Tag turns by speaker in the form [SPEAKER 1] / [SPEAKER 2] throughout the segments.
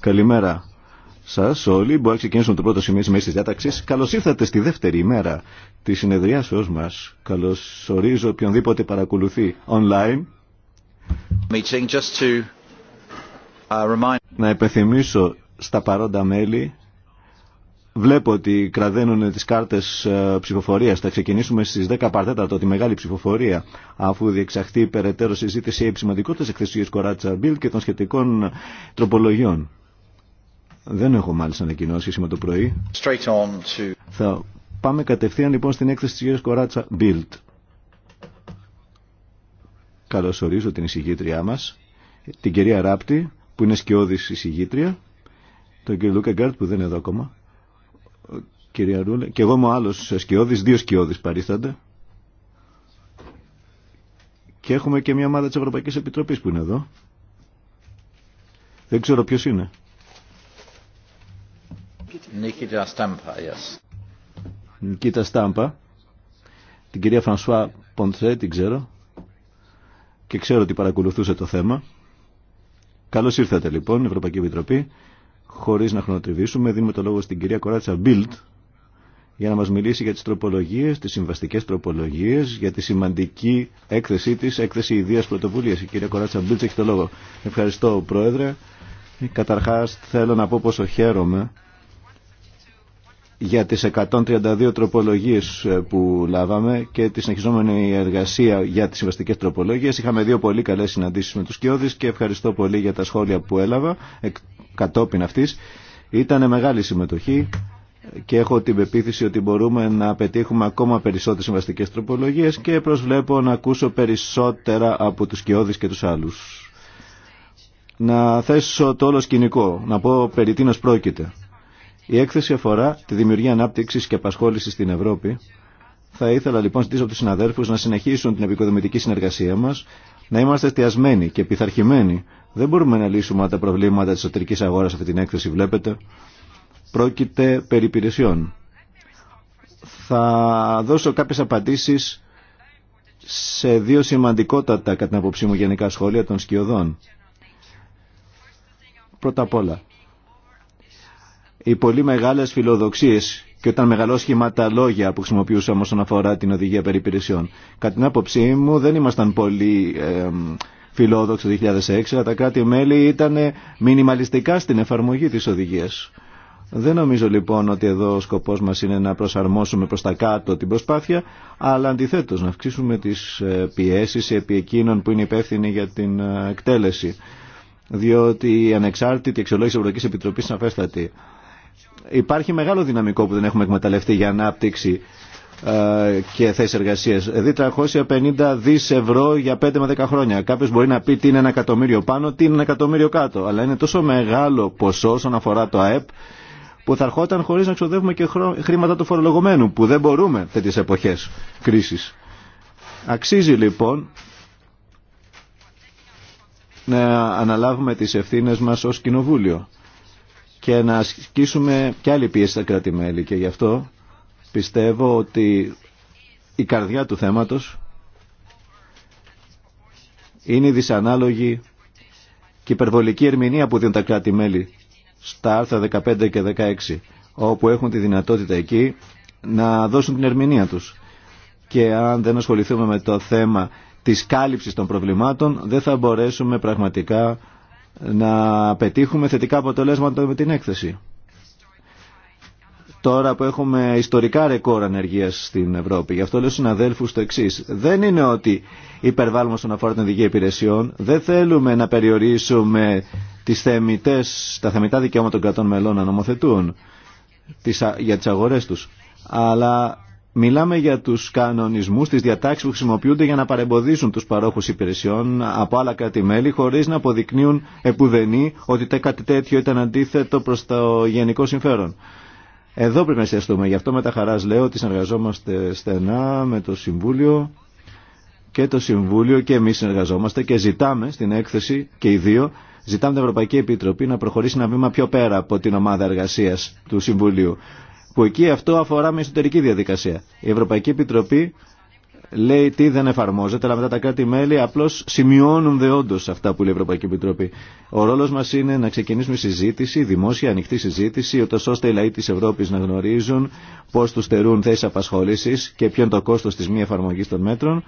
[SPEAKER 1] Καλημέρα σα όλοι. μπορεί να ξεκινήσουμε το πρώτο σημείο τη μέση διάταξη. Καλώ ήρθατε στη δεύτερη ημέρα τη συνεδριάσεω μα. ορίζω οποιονδήποτε παρακολουθεί online.
[SPEAKER 2] just to, uh, remind...
[SPEAKER 1] Να υπενθυμίσω στα παρόντα μέλη Βλέπω ότι κραδένουν τις κάρτες ε, ψηφοφορία Θα ξεκινήσουμε στι 10 το τη μεγάλη ψηφοφορία, αφού διεξαχθεί περαιτέρω συζήτηση τη εκθεσίας Κοράτσα Μπίλ και των σχετικών τροπολογιών. Δεν έχω μάλιστα ανακοινώσει σήμερα το πρωί. To... Θα πάμε κατευθείαν λοιπόν στην έκθεση τη κυρία Κοράτσα Μπίλτ. Καλωσορίζω την εισηγήτριά μα, την κυρία Ράπτη, που είναι σκιώδη εισηγήτρια, τον κύριο Λούκα που δεν είναι εδώ ακόμα, κυρία Ρούλε. Και εγώ είμαι ο άλλο σκιώδη, δύο σκιώδης παρίστανται. Και έχουμε και μια ομάδα τη Ευρωπαϊκή Επιτροπή που είναι εδώ. Δεν ξέρω ποιο είναι.
[SPEAKER 2] Νίκητα Στάμπα, yes.
[SPEAKER 1] Νικήτα Στάμπα. Την κυρία Φρανσουά Ποντσέ, την ξέρω. Και ξέρω ότι παρακολουθούσε το θέμα. Καλώ ήρθατε λοιπόν, Ευρωπαϊκή Επιτροπή. χωρί να χρονοτριβήσουμε, δίνουμε το λόγο στην κυρία Κοράτσα Μπίλτ, για να μας μιλήσει για τις τροπολογίες, τις συμβαστικές τροπολογίες, για τη σημαντική έκθεσή της, έκθεση ιδίας πρωτοβουλίας. Η κυρία Κοράτσα Μπίτσα έχει το λόγο. Ευχαριστώ, Πρόεδρε. Καταρχάς θέλω να πω πόσο χαίρομαι για τις 132 τροπολογίες ε, που λάβαμε και τη συνεχιζόμενη εργασία για τις συμβαστικές τροπολογίες. Είχαμε δύο πολύ καλές συναντήσεις με τους Κιώδης και ευχαριστώ πολύ για τα σχόλια που έλαβα κατόπιν αυτής. Ήταν μεγάλη συμμετοχή και έχω την πεποίθηση ότι μπορούμε να πετύχουμε ακόμα περισσότερες συμβαστικές τροπολογίες και προσβλέπω να ακούσω περισσότερα από τους Κιώδης και τους άλλους. Να θέσω το όλο σκηνικό, να πω περί τίνος πρόκειται. Η έκθεση αφορά τη δημιουργία ανάπτυξη και απασχόληση στην Ευρώπη. Θα ήθελα λοιπόν ζητήσω από του συναδέρφους να συνεχίσουν την επικοδομητική συνεργασία μας, να είμαστε εστιασμένοι και πειθαρχημένοι. Δεν μπορούμε να λύσουμε τα προβλήματα της εσωτερικής αγοράς αυτή την έκθεση, βλέπετε. Πρόκειται περί υπηρεσιών. Θα δώσω κάποιες απαντήσεις σε δύο σημαντικότατα κατά την απόψη μου γενικά σχόλια των σκιωδών. Πρώτα απ' όλα, οι πολύ μεγάλες φιλοδοξίες και όταν μεγαλώ τα λόγια που χρησιμοποιούσαμε όσον αφορά την οδηγία περί υπηρεσιών. Κατά την άποψή μου δεν ήμασταν πολύ ε, φιλόδοξοι το 2006, αλλά τα κράτη-μέλη ήταν μινιμαλιστικά στην εφαρμογή της οδηγίας. Δεν νομίζω λοιπόν ότι εδώ ο σκοπός μας είναι να προσαρμόσουμε προς τα κάτω την προσπάθεια, αλλά αντιθέτως να αυξήσουμε τις ε, πιέσεις επί εκείνων που είναι υπεύθυνοι για την ε, εκτέλεση. Διότι η ανεξάρτητη εξολόγηση Ευρωπαϊκή Επιτροπή είναι αφέστατη. Υπάρχει μεγάλο δυναμικό που δεν έχουμε εκμεταλλευτεί για ανάπτυξη ε, και θέσει εργασία. Δηλαδή 350 δι ευρώ για 5 με 10 χρόνια. Κάποιο μπορεί να πει τι είναι ένα εκατομμύριο πάνω, τι είναι ένα εκατομμύριο κάτω. Αλλά είναι τόσο μεγάλο ποσό όσον αφορά το ΑΕΠ που θα ερχόταν χωρίς να ξοδεύουμε και χρήματα του φορολογωμένου, που δεν μπορούμε τέτοιες εποχές κρίσης. Αξίζει λοιπόν να αναλάβουμε τις ευθύνες μας ως Κοινοβούλιο και να ασκήσουμε και άλλη πίεση στα κράτη-μέλη και γι' αυτό πιστεύω ότι η καρδιά του θέματος είναι η δυσανάλογη και υπερβολική ερμηνεία που δίνουν τα κράτη-μέλη στα άρθρα 15 και 16 όπου έχουν τη δυνατότητα εκεί να δώσουν την ερμηνεία τους. Και αν δεν ασχοληθούμε με το θέμα της κάλυψης των προβλημάτων δεν θα μπορέσουμε πραγματικά να πετύχουμε θετικά αποτελέσματα με την έκθεση τώρα που έχουμε ιστορικά ρεκόρ ανεργία στην Ευρώπη. Γι' αυτό λέω συναδέλφου το εξή. Δεν είναι ότι υπερβάλλουμε στον αφορά την οδηγία υπηρεσιών. Δεν θέλουμε να περιορίσουμε τις θεμητές, τα θεμητά δικαιώματα των κρατών μελών να νομοθετούν για τι αγορέ του. Αλλά μιλάμε για του κανονισμού, τι διατάξει που χρησιμοποιούνται για να παρεμποδίσουν του παρόχου υπηρεσιων υπηρεσιών από άλλα κράτη-μέλη χωρί να αποδεικνύουν επουδενή ότι κάτι τέτοιο ήταν αντίθετο προ το γενικό συμφέρον. Εδώ πρέπει να εστιαστούμε. Γι' αυτό με τα χαράς λέω ότι συνεργαζόμαστε στενά με το Συμβούλιο και το Συμβούλιο και εμείς συνεργαζόμαστε και ζητάμε στην έκθεση και οι δύο ζητάμε την Ευρωπαϊκή Επιτροπή να προχωρήσει ένα βήμα πιο πέρα από την ομάδα εργασίας του Συμβουλίου που εκεί αυτό αφορά με εσωτερική διαδικασία. Η Ευρωπαϊκή Επιτροπή λέει τι δεν εφαρμόζεται, αλλά μετά τα κράτη-μέλη απλώ σημειώνουν δεόντω αυτά που λέει η Ευρωπαϊκή Επιτροπή. Ο ρόλο μα είναι να ξεκινήσουμε συζήτηση, δημόσια ανοιχτή συζήτηση, ώστε οι λαοί τη Ευρώπη να γνωρίζουν πώ του στερούν θέσει απασχόληση και ποιο είναι το κόστο τη μη εφαρμογή των μέτρων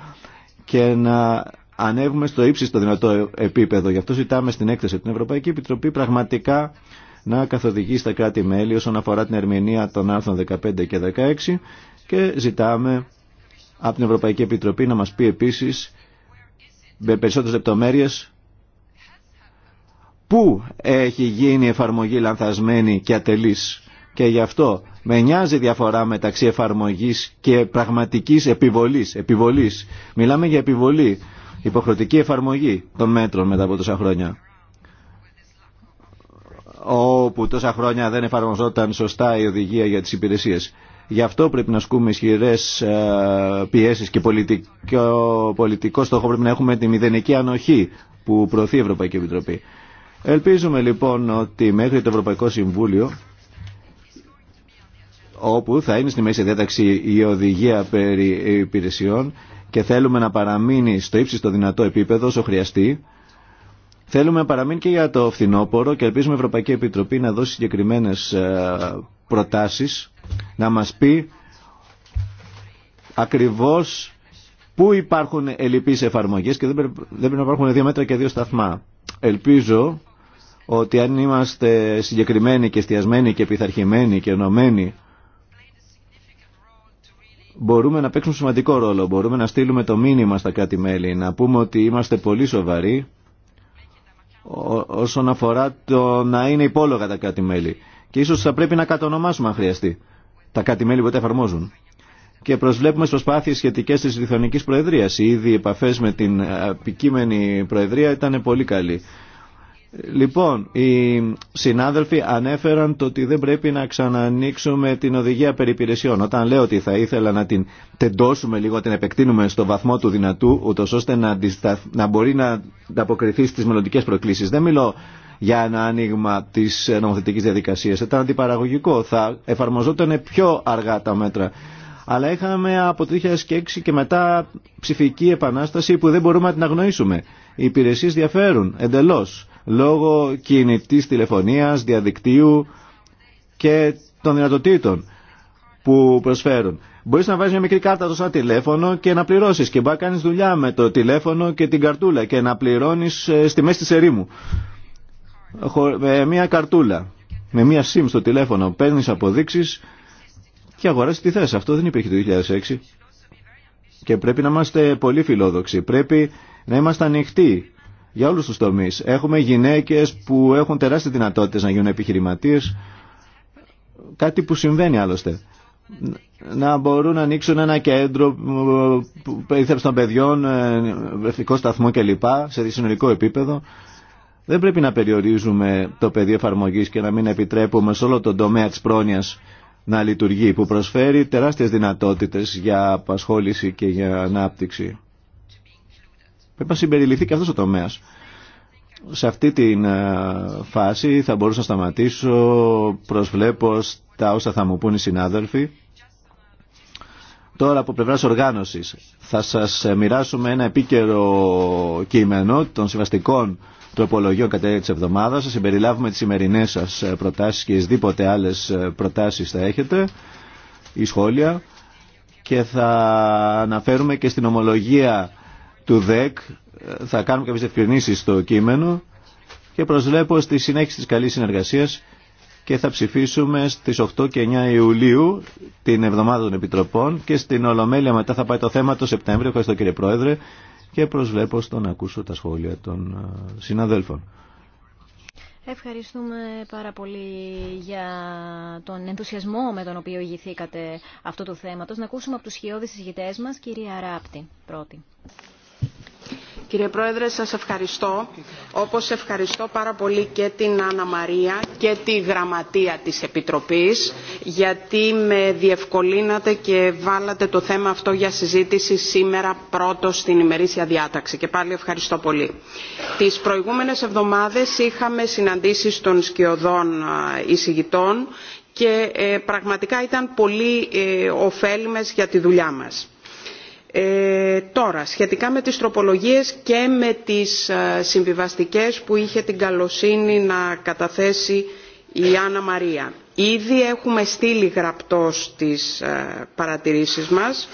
[SPEAKER 1] και να ανέβουμε στο ύψιστο δυνατό επίπεδο. Γι' αυτό ζητάμε στην έκθεση την Ευρωπαϊκή Επιτροπή πραγματικά να καθοδηγεί στα κράτη-μέλη όσον αφορά την ερμηνεία των άρθρων 15 και 16 και ζητάμε από την Ευρωπαϊκή Επιτροπή να μας πει επίσης με περισσότερες λεπτομέρειες πού έχει γίνει η εφαρμογή λανθασμένη και ατελής. Και γι' αυτό με νοιάζει διαφορά μεταξύ εφαρμογής και πραγματικής επιβολής. επιβολής. Μιλάμε για επιβολή, υποχρεωτική εφαρμογή των μέτρων μετά από τόσα χρόνια. Όπου τόσα χρόνια δεν εφαρμοζόταν σωστά η οδηγία για τις υπηρεσίες. Γι' αυτό πρέπει να ασκούμε ισχυρέ ε, πιέσει και πολιτικό, πολιτικό στόχο πρέπει να έχουμε τη μηδενική ανοχή που προωθεί η Ευρωπαϊκή Επιτροπή. Ελπίζουμε λοιπόν ότι μέχρι το Ευρωπαϊκό Συμβούλιο όπου θα είναι στη μέση διάταξη η οδηγία περί υπηρεσιών και θέλουμε να παραμείνει στο ύψιστο δυνατό επίπεδο όσο χρειαστεί. Θέλουμε να παραμείνει και για το φθινόπωρο και ελπίζουμε η Ευρωπαϊκή Επιτροπή να δώσει συγκεκριμένες ε, προτάσεις να μας πει ακριβώς πού υπάρχουν ελλειπείς εφαρμογές και δεν πρέπει, να υπάρχουν δύο μέτρα και δύο σταθμά. Ελπίζω ότι αν είμαστε συγκεκριμένοι και εστιασμένοι και επιθαρχημένοι και ενωμένοι μπορούμε να παίξουμε σημαντικό ρόλο, μπορούμε να στείλουμε το μήνυμα στα κάτι μελη να πούμε ότι είμαστε πολύ σοβαροί όσον αφορά το να είναι υπόλογα τα κάτι μελη Και ίσως θα πρέπει να κατονομάσουμε αν χρειαστεί τα κάτι μελη τα εφαρμόζουν. Και προσβλέπουμε προσπάθειε σχετικέ της Λιθουανικής Προεδρίας. Οι ήδη επαφές με την επικείμενη Προεδρία ήταν πολύ καλή. Λοιπόν, οι συνάδελφοι ανέφεραν το ότι δεν πρέπει να ξανανοίξουμε την οδηγία περιπηρεσιών. Όταν λέω ότι θα ήθελα να την τεντώσουμε λίγο, την επεκτείνουμε στο βαθμό του δυνατού, ούτω ώστε να, αντισταθ... να μπορεί να ανταποκριθεί στι μελλοντικέ προκλήσει. Δεν μιλώ για ένα άνοιγμα της ε, νομοθετικής διαδικασία. Ήταν αντιπαραγωγικό, θα εφαρμοζόταν πιο αργά τα μέτρα. Αλλά είχαμε από το 2006 και μετά ψηφική επανάσταση που δεν μπορούμε να την αγνοήσουμε. Οι υπηρεσίε διαφέρουν εντελώ λόγω κινητή τηλεφωνία, διαδικτύου και των δυνατοτήτων που προσφέρουν. Μπορεί να βάζει μια μικρή κάρτα στο τηλέφωνο και να πληρώσει. Και μπορεί να κάνει δουλειά με το τηλέφωνο και την καρτούλα και να πληρώνει ε, στη μέση τη ερήμου με μια καρτούλα, με μια SIM στο τηλέφωνο, παίρνει αποδείξει και αγοράζει τη θέση. Αυτό δεν υπήρχε το 2006. Και πρέπει να είμαστε πολύ φιλόδοξοι. Πρέπει να είμαστε ανοιχτοί για όλου του τομεί. Έχουμε γυναίκε που έχουν τεράστιε δυνατότητε να γίνουν επιχειρηματίε. Κάτι που συμβαίνει άλλωστε να μπορούν να ανοίξουν ένα κέντρο περίθεψη των παιδιών, βρεφτικό σταθμό κλπ. σε συνολικό επίπεδο. Δεν πρέπει να περιορίζουμε το πεδίο εφαρμογή και να μην επιτρέπουμε σε όλο τον τομέα τη πρόνοια να λειτουργεί, που προσφέρει τεράστιες δυνατότητες για απασχόληση και για ανάπτυξη. Πρέπει να συμπεριληφθεί και αυτό ο τομέας. Σε αυτή τη ε, φάση θα μπορούσα να σταματήσω, προσβλέπω τα όσα θα μου πούν οι συνάδελφοι. Τώρα από πλευράς οργάνωσης θα σας μοιράσουμε ένα επίκαιρο κείμενο των συμβαστικών τροπολογιών κατά τη εβδομάδα. Σα συμπεριλάβουμε τι σημερινέ σα ε, προτάσει και εσδήποτε άλλε προτάσει θα έχετε ή σχόλια. Και θα αναφέρουμε και στην ομολογία του ΔΕΚ. Θα κάνουμε κάποιε ευκρινήσει στο κείμενο. Και προσβλέπω στη συνέχιση τη καλή συνεργασία και θα ψηφίσουμε στις 8 και 9 Ιουλίου την Εβδομάδα των Επιτροπών και στην Ολομέλεια μετά θα πάει το θέμα το Σεπτέμβριο. Ευχαριστώ κύριε Πρόεδρε και προσβλέπω στο να ακούσω τα σχόλια των ε, συναδέλφων.
[SPEAKER 3] Ευχαριστούμε πάρα πολύ για τον ενθουσιασμό με τον οποίο ηγηθήκατε αυτό του θέματος. Να ακούσουμε από τους χειώδεις συζητές μας, κυρία Ράπτη, πρώτη.
[SPEAKER 4] Κύριε Πρόεδρε, σας ευχαριστώ, όπως ευχαριστώ πάρα πολύ και την Άννα Μαρία και τη Γραμματεία της Επιτροπής, γιατί με διευκολύνατε και βάλατε το θέμα αυτό για συζήτηση σήμερα πρώτο στην ημερήσια διάταξη. Και πάλι ευχαριστώ πολύ. Τις προηγούμενες εβδομάδες είχαμε συναντήσεις των σκιωδών εισηγητών και ε, πραγματικά ήταν πολύ ε, ωφέλιμες για τη δουλειά μας ε, τώρα, σχετικά με τις τροπολογίες και με τις ε, συμβιβαστικές που είχε την καλοσύνη να καταθέσει η Άννα Μαρία. Ήδη έχουμε στείλει γραπτός τις ε, παρατηρήσεις μας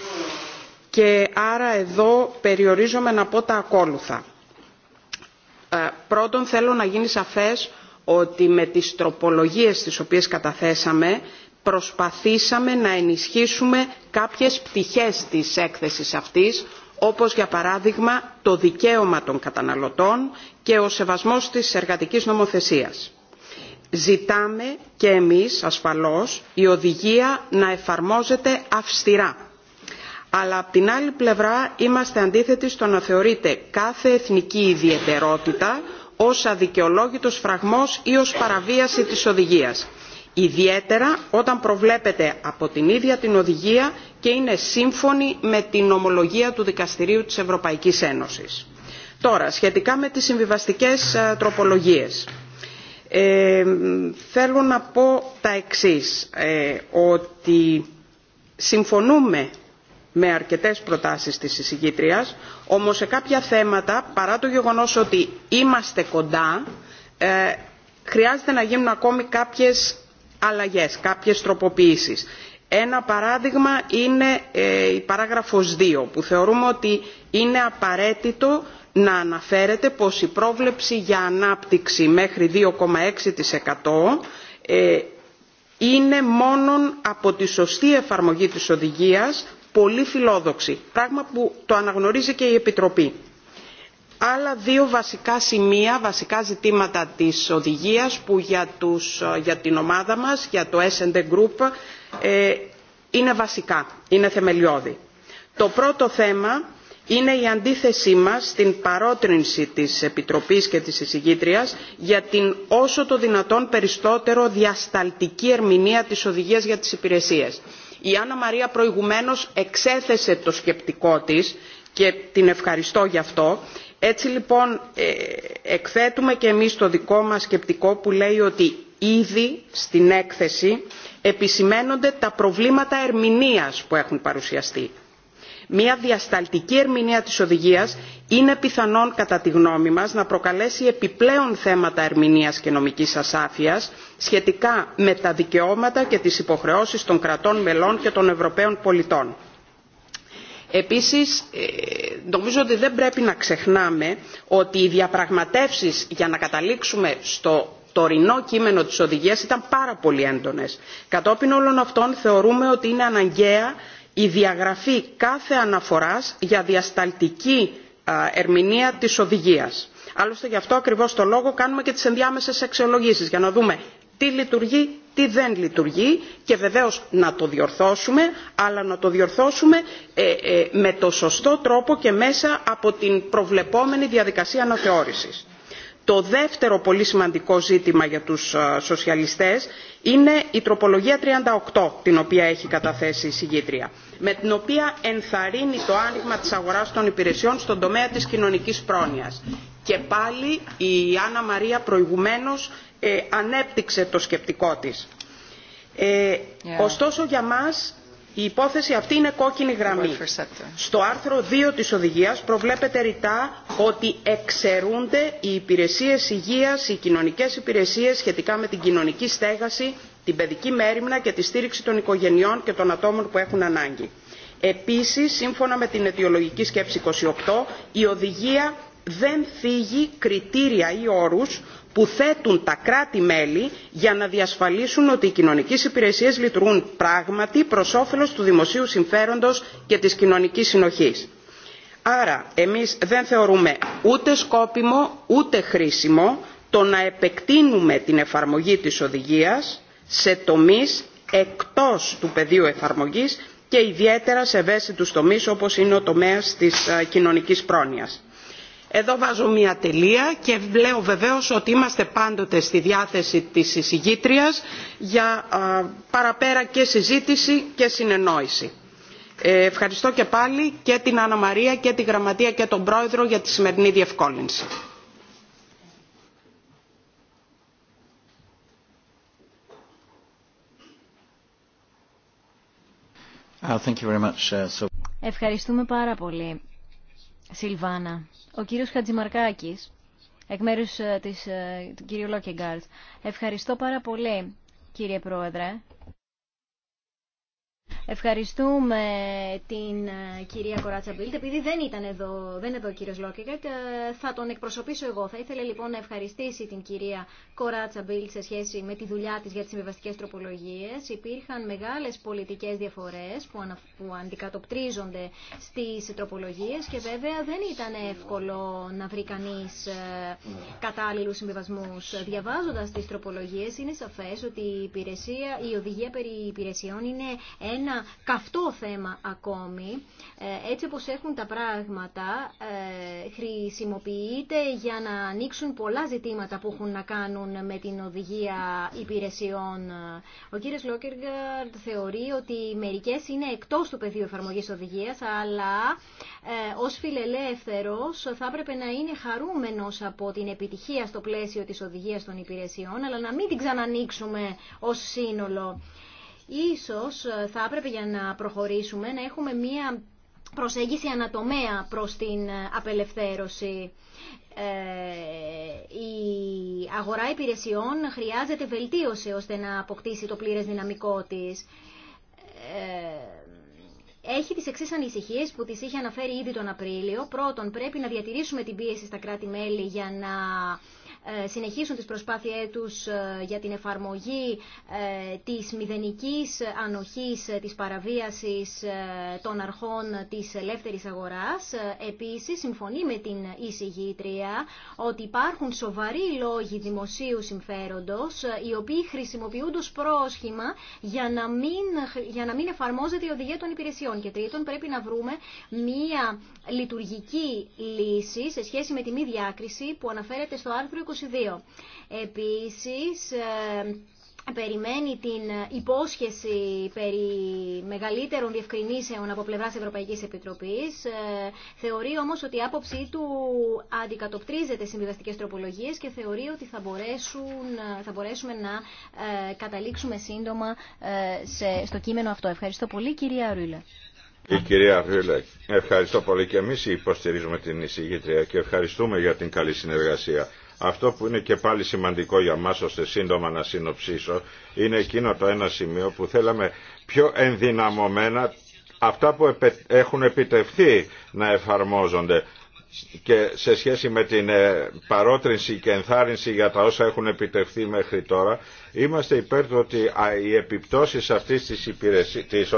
[SPEAKER 4] και άρα εδώ περιορίζομαι να πω τα ακόλουθα. Πρώτον θέλω να γίνει σαφές ότι με τις τροπολογίες τις οποίες καταθέσαμε προσπαθήσαμε να ενισχύσουμε κάποιες πτυχές της έκθεσης αυτής όπως για παράδειγμα το δικαίωμα των καταναλωτών και ο σεβασμός της εργατικής νομοθεσίας. Ζητάμε και εμείς ασφαλώς η οδηγία να εφαρμόζεται αυστηρά. Αλλά από την άλλη πλευρά είμαστε αντίθετοι στο να θεωρείται κάθε εθνική ιδιαιτερότητα ως αδικαιολόγητος φραγμός ή ως παραβίαση της οδηγίας ιδιαίτερα όταν προβλέπεται από την ίδια την οδηγία και είναι σύμφωνη με την ομολογία του δικαστηρίου της ευρωπαϊκής ένωσης. τώρα σχετικά με τις συμβιβαστικές ε, τροπολογίες ε, θέλω να πω τα εξής ε, ότι συμφωνούμε με αρκετές προτάσεις της εισηγήτριας όμως σε κάποια θέματα παρά το γεγονός ότι είμαστε κοντά ε, χρειάζεται να γίνουν ακόμη κάποιες αλλαγές κάποιες τροποποιήσεις. ένα παράδειγμα είναι ε, η παράγραφος 2 που θεωρούμε ότι είναι απαραίτητο να αναφέρεται πως η πρόβλεψη για ανάπτυξη μέχρι 2,6% ε, είναι μόνον από τη σωστή εφαρμογή της οδηγίας πολύ φιλόδοξη πράγμα που το αναγνωρίζει και η επιτροπή άλλα δύο βασικά σημεία, βασικά ζητήματα της οδηγίας που για, τους, για την ομάδα μας, για το S&D Group, ε, είναι βασικά, είναι θεμελιώδη. Το πρώτο θέμα είναι η αντίθεσή μας στην παρότρινση της Επιτροπής και της εισηγήτριας για την όσο το δυνατόν περισσότερο διασταλτική ερμηνεία της οδηγίας για τις υπηρεσίες. Η Άννα Μαρία προηγουμένως εξέθεσε το σκεπτικό της και την ευχαριστώ γι' αυτό έτσι λοιπόν ε, εκθέτουμε και εμείς το δικό μας σκεπτικό που λέει ότι ήδη στην έκθεση επισημαίνονται τα προβλήματα ερμηνείας που έχουν παρουσιαστεί. Μια διασταλτική ερμηνεία της οδηγίας είναι πιθανόν κατά τη γνώμη μας να προκαλέσει επιπλέον θέματα ερμηνείας και νομικής ασάφειας σχετικά με τα δικαιώματα και τις υποχρεώσεις των κρατών μελών και των Ευρωπαίων πολιτών Επίσης, ε, νομίζω ότι δεν πρέπει να ξεχνάμε ότι οι διαπραγματεύσεις για να καταλήξουμε στο τωρινό κείμενο της οδηγίας ήταν πάρα πολύ έντονες. Κατόπιν όλων αυτών θεωρούμε ότι είναι αναγκαία η διαγραφή κάθε αναφοράς για διασταλτική ερμηνεία της οδηγίας. Άλλωστε γι' αυτό ακριβώς το λόγο κάνουμε και τις ενδιάμεσες αξιολογήσεις για να δούμε τι λειτουργεί, τι δεν λειτουργεί και βεβαίως να το διορθώσουμε αλλά να το διορθώσουμε ε, ε, με το σωστό τρόπο και μέσα από την προβλεπόμενη διαδικασία αναθεώρησης το δεύτερο πολύ σημαντικό ζήτημα για τους σοσιαλιστές είναι η τροπολογία 38 την οποία έχει καταθέσει η συγγήτρια με την οποία ενθαρρύνει το άνοιγμα της αγοράς των υπηρεσιών στον τομέα της κοινωνικής πρόνοιας. Και πάλι η Άννα Μαρία προηγουμένως ε, ανέπτυξε το σκεπτικό της. Ε, ωστόσο για μας η υπόθεση αυτή είναι κόκκινη γραμμή. Στο άρθρο 2 της οδηγίας προβλέπεται ρητά ότι εξαιρούνται οι υπηρεσίες υγείας, οι κοινωνικές υπηρεσίες σχετικά με την κοινωνική στέγαση, την παιδική μέρημνα και τη στήριξη των οικογενειών και των ατόμων που έχουν ανάγκη. Επίσης, σύμφωνα με την αιτιολογική σκέψη 28, η οδηγία δεν θίγει κριτήρια ή όρους που θέτουν τα κράτη-μέλη για να διασφαλίσουν ότι οι κοινωνικές υπηρεσίες λειτουργούν πράγματι προς όφελος του δημοσίου συμφέροντος και της κοινωνικής συνοχής. Άρα εμείς δεν θεωρούμε ούτε σκόπιμο ούτε χρήσιμο το να επεκτείνουμε την εφαρμογή της οδηγίας σε τομείς εκτός του πεδίου εφαρμογής και ιδιαίτερα σε ευαίσθητους τομείς όπως είναι ο τομέας της ε, κοινωνικής πρόνοιας εδώ βάζω μια τελεία και λέω βεβαίως ότι είμαστε πάντοτε στη διάθεση της εισηγήτριας για παραπέρα και συζήτηση και συνεννόηση. Ε, ευχαριστώ και πάλι και την Άννα Μαρία και τη Γραμματεία και τον Πρόεδρο για τη σημερινή διευκόλυνση.
[SPEAKER 2] Uh, uh,
[SPEAKER 3] Ευχαριστούμε πάρα πολύ. Σιλβάνα. Ο κύριος Χατζημαρκάκης, εκ μέρους ε, της, ε, του κύριου Λόκεγκάρτ. Ευχαριστώ πάρα πολύ, κύριε Πρόεδρε. Ευχαριστούμε την ε, κυρία Κοράτσα Μπίλτ, επειδή δεν ήταν εδώ, δεν εδώ ο κύριος Λόκεγκατ, ε, θα τον εκπροσωπήσω εγώ. Θα ήθελε λοιπόν να ευχαριστήσει την κυρία Κοράτσα Μπίλτ σε σχέση με τη δουλειά τη για τι συμβιβαστικέ τροπολογίε. Υπήρχαν μεγάλε πολιτικέ διαφορέ που, ανα, αντικατοπτρίζονται στι τροπολογίε και βέβαια δεν ήταν εύκολο να βρει κανεί ε, κατάλληλου συμβιβασμού. Διαβάζοντα τι τροπολογίε, είναι σαφέ ότι η, υπηρεσία, η οδηγία περί υπηρεσιών είναι ένα ένα καυτό θέμα ακόμη. Ε, έτσι όπως έχουν τα πράγματα ε, χρησιμοποιείται για να ανοίξουν πολλά ζητήματα που έχουν να κάνουν με την οδηγία υπηρεσιών. Ο κύριος Λόκεργαρντ θεωρεί ότι μερικές είναι εκτός του πεδίου εφαρμογής οδηγίας, αλλά ε, ως φιλελεύθερος θα έπρεπε να είναι χαρούμενος από την επιτυχία στο πλαίσιο της οδηγίας των υπηρεσιών, αλλά να μην την ξανανοίξουμε ως σύνολο. Ίσως ε, θα έπρεπε για να προχωρήσουμε να έχουμε μία προσέγγιση ανατομέα προς την ε, απελευθέρωση. Ε, η αγορά υπηρεσιών χρειάζεται βελτίωση ώστε να αποκτήσει το πλήρες δυναμικό της. έχει τις εξής ανησυχίες που τις είχε αναφέρει ήδη τον Απρίλιο. Πρώτον, πρέπει να διατηρήσουμε την πίεση στα κράτη-μέλη για να ε, συνεχίσουν τις προσπάθειές τους ε, για την εφαρμογή ε, της μηδενικής ανοχής της παραβίασης των αρχών της ελεύθερης αγοράς. Επίσης, συμφωνεί με την εισηγήτρια ότι υπάρχουν σοβαροί λόγοι δημοσίου συμφέροντος, οι οποίοι χρησιμοποιούν τους πρόσχημα για να μην, για να μην εφαρμόζεται η οδηγία των υπηρεσιών. Και τρίτον, πρέπει να βρούμε μία λειτουργική λύση σε σχέση με τη μη διάκριση που αναφέρεται στο άρθρο 2022. Επίσης, ε, περιμένει την υπόσχεση περί μεγαλύτερων διευκρινήσεων από πλευράς Ευρωπαϊκής Επιτροπής. Ε, θεωρεί όμως ότι η άποψή του αντικατοπτρίζεται συμβιβαστικές τροπολογίες και θεωρεί ότι θα, μπορέσουν, θα μπορέσουμε να ε, καταλήξουμε σύντομα σε, στο κείμενο αυτό. Ευχαριστώ πολύ κυρία Ρούλα.
[SPEAKER 5] Η κυρία Ρούλε, ευχαριστώ πολύ και εμείς υποστηρίζουμε την εισηγήτρια και ευχαριστούμε για την καλή συνεργασία. Αυτό που είναι και πάλι σημαντικό για μας ώστε σύντομα να συνοψίσω είναι εκείνο το ένα σημείο που θέλαμε πιο ενδυναμωμένα αυτά που έχουν επιτευχθεί να εφαρμόζονται και σε σχέση με την ε, παρότρινση και ενθάρρυνση για τα όσα έχουν επιτευχθεί μέχρι τώρα, είμαστε υπέρ του ότι οι επιπτώσεις αυτής της, υπηρεσι... της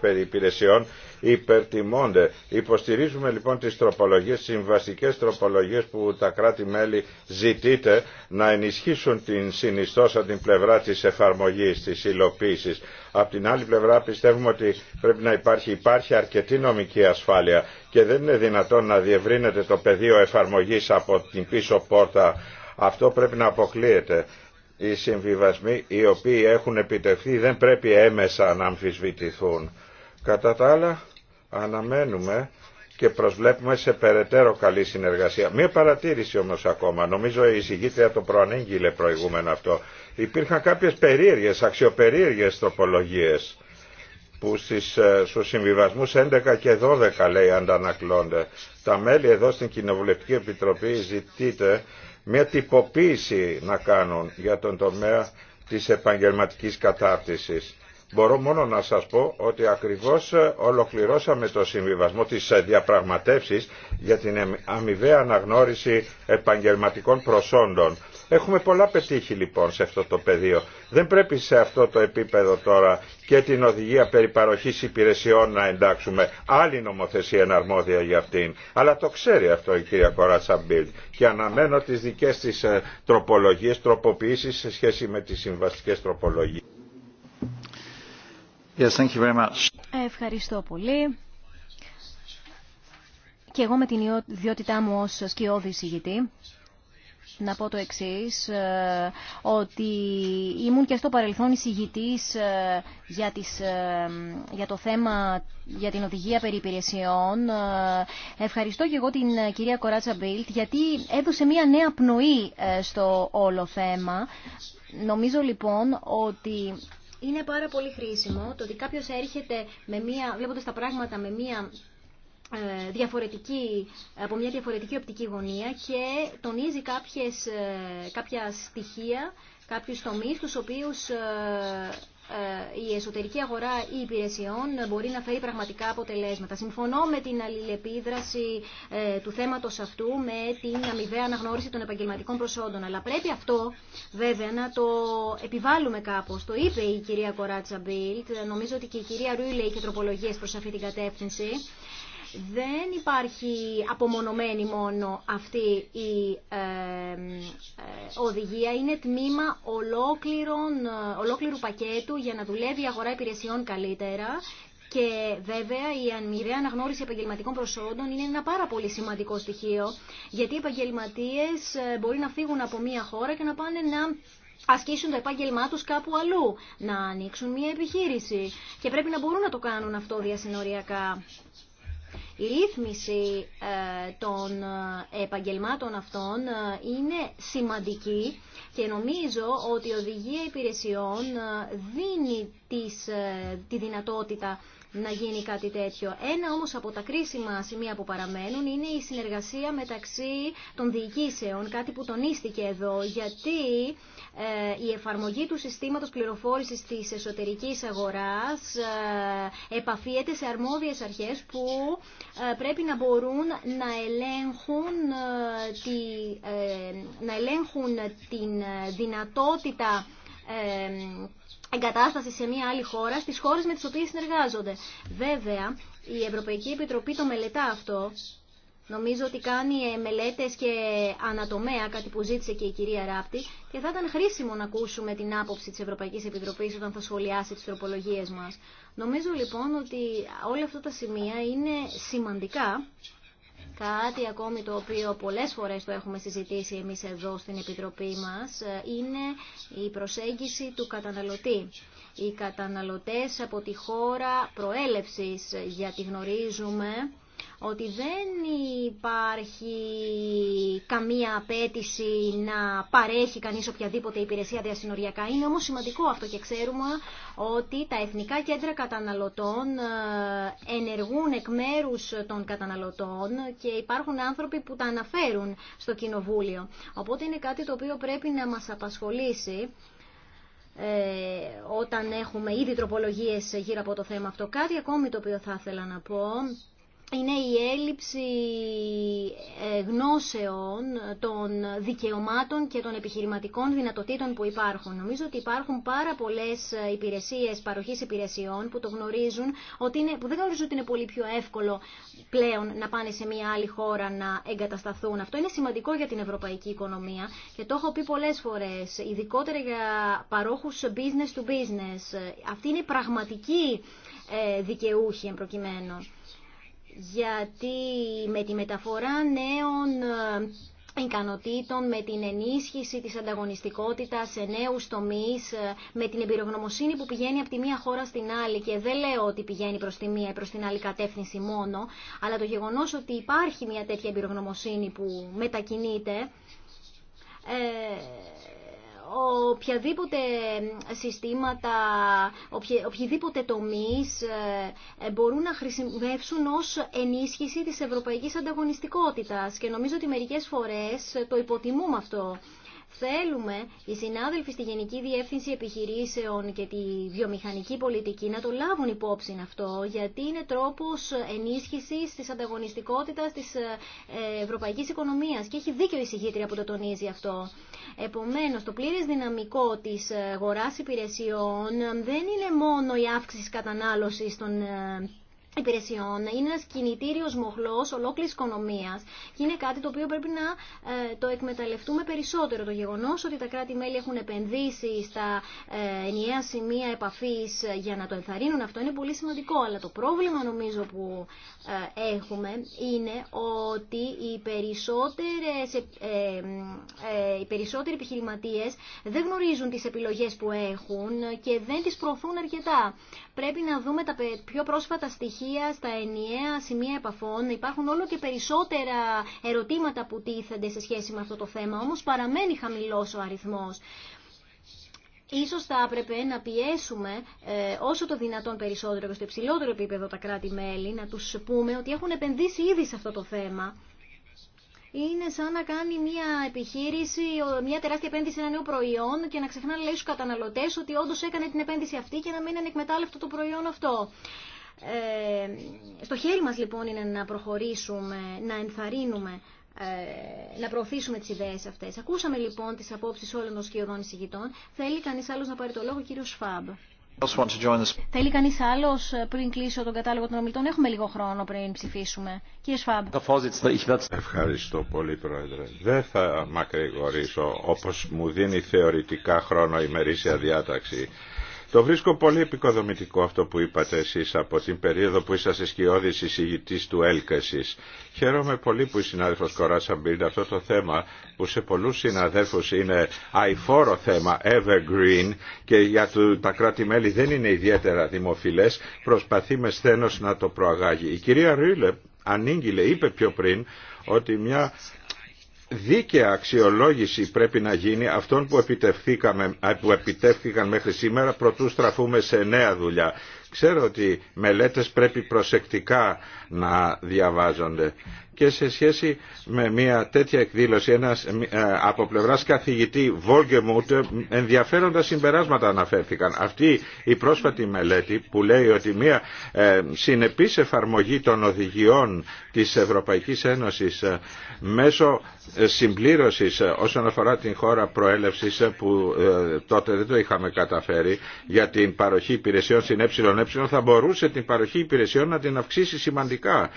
[SPEAKER 5] περί υπηρεσιών υπερτιμώνται. Υποστηρίζουμε λοιπόν τις τροπολογίες, συμβαστικές τροπολογίες που τα κράτη-μέλη ζητείτε να ενισχύσουν την συνιστόσα την πλευρά της εφαρμογής, της υλοποίησης. Απ' την άλλη πλευρά πιστεύουμε ότι πρέπει να υπάρχει, υπάρχει αρκετή νομική ασφάλεια και δεν είναι δυνατόν να διευρύνεται το πεδίο εφαρμογής από την πίσω πόρτα. Αυτό πρέπει να αποκλείεται. Οι συμβιβασμοί οι οποίοι έχουν επιτευχθεί δεν πρέπει έμεσα να αμφισβητηθούν. Κατά τα άλλα αναμένουμε και προσβλέπουμε σε περαιτέρω καλή συνεργασία. Μία παρατήρηση όμως ακόμα, νομίζω η εισηγήτρια το προανήγγειλε προηγούμενο αυτό. Υπήρχαν κάποιες περίεργες, αξιοπερίεργες τροπολογίες που στις, ε, στους 11 και 12 λέει αντανακλώνται. Τα μέλη εδώ στην Κοινοβουλευτική Επιτροπή ζητείτε μια τυποποίηση να κάνουν για τον τομέα της επαγγελματικής κατάρτισης μπορώ μόνο να σας πω ότι ακριβώς ε, ολοκληρώσαμε το συμβιβασμό της ε, διαπραγματεύσης για την αμοιβαία αναγνώριση επαγγελματικών προσόντων. Έχουμε πολλά πετύχει λοιπόν σε αυτό το πεδίο. Δεν πρέπει σε αυτό το επίπεδο τώρα και την οδηγία περί παροχής υπηρεσιών να εντάξουμε άλλη νομοθεσία εναρμόδια για αυτήν. Αλλά το ξέρει αυτό η κυρία Κοράτσα Μπίλτ και αναμένω τις δικές της ε, τροπολογίες, τροποποιήσεις σε σχέση με τις
[SPEAKER 2] συμβαστικές τροπολογίες. Yes,
[SPEAKER 3] Ευχαριστώ πολύ. Και εγώ με την ιδιότητά μου ως σκιώδη συγητή να πω το εξή, ε, ότι ήμουν και στο παρελθόν συγητής ε, για, τις, ε, για το θέμα για την οδηγία περί υπηρεσιών. Ευχαριστώ και εγώ την κυρία Κοράτσα Μπίλτ, γιατί έδωσε μια νέα πνοή στο όλο θέμα. Νομίζω λοιπόν ότι είναι πάρα πολύ χρήσιμο το ότι κάποιο έρχεται με μία, βλέποντας τα πράγματα με μία ε, διαφορετική, από μια διαφορετική οπτική γωνία και τονίζει κάποιες, ε, κάποια στοιχεία, κάποιους τομείς, τους οποίους ε, ε, η εσωτερική αγορά ή υπηρεσιών μπορεί να φέρει πραγματικά αποτελέσματα. Συμφωνώ με την αλληλεπίδραση ε, του θέματος αυτού με την αμοιβαία αναγνώριση των επαγγελματικών προσόντων. Αλλά πρέπει αυτό βέβαια να το επιβάλλουμε κάπως. Το είπε η κυρία Κοράτσα Μπίλτ, νομίζω ότι και η κυρία Ρούιλε είχε τροπολογίες προς αυτή την κατεύθυνση δεν υπάρχει απομονωμένη μόνο αυτή η ε, ε, οδηγία. Είναι τμήμα ολόκληρου πακέτου για να δουλεύει η αγορά υπηρεσιών καλύτερα και βέβαια η αμοιβαία αναγνώριση επαγγελματικών προσόντων είναι ένα πάρα πολύ σημαντικό στοιχείο, γιατί οι επαγγελματίε ε, μπορεί να φύγουν από μία χώρα και να πάνε να ασκήσουν το επάγγελμά τους κάπου αλλού, να ανοίξουν μία επιχείρηση και πρέπει να μπορούν να το κάνουν αυτό διασυνοριακά. Η ρύθμιση ε, των ε, επαγγελμάτων αυτών ε, είναι σημαντική και νομίζω ότι η οδηγία υπηρεσιών δίνει τη δυνατότητα να γίνει κάτι τέτοιο. Ένα όμως από τα κρίσιμα σημεία που παραμένουν είναι η συνεργασία μεταξύ των διοικήσεων, κάτι που τονίστηκε εδώ, γιατί ε, η εφαρμογή του συστήματος πληροφόρησης της εσωτερικής αγοράς ε, επαφίεται σε αρμόδιες αρχές που ε, πρέπει να μπορούν να ελέγχουν, τη, να ελέγχουν την δυνατότητα εγκατάσταση σε μια άλλη χώρα στις χώρες με τις οποίες συνεργάζονται. Βέβαια, η Ευρωπαϊκή Επιτροπή το μελετά αυτό. Νομίζω ότι κάνει ε, μελέτες και ανατομέα, κάτι που ζήτησε και η κυρία Ράπτη, και θα ήταν χρήσιμο να ακούσουμε την άποψη της Ευρωπαϊκής Επιτροπής όταν θα σχολιάσει τις τροπολογίες μας. Νομίζω λοιπόν ότι όλα αυτά τα σημεία είναι σημαντικά Κάτι ακόμη το οποίο πολλές φορές το έχουμε συζητήσει εμείς εδώ στην Επιτροπή μας ε, είναι η προσέγγιση του καταναλωτή. Οι καταναλωτές από τη χώρα προέλευσης, ε, γιατί γνωρίζουμε ότι δεν υπάρχει καμία απέτηση να παρέχει κανείς οποιαδήποτε υπηρεσία διασυνοριακά. Είναι όμως σημαντικό αυτό και ξέρουμε ότι τα Εθνικά Κέντρα Καταναλωτών ε, ενεργούν εκ μέρου των καταναλωτών και υπάρχουν άνθρωποι που τα αναφέρουν στο Κοινοβούλιο. Οπότε είναι κάτι το οποίο πρέπει να μας απασχολήσει ε, όταν έχουμε ήδη τροπολογίες γύρω από το θέμα αυτό. Κάτι ακόμη το οποίο θα ήθελα να πω είναι η έλλειψη ε, γνώσεων των δικαιωμάτων και των επιχειρηματικών δυνατοτήτων που υπάρχουν. Νομίζω ότι υπάρχουν πάρα πολλές ε, υπηρεσίες παροχής υπηρεσιών που, το γνωρίζουν, ότι είναι, που δεν γνωρίζουν ότι είναι πολύ πιο εύκολο πλέον να πάνε σε μια άλλη χώρα να εγκατασταθούν. Αυτό είναι σημαντικό για την ευρωπαϊκή οικονομία και το έχω πει πολλές φορές, ειδικότερα για παρόχους business to business. Ε, αυτή είναι η πραγματική δικαιούχη εμπροκειμένου γιατί με τη μεταφορά νέων ε, ικανοτήτων, με την ενίσχυση της ανταγωνιστικότητας σε νέους τομείς, ε, με την εμπειρογνωμοσύνη που πηγαίνει από τη μία χώρα στην άλλη και δεν λέω ότι πηγαίνει προς τη μία ή προς την άλλη κατεύθυνση μόνο, αλλά το γεγονός ότι υπάρχει μια τέτοια εμπειρογνωμοσύνη που μετακινείται, ε, οποιαδήποτε συστήματα, οποιοδήποτε τομείς ε, ε, μπορούν να χρησιμεύσουν ως ενίσχυση της ευρωπαϊκής ανταγωνιστικότητας και νομίζω ότι μερικές φορές το υποτιμούμε αυτό. Θέλουμε οι συνάδελφοι στη Γενική Διεύθυνση Επιχειρήσεων και τη βιομηχανική πολιτική να το λάβουν υπόψη αυτό, γιατί είναι τρόπος ενίσχυσης της ανταγωνιστικότητας της ε, ευρωπαϊκής οικονομίας και έχει δίκιο η συγχύτρια που το τονίζει αυτό. Επομένως, το πλήρες δυναμικό της αγοράς υπηρεσιών δεν είναι μόνο η αύξηση κατανάλωσης των ε, Υπηρεσιών. Είναι ένας κινητήριος μοχλός ολόκληρης οικονομίας και είναι κάτι το οποίο πρέπει να ε, το εκμεταλλευτούμε περισσότερο. Το γεγονός ότι τα κράτη-μέλη έχουν επενδύσει στα ε, ενιαία σημεία επαφής ε, για να το ενθαρρύνουν αυτό είναι πολύ σημαντικό. Αλλά το πρόβλημα νομίζω που έχουμε είναι ότι οι, περισσότερες, οι περισσότεροι επιχειρηματίες δεν γνωρίζουν τις επιλογές που έχουν και δεν τις προωθούν αρκετά πρέπει να δούμε τα πιο πρόσφατα στοιχεία στα ενιαία σημεία επαφών. Υπάρχουν όλο και περισσότερα ερωτήματα που τίθενται σε σχέση με αυτό το θέμα, όμως παραμένει χαμηλός ο αριθμός. Ίσως θα έπρεπε να πιέσουμε ε, όσο το δυνατόν περισσότερο και στο υψηλότερο επίπεδο τα κράτη-μέλη, να τους πούμε ότι έχουν επενδύσει ήδη σε αυτό το θέμα είναι σαν να κάνει μια επιχείρηση, μια τεράστια επένδυση σε ένα νέο προϊόν και να ξεχνά να λέει στου καταναλωτέ ότι όντω έκανε την επένδυση αυτή και να μην είναι εκμετάλλευτο το προϊόν αυτό. Ε, στο χέρι μας λοιπόν είναι να προχωρήσουμε, να ενθαρρύνουμε ε, να προωθήσουμε τις ιδέες αυτές. Ακούσαμε λοιπόν τις απόψεις όλων των σκιωδών εισηγητών. Θέλει κανείς άλλος να πάρει το λόγο, κύριο Σφάμπ. Θέλει κανεί άλλο ε, πριν κλείσω τον κατάλογο των ομιλητών. Έχουμε λίγο χρόνο πριν ψηφίσουμε. Κύριε Σφαμπ.
[SPEAKER 2] Ευχαριστώ πολύ, Πρόεδρε.
[SPEAKER 5] Δεν θα μακρηγορήσω όπω μου δίνει θεωρητικά χρόνο η μερίσια διάταξη. Το βρίσκω πολύ επικοδομητικό αυτό που είπατε εσείς από την περίοδο που είσαστε σκιώδης εισηγητής του Έλκεσης. Χαίρομαι πολύ που η συνάδελφος Κοράσα Μπίλντ αυτό το θέμα που σε πολλούς συναδέλφους είναι αϊφόρο θέμα, evergreen και για το, τα κράτη-μέλη δεν είναι ιδιαίτερα δημοφιλές, προσπαθεί με σθένος να το προαγάγει. Η κυρία Ρίλε ανήγγειλε, είπε πιο πριν, ότι μια δίκαια αξιολόγηση πρέπει να γίνει αυτών που, που επιτεύχθηκαν μέχρι σήμερα προτού στραφούμε σε νέα δουλειά. Ξέρω ότι μελέτες πρέπει προσεκτικά να διαβάζονται και σε σχέση με μια τέτοια εκδήλωση ένας, ε, από πλευράς καθηγητή Βόλγεμουτ ενδιαφέροντα συμπεράσματα αναφέρθηκαν. Αυτή η πρόσφατη μελέτη που λέει ότι μια ε, συνεπής εφαρμογή των οδηγιών της Ευρωπαϊκής Ένωσης ε, μέσω ε, συμπλήρωσης όσον αφορά την χώρα προέλευσης που τότε δεν το είχαμε καταφέρει για την παροχή υπηρεσιών στην ΕΕ θα μπορούσε την παροχή υπηρεσιών να την αυξήσει σημαντικά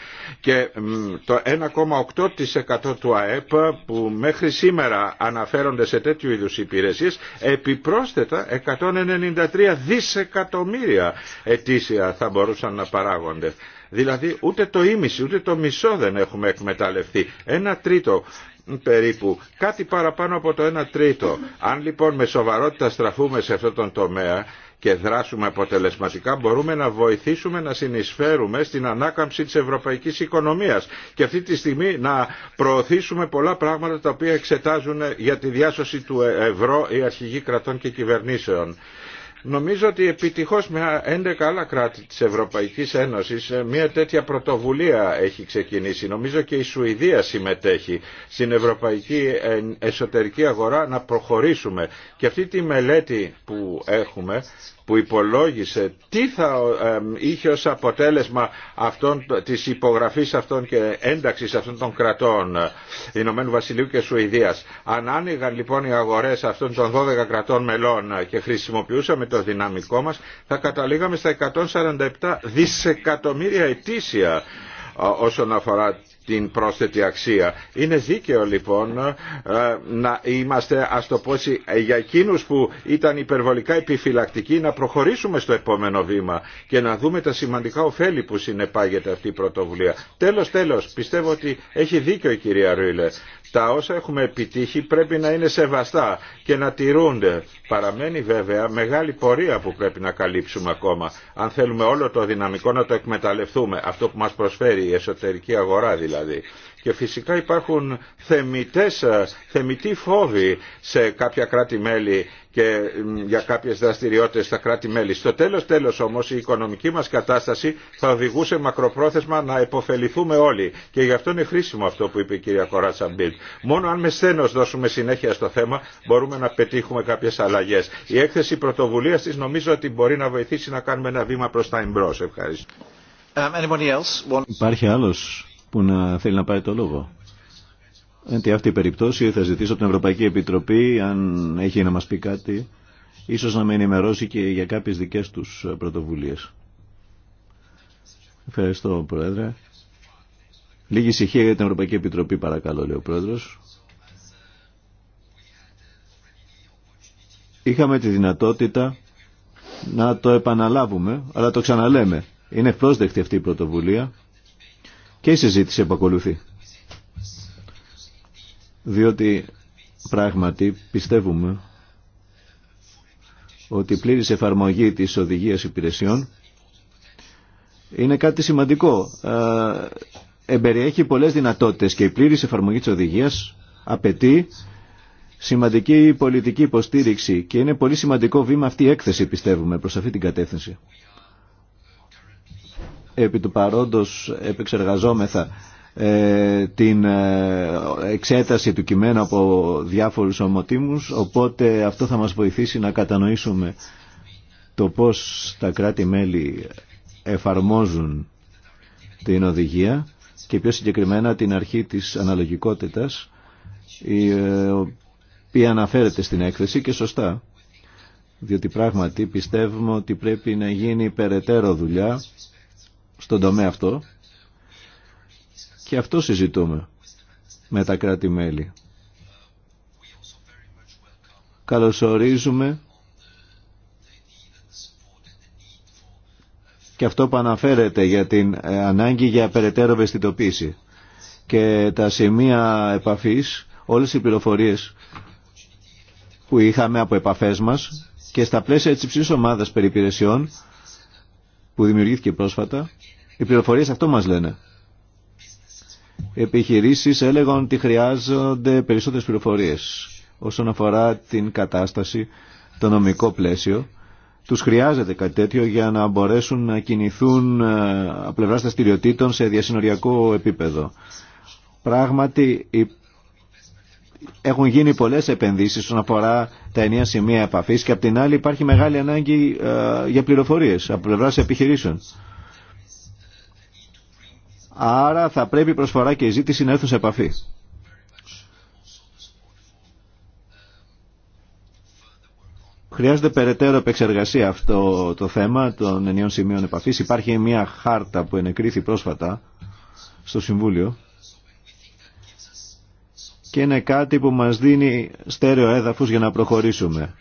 [SPEAKER 5] 1,8% του ΑΕΠ που μέχρι σήμερα αναφέρονται σε τέτοιου είδους υπηρεσίες επιπρόσθετα 193 δισεκατομμύρια ετήσια θα μπορούσαν να παράγονται. Δηλαδή ούτε το ίμιση ούτε το μισό δεν έχουμε εκμεταλλευτεί. Ένα τρίτο περίπου, κάτι παραπάνω από το ένα τρίτο. Αν λοιπόν με σοβαρότητα στραφούμε σε αυτόν τον τομέα και δράσουμε αποτελεσματικά μπορούμε να βοηθήσουμε να συνεισφέρουμε στην ανάκαμψη της ευρωπαϊκής οικονομίας και αυτή τη στιγμή να προωθήσουμε πολλά πράγματα τα οποία εξετάζουν για τη διάσωση του ευρώ οι αρχηγοί κρατών και κυβερνήσεων. Νομίζω ότι επιτυχώς με 11 άλλα κράτη της Ευρωπαϊκής Ένωσης ε, μια τέτοια πρωτοβουλία έχει ξεκινήσει. Νομίζω και η Σουηδία συμμετέχει στην ευρωπαϊκή ε, εσωτερική αγορά να προχωρήσουμε. Και αυτή τη μελέτη που έχουμε που υπολόγισε τι θα είχε ως αποτέλεσμα αυτών, της υπογραφής αυτών και ένταξης αυτών των κρατών Ηνωμένου Βασιλείου και Σουηδίας. Αν άνοιγαν λοιπόν οι αγορές αυτών των 12 κρατών μελών και χρησιμοποιούσαμε το δυναμικό μας θα καταλήγαμε στα 147 δισεκατομμύρια ετήσια όσον αφορά την πρόσθετη αξία. Είναι δίκαιο λοιπόν ε, να είμαστε, ας το πω ε, για εκείνους που ήταν υπερβολικά επιφυλακτικοί να προχωρήσουμε στο επόμενο βήμα και να δούμε τα σημαντικά ωφέλη που συνεπάγεται αυτή η πρωτοβουλία. Τέλος, τέλος, πιστεύω ότι έχει δίκιο η κυρία Ρούιλε τα όσα έχουμε επιτύχει πρέπει να είναι σεβαστά και να τηρούνται. Παραμένει βέβαια μεγάλη πορεία που πρέπει να καλύψουμε ακόμα, αν θέλουμε όλο το δυναμικό να το εκμεταλλευτούμε, αυτό που μας προσφέρει η εσωτερική αγορά δηλαδή. Και φυσικά υπάρχουν θεμητές, ε, θεμητοί φόβοι σε κάποια κράτη-μέλη και για κάποιες δραστηριότητες στα κράτη-μέλη. Στο τέλος τέλος όμως η οικονομική μας κατάσταση θα οδηγούσε μακροπρόθεσμα να επωφεληθούμε όλοι και γι' αυτό είναι χρήσιμο αυτό που είπε η κυρία Κοράτσα Μπίλτ. Μόνο αν με σθένος δώσουμε συνέχεια στο θέμα μπορούμε να πετύχουμε κάποιες αλλαγές. Η έκθεση πρωτοβουλίας της νομίζω ότι μπορεί να βοηθήσει να κάνουμε ένα βήμα προς τα εμπρός. Ευχαριστώ. Um,
[SPEAKER 1] Υπάρχει άλλος που να θέλει να πάρει το λόγο. Εν τη αυτή η περιπτώση θα ζητήσω από την Ευρωπαϊκή Επιτροπή αν έχει να μας πει κάτι ίσως να με ενημερώσει και για κάποιες δικές τους πρωτοβουλίες. Ευχαριστώ Πρόεδρε. Λίγη ησυχία για την Ευρωπαϊκή Επιτροπή παρακαλώ λέει ο Πρόεδρος. Είχαμε τη δυνατότητα να το επαναλάβουμε αλλά το ξαναλέμε. Είναι πρόσδεκτη αυτή η πρωτοβουλία και η συζήτηση επακολουθεί διότι πράγματι πιστεύουμε ότι η πλήρης εφαρμογή της οδηγίας υπηρεσιών είναι κάτι σημαντικό. Ε, εμπεριέχει πολλές δυνατότητες και η πλήρης εφαρμογή της οδηγίας απαιτεί σημαντική πολιτική υποστήριξη και είναι πολύ σημαντικό βήμα αυτή η έκθεση πιστεύουμε προς αυτή την κατεύθυνση. Επί του παρόντος επεξεργαζόμεθα ε, την ε, εξέταση του κειμένου από διάφορους ομοτήμους οπότε αυτό θα μας βοηθήσει να κατανοήσουμε το πώς τα κράτη-μέλη εφαρμόζουν την οδηγία και πιο συγκεκριμένα την αρχή της αναλογικότητας η ε, οποία αναφέρεται στην έκθεση και σωστά διότι πράγματι πιστεύουμε ότι πρέπει να γίνει περαιτέρω δουλειά στον τομέα αυτό και αυτό συζητούμε με τα κράτη-μέλη. Καλωσορίζουμε και αυτό που αναφέρεται για την ε, ανάγκη για περαιτέρω βεστιτοποίηση και τα σημεία επαφής, όλες οι πληροφορίες που είχαμε από επαφές μας και στα πλαίσια της υψηλής ομάδας περιπηρεσιών που δημιουργήθηκε πρόσφατα, οι πληροφορίες αυτό μας λένε επιχειρήσεις έλεγαν ότι χρειάζονται περισσότερες πληροφορίες όσον αφορά την κατάσταση, το νομικό πλαίσιο. Τους χρειάζεται κάτι τέτοιο για να μπορέσουν να κινηθούν ε, από πλευρά δραστηριοτήτων σε διασυνοριακό επίπεδο. Πράγματι, έχουν γίνει πολλές επενδύσεις όσον αφορά τα ενιαία σημεία επαφής και απ' την άλλη υπάρχει μεγάλη ανάγκη ε, για πληροφορίες από πλευράς επιχειρήσεων. Άρα θα πρέπει η προσφορά και η ζήτηση να έρθουν σε επαφή. Χρειάζεται περαιτέρω επεξεργασία αυτό το θέμα των ενιών σημείων επαφής. Υπάρχει μια χάρτα που ενεκρίθη πρόσφατα στο Συμβούλιο και είναι κάτι που μας δίνει στέρεο έδαφος για να προχωρήσουμε.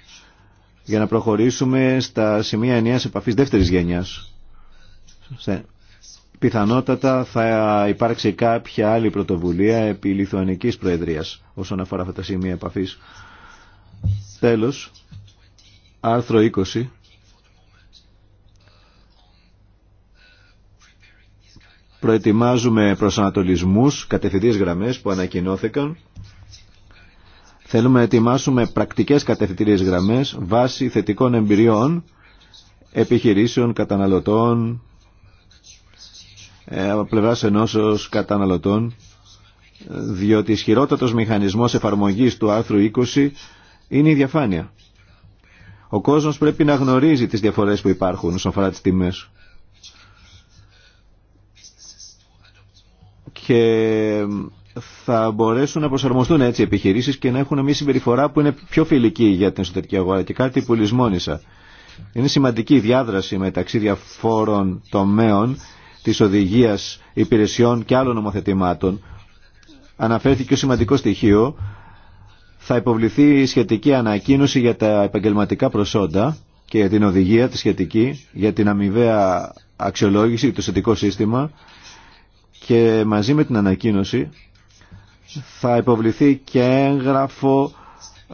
[SPEAKER 1] Για να προχωρήσουμε στα σημεία ενιαίας επαφής δεύτερης γενιά. Πιθανότατα θα υπάρξει κάποια άλλη πρωτοβουλία επί Λιθουανικής Προεδρίας όσον αφορά αυτά τα σημεία επαφής. Τέλος, άρθρο 20. Προετοιμάζουμε προσανατολισμούς, κατευθυντήριες γραμμές που ανακοινώθηκαν. Θέλουμε να ετοιμάσουμε πρακτικές κατευθυντήριες γραμμές βάσει θετικών εμπειριών, επιχειρήσεων, καταναλωτών, ε, από πλευρά ενώσεω καταναλωτών, διότι ισχυρότατο μηχανισμό εφαρμογή του άρθρου 20 είναι η διαφάνεια. Ο κόσμο πρέπει να γνωρίζει τι διαφορέ που υπάρχουν όσον αφορά τι τιμέ. Και θα μπορέσουν να προσαρμοστούν έτσι οι επιχειρήσει και να έχουν μια συμπεριφορά που είναι πιο φιλική για την εσωτερική αγορά και κάτι που λησμόνησα. Είναι σημαντική η διάδραση μεταξύ διαφόρων τομέων της οδηγίας υπηρεσιών και άλλων νομοθετημάτων αναφέρθηκε ο σημαντικό στοιχείο θα υποβληθεί η σχετική ανακοίνωση για τα επαγγελματικά προσόντα και για την οδηγία τη σχετική για την αμοιβαία αξιολόγηση του σχετικό σύστημα και μαζί με την ανακοίνωση θα υποβληθεί και έγγραφο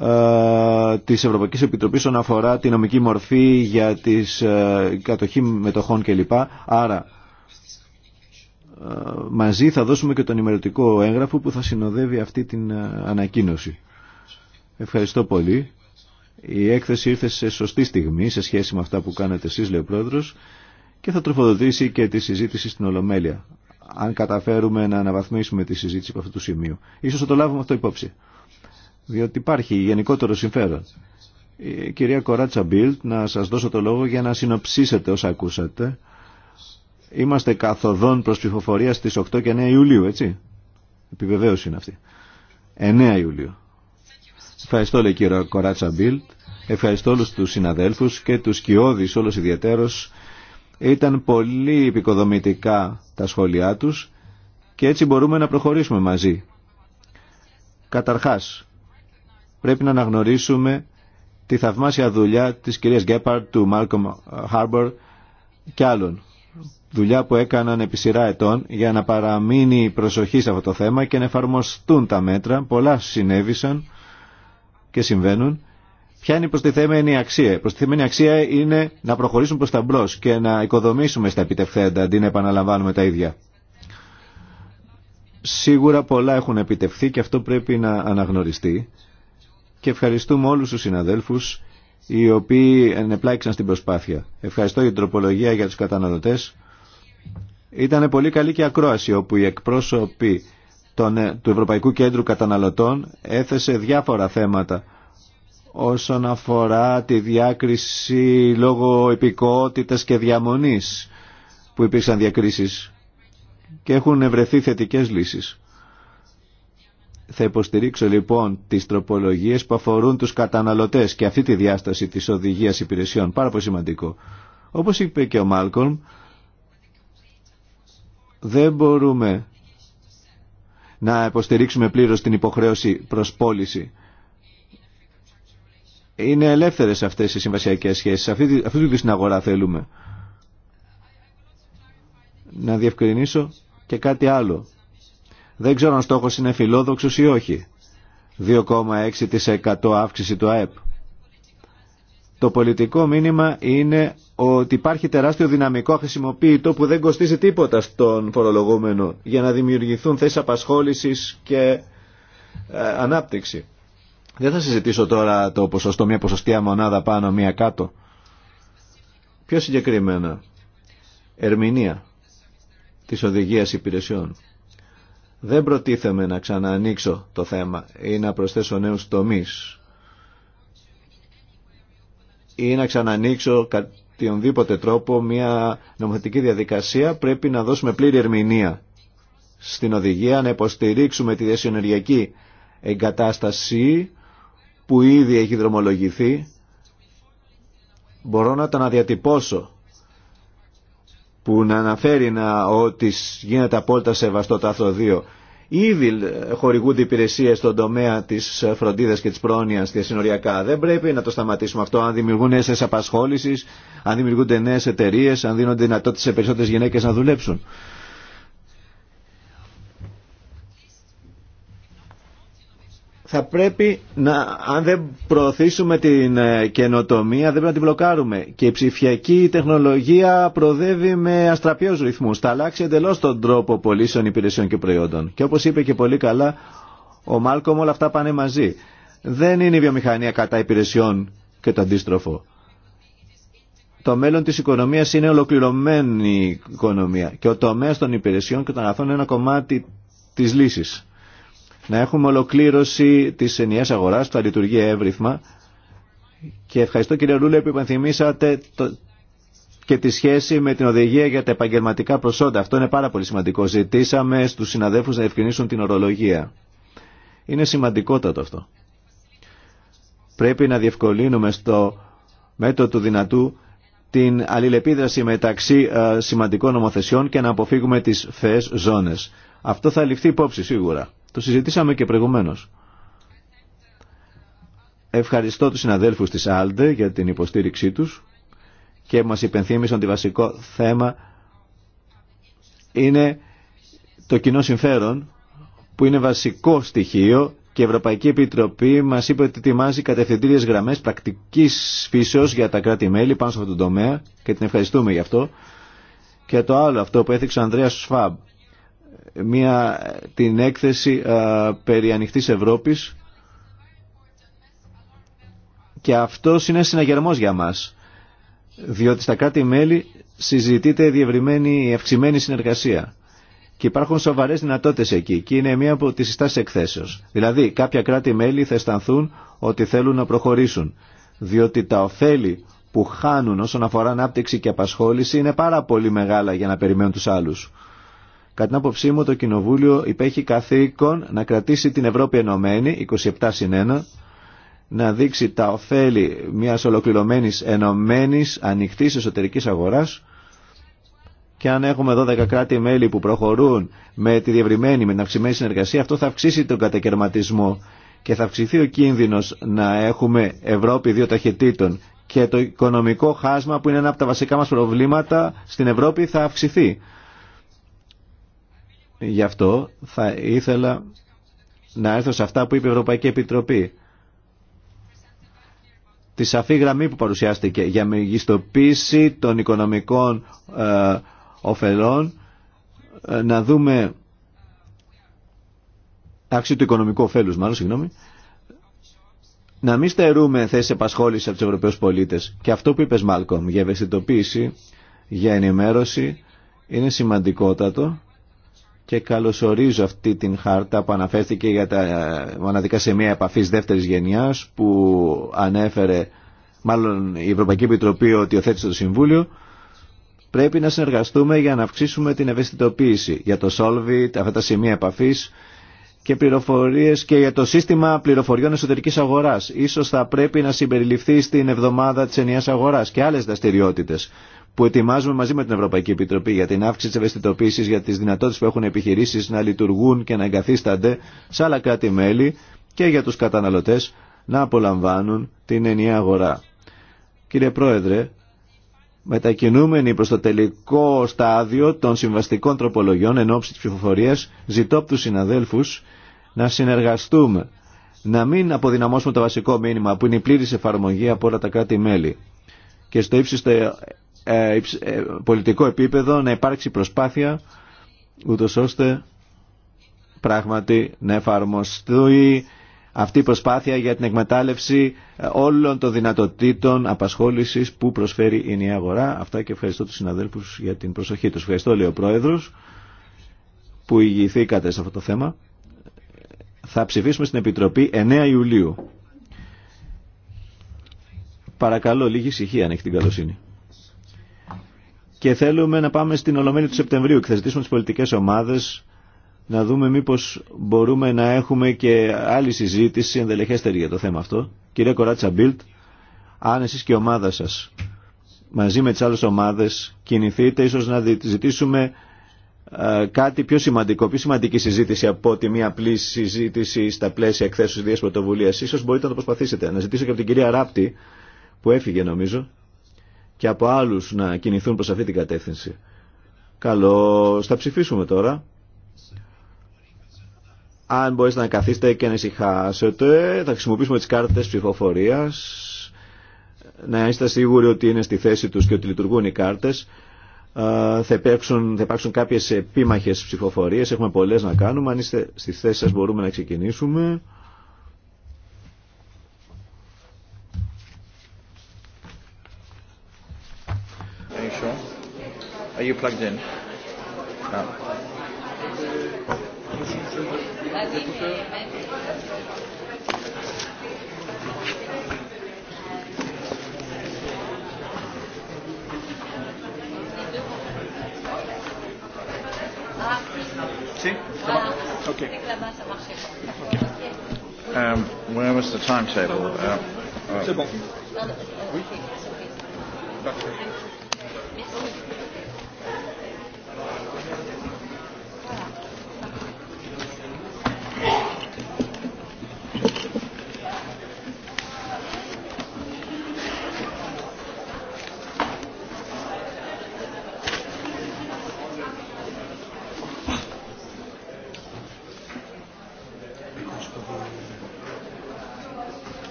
[SPEAKER 1] ε, της Ευρωπαϊκής Επιτροπής όσον αφορά την νομική μορφή για τις ε, κατοχή μετοχών κλπ. Άρα μαζί θα δώσουμε και τον ημερωτικό έγγραφο που θα συνοδεύει αυτή την ε, ανακοίνωση. Ευχαριστώ πολύ. Η έκθεση ήρθε σε σωστή στιγμή σε σχέση με αυτά που κάνετε εσείς, λέει ο Πρόεδρος, και θα τροφοδοτήσει και τη συζήτηση στην Ολομέλεια, αν καταφέρουμε να αναβαθμίσουμε τη συζήτηση από αυτού του σημείου. Ίσως θα το λάβουμε αυτό υπόψη, διότι υπάρχει γενικότερο συμφέρον. Η ε, κυρία Κοράτσα Μπίλτ, να σας δώσω το λόγο για να συνοψίσετε όσα ακούσατε. Είμαστε καθοδόν προς ψηφοφορία στις 8 και 9 Ιουλίου, έτσι. Επιβεβαίωση είναι αυτή. 9 Ιουλίου. Ευχαριστώ λέει κύριο Κοράτσα Μπίλτ. Ευχαριστώ όλους τους συναδέλφους και τους κοιόδης όλος ιδιαίτερος. Ήταν πολύ επικοδομητικά τα σχόλιά τους και έτσι μπορούμε να προχωρήσουμε μαζί. Καταρχάς, πρέπει να αναγνωρίσουμε τη θαυμάσια δουλειά της κυρίας Γκέπαρτ, του Μάλκομ Χάρμπορ και άλλων δουλειά που έκαναν επί σειρά ετών για να παραμείνει η προσοχή σε αυτό το θέμα και να εφαρμοστούν τα μέτρα. Πολλά συνέβησαν και συμβαίνουν. Ποια είναι η προστιθέμενη αξία. Η προστιθέμενη αξία είναι να προχωρήσουμε προς τα μπρος και να οικοδομήσουμε στα επιτευθέντα αντί να επαναλαμβάνουμε τα ίδια. Σίγουρα πολλά έχουν επιτευχθεί και αυτό πρέπει να αναγνωριστεί. Και ευχαριστούμε όλους τους συναδέλφους οι οποίοι ενεπλάξαν στην προσπάθεια. Ευχαριστώ για την τροπολογία για τους καταναλωτές ήταν πολύ καλή και ακρόαση όπου οι εκπρόσωποι των, του Ευρωπαϊκού Κέντρου Καταναλωτών έθεσε διάφορα θέματα όσον αφορά τη διάκριση λόγω επικότητας και διαμονής που υπήρξαν διακρίσεις και έχουν βρεθεί θετικές λύσεις. Θα υποστηρίξω λοιπόν τις τροπολογίες που αφορούν τους καταναλωτές και αυτή τη διάσταση της οδηγίας υπηρεσιών, πάρα πολύ σημαντικό. Όπως είπε και ο Μάλκολμ, δεν μπορούμε να υποστηρίξουμε πλήρως την υποχρέωση προς πώληση. Είναι ελεύθερες αυτές οι συμβασιακές σχέσεις. Αυτή, τη την αγορά θέλουμε. Να διευκρινίσω και κάτι άλλο. Δεν ξέρω αν ο στόχος είναι φιλόδοξος ή όχι. 2,6% αύξηση του ΑΕΠ. Το πολιτικό μήνυμα είναι ότι υπάρχει τεράστιο δυναμικό χρησιμοποιητό που δεν κοστίζει τίποτα στον φορολογούμενο για να δημιουργηθούν θέσεις απασχόλησης και ε, ανάπτυξη. Δεν θα συζητήσω τώρα το ποσοστό, μια ποσοστία μονάδα πάνω, μια κάτω. Πιο συγκεκριμένα, ερμηνεία της οδηγίας υπηρεσιών. Δεν προτίθεμαι να ξαναανοίξω το θέμα ή να προσθέσω νέους τομείς ή να ξανανοίξω κατά τρόπο μια νομοθετική διαδικασία πρέπει να δώσουμε πλήρη ερμηνεία στην οδηγία, να υποστηρίξουμε τη διασυνεργειακή εγκατάσταση που ήδη έχει δρομολογηθεί. Μπορώ να τα αναδιατυπώσω που να αναφέρει να, ότι γίνεται απόλυτα σεβαστό το άρθρο Ήδη χορηγούνται υπηρεσίε στον τομέα τη φροντίδα και τη πρόνοια συνοριακά. Δεν πρέπει να το σταματήσουμε αυτό. Αν δημιουργούν νέε απασχόληση, αν δημιουργούνται νέε εταιρείε, αν δίνονται δυνατότητε σε περισσότερε γυναίκε να δουλέψουν. θα πρέπει να, αν δεν προωθήσουμε την ε, καινοτομία, δεν πρέπει να την μπλοκάρουμε. Και η ψηφιακή τεχνολογία προοδεύει με αστραπιούς ρυθμούς. Θα αλλάξει εντελώ τον τρόπο πωλήσεων υπηρεσιών και προϊόντων. Και όπως είπε και πολύ καλά ο Μάλκομ, όλα αυτά πάνε μαζί. Δεν είναι η βιομηχανία κατά υπηρεσιών και το αντίστροφο. Το μέλλον της οικονομίας είναι ολοκληρωμένη οικονομία και ο τομέας των υπηρεσιών και των αγαθών είναι ένα κομμάτι της λύση να έχουμε ολοκλήρωση της ενιαίας αγοράς, θα λειτουργεί εύρυθμα. Και ευχαριστώ κύριε Ρούλε που υπενθυμίσατε το... και τη σχέση με την οδηγία για τα επαγγελματικά προσόντα. Αυτό είναι πάρα πολύ σημαντικό. Ζητήσαμε στους συναδέλφους να ευκρινίσουν την ορολογία. Είναι σημαντικότατο αυτό. Πρέπει να διευκολύνουμε στο μέτρο του δυνατού την αλληλεπίδραση μεταξύ σημαντικών νομοθεσιών και να αποφύγουμε τις φαιές ζώνες. Αυτό θα ληφθεί υπόψη σίγουρα. Το συζητήσαμε και προηγουμένως. Ευχαριστώ τους συναδέλφους της ΑΛΔΕ για την υποστήριξή τους και μας υπενθύμισαν ότι βασικό θέμα είναι το κοινό συμφέρον που είναι βασικό στοιχείο και η Ευρωπαϊκή Επιτροπή μας είπε ότι ετοιμάζει κατευθυντήριες γραμμές πρακτικής φύσεως για τα κράτη-μέλη πάνω σε αυτόν τον τομέα και την ευχαριστούμε γι' αυτό. Και το άλλο αυτό που έθιξε ο Ανδρέας Σφάμπ μια, την έκθεση α, περί ανοιχτής Ευρώπης και αυτό είναι συναγερμός για μας διότι στα κράτη-μέλη συζητείται διευρυμένη, αυξημένη συνεργασία και υπάρχουν σοβαρές δυνατότητες εκεί και είναι μία από τις συστάσεις εκθέσεως. Δηλαδή κάποια κράτη-μέλη θα αισθανθούν ότι θέλουν να προχωρήσουν διότι τα ωφέλη που χάνουν όσον αφορά ανάπτυξη και απασχόληση είναι πάρα πολύ μεγάλα για να περιμένουν τους άλλους. Κατά την άποψή μου το Κοινοβούλιο υπέχει καθήκον να κρατήσει την Ευρώπη ενωμένη, 27 συν 1, να δείξει τα ωφέλη μιας ολοκληρωμένης ενωμένης ανοιχτής εσωτερικής αγοράς και αν έχουμε 12 κράτη-μέλη που προχωρούν με τη διευρυμένη, με την αυξημένη συνεργασία, αυτό θα αυξήσει τον κατακαιρματισμό και θα αυξηθεί ο κίνδυνος να έχουμε Ευρώπη δύο ταχυτήτων και το οικονομικό χάσμα που είναι ένα από τα βασικά μας προβλήματα στην Ευρώπη θα αυξηθεί. Γι' αυτό θα ήθελα να έρθω σε αυτά που είπε η Ευρωπαϊκή Επιτροπή. Τη σαφή γραμμή που παρουσιάστηκε για μεγιστοποίηση των οικονομικών ε, ωφελών, ε, να δούμε άξιο του οικονομικού ωφέλους μάλλον, συγγνώμη, να μην στερούμε θέσει επασχόληση από του Ευρωπαίου πολίτε. Και αυτό που είπε, Μάλκομ, για ευαισθητοποίηση, για ενημέρωση, είναι σημαντικότατο και καλωσορίζω αυτή την χάρτα που αναφέρθηκε για τα ε, μοναδικά σημεία επαφής δεύτερης γενιάς που ανέφερε μάλλον η Ευρωπαϊκή Επιτροπή ότι οθέτησε το Συμβούλιο πρέπει να συνεργαστούμε για να αυξήσουμε την ευαισθητοποίηση για το Solvit, αυτά τα σημεία επαφής και πληροφορίες και για το σύστημα πληροφοριών εσωτερικής αγοράς. Ίσως θα πρέπει να συμπεριληφθεί στην εβδομάδα της ενιαίας αγοράς και άλλες δραστηριότητες που ετοιμάζουμε μαζί με την Ευρωπαϊκή Επιτροπή για την αύξηση τη ευαισθητοποίηση για τι δυνατότητε που έχουν επιχειρήσει να λειτουργούν και να εγκαθίστανται σε άλλα κράτη-μέλη και για του καταναλωτέ να απολαμβάνουν την ενιαία αγορά. Κύριε Πρόεδρε, μετακινούμενοι προς το τελικό στάδιο των συμβαστικών τροπολογιών εν ώψη της ψηφοφορίας, ζητώ από τους συναδέλφους να συνεργαστούμε, να μην αποδυναμώσουμε το βασικό μήνυμα που είναι η πλήρης εφαρμογή από όλα τα κράτη-μέλη και στο ύψιστο ε, ε, πολιτικό επίπεδο να υπάρξει προσπάθεια ούτως ώστε πράγματι να εφαρμοστεί αυτή η προσπάθεια για την εκμετάλλευση ε, όλων των δυνατοτήτων απασχόλησης που προσφέρει η νέα αγορά. Αυτά και ευχαριστώ τους συναδέλφους για την προσοχή τους. Ευχαριστώ, λέει ο Πρόεδρος, που ηγηθήκατε σε αυτό το θέμα. Θα ψηφίσουμε στην Επιτροπή 9 Ιουλίου. Παρακαλώ, λίγη ησυχία αν έχει την καλοσύνη και θέλουμε να πάμε στην Ολομέλη του Σεπτεμβρίου και θα ζητήσουμε τις πολιτικές ομάδες να δούμε μήπως μπορούμε να έχουμε και άλλη συζήτηση ενδελεχέστερη για το θέμα αυτό. Κυρία Κοράτσα Μπίλτ, αν εσείς και η ομάδα σας μαζί με τις άλλες ομάδες κινηθείτε ίσως να ζητήσουμε κάτι πιο σημαντικό, πιο σημαντική συζήτηση από ότι μια απλή συζήτηση στα πλαίσια εκθέσεως ιδίας πρωτοβουλίας. Ίσως μπορείτε να το προσπαθήσετε. Να ζητήσω και από την κυρία Ράπτη που έφυγε νομίζω και από άλλους να κινηθούν προς αυτή την κατεύθυνση. Καλώ, θα ψηφίσουμε τώρα. Αν μπορείτε να καθίσετε και να ησυχάσετε, θα χρησιμοποιήσουμε τις κάρτες ψηφοφορίας. Να είστε σίγουροι ότι είναι στη θέση τους και ότι λειτουργούν οι κάρτες. Θα υπάρξουν, θα υπάρξουν κάποιες επίμαχες ψηφοφορίες, έχουμε πολλές να κάνουμε. Αν είστε στη θέση σας μπορούμε να ξεκινήσουμε.
[SPEAKER 2] Are you plugged in? No. Um, where was the timetable? Uh,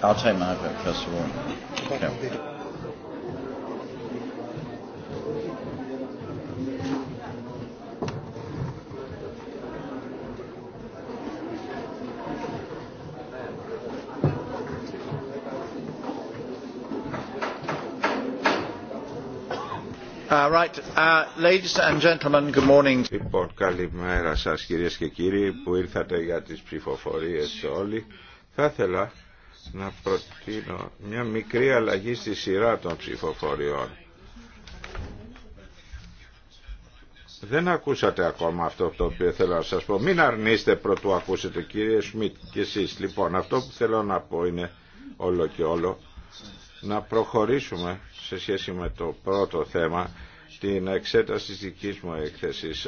[SPEAKER 2] I'll take my first of all. Λοιπόν,
[SPEAKER 5] καλημέρα σας κυρίες και κύριοι που ήρθατε για τις ψηφοφορίες όλοι. Θα ήθελα να προτείνω μια μικρή αλλαγή στη σειρά των ψηφοφοριών. Δεν ακούσατε ακόμα αυτό το οποίο θέλω να σας πω. Μην αρνείστε πρωτού ακούσετε κύριε Σμιτ και εσείς. Λοιπόν, αυτό που θέλω να πω είναι όλο και όλο να προχωρήσουμε σε σχέση με το πρώτο θέμα την εξέταση της δικής μου έκθεσης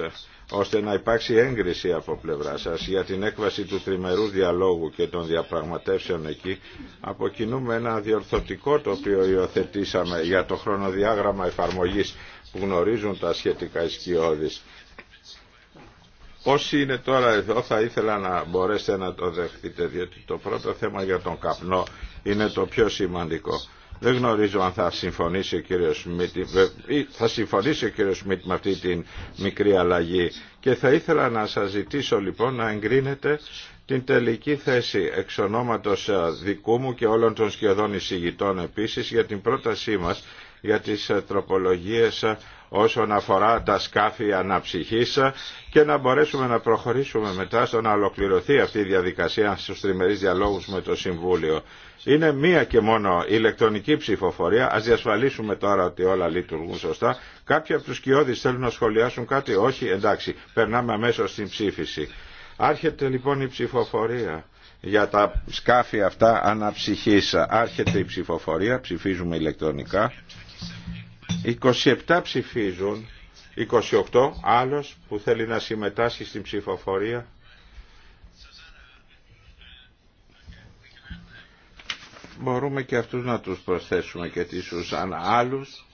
[SPEAKER 5] ώστε να υπάρξει έγκριση από πλευρά σας για την έκβαση του τριμερού διαλόγου και των διαπραγματεύσεων εκεί αποκινούμε ένα διορθωτικό το οποίο υιοθετήσαμε για το χρονοδιάγραμμα εφαρμογής που γνωρίζουν τα σχετικά ισχυώδης. Όσοι είναι τώρα εδώ θα ήθελα να μπορέσετε να το δεχτείτε διότι το πρώτο θέμα για τον καπνό είναι το πιο σημαντικό. Δεν γνωρίζω αν θα συμφωνήσει ο κύριος Σμίτ, ε, θα συμφωνήσει ο Σμίτ με αυτή την μικρή αλλαγή. Και θα ήθελα να σας ζητήσω λοιπόν να εγκρίνετε την τελική θέση εξ ονόματος ε, δικού μου και όλων των σχεδόν εισηγητών επίσης για την πρότασή μας για τις ε, τροπολογίες όσον αφορά τα σκάφη αναψυχής και να μπορέσουμε να προχωρήσουμε μετά στο να ολοκληρωθεί αυτή η διαδικασία στους τριμερείς διαλόγους με το Συμβούλιο. Είναι μία και μόνο ηλεκτρονική ψηφοφορία. Ας διασφαλίσουμε τώρα ότι όλα λειτουργούν σωστά. Κάποιοι από τους κοιόδης θέλουν να σχολιάσουν κάτι. Όχι, εντάξει, περνάμε αμέσως στην ψήφιση. Άρχεται λοιπόν η ψηφοφορία για τα σκάφη αυτά αναψυχής. Άρχεται η ψηφοφορία, ψηφίζουμε ηλεκτρονικά. 27 ψηφίζουν, 28 άλλος που θέλει να συμμετάσχει στην ψηφοφορία. Μπορούμε και αυτούς να τους προσθέσουμε και τη Σουζάνα. Άλλους,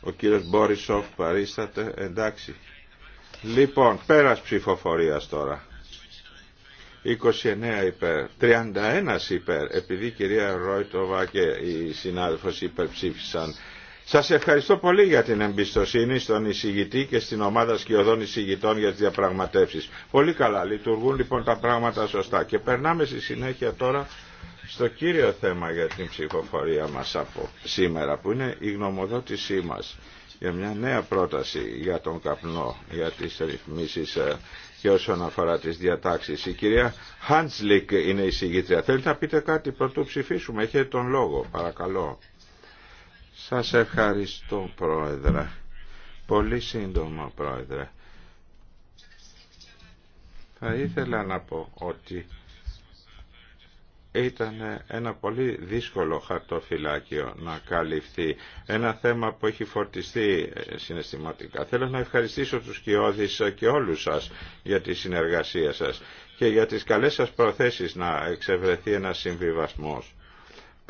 [SPEAKER 5] ο κύριος Μπόρισοφ παρίσταται, εντάξει. Λοιπόν, πέρας ψηφοφορίας τώρα. 29 υπέρ, 31 υπέρ, επειδή η κυρία Ρόιτοβα και οι συνάδελφοι υπερψήφισαν σας ευχαριστώ πολύ για την εμπιστοσύνη στον εισηγητή και στην ομάδα σκιωδών εισηγητών για τις διαπραγματεύσεις. Πολύ καλά, λειτουργούν λοιπόν τα πράγματα σωστά. Και περνάμε στη συνέχεια τώρα στο κύριο θέμα για την ψηφοφορία μας από σήμερα, που είναι η γνωμοδότησή μας για μια νέα πρόταση για τον καπνό, για τις ρυθμίσεις ε, και όσον αφορά τις διατάξεις. Η κυρία Χάντσλικ είναι η συγγήτρια. Θέλετε να πείτε κάτι πρωτού ψηφίσουμε. Έχετε τον λόγο. Παρακαλώ. Σας ευχαριστώ πρόεδρε. Πολύ σύντομα πρόεδρε. Θα ήθελα να πω ότι ήταν ένα πολύ δύσκολο χαρτοφυλάκιο να καλυφθεί. Ένα θέμα που έχει φορτιστεί ε, συναισθηματικά. Θέλω να ευχαριστήσω τους Κιώδης ε, και όλους σας για τη συνεργασία σας και για τις καλές σας προθέσεις να εξευρεθεί ένας συμβιβασμός.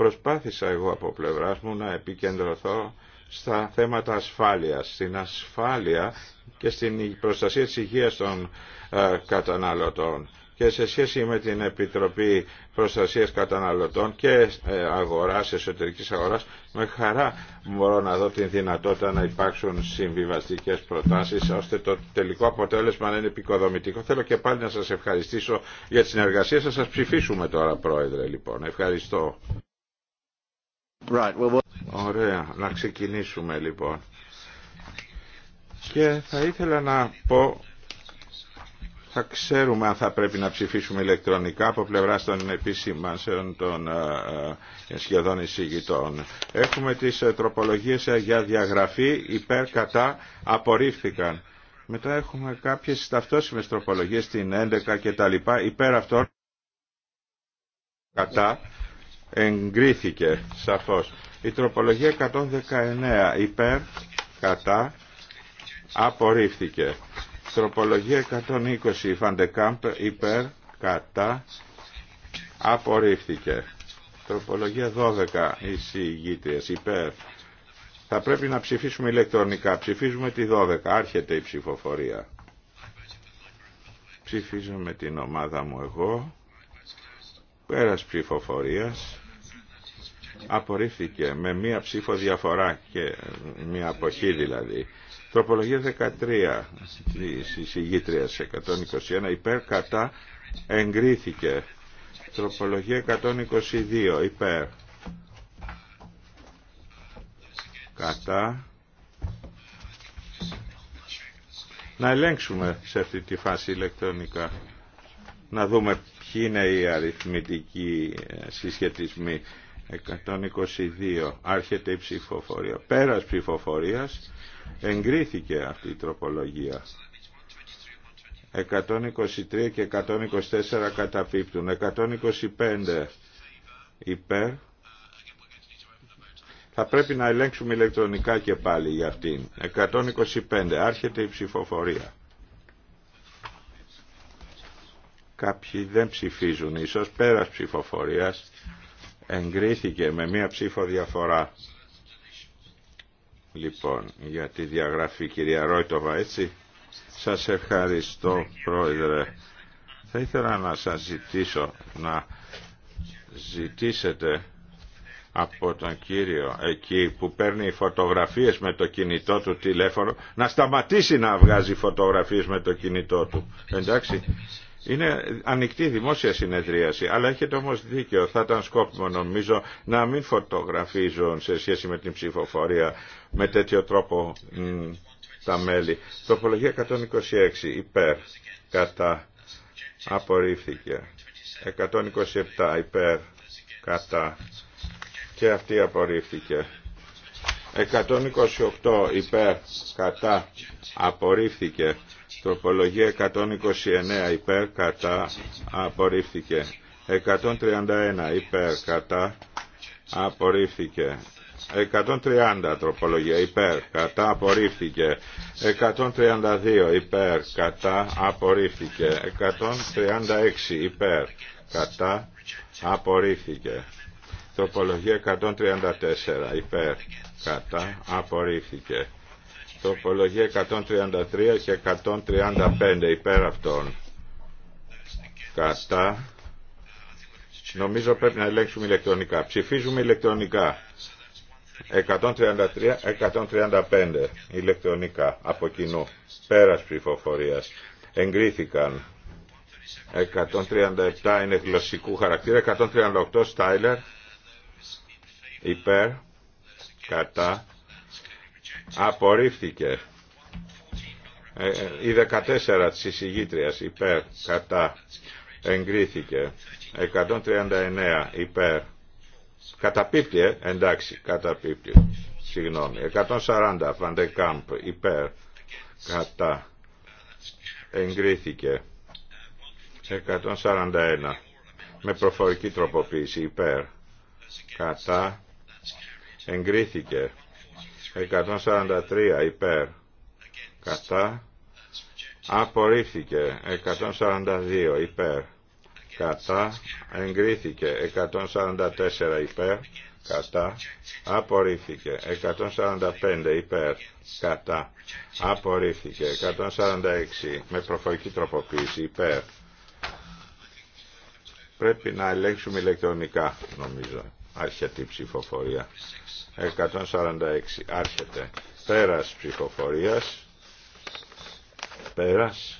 [SPEAKER 5] Προσπάθησα εγώ από πλευράς μου να επικεντρωθώ στα θέματα ασφάλειας, στην ασφάλεια και στην προστασία της υγείας των ε, καταναλωτών και σε σχέση με την Επιτροπή Προστασίας Καταναλωτών και ε, αγοράς, εσωτερικής αγοράς, με χαρά μπορώ να δω την δυνατότητα να υπάρξουν συμβιβαστικές προτάσεις, ώστε το τελικό αποτέλεσμα να είναι επικοδομητικό. Θέλω και πάλι να σας ευχαριστήσω για τη συνεργασία σας. Σας ψηφίσουμε τώρα, Πρόεδρε, λοιπόν. Ευχαριστώ. Right, Ωραία, να ξεκινήσουμε λοιπόν. Και θα ήθελα να πω, θα ξέρουμε αν θα πρέπει να ψηφίσουμε ηλεκτρονικά από πλευρά των επίσημασεων των ε, ε, σχεδόν εισηγητών. Έχουμε τις ε, τροπολογίες για διαγραφή, υπέρ, κατά, απορρίφθηκαν. Μετά έχουμε κάποιες ταυτόσιμες τροπολογίες, στην 11 και τα λοιπά, υπέρ αυτών, κατά, εγκρίθηκε σαφώς. Η τροπολογία 119 υπέρ, κατά, απορρίφθηκε. Τροπολογία 120 Φαντεκάμπ υπέρ, κατά, απορρίφθηκε. Τροπολογία 12 εισηγήτριες υπέρ. Θα πρέπει να ψηφίσουμε ηλεκτρονικά. Ψηφίζουμε τη 12. Άρχεται η ψηφοφορία. Ψηφίζουμε την ομάδα μου εγώ. Πέρας ψηφοφορίας απορρίφθηκε με μία ψήφο διαφορά και ε, μία αποχή δηλαδή. Τροπολογία 13 της εισηγήτριας 121 υπέρ κατά εγκρίθηκε. Τροπολογία 122 υπέρ κατά να ελέγξουμε σε αυτή τη φάση ηλεκτρονικά να δούμε ποιοι είναι οι αριθμητικοί ε, συσχετισμοί 122 άρχεται η ψηφοφορία. Πέρας ψηφοφορίας εγκρίθηκε αυτή η τροπολογία. 123 και 124 καταπίπτουν. 125 υπέρ. Θα πρέπει να ελέγξουμε ηλεκτρονικά και πάλι για αυτήν. 125 άρχεται η ψηφοφορία. Κάποιοι δεν ψηφίζουν ίσως πέρας ψηφοφορίας εγκρίθηκε με μία ψήφο διαφορά. Λοιπόν, για τη διαγραφή κυρία Ρόιτοβα, έτσι. Σας ευχαριστώ πρόεδρε. Θα ήθελα να σας ζητήσω να ζητήσετε από τον κύριο εκεί που παίρνει φωτογραφίες με το κινητό του τηλέφωνο να σταματήσει να βγάζει φωτογραφίες με το κινητό του. Εντάξει. Είναι ανοιχτή δημόσια συνεδρίαση, αλλά έχετε όμως δίκιο, θα ήταν σκόπιμο νομίζω να μην φωτογραφίζουν σε σχέση με την ψηφοφορία με τέτοιο τρόπο τα μέλη. Τροπολογία 126 υπέρ, κατά, απορρίφθηκε. 127 υπέρ, κατά, και αυτή απορρίφθηκε. 128 υπέρ, κατά, απορρίφθηκε. Τροπολογία 129 υπέρ κατά απορρίφθηκε. 131 υπέρ κατά απορρίφθηκε. 130 τροπολογία υπέρ κατά απορρίφθηκε 132 υπέρ κατά απορρίφθηκε 136 υπέρ κατά απορρίφθηκε τροπολογία 134 υπέρ κατά απορρίφθηκε Τοπολογία 133 και 135 υπέρ αυτών. Κατά. Νομίζω πρέπει να ελέγξουμε ηλεκτρονικά. Ψηφίζουμε ηλεκτρονικά. 133-135 ηλεκτρονικά από κοινού. Πέρας ψηφοφορίας. Εγκρίθηκαν. 137 είναι γλωσσικού χαρακτήρα. 138 στάιλερ. Υπέρ. Κατά. Απορρίφθηκε. Ε, ε, η 14 της εισηγήτριας υπέρ κατά εγκρίθηκε. 139 υπέρ. Καταπίπτει, ε, εντάξει, καταπίπτει. Συγγνώμη. 140 Φαντεκάμπ υπέρ κατά εγκρίθηκε. 141 με προφορική τροποποίηση υπέρ κατά εγκρίθηκε. 143 υπέρ κατά απορρίφθηκε 142 υπέρ κατά εγκρίθηκε 144 υπέρ κατά απορρίφθηκε 145 υπέρ κατά απορρίφθηκε 146 με προφορική τροποποίηση υπέρ πρέπει να ελέγξουμε ηλεκτρονικά νομίζω άρχεται η ψηφοφορία. 146 άρχεται. Πέρας ψηφοφορίας. Πέρας.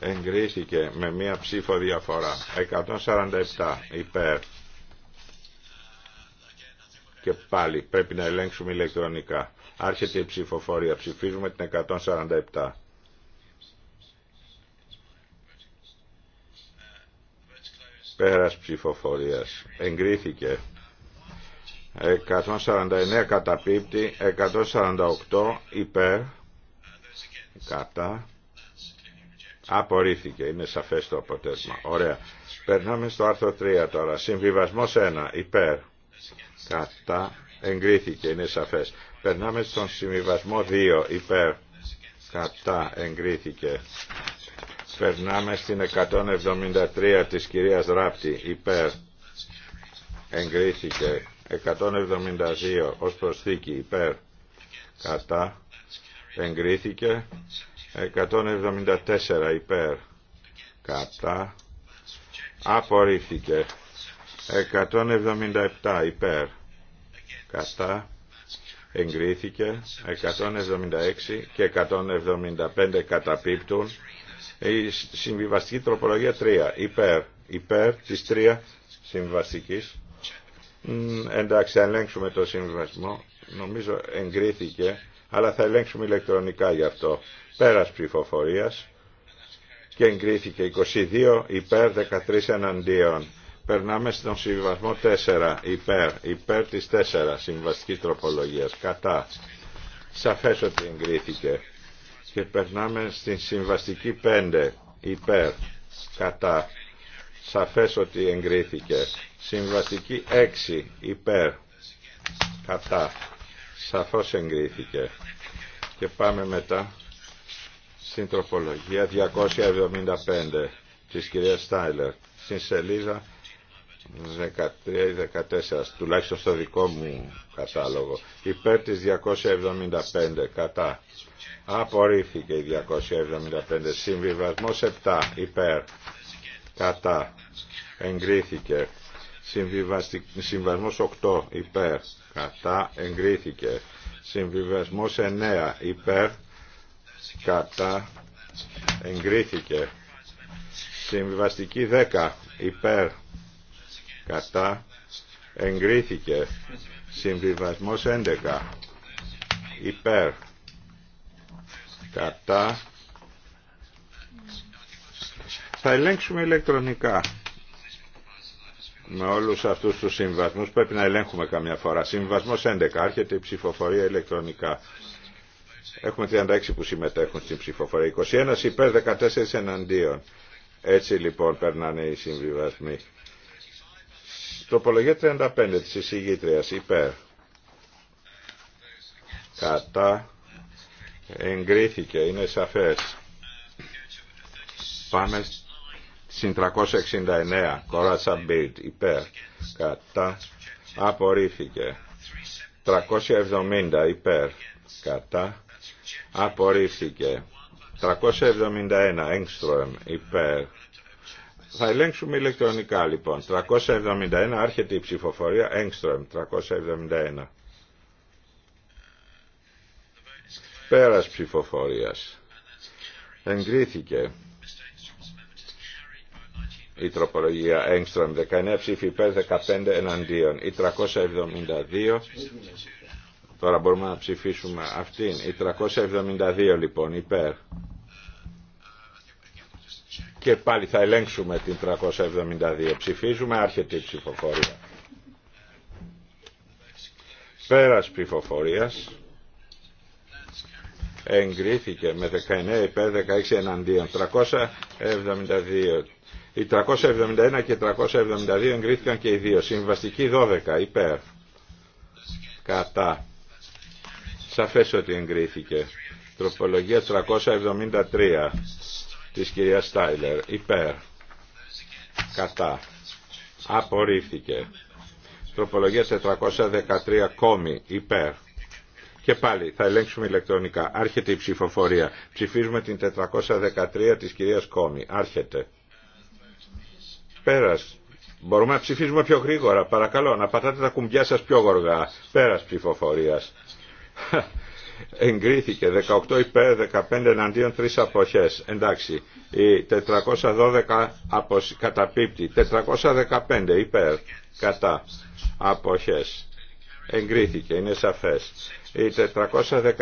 [SPEAKER 5] Εγκρίθηκε με μία ψήφο διαφορά. 147 υπέρ. Και πάλι πρέπει να ελέγξουμε ηλεκτρονικά. Άρχεται η ψηφοφορία. Ψηφίζουμε την 147. Πέρας ψηφοφορίας. Εγκρίθηκε. 149 καταπίπτη 148 υπέρ, κατά, απορρίφθηκε, είναι σαφές το αποτέλεσμα. Ωραία. Περνάμε στο άρθρο 3 τώρα. Συμβιβασμός 1 υπέρ, κατά, εγκρίθηκε, είναι σαφές. Περνάμε στον συμβιβασμό 2 υπέρ, κατά, εγκρίθηκε. Περνάμε στην 173 της κυρίας Ράπτη, υπέρ. Εγκρίθηκε. 172 ως προσθήκη, υπέρ. Κατά. Εγκρίθηκε. 174 υπέρ. Κατά. Απορρίφθηκε. 177 υπέρ. Κατά. Εγκρίθηκε. 176 και 175 καταπίπτουν. Ε, η συμβιβαστική τροπολογία 3. Υπέρ. Υπέρ της 3 συμβιβαστική. Εντάξει, θα ελέγξουμε το συμβιβασμό. Νομίζω εγκρίθηκε, αλλά θα ελέγξουμε ηλεκτρονικά γι' αυτό. Πέρας ψηφοφορία και εγκρίθηκε 22 υπέρ 13 εναντίον. Περνάμε στον συμβιβασμό 4 υπέρ, υπέρ της 4 συμβαστική τροπολογίας. Κατά. Σαφές ότι εγκρίθηκε και περνάμε στην συμβαστική 5 υπέρ κατά σαφές ότι εγκρίθηκε συμβαστική 6 υπέρ κατά σαφώς εγκρίθηκε και πάμε μετά στην τροπολογία 275 της κυρίας Στάιλερ στην σελίδα 13 14 τουλάχιστον στο δικό μου κατάλογο υπέρ της 275 κατά Απορρίφθηκε η 275. Συμβιβασμό 7. Υπέρ. Κατά. Εγκρίθηκε. Συμβιβασμό 8. Υπέρ. Κατά. Εγκρίθηκε. Συμβιβασμό 9. Υπέρ. Κατά. Εγκρίθηκε. Συμβιβαστική 10. Υπέρ. Κατά. Εγκρίθηκε. Συμβιβασμός 11. Υπέρ κατά θα ελέγξουμε ηλεκτρονικά με όλους αυτούς τους συμβασμούς πρέπει να ελέγχουμε καμιά φορά συμβασμός 11 άρχεται η ψηφοφορία ηλεκτρονικά έχουμε 36 που συμμετέχουν στην ψηφοφορία 21 υπέρ 14 εναντίον έτσι λοιπόν περνάνε οι συμβιβασμοί τροπολογία 35 της εισηγήτριας υπέρ κατά εγκρίθηκε, είναι σαφές. Πάμε στην 369, κοράτσα μπιτ υπέρ, κατά, απορρίφθηκε. 370 υπέρ, κατά, απορρίφθηκε. 371 έγκστρομ υπέρ. Θα ελέγξουμε ηλεκτρονικά λοιπόν. 371 άρχεται η ψηφοφορία έγκστρομ 371. Πέρας ψηφοφορίας. Εγκρίθηκε η τροπολογία Έγκστρομ 19 ψήφι υπέρ 15 εναντίον. Η 372 Τώρα μπορούμε να ψηφίσουμε αυτήν. Η 372 λοιπόν υπέρ. Και πάλι θα ελέγξουμε την 372. Ψηφίζουμε άρχεται η ψηφοφορία. Πέρας ψηφοφορίας εγκρίθηκε με 19 υπέρ 16 εναντίον. 372. Οι 371 και 372 εγκρίθηκαν και οι δύο. Συμβαστική 12 υπέρ. Κατά. Σαφές ότι εγκρίθηκε. Τροπολογία 373 της κυρίας Στάιλερ. Υπέρ. Κατά. Απορρίφθηκε. Τροπολογία 413 κόμι. Υπέρ. Και πάλι θα ελέγξουμε ηλεκτρονικά. Άρχεται η ψηφοφορία. Ψηφίζουμε την 413 της κυρίας Κόμη. Άρχεται. Πέρας. Μπορούμε να ψηφίζουμε πιο γρήγορα. Παρακαλώ να πατάτε τα κουμπιά σας πιο γοργά. Πέρας ψηφοφορίας. Εγκρίθηκε 18 υπέρ 15 εναντίον 3 αποχές. Εντάξει. Η 412 αποσ... καταπίπτει. 415 υπέρ κατά αποχές. Εγκρίθηκε. Είναι σαφές. Η 416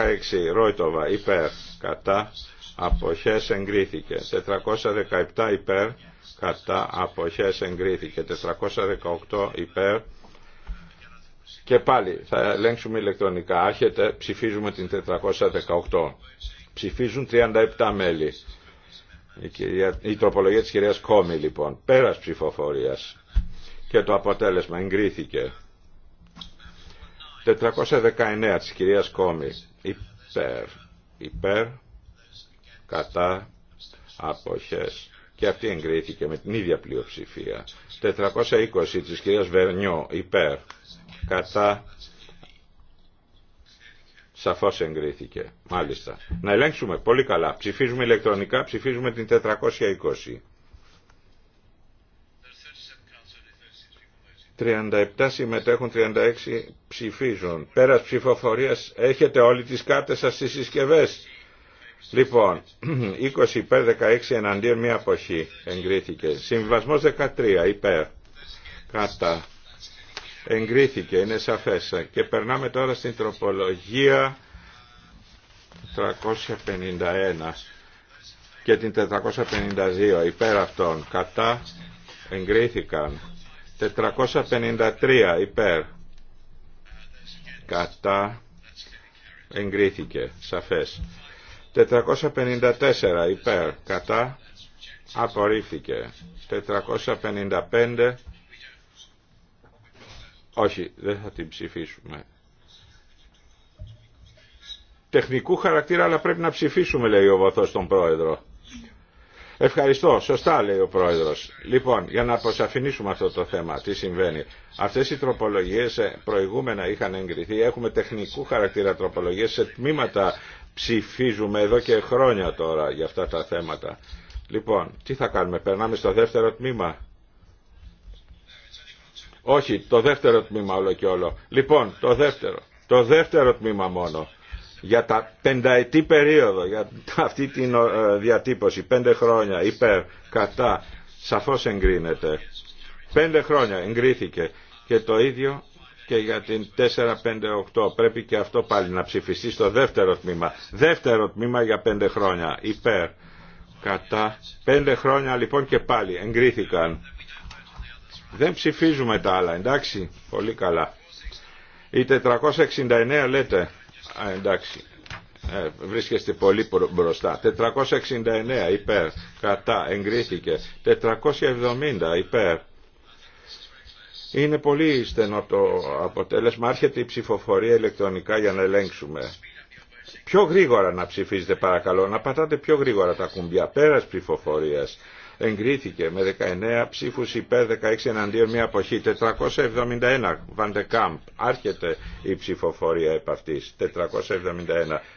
[SPEAKER 5] Ρόιτοβα υπέρ κατά αποχές εγκρίθηκε. 417 υπέρ κατά αποχές εγκρίθηκε. 418 υπέρ και πάλι θα ελέγξουμε ηλεκτρονικά. Άρχεται, ψηφίζουμε την 418. Ψηφίζουν 37 μέλη. Η, η τροπολογία της κυρίας Κόμη λοιπόν, πέρας ψηφοφορίας. Και το αποτέλεσμα εγκρίθηκε. 419 της κυρίας Κόμη. Υπέρ. Υπέρ. Κατά. Αποχές. Και αυτή εγκρίθηκε με την ίδια πλειοψηφία. 420 της κυρίας Βερνιό. Υπέρ. Κατά. Σαφώς εγκρίθηκε. Μάλιστα. Να ελέγξουμε πολύ καλά. Ψηφίζουμε ηλεκτρονικά. Ψηφίζουμε την 420. 37 συμμετέχουν, 36 ψηφίζουν. Πέρας ψηφοφορίας έχετε όλοι τις κάρτες σας στις συσκευές. Λοιπόν, 20 υπέρ 16 εναντίον μία αποχή εγκρίθηκε. Συμβασμός 13 υπέρ κατά εγκρίθηκε, είναι σαφές. Και περνάμε τώρα στην τροπολογία 351 και την 452 υπέρ αυτών κατά εγκρίθηκαν. 453 υπέρ. Κατά. Εγκρίθηκε. Σαφές. 454 υπέρ. Κατά. Απορρίφθηκε. 455. Όχι, δεν θα την ψηφίσουμε. Τεχνικού χαρακτήρα, αλλά πρέπει να ψηφίσουμε, λέει ο βοθός τον πρόεδρο. Ευχαριστώ. Σωστά λέει ο Πρόεδρο. Λοιπόν, για να αποσαφηνίσουμε αυτό το θέμα, τι συμβαίνει. Αυτές οι τροπολογίες ε, προηγούμενα είχαν εγκριθεί. Έχουμε τεχνικού χαρακτήρα τροπολογίες σε τμήματα ψηφίζουμε εδώ και χρόνια τώρα για αυτά τα θέματα. Λοιπόν, τι θα κάνουμε, περνάμε στο δεύτερο τμήμα. Όχι, το δεύτερο τμήμα όλο και όλο. Λοιπόν, το δεύτερο. Το δεύτερο τμήμα μόνο για τα πενταετή περίοδο, για αυτή τη ε, διατύπωση, πέντε χρόνια, υπέρ, κατά, σαφώς εγκρίνεται. Πέντε χρόνια εγκρίθηκε και το ίδιο και για την 458. Πρέπει και αυτό πάλι να ψηφιστεί στο δεύτερο τμήμα. Δεύτερο τμήμα για πέντε χρόνια, υπέρ, κατά. Πέντε χρόνια λοιπόν και πάλι εγκρίθηκαν. Δεν ψηφίζουμε τα άλλα, εντάξει, πολύ καλά. Η 469 λέτε Α, εντάξει. Ε, βρίσκεστε πολύ μπροστά. 469 υπέρ, κατά, εγκρίθηκε. 470 υπέρ. Είναι πολύ στενό το αποτέλεσμα. Άρχεται η ψηφοφορία ηλεκτρονικά για να ελέγξουμε. Πιο γρήγορα να ψηφίζετε παρακαλώ, να πατάτε πιο γρήγορα τα κουμπιά πέρας ψηφοφορίας εγκρίθηκε με 19 ψήφους υπέρ 16 εναντίον μια αποχή. 471 Βαντεκάμπ. Άρχεται η ψηφοφορία επ' αυτής. 471.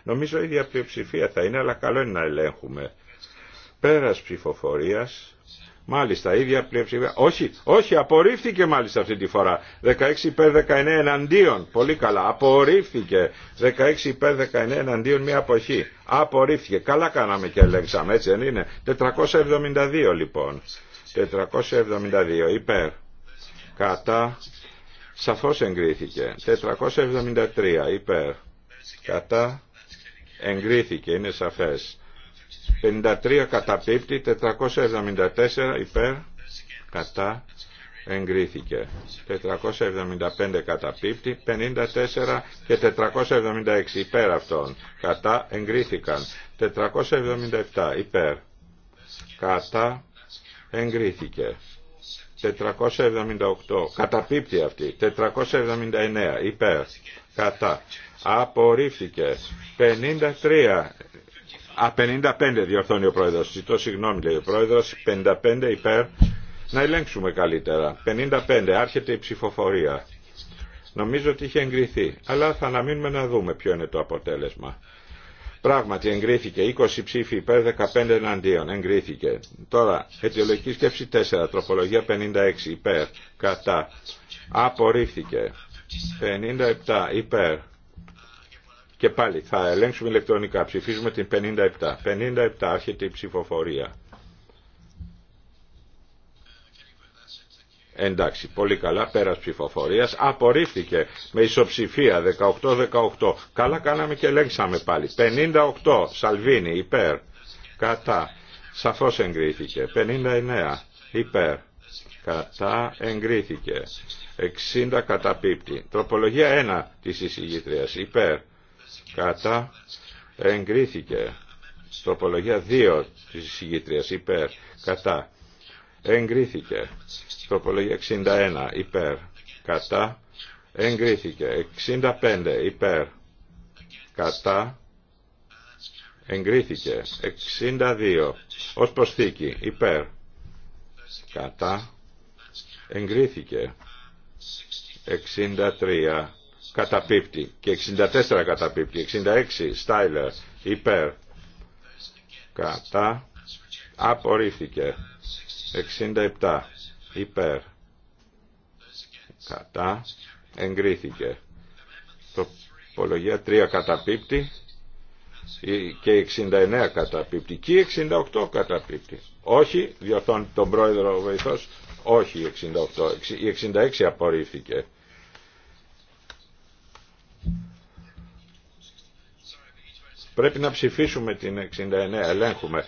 [SPEAKER 5] Νομίζω η ίδια πλειοψηφία θα είναι αλλά καλό είναι να ελέγχουμε. Πέρας ψηφοφορίας Μάλιστα, ίδια πλειοψηφία. Όχι, όχι, απορρίφθηκε μάλιστα αυτή τη φορά. 16 υπέρ 19 εναντίον. Πολύ καλά. Απορρίφθηκε. 16 υπέρ 19 εναντίον μια αποχή. Απορρίφθηκε. Καλά κάναμε και ελέγξαμε, έτσι δεν είναι. 472 λοιπόν. 472 υπέρ. Κατά. Σαφώς εγκρίθηκε. 473 υπέρ. Κατά. Εγκρίθηκε, είναι σαφές. 53 καταπίπτει, 474 υπέρ, κατά, εγκρίθηκε. 475 καταπίπτει, 54 και 476 υπέρ αυτών, κατά, εγκρίθηκαν. 477 υπέρ, κατά, εγκρίθηκε. 478 καταπίπτει αυτή, 479 υπέρ, κατά, απορρίφθηκε. 53 Α, 55 διορθώνει ο πρόεδρο. Ζητώ συγγνώμη λέει ο πρόεδρο, 55 υπέρ. Να ελέγξουμε καλύτερα. 55. Άρχεται η ψηφοφορία. Νομίζω ότι είχε εγκριθεί. Αλλά θα αναμείνουμε να δούμε ποιο είναι το αποτέλεσμα. Πράγματι εγκρίθηκε 20 ψήφοι υπέρ 15 εναντίον. Εγκρίθηκε. Τώρα, αιτιολογική σκέψη 4, τροπολογία 56 υπέρ, κατά. Απορρίφθηκε. 57 υπέρ, και πάλι θα ελέγξουμε ηλεκτρονικά. Ψηφίζουμε την 57. 57 άρχεται η ψηφοφορία. Εντάξει, πολύ καλά, πέρας ψηφοφορίας. Απορρίφθηκε με ισοψηφία 18-18. Καλά κάναμε και ελέγξαμε πάλι. 58, Σαλβίνη, υπέρ. Κατά. Σαφώς εγκρίθηκε. 59, υπέρ. Κατά, εγκρίθηκε. 60 καταπίπτει. Τροπολογία 1 της εισηγήτριας, υπέρ κατά εγκρίθηκε τροπολογία 2 της συγκήτριας υπέρ κατά εγκρίθηκε τροπολογία 61 υπέρ κατά εγκρίθηκε 65 υπέρ κατά εγκρίθηκε 62 ως προσθήκη υπέρ κατά εγκρίθηκε 63 καταπίπτει και 64 καταπίπτει, 66 Στάιλερ υπέρ κατά απορρίφθηκε 67 υπέρ κατά εγκρίθηκε τοπολογία 3 καταπίπτει και 69 καταπίπτει και 68 καταπίπτει όχι διορθώνει τον πρόεδρο ο βοηθός όχι 68 η 66 απορρίφθηκε Πρέπει να ψηφίσουμε την 69, ελέγχουμε.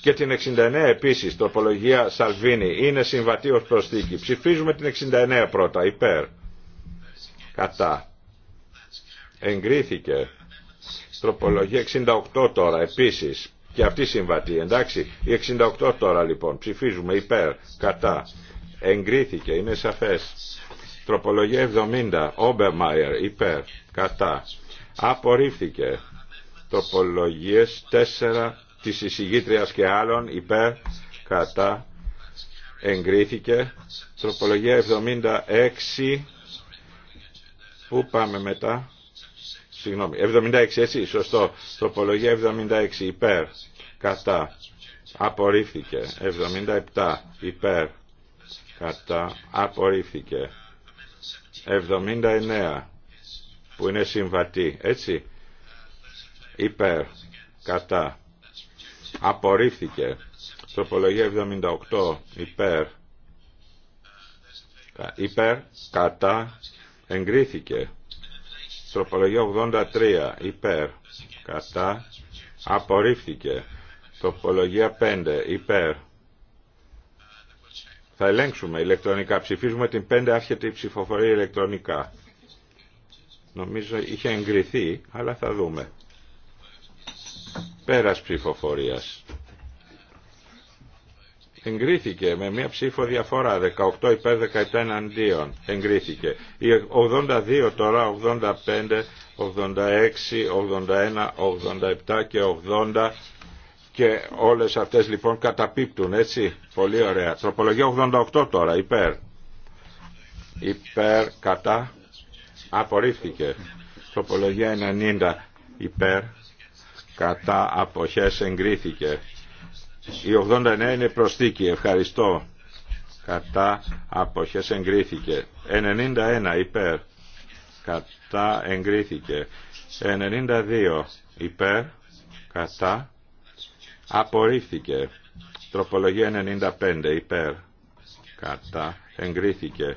[SPEAKER 5] Και την 69 επίσης, τροπολογία Σαλβίνη, είναι συμβατή ως προσθήκη. Ψηφίζουμε την 69 πρώτα, υπέρ. Κατά. Εγκρίθηκε. Τροπολογία 68 τώρα, επίσης. Και αυτή συμβατή, εντάξει. Η 68 τώρα λοιπόν, ψηφίζουμε υπέρ, κατά. Εγκρίθηκε, είναι σαφές. Τροπολογία 70, Όμπερμαϊερ, υπέρ, κατά. Απορρίφθηκε τοπολογίες 4 της εισηγήτριας και άλλων υπέρ κατά εγκρίθηκε τροπολογία 76 που πάμε μετά συγγνώμη 76 έτσι σωστό τροπολογία 76 υπέρ κατά απορρίφθηκε 77 υπέρ κατά απορρίφθηκε 79 που είναι συμβατή έτσι υπέρ, κατά, απορρίφθηκε. Τροπολογία 78, υπέρ, υπέρ, κατά, εγκρίθηκε. Τροπολογία 83, υπέρ, κατά, απορρίφθηκε. Τροπολογία 5, υπέρ. Θα ελέγξουμε ηλεκτρονικά. Ψηφίζουμε την 5, άρχεται η ψηφοφορία ηλεκτρονικά. Νομίζω είχε εγκριθεί, αλλά θα δούμε. Πέρας ψηφοφορίας. Εγκρίθηκε με μία ψήφο διαφορά 18 υπέρ 17 εναντίον. Εγκρίθηκε. Οι 82 τώρα, 85, 86, 81, 87 και 80 και όλες αυτές λοιπόν καταπίπτουν έτσι. Πολύ ωραία. Τροπολογία 88 τώρα υπέρ. Υπέρ κατά. Απορρίφθηκε. Τροπολογία 90 υπέρ κατά αποχές εγκρίθηκε. Η 89 είναι προστίκη, ευχαριστώ. Κατά αποχές εγκρίθηκε. 91 υπέρ, κατά εγκρίθηκε. 92 υπέρ, κατά απορρίφθηκε. Τροπολογία 95 υπέρ, κατά εγκρίθηκε.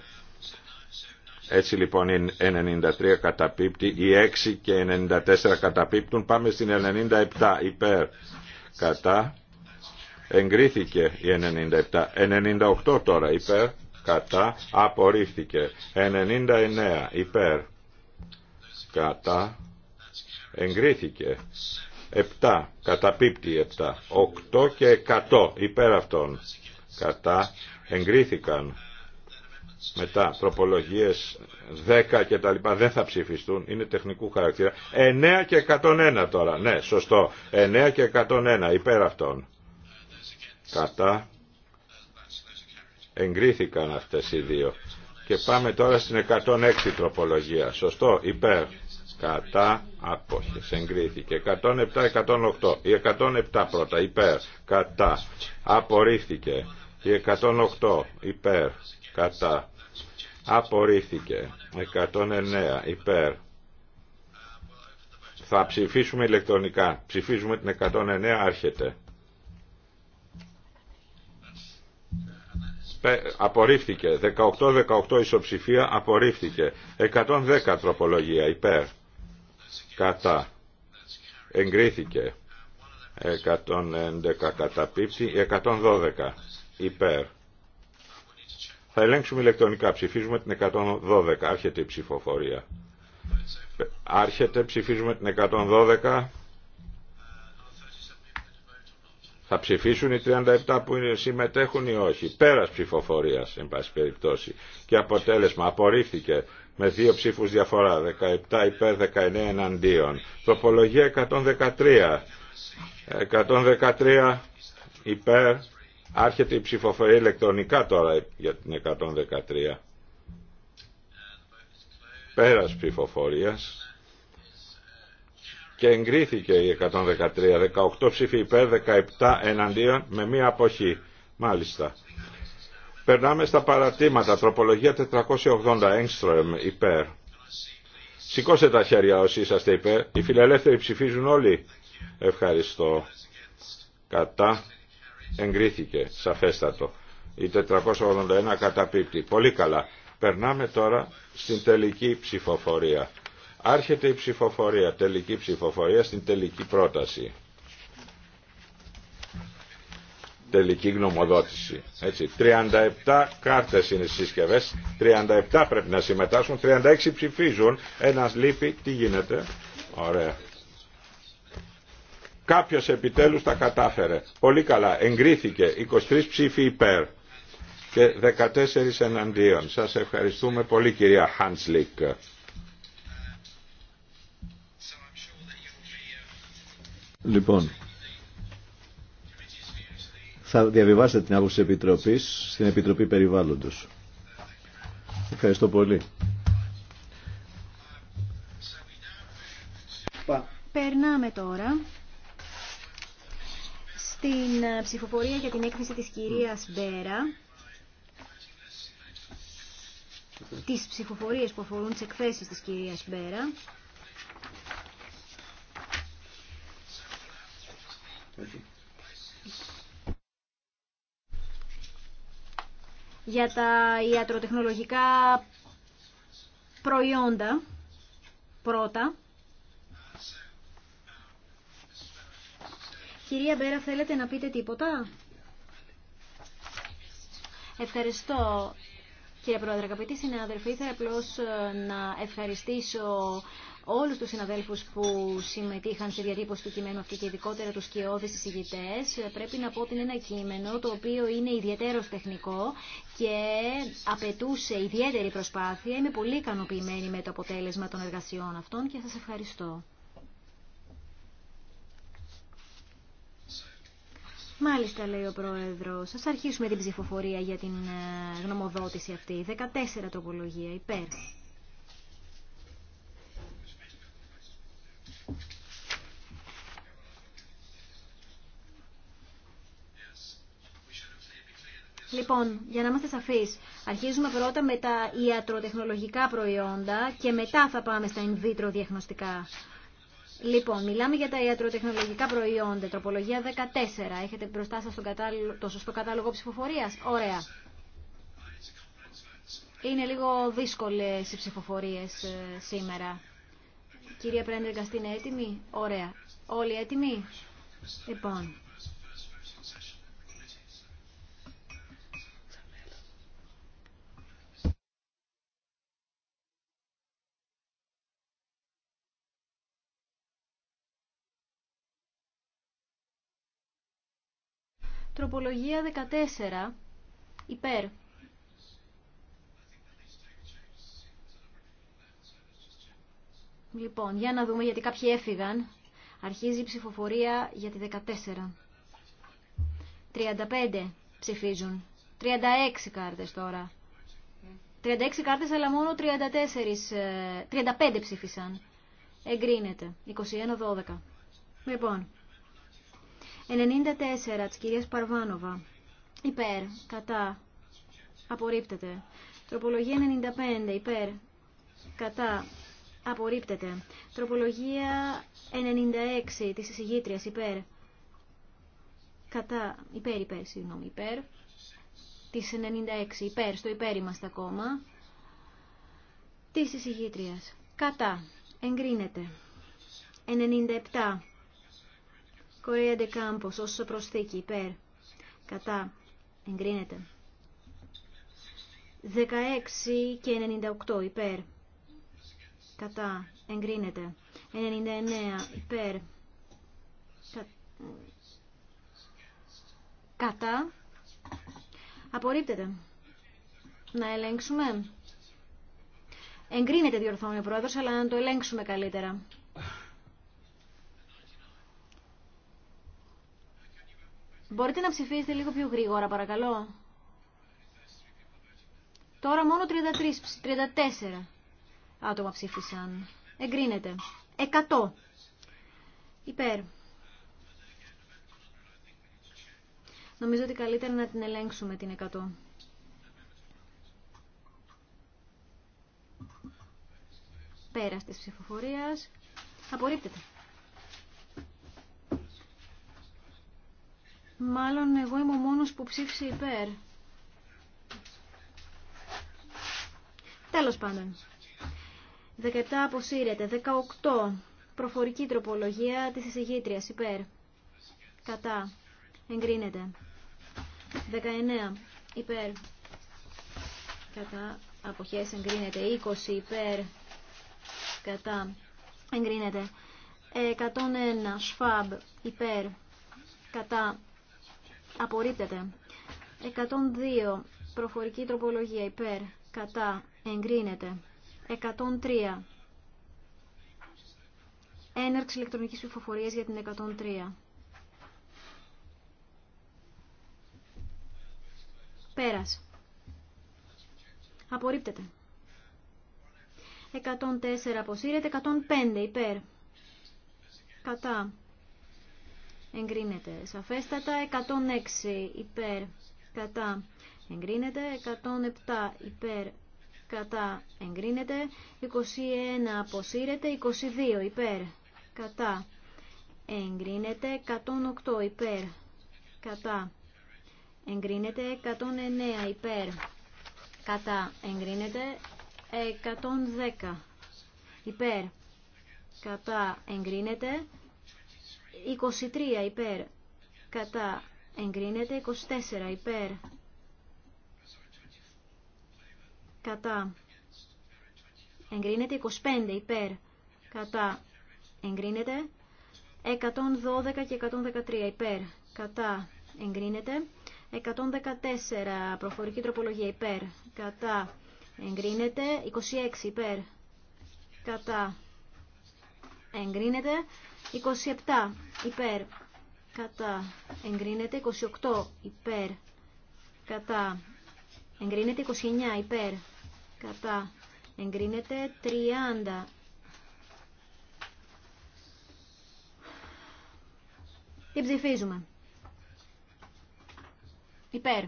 [SPEAKER 5] Έτσι λοιπόν η 93 καταπίπτει, η 6 και 94 καταπίπτουν. Πάμε στην 97 υπέρ κατά. Εγκρίθηκε η 97. 98 τώρα υπέρ κατά. Απορρίφθηκε. 99 υπέρ κατά. Εγκρίθηκε. 7 καταπίπτει 7. 8 και 100 υπέρ αυτών κατά. Εγκρίθηκαν μετά τροπολογίες 10 και τα λοιπά δεν θα ψηφιστούν, είναι τεχνικού χαρακτήρα. 9 και 101 τώρα, ναι σωστό, 9 και 101 υπέρ αυτών. Κατά εγκρίθηκαν αυτές οι δύο. Και πάμε τώρα στην 106 τροπολογία, σωστό, υπέρ. Κατά απόχες εγκρίθηκε. 107-108. Η 107 πρώτα υπέρ. Κατά απορρίφθηκε. Η 108 υπέρ. Κατά Απορρίφθηκε. 109 υπέρ. Θα ψηφίσουμε ηλεκτρονικά. Ψηφίζουμε την 109 άρχεται. Απορρίφθηκε. 18-18 ισοψηφία απορρίφθηκε. 110 τροπολογία υπέρ. Κατά. Εγκρίθηκε. 111 καταπίπτει. 112 υπέρ. Θα ελέγξουμε ηλεκτρονικά. Ψηφίζουμε την 112. Άρχεται η ψηφοφορία. Άρχεται, ψηφίζουμε την 112. Θα ψηφίσουν οι 37 που είναι, συμμετέχουν ή όχι. Πέρας ψηφοφορίας, εν πάση περιπτώσει. Και αποτέλεσμα απορρίφθηκε με δύο ψήφους διαφορά. 17 υπέρ 19 εναντίον. Τοπολογία 113. 113 υπέρ Άρχεται η ψηφοφορία ηλεκτρονικά τώρα για την 113. Πέρας ψηφοφορίας. Και εγκρίθηκε η 113. 18 ψήφοι υπέρ, 17 εναντίον με μία αποχή. Μάλιστα. Περνάμε στα παρατήματα. Τροπολογία 480. Έγκστρομ υπέρ. Σηκώστε τα χέρια όσοι είσαστε υπέρ. Οι φιλελεύθεροι ψηφίζουν όλοι. Ευχαριστώ. Κατά. Εγκρίθηκε, σαφέστατο. Η 481 καταπίπτει. Πολύ καλά. Περνάμε τώρα στην τελική ψηφοφορία. Άρχεται η ψηφοφορία, τελική ψηφοφορία στην τελική πρόταση. Τελική γνωμοδότηση. Έτσι. 37 κάρτες είναι στις συσκευές, 37 πρέπει να συμμετάσχουν, 36 ψηφίζουν, ένας λείπει, τι γίνεται. Ωραία. Κάποιος επιτέλους τα κατάφερε. Πολύ καλά. Εγκρίθηκε. 23 ψήφοι υπέρ και 14 εναντίον. Σας ευχαριστούμε πολύ κυρία Χάνσλικ.
[SPEAKER 1] Λοιπόν, θα διαβιβάσετε την άποψη της Επιτροπής στην Επιτροπή Περιβάλλοντος. Ευχαριστώ πολύ.
[SPEAKER 3] Περνάμε τώρα την ε, ψηφοφορία για την έκθεση της κυρίας mm. Μπέρα τις ψηφοφορίες που αφορούν τις εκθέσεις της κυρίας Μπέρα για τα ιατροτεχνολογικά προϊόντα πρώτα Κυρία Μπέρα, θέλετε να πείτε τίποτα? Ευχαριστώ. Κύριε Πρόεδρε, αγαπητοί συνάδελφοι, ήθελα απλώ ε, να ευχαριστήσω όλους τους συναδέλφους που συμμετείχαν σε διατύπωση του κειμένου αυτή και ειδικότερα τους σκιώδεις εισηγητές. Πρέπει να πω ότι είναι ένα κείμενο το οποίο είναι ιδιαίτερο τεχνικό και απαιτούσε ιδιαίτερη προσπάθεια. Είμαι πολύ ικανοποιημένη με το αποτέλεσμα των εργασιών αυτών και σας ευχαριστώ. Μάλιστα, λέει ο Πρόεδρο. Α αρχίσουμε την ψηφοφορία για την ε, γνωμοδότηση αυτή. 14 τοπολογία υπέρ. Λοιπόν, για να είμαστε σαφείς, αρχίζουμε πρώτα με τα ιατροτεχνολογικά προϊόντα και μετά θα πάμε στα in vitro διαγνωστικά. Λοιπόν, μιλάμε για τα ιατροτεχνολογικά προϊόντα, τροπολογία 14. Έχετε μπροστά σα το σωστό κατάλογο ψηφοφορίας. Ωραία. Είναι λίγο δύσκολε οι ψηφοφορίες ε, σήμερα. Κυρία Πρέντερ είναι έτοιμη. Ωραία. Όλοι έτοιμοι. Λοιπόν,
[SPEAKER 4] Τροπολογία
[SPEAKER 3] 14. Υπέρ. Λοιπόν, για να δούμε γιατί κάποιοι έφυγαν. Αρχίζει η ψηφοφορία για τη 14. 35 ψηφίζουν. 36 κάρτες τώρα. 36 κάρτες αλλά μόνο 34, 35 ε, ψήφισαν. Εγκρίνεται. 21-12. Λοιπόν, 94 τη κυρία Παρβάνοβα. Υπέρ. Κατά. Απορρίπτεται. Τροπολογία 95. Υπέρ. Κατά. Απορρίπτεται. Τροπολογία 96 τη εισηγήτριας. Υπέρ. Κατά. Υπέρ, υπέρ, συγγνώμη. Υπέρ. Τη 96. Υπέρ. Στο υπέρ είμαστε ακόμα. Τη εισηγήτριας. Κατά. Εγκρίνεται. 97. Κορία Ντεκάμπος όσο προσθήκη υπέρ κατά εγκρίνεται 16 και 98 υπέρ κατά εγκρίνεται 99 υπέρ κατά απορρίπτεται να ελέγξουμε εγκρίνεται διορθώνει ο πρόεδρος αλλά να το ελέγξουμε καλύτερα Μπορείτε να ψηφίσετε λίγο πιο γρήγορα, παρακαλώ. Τώρα μόνο 33, 34 άτομα ψήφισαν. Εγκρίνεται. 100. Υπέρ. Νομίζω ότι καλύτερα να την ελέγξουμε την 100. Πέρας της ψηφοφορίας. Απορρίπτεται. Μάλλον εγώ είμαι ο μόνος που ψήφισε υπέρ. Τέλος πάντων. 17 αποσύρεται. 18. Προφορική τροπολογία της εισηγήτριας. Υπέρ. Κατά. Εγκρίνεται. 19. Υπέρ. Κατά. Αποχές εγκρίνεται. 20. Υπέρ. Κατά. Εγκρίνεται. 101. Σφαμπ. Υπέρ. Κατά απορρίπτεται. 102 προφορική τροπολογία υπέρ κατά εγκρίνεται. 103 έναρξη ηλεκτρονικής ψηφοφορίας για την 103. Πέρας. Απορρίπτεται. 104 αποσύρεται, 105 υπέρ. Κατά εγκρίνεται. Σαφέστατα 106 υπέρ κατά εγκρίνεται. 107 υπέρ κατά εγκρίνεται. 21 αποσύρεται. 22 υπέρ κατά εγκρίνεται. 108 υπέρ κατά εγκρίνεται. 109 υπέρ κατά εγκρίνεται. 110 υπέρ κατά εγκρίνεται 23 υπέρ κατά εγκρίνεται 24 υπέρ κατά εγκρίνεται 25 υπέρ κατά εγκρίνεται 112 και 113 υπέρ κατά εγκρίνεται 114 προφορική τροπολογία υπέρ κατά εγκρίνεται 26 υπέρ κατά εγκρίνεται 27 υπέρ κατά εγκρίνεται 28 υπέρ κατά εγκρίνεται 29 υπέρ κατά εγκρίνεται 30 Τι ψηφίζουμε. Υπέρ.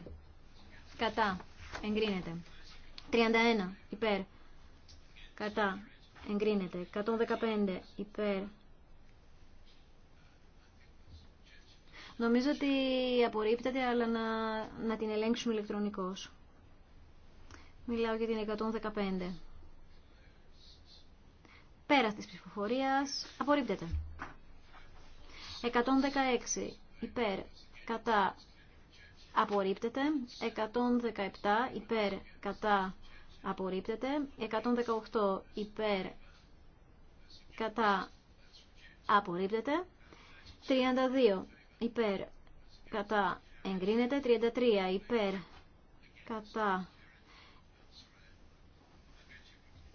[SPEAKER 3] Κατά. Εγκρίνεται. 31. Υπέρ. Κατά. Εγκρίνεται. 115. Υπέρ. Νομίζω ότι απορρίπτεται, αλλά να, να την ελέγξουμε ηλεκτρονικώς. Μιλάω για την 115. Πέρα της ψηφοφορίας, απορρίπτεται. 116 υπέρ, κατά, απορρίπτεται. 117 υπέρ, κατά, απορρίπτεται. 118 υπέρ, κατά, απορρίπτεται. 32 υπέρ κατά εγκρίνεται 33 υπέρ κατά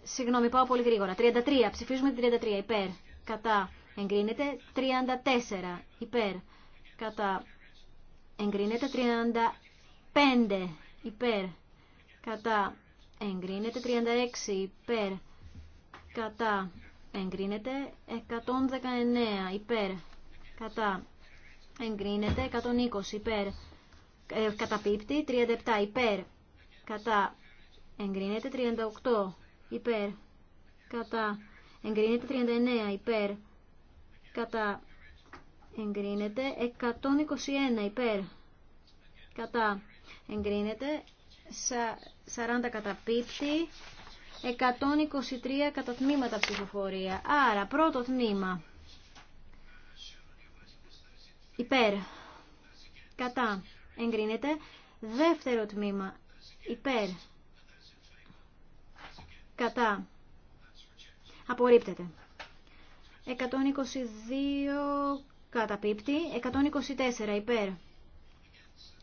[SPEAKER 3] Συγγνώμη, πάω πολύ γρήγορα. 33. Ψηφίζουμε 33. Υπέρ. Κατά. Εγκρίνεται. 34. Υπέρ. Κατά. Εγκρίνεται. 35. Υπέρ. Κατά. Εγκρίνεται. 36. Υπέρ. Κατά. Εγκρίνεται. 119. Υπέρ. Κατά εγκρίνεται 120 υπέρ ε, καταπίπτει 37 υπέρ κατά εγκρίνεται 38 υπέρ κατά εγκρίνεται 39 υπέρ κατά εγκρίνεται 121 υπέρ κατά εγκρίνεται 40 καταπίπτει 123 κατά τμήματα ψηφοφορία άρα πρώτο τμήμα Υπέρ. Κατά. Εγκρίνεται. Δεύτερο τμήμα. Υπέρ. Κατά. Απορρίπτεται. 122 καταπίπτει. 124 υπέρ.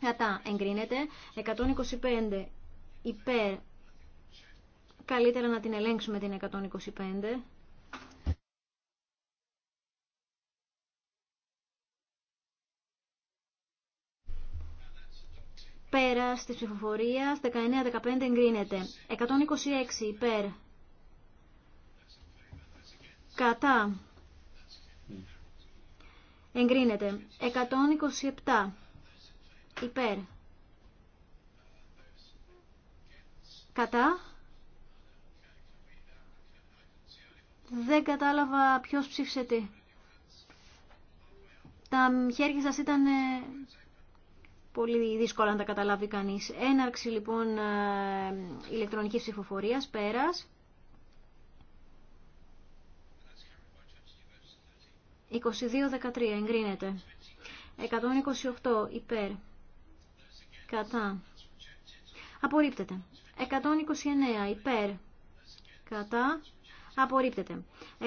[SPEAKER 3] Κατά. Εγκρίνεται. 125 υπέρ. Καλύτερα να την ελέγξουμε την 125. Πέρα τη ψηφοφορία 19-15 εγκρίνεται. 126 υπέρ. Κατά. Εγκρίνεται. 127 υπέρ. Κατά. Δεν κατάλαβα ποιος ψήφισε τι. Τα χέρια σας ήταν ε, πολύ δύσκολα να τα καταλάβει κανείς. Έναρξη λοιπόν ε, ηλεκτρονικής ψηφοφορίας, πέρας. 22-13 εγκρίνεται. 128 υπέρ. Κατά. Απορρίπτεται. 129 υπέρ. Κατά. Απορρίπτεται. 130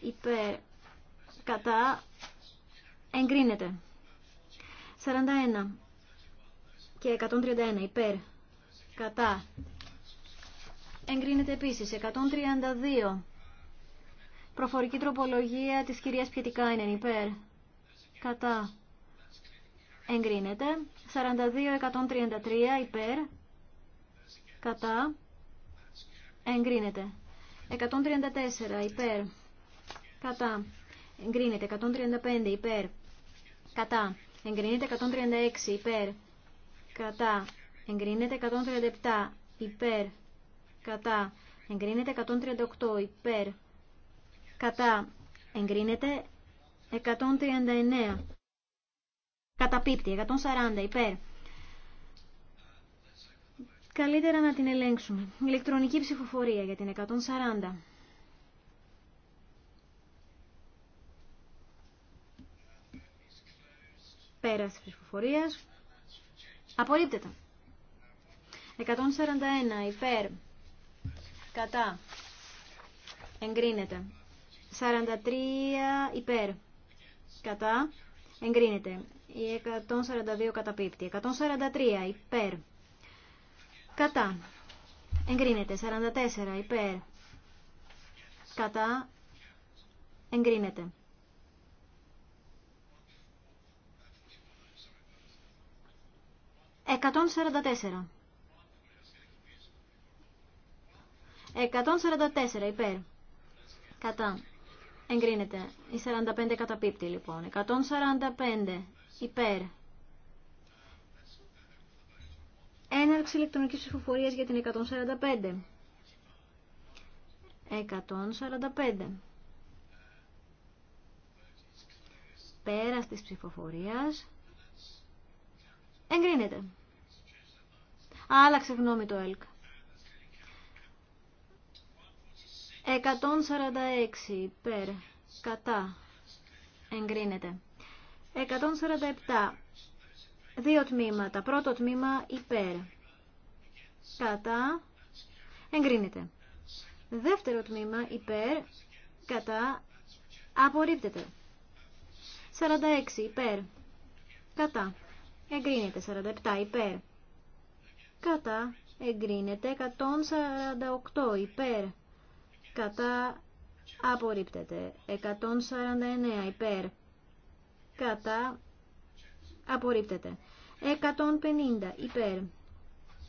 [SPEAKER 3] υπέρ. Κατά. Εγκρίνεται. 41 και 131 υπέρ. Κατά. Εγκρίνεται επίσης 132. Προφορική τροπολογία της κυρίας Πιετικά είναι υπέρ. Κατά. Εγκρίνεται. 42-133 υπέρ. Κατά. Εγκρίνεται. 134 υπέρ. Κατά. Εγκρίνεται. 135 υπέρ. Κατά εγκρίνεται 136 υπέρ, κατά, εγκρίνεται 137 υπέρ, κατά, εγκρίνεται 138 υπέρ, κατά, εγκρίνεται 139, καταπίπτει 140 υπέρ. Καλύτερα να την ελέγξουμε. Ηλεκτρονική ψηφοφορία για την 140. Πέρας ψηφοφορίας. Απορρίπτεται. 141 υπέρ. Κατά. Εγκρίνεται. 43 υπέρ. Κατά. Εγκρίνεται. Η 142 καταπίπτει. 143 υπέρ. Κατά. Εγκρίνεται. 44 υπέρ. Κατά. Εγκρίνεται. 144. 144 υπέρ. Κατά. Εγκρίνεται. Η 45 καταπίπτει λοιπόν. 145 υπέρ. Έναρξη ηλεκτρονικής ψηφοφορίας για την 145. 145. Πέρας της ψηφοφορίας εγκρίνεται. Άλλαξε γνώμη το ΕΛΚ. 146 υπέρ. Κατά. Εγκρίνεται. 147. Δύο τμήματα. Πρώτο τμήμα υπέρ. Κατά. Εγκρίνεται. Δεύτερο τμήμα υπέρ. Κατά. Απορρίπτεται. 46 υπέρ. Κατά. Εγκρίνεται. 47 υπέρ κατά εγκρίνεται 148 υπέρ κατά απορρίπτεται 149 υπέρ κατά απορρίπτεται 150 υπέρ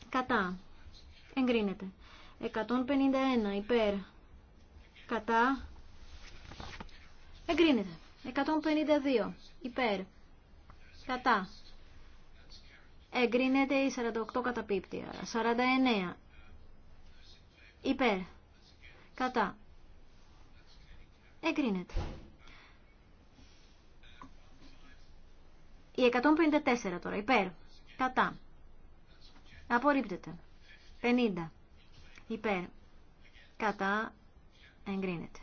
[SPEAKER 3] κατά εγκρίνεται 151 υπέρ κατά εγκρίνεται 152 υπέρ κατά εγκρίνεται η 48 καταπίπτεια 49 υπέρ κατά εγκρίνεται. Η 154 τώρα, υπέρ, κατά, απορρίπτεται. 50, υπέρ, κατά, εγκρίνεται.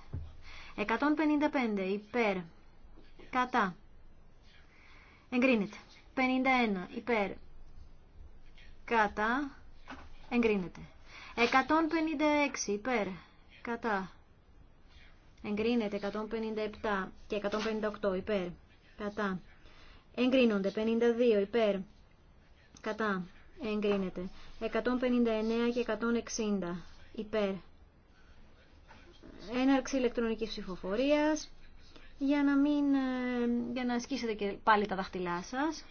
[SPEAKER 3] 155, υπέρ, κατά, εγκρίνεται. 51, υπέρ, Κατά. Εγκρίνεται. 156 υπέρ. Κατά. Εγκρίνεται 157 και 158 υπέρ. Κατά. Εγκρίνονται 52 υπέρ. Κατά. Εγκρίνεται 159 και 160 υπέρ. Έναρξη ηλεκτρονικής ψηφοφορίας για να, μην, ε, για να ασκήσετε και πάλι τα δάχτυλά σας.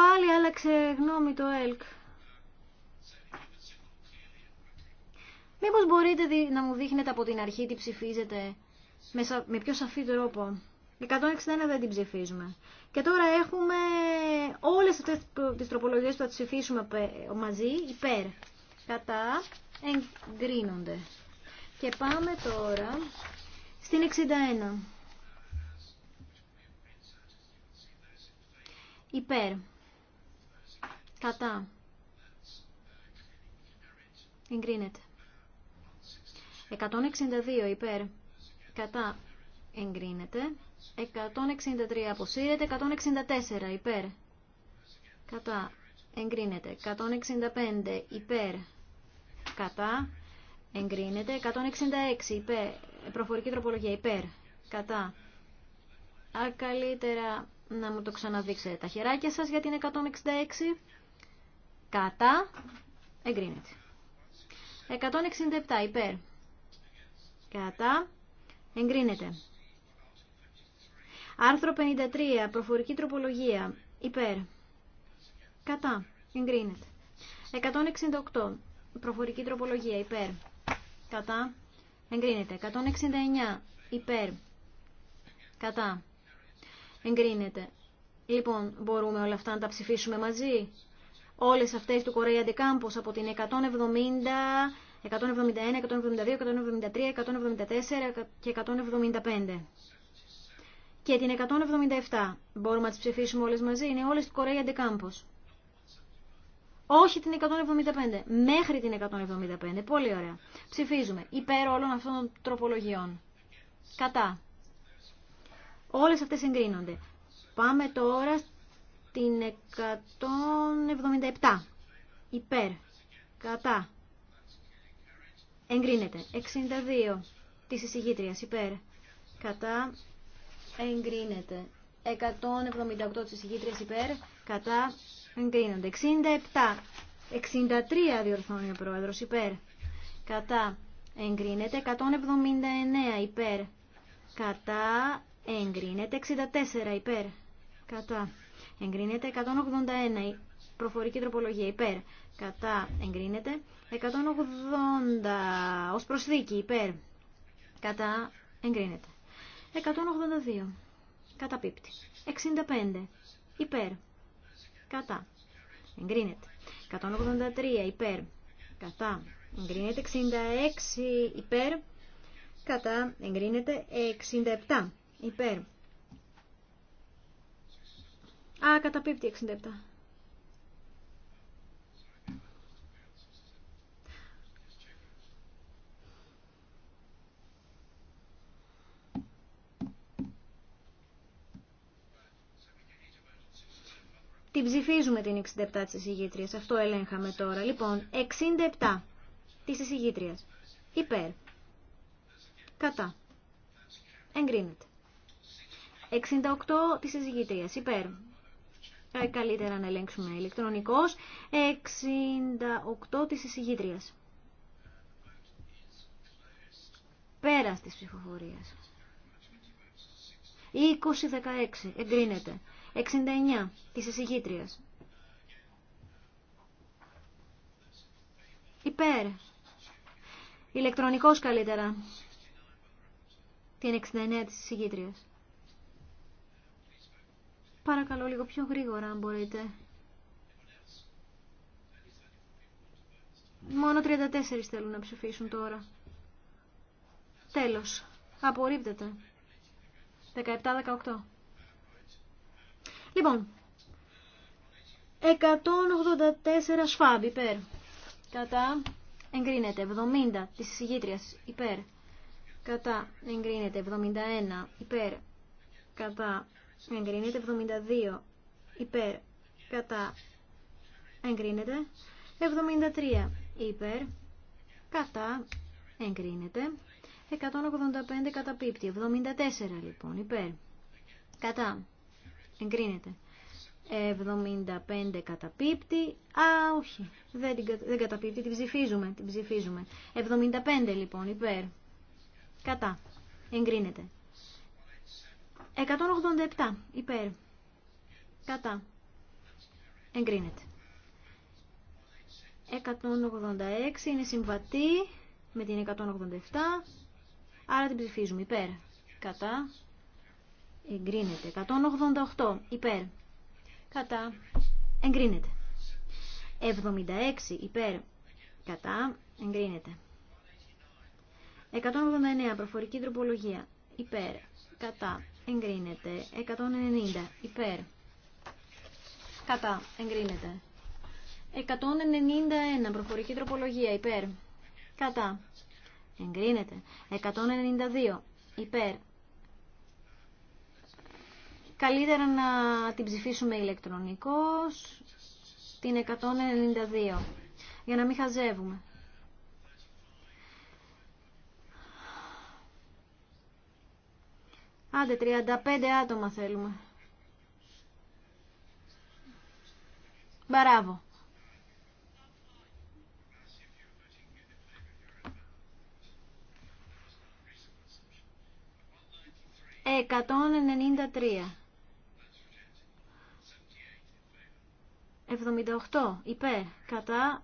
[SPEAKER 3] Πάλι άλλαξε γνώμη το ΕΛΚ. Μήπως μπορείτε να μου δείχνετε από την αρχή τι ψηφίζετε με, πιο σαφή τρόπο. 161 δεν την ψηφίζουμε. Και τώρα έχουμε όλες αυτές τις τροπολογίες που θα ψηφίσουμε μαζί υπέρ. Κατά εγκρίνονται. Και πάμε τώρα στην 61. Υπέρ. Κατά. Εγκρίνεται. 162 υπέρ. Κατά. Εγκρίνεται. 163 αποσύρεται. 164 υπέρ. Κατά. Εγκρίνεται. 165 υπέρ. Κατά. Εγκρίνεται. 166 υπέρ. Προφορική τροπολογία υπέρ. Κατά. Α, καλύτερα να μου το ξαναδείξετε τα χεράκια σας για την 166. Κατά. Εγκρίνεται. 167 υπέρ. Κατά. Εγκρίνεται. Άρθρο 53. Προφορική τροπολογία. Υπέρ. Κατά. Εγκρίνεται. 168. Προφορική τροπολογία. Υπέρ. Κατά. Εγκρίνεται. 169. Υπέρ. Κατά. Εγκρίνεται. Λοιπόν, μπορούμε όλα αυτά να τα ψηφίσουμε μαζί όλες αυτές του Κορέα Αντικάμπος από την 170 171, 172, 173, 174 και 175. Και την 177. Μπορούμε να τις ψηφίσουμε όλες μαζί. Είναι όλες του Κορέα Αντικάμπος. Όχι την 175. Μέχρι την 175. Πολύ ωραία. Ψηφίζουμε. Υπέρ όλων αυτών των τροπολογιών. Κατά. Όλες αυτές συγκρίνονται. Πάμε τώρα την 177 υπέρ κατά εγκρίνεται 62 της εισηγήτριας υπέρ κατά εγκρίνεται 178 της εισηγήτριας υπέρ κατά εγκρίνονται 67 63 διορθώνει ο πρόεδρος υπέρ κατά εγκρίνεται 179 υπέρ κατά εγκρίνεται 64 υπέρ κατά εγκρίνεται. 181 προφορική τροπολογία υπέρ. Κατά εγκρίνεται. 180 ως προσθήκη υπέρ. Κατά εγκρίνεται. 182 πίπτη. 65 υπέρ. Κατά εγκρίνεται. 183 υπέρ. Κατά εγκρίνεται. 66 υπέρ. Κατά εγκρίνεται. 67 υπέρ. Α, καταπίπτει 67. Την ψηφίζουμε την 67 της εισηγήτριας. Αυτό ελέγχαμε τώρα. Λοιπόν, 67 της εισηγήτριας. Υπέρ. Κατά. Εγκρίνεται. 68 της εισηγήτριας. Υπέρ. Ε, καλύτερα να ελέγξουμε ηλεκτρονικός. 68 της εισηγήτριας. Πέρας της ψηφοφορία. 20 20-16 εγκρίνεται. 69 της εισηγήτριας. Υπέρ. Ηλεκτρονικός καλύτερα. Την 69 της εισηγήτριας. Παρακαλώ λίγο πιο γρήγορα αν μπορείτε. Μόνο 34 θέλουν να ψηφίσουν τώρα. Τέλος. Απορρίπτεται. 17-18. Λοιπόν. 184 σφάμπ υπέρ. Κατά. Εγκρίνεται. 70 της συγγήτριας υπέρ. Κατά. Εγκρίνεται. 71 υπέρ. Κατά εγκρίνεται 72 υπέρ κατά εγκρίνεται 73 υπέρ κατά εγκρίνεται 185 καταπίπτει 74 λοιπόν υπέρ κατά εγκρίνεται 75 καταπίπτει α όχι δεν, την, δεν καταπίπτει την ψηφίζουμε, την ψηφίζουμε 75 λοιπόν υπέρ κατά εγκρίνεται 187 υπέρ. Κατά. Εγκρίνεται. 186 είναι συμβατή με την 187. Άρα την ψηφίζουμε υπέρ. Κατά. Εγκρίνεται. 188 υπέρ. Κατά. Εγκρίνεται. 76 υπέρ. Κατά. Εγκρίνεται. 189 προφορική τροπολογία. Υπέρ. Κατά εγκρίνεται. 190 υπέρ. Κατά εγκρίνεται. 191 προφορική τροπολογία υπέρ. Κατά εγκρίνεται. 192 υπέρ. Καλύτερα να την ψηφίσουμε ηλεκτρονικώς την 192 για να μην χαζεύουμε. Άντε, 35 άτομα θέλουμε. Μπαράβο. Εκατόν ενενήντα τρία. Εβδομήντα οχτώ. Υπέρ. Κατά.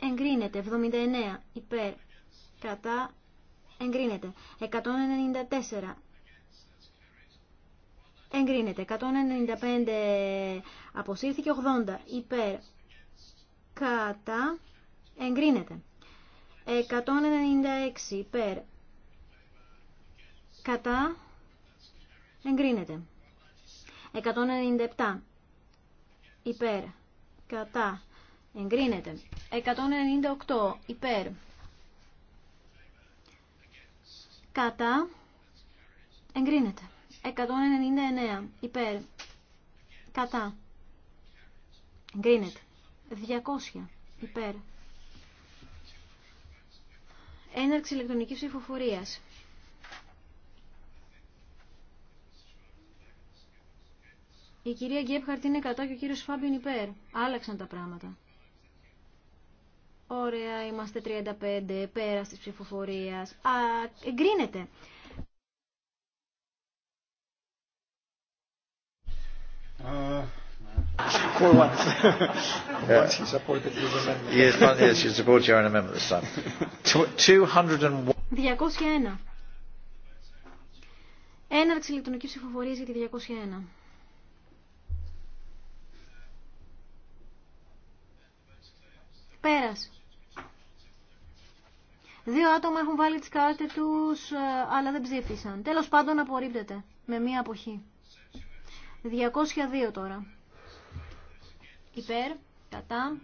[SPEAKER 3] Εγκρίνεται. Εβδομήντα εννέα. Υπέρ. Κατά. Εγκρίνεται. Εκατόν ενενήντα τέσσερα εγκρίνεται. 195 αποσύρθηκε, 80 υπέρ κατά εγκρίνεται. 196 υπέρ κατά εγκρίνεται. 197 υπέρ κατά εγκρίνεται. 198 υπέρ κατά εγκρίνεται. 199 υπέρ. Κατά. Γκρίνεται. 200 υπέρ. Έναρξη ηλεκτρονικής ψηφοφορίας. Η κυρία Γκέπχαρτ είναι κατά και ο κύριος Φάμπιον υπέρ. Άλλαξαν τα πράγματα. Ωραία, είμαστε 35, πέρα της ψηφοφορίας. Α, εγκρίνεται.
[SPEAKER 2] For once.
[SPEAKER 5] Once he supported his amendment. Yes, yes, you
[SPEAKER 2] support your own amendment this time. 201.
[SPEAKER 3] 201. Έναρξη ηλεκτρονική ψηφοφορία για τη 201. Πέρας. Δύο άτομα έχουν βάλει τις κάρτες τους, αλλά δεν ψήφισαν. Τέλος πάντων απορρίπτεται, με μία αποχή. 202 τώρα. Υπέρ, κατά,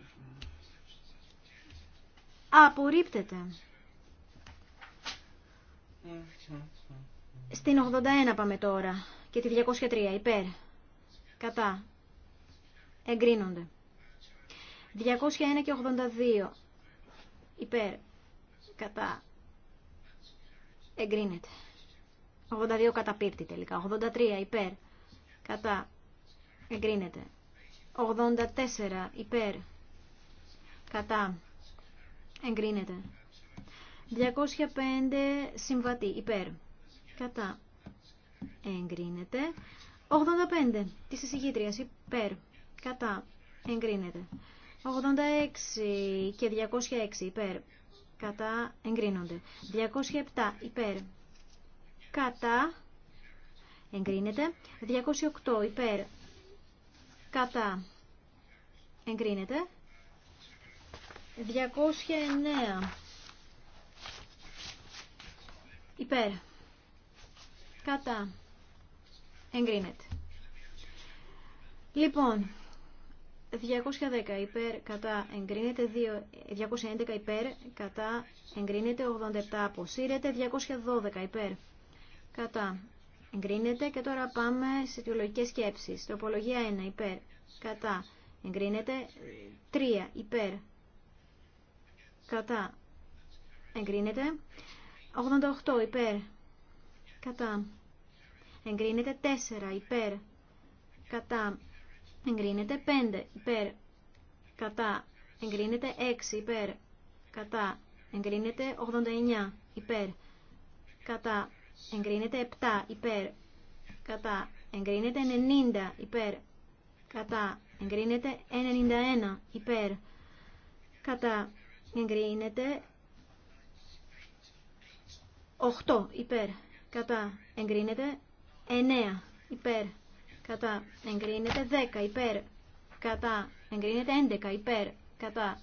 [SPEAKER 3] απορρίπτεται. Στην 81 πάμε τώρα και τη 203 υπέρ, κατά, εγκρίνονται. 201 και 82 υπέρ, κατά, εγκρίνεται. 82 καταπίπτει τελικά. 83 υπέρ, Κατά. Εγκρίνεται. 84 υπέρ. Κατά. Εγκρίνεται. 205 συμβατή υπέρ. Κατά. Εγκρίνεται. 85 της εισηγήτριας υπέρ. Κατά. Εγκρίνεται. 86 και 206 υπέρ. Κατά. Εγκρίνονται. 207 υπέρ. Κατά εγκρίνεται. 208 υπέρ κατά εγκρίνεται. 209 υπέρ κατά εγκρίνεται. Λοιπόν, 210 υπέρ κατά εγκρίνεται, 211 υπέρ κατά εγκρίνεται, 87 αποσύρεται, 212 υπέρ κατά Εγκρίνεται και τώρα πάμε σε αιτιολογικές σκέψεις. Τροπολογία 1 υπέρ. Κατά. Εγκρίνεται. 3 υπέρ. Κατά. Εγκρίνεται. 88 υπέρ. Κατά. Εγκρίνεται 4 υπέρ. Κατά. Εγκρίνεται 5 υπέρ. Κατά. Εγκρίνεται 6 υπέρ. Κατά. Εγκρίνεται 89 υπέρ. Κατά εγκρίνεται 7 υπέρ κατά εγκρίνεται 90 υπέρ κατά εγκρίνεται 91 υπέρ κατά εγκρίνεται 8 υπέρ κατά εγκρίνεται 9 υπέρ κατά εγκρίνεται 10 υπέρ κατά εγκρίνεται 11 υπέρ κατά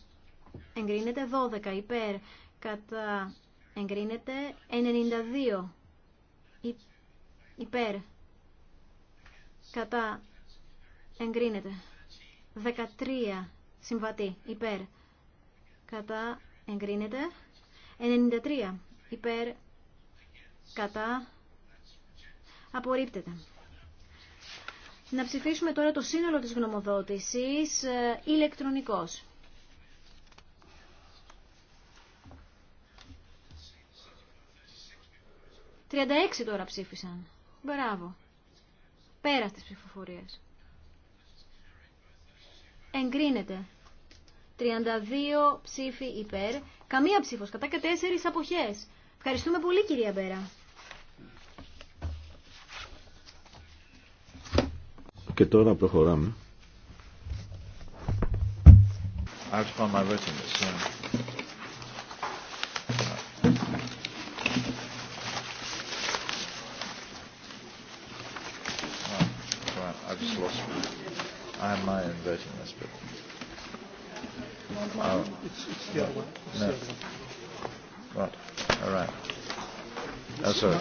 [SPEAKER 3] εγκρίνεται 12 υπέρ κατά εγκρίνεται 92 υπέρ κατά εγκρίνεται 13 συμβατή υπέρ κατά εγκρίνεται 93 υπέρ κατά απορρίπτεται να ψηφίσουμε τώρα το σύνολο της γνωμοδότησης ε, ηλεκτρονικός 36 τώρα ψήφισαν. Μπράβο. Πέρα στις ψηφοφορίες. Εγκρίνεται. 32 ψήφοι υπέρ. Καμία ψήφος κατά και 4 αποχές. Ευχαριστούμε πολύ κυρία Μπέρα.
[SPEAKER 1] Και τώρα προχωράμε.
[SPEAKER 2] I'm not inverting this, but.
[SPEAKER 5] Oh. It's, it's the other one. no.
[SPEAKER 2] Right. All right. Oh, sorry.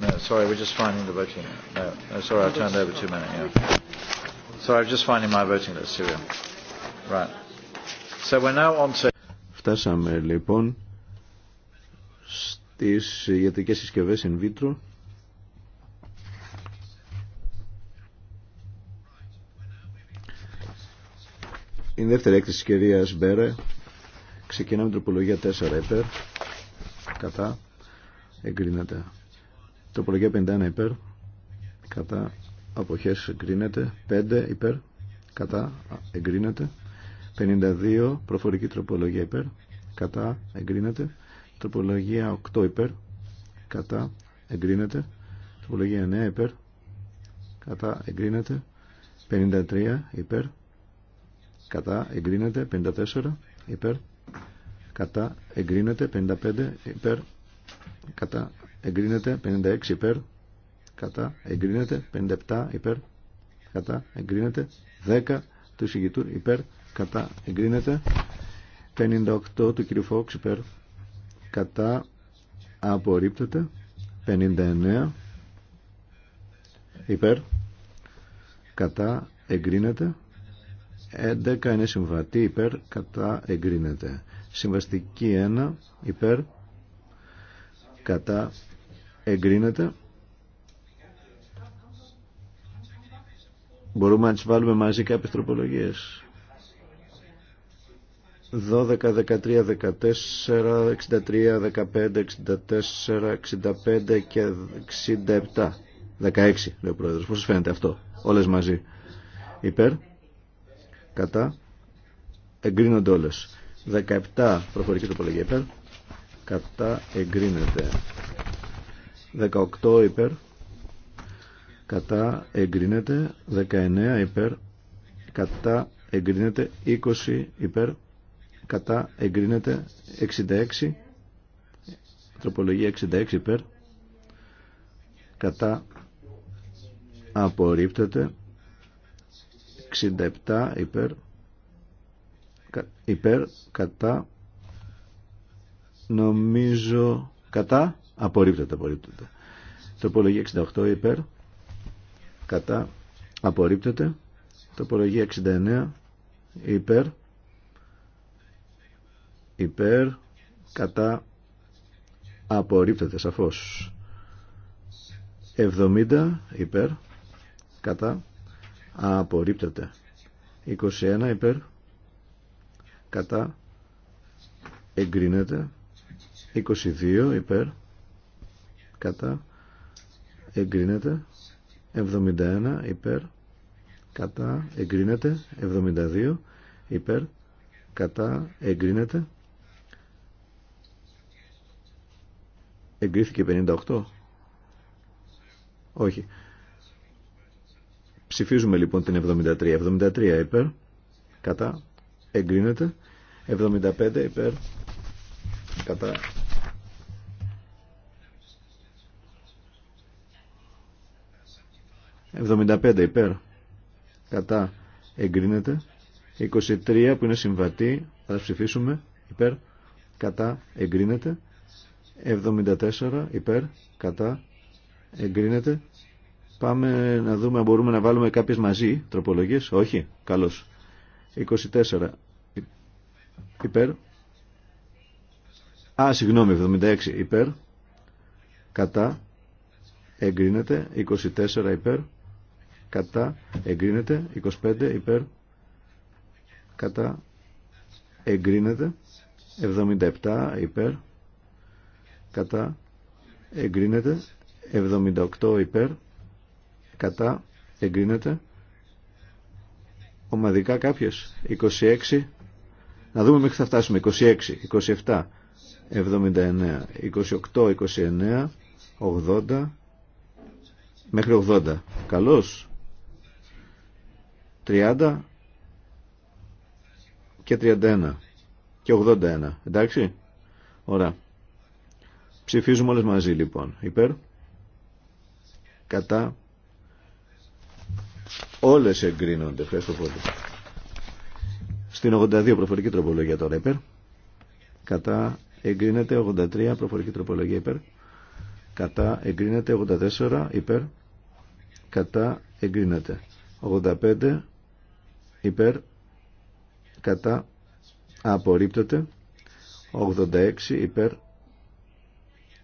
[SPEAKER 2] No, sorry, we're just finding the voting. No, no sorry, I turned over too many. Yeah. Sorry, I'm just finding my voting list. Here we are. Right. So we're now on to...
[SPEAKER 1] Φτάσαμε λοιπόν στις ιατρικές συσκευές in vitro. η δεύτερη έκθεση της κυρίας Μπέρε. Ξεκινάμε την τροπολογία 4 υπέρ. Κατά. Εγκρίνεται. Τροπολογία 51 υπέρ. Κατά. Αποχές εγκρίνεται. 5 υπέρ. Κατά. Εγκρίνεται. 52 προφορική τροπολογία υπέρ. Κατά. Εγκρίνεται. Τροπολογία 8 υπέρ. Κατά. Εγκρίνεται. Τροπολογία 9 υπέρ. Κατά. Εγκρίνεται. 53 υπέρ κατά εγκρίνεται 54 υπέρ κατά εγκρίνεται 55 υπέρ κατά εγκρίνεται 56 υπέρ κατά εγκρίνεται 57 υπέρ κατά εγκρίνεται 10 του εισηγητού υπέρ κατά εγκρίνεται 58 του κ. Φόξ υπέρ κατά απορρίπτεται 59 υπέρ κατά εγκρίνεται 11 είναι συμβατή υπέρ κατά εγκρίνεται. Συμβαστική 1 υπέρ κατά εγκρίνεται. Μπορούμε να τις βάλουμε μαζί κάποιες τροπολογίες. 12, 13, 14, 63, 15, 64, 65 και 67. 16 λέει ο πρόεδρος. Πώς σας φαίνεται αυτό όλες μαζί. Υπέρ κατά εγκρίνονται όλες 17 προφορική τροπολογία υπέρ κατά εγκρίνεται 18 υπέρ κατά εγκρίνεται 19 υπέρ κατά εγκρίνεται 20 υπέρ κατά εγκρίνεται 66 τροπολογία 66 υπέρ κατά απορρίπτεται 67 υπέρ, υπέρ, κατά, νομίζω, κατά, απορρίπτεται, απορρίπτεται. Τοπολογία 68 υπέρ, κατά, απορρίπτεται. Τοπολογία 69 υπέρ, υπέρ, κατά, απορρίπτεται σαφώς. 70 υπέρ, κατά, απορρίπτεται 21 υπέρ κατά εγκρίνεται 22 υπέρ κατά εγκρίνεται 71 υπέρ κατά εγκρίνεται 72 υπέρ κατά εγκρίνεται εγκρίθηκε 58 όχι Ψηφίζουμε λοιπόν την 73. 73 υπέρ, κατά, εγκρίνεται. 75 υπέρ, κατά, ...75 υπέρ... ...κατά εγκρίνεται... ...23 που είναι συμβατή... ...θα ψηφίσουμε υπέρ... ...κατά εγκρίνεται... ...74 υπέρ... ...κατά εγκρίνεται... Πάμε να δούμε αν μπορούμε να βάλουμε κάποιες μαζί τροπολογίες. Όχι. Καλώς. 24. Υπέρ. Α, συγγνώμη, 76 υπέρ. Κατά. Εγκρίνεται. 24 υπέρ. Κατά. Εγκρίνεται. 25 υπέρ. Κατά. Εγκρίνεται. 77 υπέρ. Κατά. Εγκρίνεται. 78 υπέρ κατά εγκρίνεται ομαδικά κάποιες 26 να δούμε μέχρι θα φτάσουμε 26, 27 79 28, 29 80 μέχρι 80 καλώς 30 και 31 και 81 εντάξει ωραία ψηφίζουμε όλες μαζί λοιπόν υπέρ κατά Όλες εγκρίνονται. Ευχαριστώ πολύ. Στην 82 προφορική τροπολογία τώρα υπέρ. Κατά εγκρίνεται 83 προφορική τροπολογία υπέρ. Κατά εγκρίνεται 84 υπέρ. Κατά εγκρίνεται 85 υπέρ. Κατά απορρίπτεται 86 υπέρ.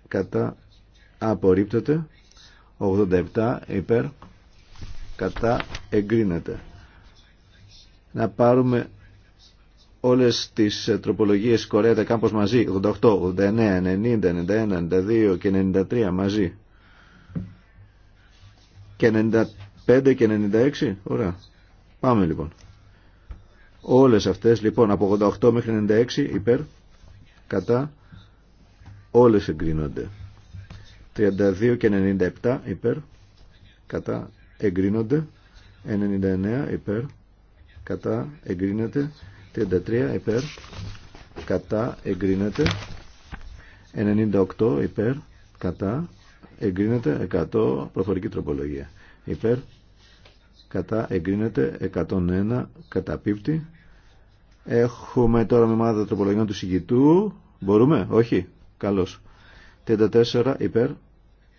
[SPEAKER 1] Κατά απορρίπτεται 87 υπέρ κατά εγκρίνεται. Να πάρουμε όλες τις ε, τροπολογίες Κορέτα κάπως μαζί, 88, 89, 90, 91, 92 και 93 μαζί. Και 95 και 96, ωραία. Πάμε λοιπόν. Όλες αυτές λοιπόν από 88 μέχρι 96 υπέρ, κατά, όλες εγκρίνονται. 32 και 97 υπέρ, κατά, εγκρίνονται 99 υπέρ κατά εγκρίνεται 33 υπέρ κατά εγκρίνεται 98 υπέρ κατά εγκρίνεται 100 προφορική τροπολογία υπέρ κατά εγκρίνεται 101 καταπίπτει έχουμε τώρα με μάδα τροπολογιών του συγκητού μπορούμε όχι καλώς 34 υπέρ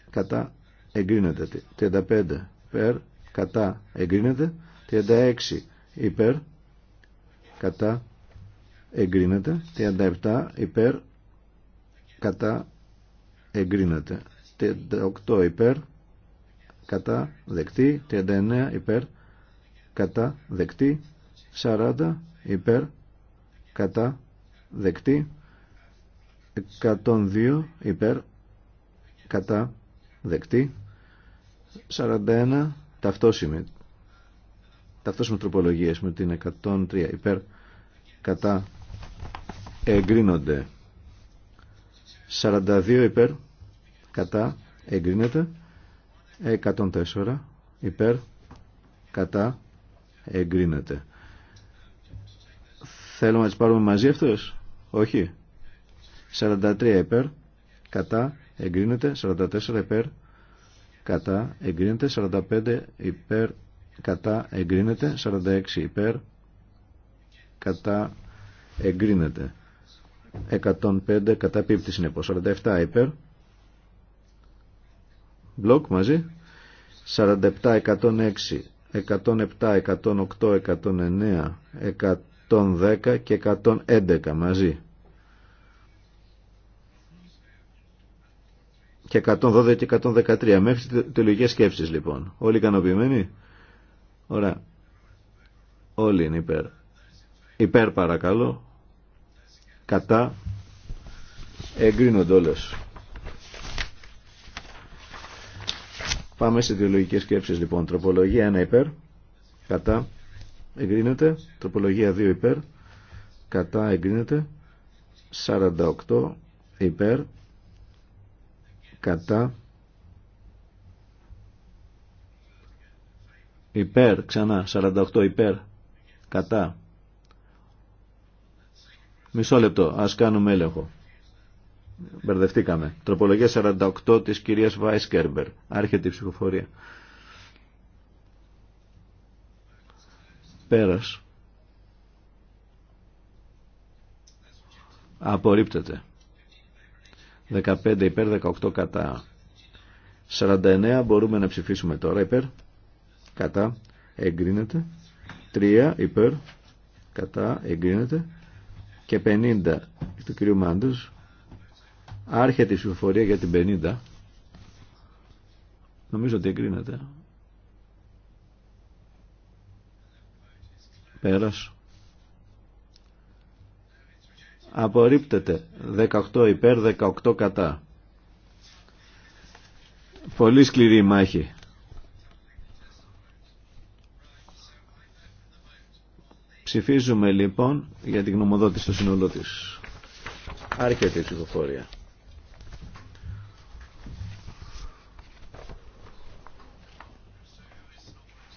[SPEAKER 1] κατά εγκρίνεται 35 υπέρ κατά εγκρίνεται 36 υπέρ κατά εγκρίνεται 37 υπέρ κατά εγκρίνεται 38 υπέρ κατά δεκτή 39 υπέρ κατά δεκτή 40 υπέρ κατά δεκτή 102 υπέρ κατά δεκτή 41 ταυτόσημη ταυτόσιμη τροπολογίες με την 103 υπέρ κατά εγκρίνονται 42 υπέρ κατά εγκρίνεται 104 υπέρ κατά εγκρίνεται θέλουμε να τις πάρουμε μαζί αυτές όχι 43 υπέρ κατά εγκρίνεται 44 υπέρ κατά εγκρίνεται 45 υπέρ κατά εγκρίνεται 46 υπέρ κατά εγκρίνεται 105 κατά πίπτη συνεπώς 47 υπέρ μπλοκ μαζί 47 106 107 108 109 110 και 111 μαζί και 112 και 113 μέχρι τη λογική σκέψεις λοιπόν. Όλοι ικανοποιημένοι. Ωραία. Όλοι είναι υπέρ. Υπέρ παρακαλώ. Κατά. Εγκρίνονται όλες. Πάμε σε ιδεολογικέ σκέψεις λοιπόν. Τροπολογία 1 υπέρ. Κατά. Εγκρίνεται. Τροπολογία 2 υπέρ. Κατά εγκρίνεται. 48 υπέρ κατά υπέρ ξανά 48 υπέρ κατά μισό λεπτό ας κάνουμε έλεγχο μπερδευτήκαμε τροπολογία 48 της κυρίας Βάισκερμπερ άρχεται η ψηφοφορία πέρας απορρίπτεται 15 υπέρ, 18 κατά. 49 μπορούμε να ψηφίσουμε τώρα υπέρ, κατά, εγκρίνεται. 3 υπέρ, κατά, εγκρίνεται. Και 50 του κυρίου Μάντους. Άρχεται η ψηφοφορία για την 50. Νομίζω ότι εγκρίνεται. Πέρας απορρίπτεται 18 υπέρ 18 κατά πολύ σκληρή μάχη ψηφίζουμε λοιπόν για την γνωμοδότηση στο σύνολό τη. άρχεται η ψηφοφορία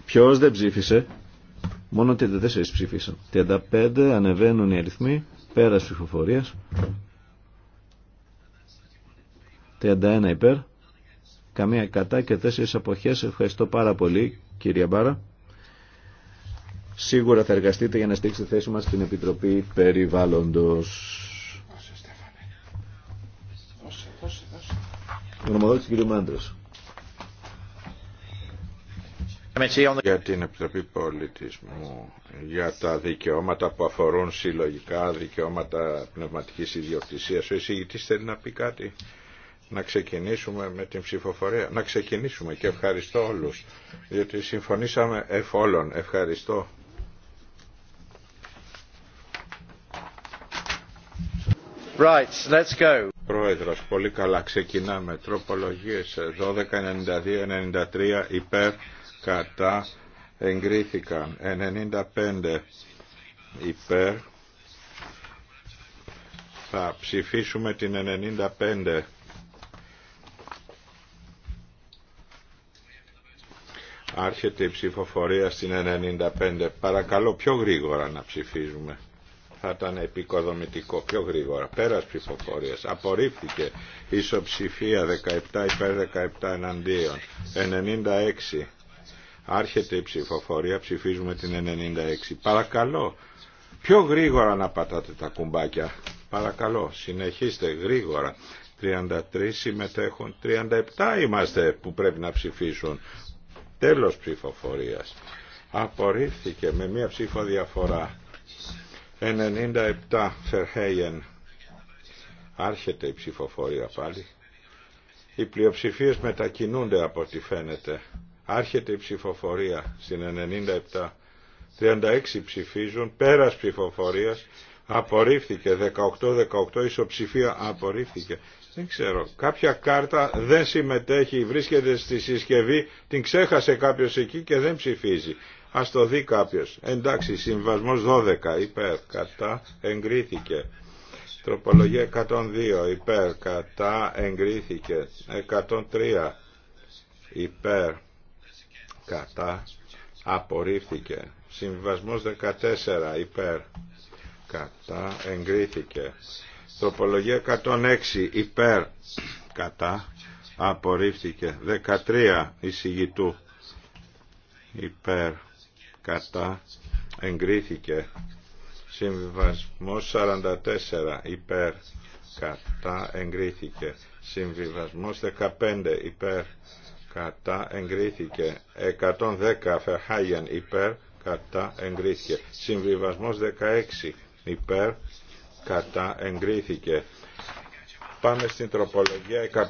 [SPEAKER 1] Ποιος δεν ψήφισε, μόνο 34 ψήφισαν. 35 ανεβαίνουν οι αριθμοί πέρα ψηφοφορίας. 31 υπέρ. Καμία κατά και 4 αποχές. Ευχαριστώ πάρα πολύ κυρία Μπάρα. Σίγουρα θα εργαστείτε για να στήξετε θέση μας στην Επιτροπή Περιβάλλοντος.
[SPEAKER 5] Μάντρος για την Επιτροπή Πολιτισμού για τα δικαιώματα που αφορούν συλλογικά δικαιώματα πνευματικής ιδιοκτησίας. Ο εισηγητής θέλει να πει κάτι. Να ξεκινήσουμε με την ψηφοφορία. Να ξεκινήσουμε και ευχαριστώ όλους διότι συμφωνήσαμε εφ' όλων. Ευχαριστώ. Right, let's go. Πρόεδρος, πολύ καλά. Ξεκινάμε. Τροπολογίες τροπολογίες 93 υπέρ κατά εγκρίθηκαν 95 υπέρ θα ψηφίσουμε την 95 Άρχεται η ψηφοφορία στην 95. Παρακαλώ πιο γρήγορα να ψηφίζουμε. Θα ήταν επικοδομητικό πιο γρήγορα. Πέρας ψηφοφορίας. Απορρίφθηκε ισοψηφία 17 υπέρ 17 εναντίον. 96 Άρχεται η ψηφοφορία, ψηφίζουμε την 96. Παρακαλώ, πιο γρήγορα να πατάτε τα κουμπάκια. Παρακαλώ, συνεχίστε γρήγορα. 33 συμμετέχουν, 37 είμαστε που πρέπει να ψηφίσουν. Τέλος ψηφοφορίας. Απορρίφθηκε με μία ψήφο διαφορά. 97 Φερχέιεν. Άρχεται η ψηφοφορία πάλι. Οι πλειοψηφίες μετακινούνται από ό,τι φαίνεται. Άρχεται η ψηφοφορία στην 97. 36 ψηφίζουν. Πέρας ψηφοφορίας. Απορρίφθηκε. 18-18 ισοψηφία απορρίφθηκε. Δεν ξέρω. Κάποια κάρτα δεν συμμετέχει. Βρίσκεται στη συσκευή. Την ξέχασε κάποιος εκεί και δεν ψηφίζει. Ας το δει κάποιος. Εντάξει, συμβασμός 12 υπέρ κατά εγκρίθηκε. Τροπολογία 102 υπέρ κατά εγκρίθηκε. 103 υπέρ κατά απορρίφθηκε συμβιβασμός 14 υπέρ κατά εγκρίθηκε τροπολογία 106 υπέρ κατά απορρίφθηκε 13 εισηγητού υπέρ κατά εγκρίθηκε συμβιβασμός 44 υπέρ κατά εγκρίθηκε συμβιβασμός 15 υπέρ κατά εγκρίθηκε 110 Φερχάγιαν υπέρ κατά εγκρίθηκε συμβιβασμός 16 υπέρ κατά εγκρίθηκε πάμε στην τροπολογία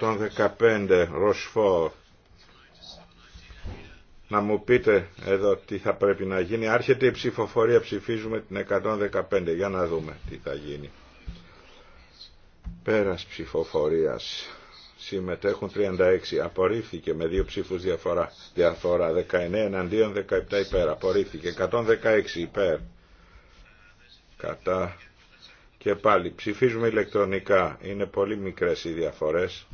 [SPEAKER 5] 115 Ροσφόρ να μου πείτε εδώ τι θα πρέπει να γίνει. Άρχεται η ψηφοφορία, ψηφίζουμε την 115. Για να δούμε τι θα γίνει. Πέρας ψηφοφορίας συμμετέχουν 36. Απορρίφθηκε με δύο ψήφους διαφορά. Διαφορά 19 εναντίον 17 υπέρ. Απορρίφθηκε 116 υπέρ. Κατά. Και πάλι ψηφίζουμε ηλεκτρονικά. Είναι πολύ μικρές οι διαφορές.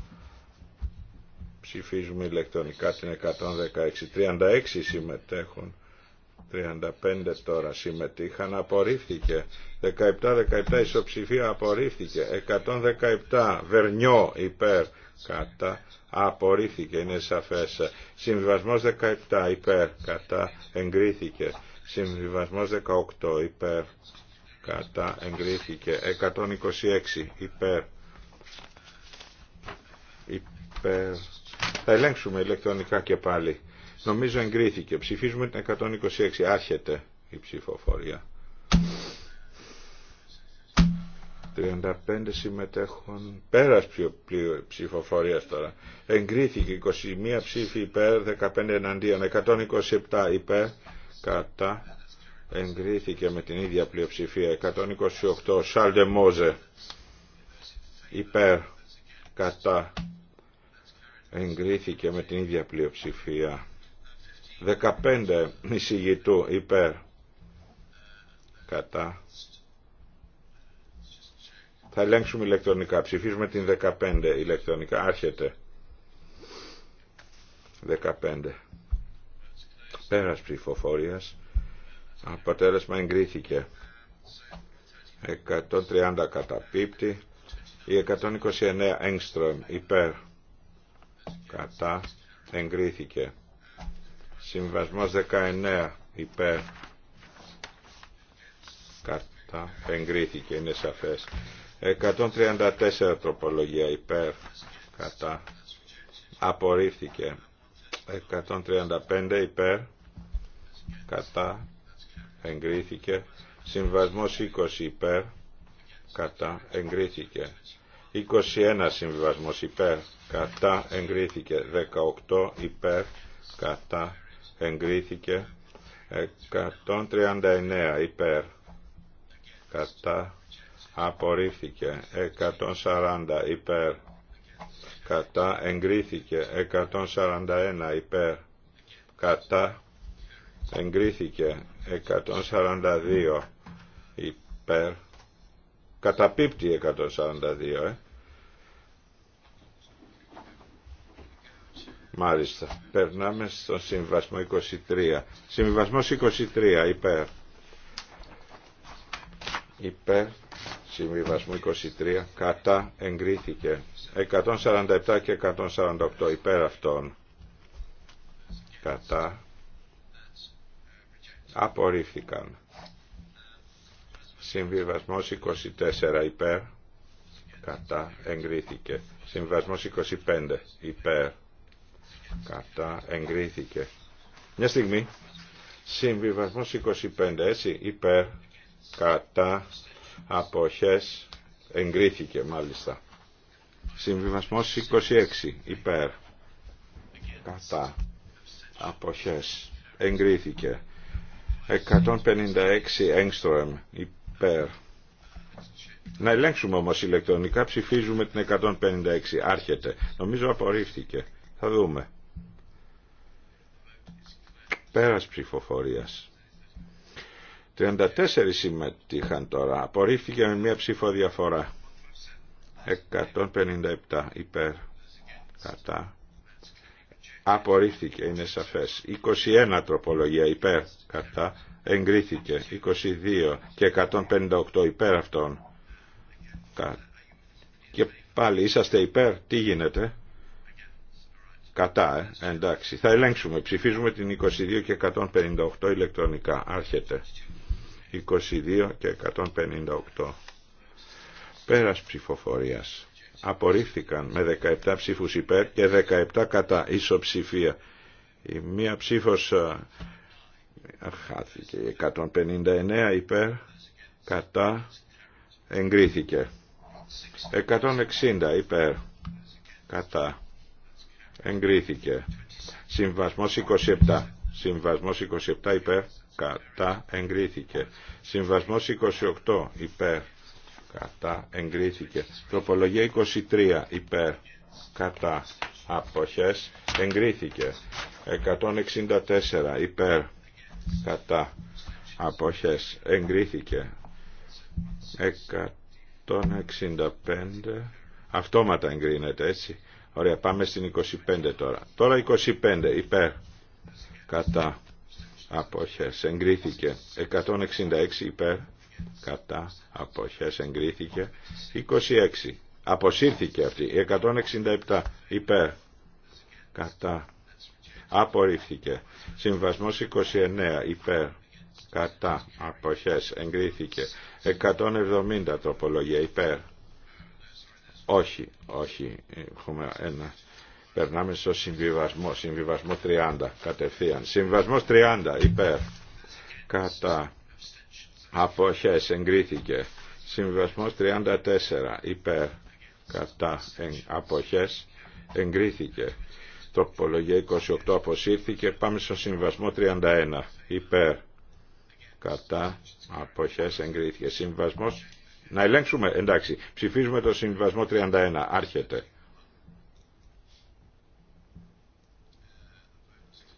[SPEAKER 5] Ψηφίζουμε ηλεκτρονικά την 116. 36 συμμετέχουν. 35 τώρα συμμετείχαν, απορρίφθηκε. 17-17 ισοψηφία απορρίφθηκε. 117 βερνιό υπέρ κατά απορρίφθηκε, είναι σαφές. Συμβιβασμός 17 υπέρ κατά εγκρίθηκε. Συμβιβασμός 18 υπέρ κατά εγκρίθηκε. 126 υπέρ υπέρ. Θα ελέγξουμε ηλεκτρονικά και πάλι. Νομίζω εγκρίθηκε. Ψηφίζουμε την 126. Άρχεται η ψηφοφορία. 35 συμμετέχουν πέρας ψηφοφορίας τώρα. Εγκρίθηκε 21 ψήφοι υπέρ, 15 εναντίον, 127 υπέρ, κατά. Εγκρίθηκε με την ίδια πλειοψηφία, 128 Σάλτε Μόζε υπέρ, κατά. Εγκρίθηκε με την ίδια πλειοψηφία. 15 εισηγητού υπέρ κατά θα ελέγξουμε ηλεκτρονικά ψηφίζουμε την 15 ηλεκτρονικά άρχεται 15 πέρας ψηφοφορίας αποτέλεσμα εγκρίθηκε 130 καταπίπτη η 129 έγκστρομ υπέρ κατά εγκρίθηκε Συμβασμός 19 υπέρ κατά εγκρίθηκε είναι σαφές 134 τροπολογία υπέρ κατά απορρίφθηκε 135 υπέρ κατά εγκρίθηκε συμβασμός 20 υπέρ κατά εγκρίθηκε 21 συμβασμός υπέρ κατά εγκρίθηκε 18 υπέρ κατά εγκρίθηκε 139 υπέρ κατά απορρίφθηκε 140 υπέρ κατά εγκρίθηκε 141 υπέρ κατά εγκρίθηκε 142 υπέρ καταπίπτει 142 ε. Μάλιστα. Περνάμε στο συμβασμό 23. συμβασμό 23 υπέρ. Υπέρ συμβασμό 23 κατά εγκρίθηκε 147 και 148 υπέρ αυτών κατά απορρίφθηκαν συμβιβασμός 24 υπέρ κατά εγκρίθηκε συμβιβασμός 25 υπέρ κατά εγκρίθηκε. Μια στιγμή. Συμβιβασμός 25 έτσι υπέρ κατά αποχές εγκρίθηκε μάλιστα. Συμβιβασμός 26 υπέρ κατά αποχές εγκρίθηκε. 156 έγκστρομ υπέρ. Να ελέγξουμε όμως ηλεκτρονικά ψηφίζουμε την 156. Άρχεται. Νομίζω απορρίφθηκε. Θα δούμε. Πέρας ψηφοφορίας. 34 συμμετείχαν τώρα. Απορρίφθηκε με μία ψηφοδιαφορά. διαφορά. 157 υπέρ. Κατά. Απορρίφθηκε, είναι σαφές. 21 τροπολογία υπέρ. Κατά. Εγκρίθηκε. 22 και 158 υπέρ αυτών. Και πάλι είσαστε υπέρ. Τι γίνεται. Κατά, ε. Ε, εντάξει. Θα ελέγξουμε. Ψηφίζουμε την 22 και 158 ηλεκτρονικά. Άρχεται. 22 και 158. Πέρας ψηφοφορίας. Απορρίφθηκαν με 17 ψήφους υπέρ και 17 κατά ισοψηφία. Η μία ψήφος ε, χάθηκε. 159 υπέρ κατά εγκρίθηκε. 160 υπέρ κατά εγκρίθηκε. Συμβασμός 27. Συμβασμός 27 υπέρ κατά εγκρίθηκε. Συμβασμός 28 υπέρ κατά εγκρίθηκε. Τροπολογία 23 υπέρ κατά αποχές εγκρίθηκε. 164 υπέρ κατά αποχές εγκρίθηκε. 165 αυτόματα εγκρίνεται έτσι. Ωραία, πάμε στην 25 τώρα. Τώρα 25, υπέρ, κατά, αποχές, εγκρίθηκε. 166 υπέρ, κατά, αποχές, εγκρίθηκε. 26, αποσύρθηκε αυτή. 167 υπέρ, κατά, απορρίφθηκε. Συμβασμός 29 υπέρ, κατά, αποχές, εγκρίθηκε. 170 τροπολογία υπέρ, όχι, όχι. Έχουμε ένα. Περνάμε στο συμβιβασμό. Συμβιβασμό 30 κατευθείαν. Συμβιβασμό 30 υπέρ. Κατά. Αποχές εγκρίθηκε. Συμβιβασμός 34 υπέρ. Κατά. Αποχές εγκρίθηκε. Τροπολογία 28 αποσύρθηκε. Πάμε στο συμβασμό 31 υπέρ. Κατά. Αποχές εγκρίθηκε. Συμβασμός να ελέγξουμε. Εντάξει. Ψηφίζουμε το συμβιβασμό 31. Άρχεται.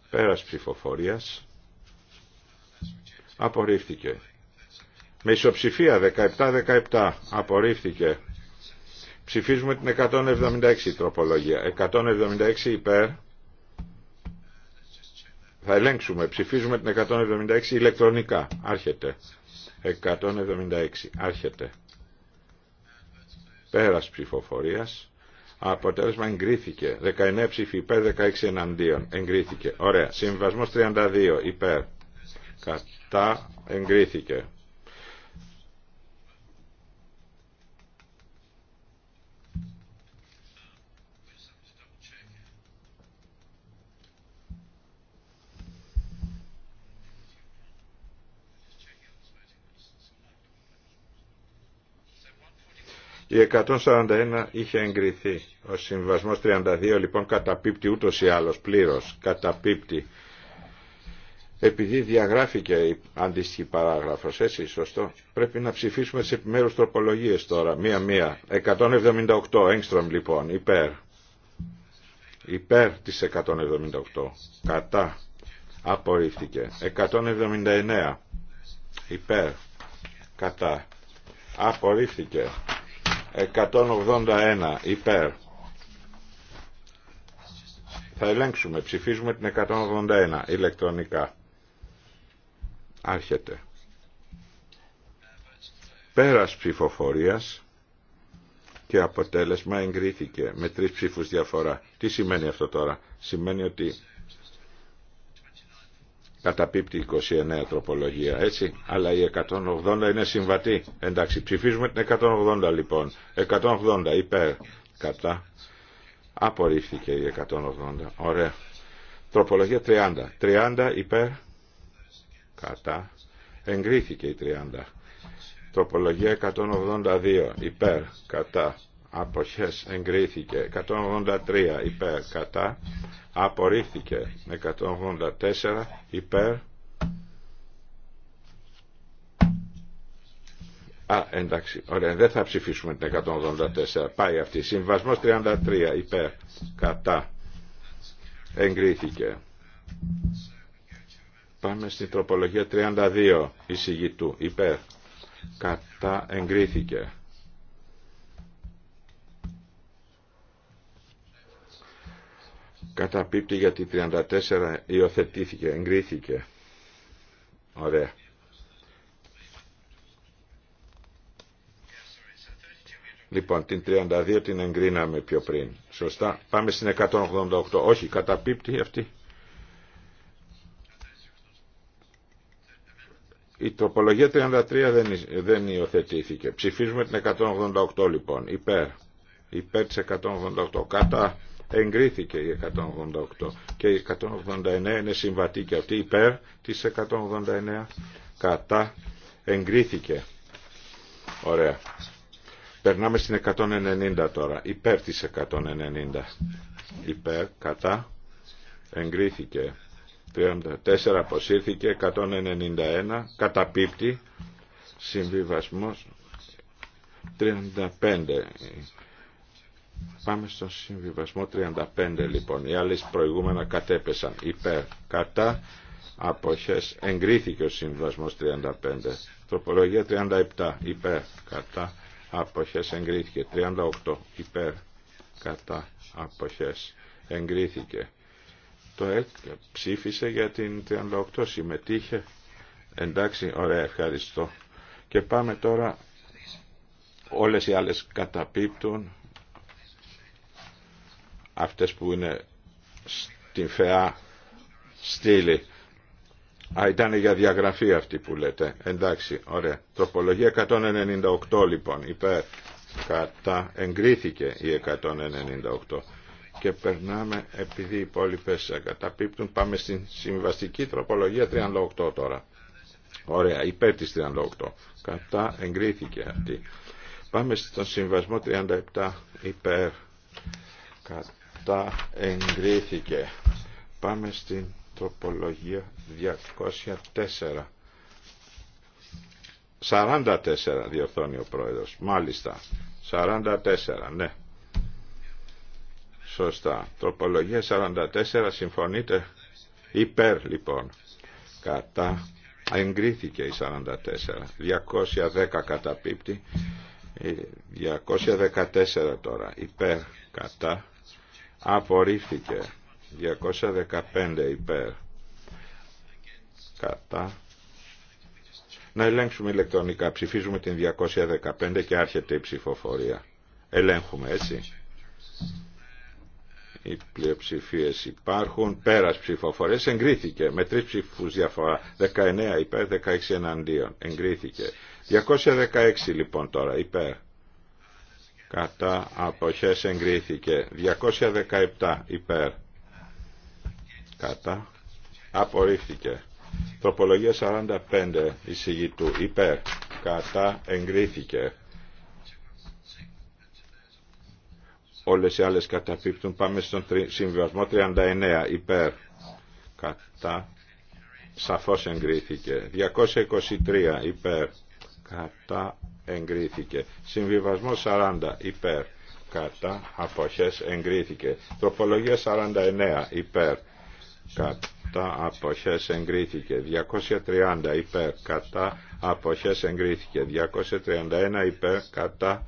[SPEAKER 5] Πέρας ψηφοφορίας. Απορρίφθηκε. Με ισοψηφία 17-17 απορρίφθηκε. Ψηφίζουμε την 176 τροπολογία. 176 υπέρ. Θα ελέγξουμε. Ψηφίζουμε την 176 ηλεκτρονικά. Άρχεται. 176. Άρχεται. Πέρας ψηφοφορίας. Αποτέλεσμα εγκρίθηκε. 19 ψήφοι υπέρ, 16 εναντίον. Εγκρίθηκε. Ωραία. Συμβασμός 32 υπέρ. Κατά εγκρίθηκε. Η 141 είχε εγκριθεί. Ο συμβασμός 32 λοιπόν καταπίπτει ούτως ή άλλως πλήρως. Καταπίπτει. Επειδή διαγράφηκε η αντίστοιχη παράγραφος, έτσι σωστό, πρέπει να ψηφίσουμε τις επιμέρους τροπολογίες τώρα, μία-μία. 178, Έγκστρομ λοιπόν, υπέρ. Υπέρ της 178, κατά, απορρίφθηκε. 179, υπέρ, κατά, απορρίφθηκε. 181 υπέρ. Θα ελέγξουμε. Ψηφίζουμε την 181 ηλεκτρονικά. Άρχεται. Πέρας ψηφοφορίας και αποτέλεσμα εγκρίθηκε με τρεις ψήφους διαφορά. Τι σημαίνει αυτό τώρα. Σημαίνει ότι Καταπίπτει 29 τροπολογία, έτσι. Αλλά η 180 είναι συμβατή. Εντάξει, ψηφίζουμε την 180 λοιπόν. 180 υπέρ. Κατά. Απορρίφθηκε η 180. Ωραία. Τροπολογία 30. 30 υπέρ. Κατά. Εγκρίθηκε η 30. Τροπολογία 182 υπέρ. Κατά αποχές εγκρίθηκε 183 υπέρ κατά απορρίφθηκε 184 υπέρ Α, εντάξει, ωραία, δεν θα ψηφίσουμε την 184. Πάει αυτή. Συμβασμός 33 υπέρ κατά εγκρίθηκε. Πάμε στην τροπολογία 32 εισηγητού υπέρ κατά εγκρίθηκε. Καταπίπτει γιατί 34 υιοθετήθηκε, εγκρίθηκε. Ωραία. Λοιπόν, την 32 την εγκρίναμε πιο πριν. Σωστά. Πάμε στην 188. Όχι, καταπίπτει αυτή. Η τροπολογία 33 δεν, δεν υιοθετήθηκε. Ψηφίζουμε την 188 λοιπόν. Υπέρ υπέρ της 188 κατά εγκρίθηκε η 188 και η 189 είναι συμβατή και αυτή υπέρ της 189 κατά εγκρίθηκε ωραία περνάμε στην 190 τώρα υπέρ της 190 υπέρ κατά εγκρίθηκε 34 αποσύρθηκε 191 καταπίπτει συμβιβασμός 35 Πάμε στον συμβιβασμό 35 λοιπόν. Οι άλλες προηγούμενα κατέπεσαν υπέρ, κατά, αποχές. Εγκρίθηκε ο συμβιβασμός 35. Τροπολογία 37 υπέρ, κατά, αποχές. Εγκρίθηκε 38 υπέρ, κατά, αποχές. Εγκρίθηκε. Το ΕΚ ψήφισε για την 38, συμμετείχε. Εντάξει, ωραία, ευχαριστώ. Και πάμε τώρα, όλες οι άλλες καταπίπτουν αυτές που είναι στην Φεά στήλη. Α, ήταν για διαγραφή αυτή που λέτε. Εντάξει, ωραία. Τροπολογία 198 λοιπόν, υπέρ. Κατά εγκρίθηκε η 198. Και περνάμε, επειδή οι υπόλοιπε καταπίπτουν, πάμε στην συμβαστική τροπολογία 38 τώρα. Ωραία, υπέρ της 38. Κατά εγκρίθηκε αυτή. Πάμε στον συμβασμό 37 υπέρ. Κατά τα εγκρίθηκε. Πάμε στην τροπολογία 204. 44 διορθώνει ο πρόεδρος. Μάλιστα. 44, ναι. Σωστά. Τροπολογία 44, συμφωνείτε. Υπέρ, λοιπόν. Κατά. Εγκρίθηκε η 44. 210 καταπίπτει. 214 ε, τώρα. Υπέρ, κατά απορρίφθηκε 215 υπέρ κατά να ελέγξουμε ηλεκτρονικά ψηφίζουμε την 215 και άρχεται η ψηφοφορία ελέγχουμε έτσι οι πλειοψηφίε υπάρχουν πέρας ψηφοφορίες. εγκρίθηκε με τρεις ψηφούς διαφορά 19 υπέρ 16 εναντίον εγκρίθηκε 216 λοιπόν τώρα υπέρ κατά αποχές εγκρίθηκε 217 υπέρ κατά απορρίφθηκε τροπολογία 45 εισηγητού υπέρ κατά εγκρίθηκε όλες οι άλλες καταπίπτουν πάμε στον συμβιβασμό 39 υπέρ κατά σαφώς εγκρίθηκε 223 υπέρ κατά εγκρίθηκε. Συμβιβασμό 40 υπέρ κατά αποχές εγκρίθηκε. Τροπολογία 49 υπέρ κατά αποχές εγκρίθηκε. 230 υπέρ κατά αποχές εγκρίθηκε. 231 υπέρ κατά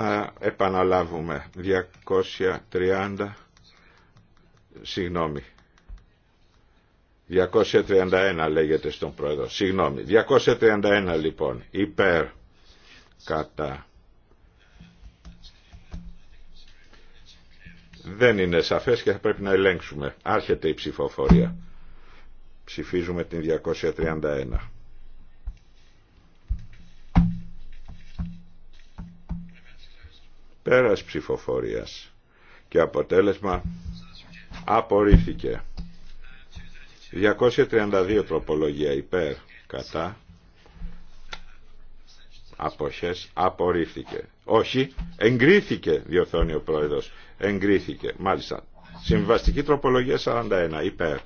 [SPEAKER 5] Θα επαναλάβουμε. 230 συγγνώμη. 231 λέγεται στον πρόεδρο. Συγγνώμη. 231 λοιπόν. Υπέρ. Κατά. Δεν είναι σαφές και θα πρέπει να ελέγξουμε. Άρχεται η ψηφοφορία. Ψηφίζουμε την 231. Πέρας ψηφοφορίας. Και αποτέλεσμα απορρίφθηκε. 232 τροπολογία υπέρ κατά αποχές απορρίφθηκε. Όχι, εγκρίθηκε διορθώνει ο πρόεδρος. Εγκρίθηκε, μάλιστα. Συμβιβαστική τροπολογία 41 υπέρ.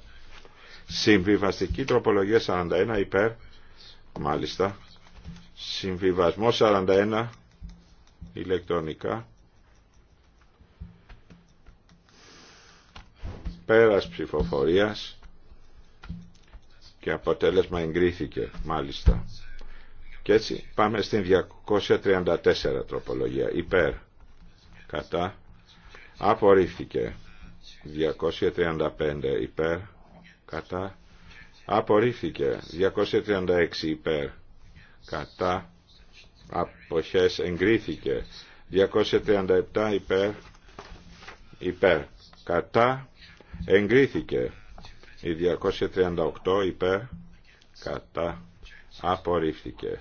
[SPEAKER 5] Συμβιβαστική τροπολογία 41 υπέρ. Μάλιστα. Συμβιβασμό 41 ηλεκτρονικά. Πέρας ψηφοφορίας και αποτέλεσμα εγκρίθηκε μάλιστα. Και έτσι πάμε στην 234 τροπολογία. Υπέρ. Κατά. Απορρίφθηκε. 235 υπέρ. Κατά. Απορρίφθηκε. 236 υπέρ. Κατά. Αποχές εγκρίθηκε. 237 υπέρ. Υπέρ. Κατά. Εγκρίθηκε. Η 238 υπέρ κατά απορρίφθηκε.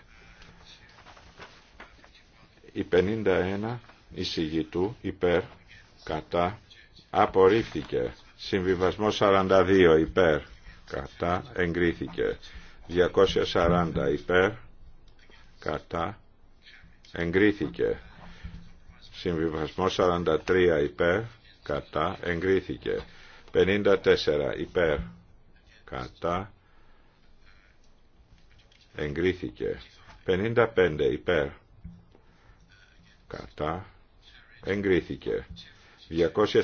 [SPEAKER 5] Η 51 εισηγητού υπέρ κατά απορρίφθηκε. Συμβιβασμό 42 υπέρ κατά εγκρίθηκε. 240 υπέρ κατά εγκρίθηκε. Συμβιβασμό 43 υπέρ κατά εγκρίθηκε. 54 υπέρ κατά εγκρίθηκε 55 υπέρ κατά εγκρίθηκε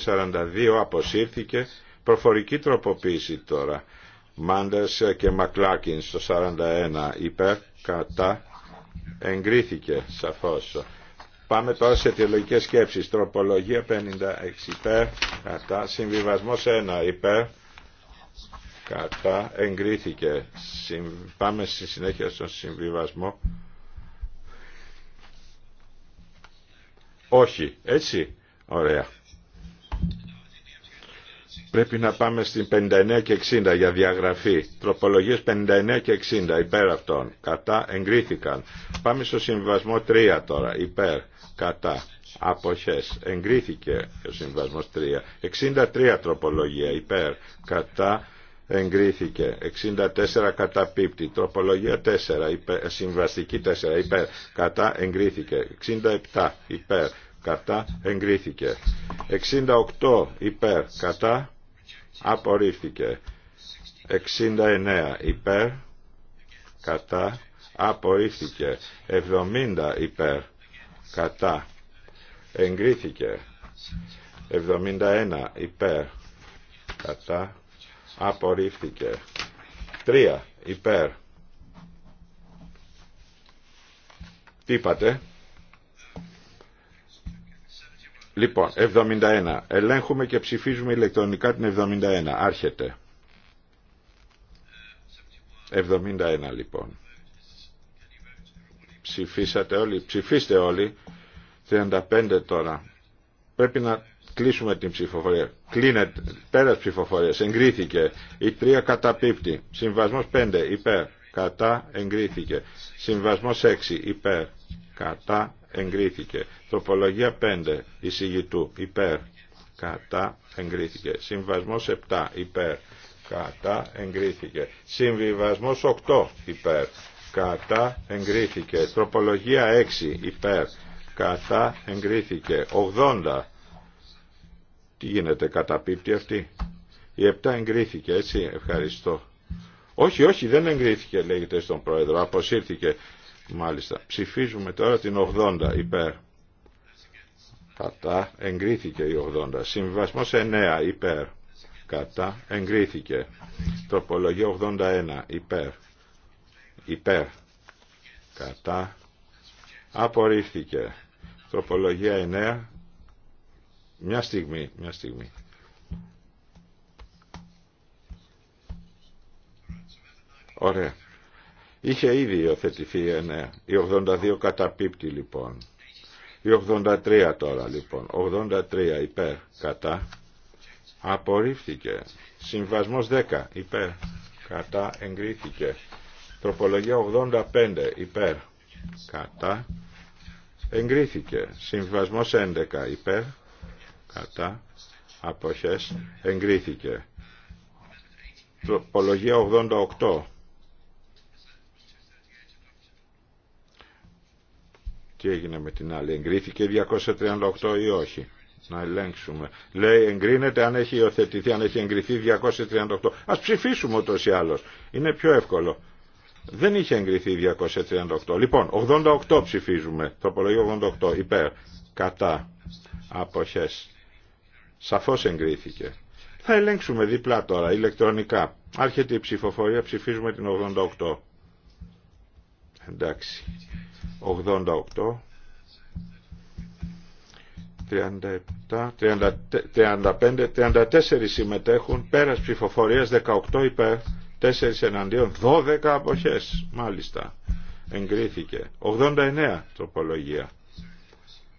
[SPEAKER 5] 242 αποσύρθηκε προφορική τροποποίηση τώρα Μάντερς και Μακλάκιν στο 41 υπέρ κατά εγκρίθηκε σαφώς Πάμε τώρα σε αιτιολογικές σκέψεις. Τροπολογία 56 υπέρ, κατά, συμβιβασμός 1 υπέρ, κατά, εγκρίθηκε. Πάμε στη συνέχεια στον συμβιβασμό. Όχι, έτσι, ωραία. Πρέπει να πάμε στην 59 και 60 για διαγραφή. Τροπολογίες 59 και 60 υπέρ αυτών. Κατά εγκρίθηκαν. Πάμε στο συμβασμό 3 τώρα. Υπέρ. Κατά. Αποχές. Εγκρίθηκε ο συμβασμός 3. 63 τροπολογία υπέρ. Κατά εγκρίθηκε. 64 κατά πίπτη. Τροπολογία 4. συμβαστική 4. Υπέρ. Κατά εγκρίθηκε. 67 υπέρ κατά εγκρίθηκε. 68 υπέρ κατά απορρίφθηκε. 69 υπέρ κατά απορρίφθηκε. 70 υπέρ κατά εγκρίθηκε. 71 υπέρ κατά απορρίφθηκε. 3 υπέρ. Τι είπατε. Λοιπόν, 71. Ελέγχουμε και ψηφίζουμε ηλεκτρονικά την 71. Άρχεται. 71 λοιπόν. Ψηφίσατε όλοι. Ψηφίστε όλοι. 35 τώρα. Πρέπει να κλείσουμε την ψηφοφορία. Κλείνεται. Πέρας ψηφοφορία. Εγκρίθηκε. Η 3 καταπίπτει. Συμβασμός 5. Υπέρ. Κατά. Εγκρίθηκε. Συμβασμός 6. Υπέρ. Κατά εγκρίθηκε. Τροπολογία 5 εισηγητού υπέρ κατά εγκρίθηκε. Συμβασμός 7 υπέρ κατά εγκρίθηκε. Συμβιβασμός 8 υπέρ κατά εγκρίθηκε. Τροπολογία 6 υπέρ κατά εγκρίθηκε. 80 τι γίνεται, καταπίπτει αυτή. Η 7 εγκρίθηκε, έτσι, ευχαριστώ. Όχι, όχι, δεν εγκρίθηκε, λέγεται στον Πρόεδρο, αποσύρθηκε. Μάλιστα. Ψηφίζουμε τώρα την 80 υπέρ. Κατά. Εγκρίθηκε η 80. Συμβιβασμό 9 υπέρ. Κατά. Εγκρίθηκε. Τροπολογία 81 υπέρ. Υπέρ. Κατά. Απορρίφθηκε. Τροπολογία 9. Μια στιγμή. Μια στιγμή. Ωραία. Είχε ήδη υιοθετηθεί η 9. Η 82 καταπίπτει λοιπόν. Η 83 τώρα λοιπόν. 83 υπέρ κατά. Απορρίφθηκε. Συμβασμός 10 υπέρ κατά εγκρίθηκε. Τροπολογία 85 υπέρ κατά εγκρίθηκε. Συμβασμός 11 υπέρ κατά αποχές εγκρίθηκε. Τροπολογία 88 Τι έγινε με την άλλη, εγκρίθηκε 238 ή όχι. Να ελέγξουμε. Λέει εγκρίνεται αν έχει υιοθετηθεί, αν έχει εγκριθεί 238. Ας ψηφίσουμε ούτως ή άλλως. Είναι πιο εύκολο. Δεν είχε εγκριθεί 238. Λοιπόν, 88 ψηφίζουμε. Τροπολογία 88. Υπέρ. Κατά. Αποχές. Σαφώς εγκρίθηκε. Θα ελέγξουμε διπλά τώρα, ηλεκτρονικά. Άρχεται η ψηφοφορία, ψηφίζουμε την 88 εντάξει 88 37, 35, 34 συμμετέχουν πέρας ψηφοφορίας 18 υπέρ 4 εναντίον 12 αποχές μάλιστα εγκρίθηκε 89 τροπολογία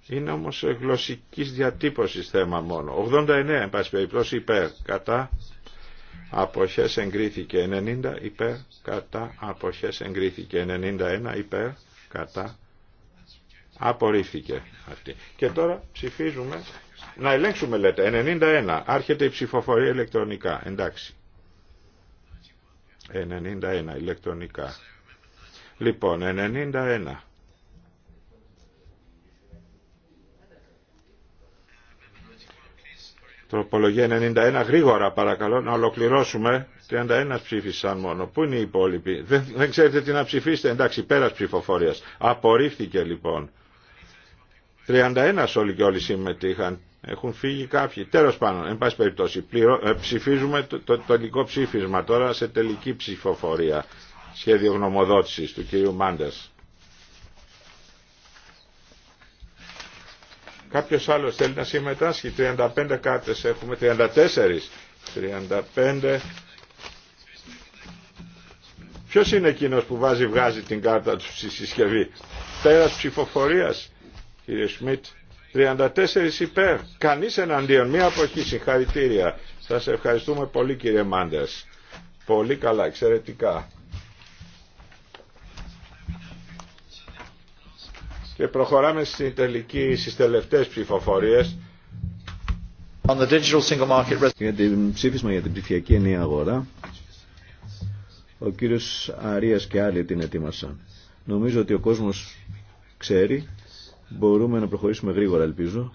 [SPEAKER 5] είναι όμως γλωσσικής διατύπωσης θέμα μόνο 89 εν πάση περιπτώσει υπέρ κατά αποχές εγκρίθηκε 90 υπέρ κατά αποχές εγκρίθηκε 91 υπέρ κατά απορρίφθηκε αυτή. Και τώρα ψηφίζουμε, να ελέγξουμε λέτε, 91, άρχεται η ψηφοφορία ηλεκτρονικά, εντάξει. 91 ηλεκτρονικά. Λοιπόν, 91. Τροπολογία 91 γρήγορα παρακαλώ να ολοκληρώσουμε. 31 ψήφισαν μόνο. Πού είναι οι υπόλοιποι. Δεν, ξέρετε τι να ψηφίσετε. Εντάξει πέρας ψηφοφορίας. Απορρίφθηκε λοιπόν. 31 όλοι και όλοι συμμετείχαν. Έχουν φύγει κάποιοι. Τέλος πάνω. εν πάση περιπτώσει, ε, ψηφίζουμε το, τελικό ψήφισμα τώρα σε τελική ψηφοφορία. Σχέδιο γνωμοδότησης του κυρίου Μάντας. Κάποιος άλλος θέλει να συμμετάσχει. 35 κάρτες έχουμε. 34. 35. Ποιος είναι εκείνος που βάζει βγάζει την κάρτα του στη συσκευή. Πέρας ψηφοφορίας. Κύριε Σμιτ. 34 υπέρ. Κανείς εναντίον. Μία αποχή. Συγχαρητήρια. Σας ευχαριστούμε πολύ κύριε Μάντες. Πολύ καλά. Εξαιρετικά. Και προχωράμε στην τελική, στις τελευταίες ψηφοφορίες.
[SPEAKER 1] Για την ψήφισμα για την ψηφιακή ενιαία αγορά, ο κύριος Αρίας και άλλοι την ετοίμασαν. Νομίζω ότι ο κόσμος ξέρει, μπορούμε να προχωρήσουμε γρήγορα ελπίζω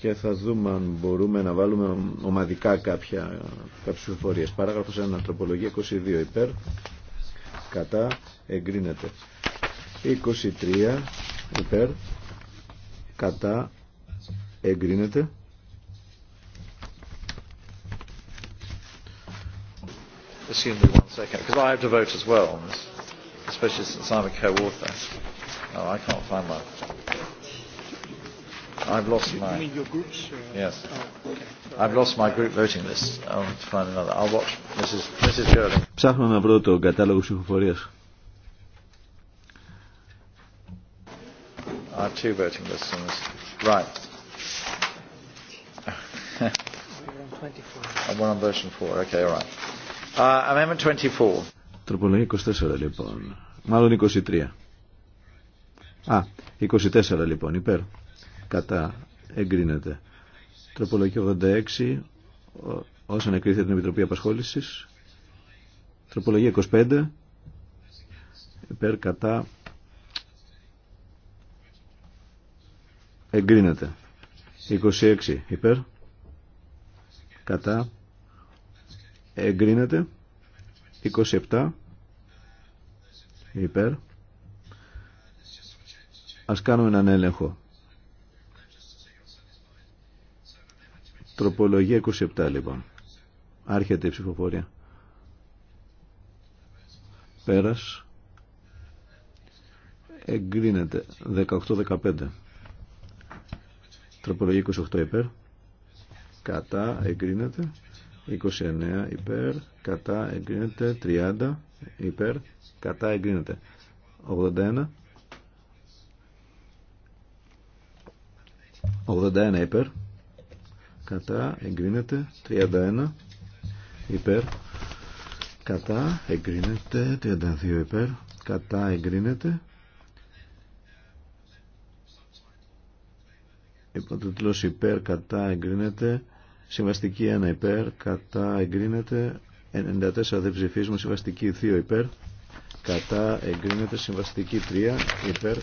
[SPEAKER 1] και θα δούμε αν μπορούμε να βάλουμε ομαδικά κάποια, κάποιες ψηφοφορίες. Παράγραφος 1, τροπολογία 22 υπέρ, κατά εγκρίνεται. 23 υπέρ κατά εγκρίνεται
[SPEAKER 2] Assume me one second, because I have to vote as well, especially since I'm a co-author. Oh, I can't find my. I've lost my. You mean your groups? Yes. I've lost my group voting list. I'll have to find another. I'll watch Mrs. Mrs. Gerling.
[SPEAKER 1] Ψάχνω να βρω τον κατάλογο ψηφοφορίας.
[SPEAKER 2] Are two voting lists on this. Right. I'm on version 4. Okay, all right. Uh, amendment 24.
[SPEAKER 1] Τροπολογία 24 λοιπόν. Μάλλον 23. Α, 24 λοιπόν, υπέρ. Κατά εγκρίνεται. Τροπολογία 86, όσον εκρίθεται την Επιτροπή Απασχόλησης. Τροπολογία 25, υπέρ κατά εγκρίνεται 26 υπέρ κατά εγκρίνεται 27 υπέρ ας κάνουμε έναν έλεγχο τροπολογία 27 λοιπόν άρχεται η ψηφοφορία πέρας εγκρίνεται 18-15 Τροπολογία 28 υπέρ. Κατά εγκρίνεται. 29 υπέρ. Κατά εγκρίνεται. 30 υπέρ. Κατά εγκρίνεται. 81. 81 υπέρ. Κατά εγκρίνεται. 31 υπέρ. Κατά εγκρίνεται. 32 υπέρ. Κατά εγκρίνεται. υποτιτλός υπέρ κατά εγκρίνεται συμβαστική 1 υπέρ κατά εγκρίνεται 94 δεν ψηφίζουμε συμβαστική 2 υπέρ κατά εγκρίνεται συμβαστική 3 υπέρ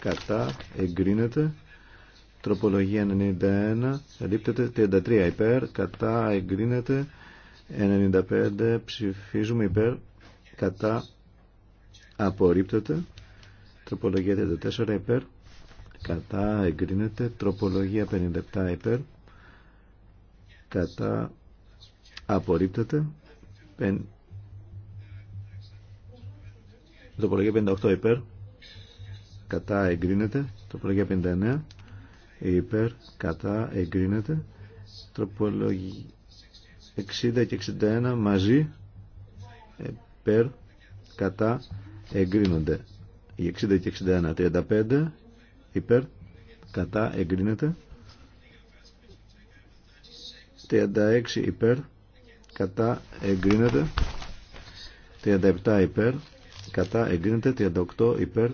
[SPEAKER 1] κατά εγκρίνεται τροπολογία 91 ρίπτεται 33 υπέρ κατά εγκρίνεται 95 ψηφίζουμε υπέρ κατά απορρίπτεται τροπολογία 34 υπέρ κατά εγκρίνεται τροπολογία 57 υπέρ κατά απορρίπτεται τροπολογία 58 υπέρ κατά εγκρίνεται τροπολογία 59 υπέρ κατά εγκρίνεται τροπολογία 60 και 61 μαζί υπέρ κατά εγκρίνονται η 60 και 61 35 υπέρ κατά εγκρίνεται 36 υπέρ κατά εγκρίνεται 37 υπέρ κατά εγκρίνεται 38 υπέρ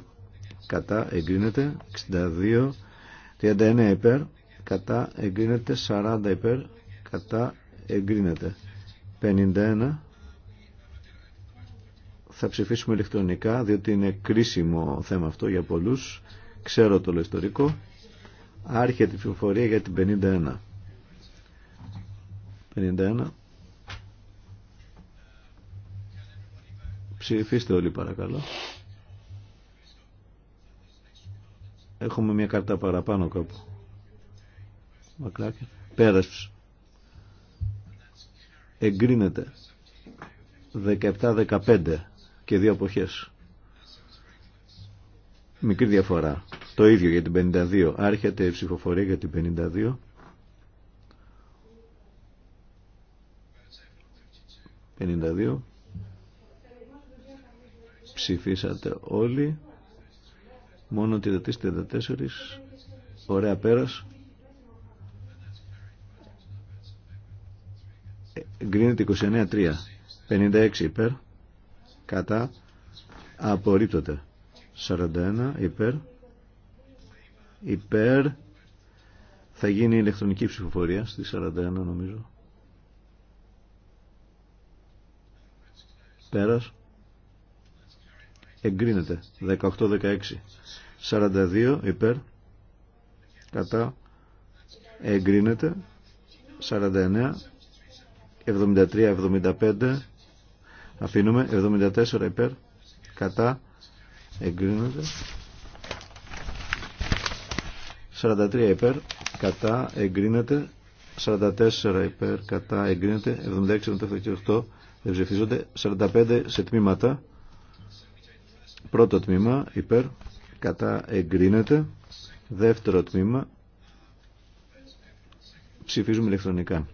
[SPEAKER 1] κατά εγκρίνεται 62 39 υπέρ κατά εγκρίνεται 40 υπέρ κατά εγκρίνεται 51 θα ψηφίσουμε ηλεκτρονικά διότι είναι κρίσιμο θέμα αυτό για πολλούς Ξέρω το ιστορικό. Άρχεται η ψηφοφορία για την 51. 51. Ψηφίστε όλοι παρακαλώ. Έχουμε μια κάρτα παραπάνω κάπου. Πέρασες; Πέρας. Εγκρίνεται. 17-15 και δύο εποχές. Μικρή διαφορά. Το ίδιο για την 52. Άρχεται η ψηφοφορία για την 52. ...52. Ψηφίσατε όλοι. Μόνο 33-34. Ωραία πέρας. Γκρίνεται 29-3. 56 υπέρ. Κατά. Απορρίπτονται. 41 υπέρ υπέρ θα γίνει ηλεκτρονική ψηφοφορία στη 41 νομίζω πέρας εγκρίνεται 18-16 42 υπέρ κατά εγκρίνεται 49 73-75 αφήνουμε 74 υπέρ κατά εγκρίνεται 43 υπέρ κατά εγκρίνεται 44 υπέρ κατά 76 78 76-77-88 δεν ψηφίζονται 45 σε τμήματα πρώτο τμήμα υπέρ κατά εγκρίνεται δεύτερο τμήμα ψηφίζουμε ηλεκτρονικά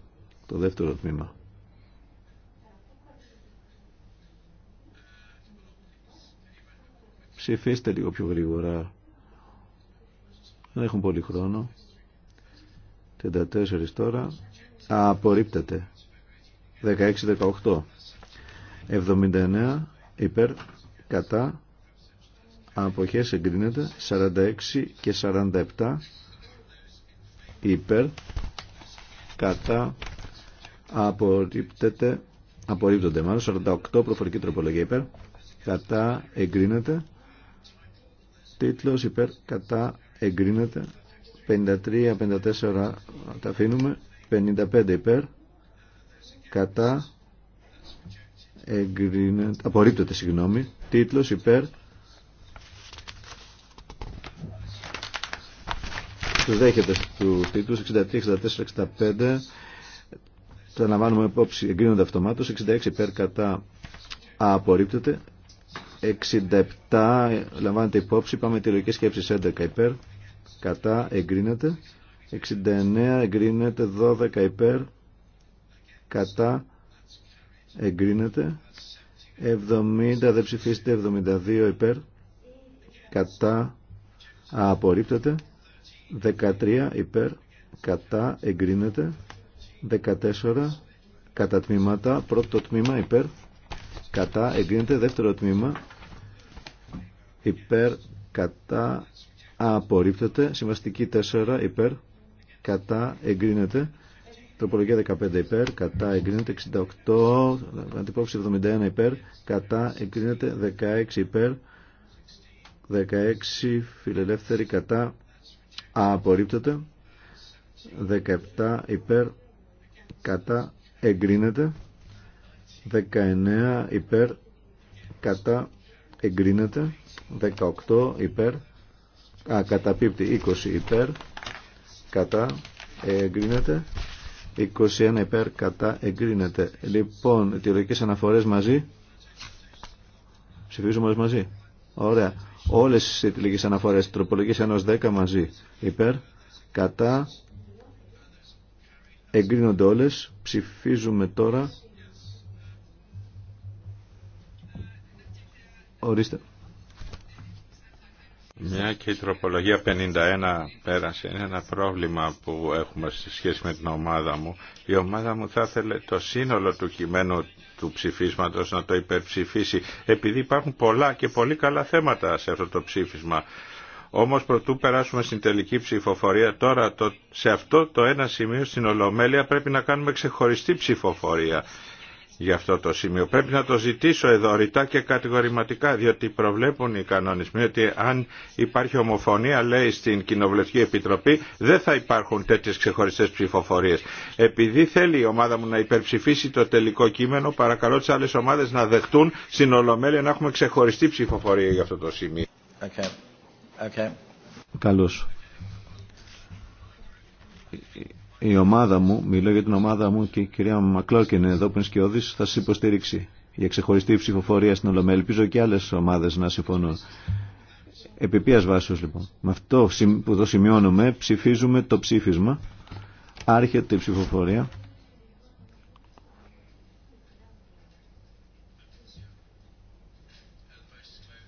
[SPEAKER 1] το δεύτερο τμήμα ψηφίστε λίγο πιο γρήγορα δεν έχουν πολύ χρόνο. 34 τώρα. Απορρίπτεται. 16-18. 79 υπέρ κατά αποχές εγκρίνεται 46 και 47 υπέρ κατά απορρίπτεται απορρίπτονται μάλλον 48 προφορική τροπολογία υπέρ κατά εγκρίνεται τίτλος υπέρ κατά εγκρίνεται 53-54 τα αφήνουμε 55 υπέρ κατά εγκρίνεται απορρίπτεται συγγνώμη τίτλος υπέρ του δέχεται του τίτλου 63, 64, 65 τα λαμβάνουμε υπόψη εγκρίνονται αυτομάτως 66 υπέρ κατά απορρίπτεται 67 λαμβάνεται υπόψη πάμε τη λογική σκέψη 11 υπέρ κατά εγκρίνεται 69 εγκρίνεται 12 υπέρ κατά εγκρίνεται 70 δεν ψηφίσετε 72 υπέρ κατά απορρίπτεται 13 υπέρ κατά εγκρίνεται 14 κατά τμήματα πρώτο τμήμα υπέρ κατά εγκρίνεται δεύτερο τμήμα υπέρ κατά απορρίπτεται. Συμβαστική 4 υπέρ, κατά εγκρίνεται. Τροπολογία 15 υπέρ, κατά εγκρίνεται 68, αντιπόψη 71 υπέρ, κατά εγκρίνεται 16 υπέρ, 16 φιλελεύθερη κατά απορρίπτεται, 17 υπέρ, κατά εγκρίνεται, 19 υπέρ, κατά εγκρίνεται, 18 υπέρ, α, καταπίπτει 20 υπέρ κατά εγκρίνεται 21 υπέρ κατά εγκρίνεται λοιπόν λογική αναφορές μαζί ψηφίζουμε όλες μαζί ωραία όλες τις τηλεγικές αναφορές τροπολογίες 1 10 μαζί υπέρ κατά εγκρίνονται όλες ψηφίζουμε τώρα ορίστε
[SPEAKER 5] μια και η τροπολογία 51 πέρασε. Είναι ένα πρόβλημα που έχουμε στη σχέση με την ομάδα μου. Η ομάδα μου θα ήθελε το σύνολο του κειμένου του ψηφίσματος να το υπερψηφίσει επειδή υπάρχουν πολλά και πολύ καλά θέματα σε αυτό το ψήφισμα. Όμως προτού περάσουμε στην τελική ψηφοφορία τώρα το, σε αυτό το ένα σημείο στην Ολομέλεια πρέπει να κάνουμε ξεχωριστή ψηφοφορία για αυτό το σημείο. Πρέπει να το ζητήσω εδώ ρητά και κατηγορηματικά, διότι προβλέπουν οι κανονισμοί ότι αν υπάρχει ομοφωνία, λέει στην Κοινοβουλευτική Επιτροπή, δεν θα υπάρχουν τέτοιε ξεχωριστέ ψηφοφορίε. Επειδή θέλει η ομάδα μου να υπερψηφίσει το τελικό κείμενο, παρακαλώ τι άλλε ομάδε να δεχτούν στην Ολομέλεια να έχουμε ξεχωριστή ψηφοφορία για αυτό το σημείο.
[SPEAKER 2] Okay. Καλώς
[SPEAKER 1] η ομάδα μου, μιλώ για την ομάδα μου και η κυρία Μακλόκεν εδώ που είναι σκιώδης, θα σα υποστηρίξει για ξεχωριστή ψηφοφορία στην Ολομέλη. Ελπίζω και άλλες ομάδες να συμφωνούν. Επιπίας βάσεως λοιπόν. Με αυτό που εδώ σημειώνουμε ψηφίζουμε το ψήφισμα. Άρχεται η ψηφοφορία.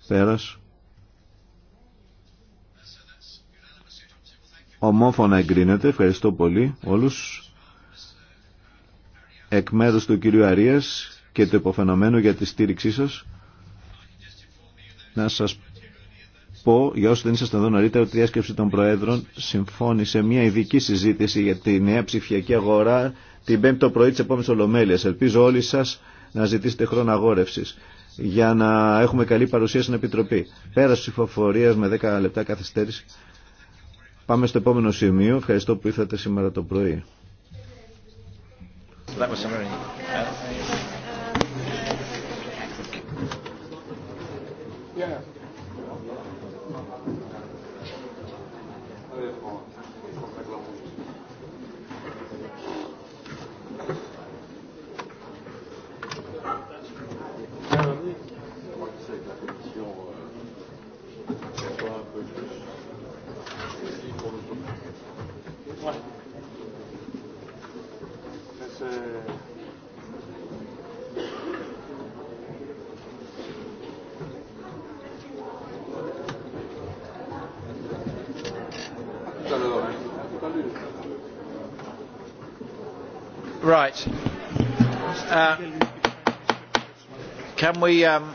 [SPEAKER 1] Πέρας. Ομόφωνα εγκρίνεται. Ευχαριστώ πολύ όλους. Εκ μέρους του κυρίου Αρίας και του υποφαινομένου για τη στήριξή σας. Να σας πω, για όσους δεν ήσασταν εδώ νωρίτερα, ότι η διάσκεψη των Προέδρων συμφώνησε μια ειδική συζήτηση για τη νέα ψηφιακή αγορά την Πέμπτη το πρωί τη επόμενη Ολομέλεια. Ελπίζω όλοι σα να ζητήσετε χρόνο αγόρευση για να έχουμε καλή παρουσία στην Επιτροπή. Πέρα τη ψηφοφορία με 10 λεπτά καθυστέρηση Πάμε στο επόμενο σημείο. Ευχαριστώ που ήρθατε σήμερα το πρωί.
[SPEAKER 2] Right. Uh, um,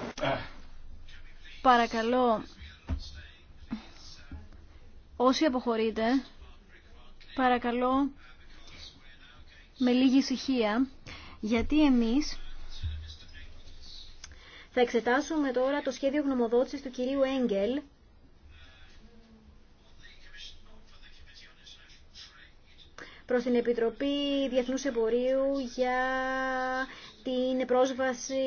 [SPEAKER 3] παρακαλώ, όσοι αποχωρείτε, παρακαλώ με λίγη ησυχία, γιατί εμείς θα εξετάσουμε τώρα το σχέδιο γνωμοδότησης του κυρίου Έγγελ προς την Επιτροπή Διεθνούς Εμπορίου για την πρόσβαση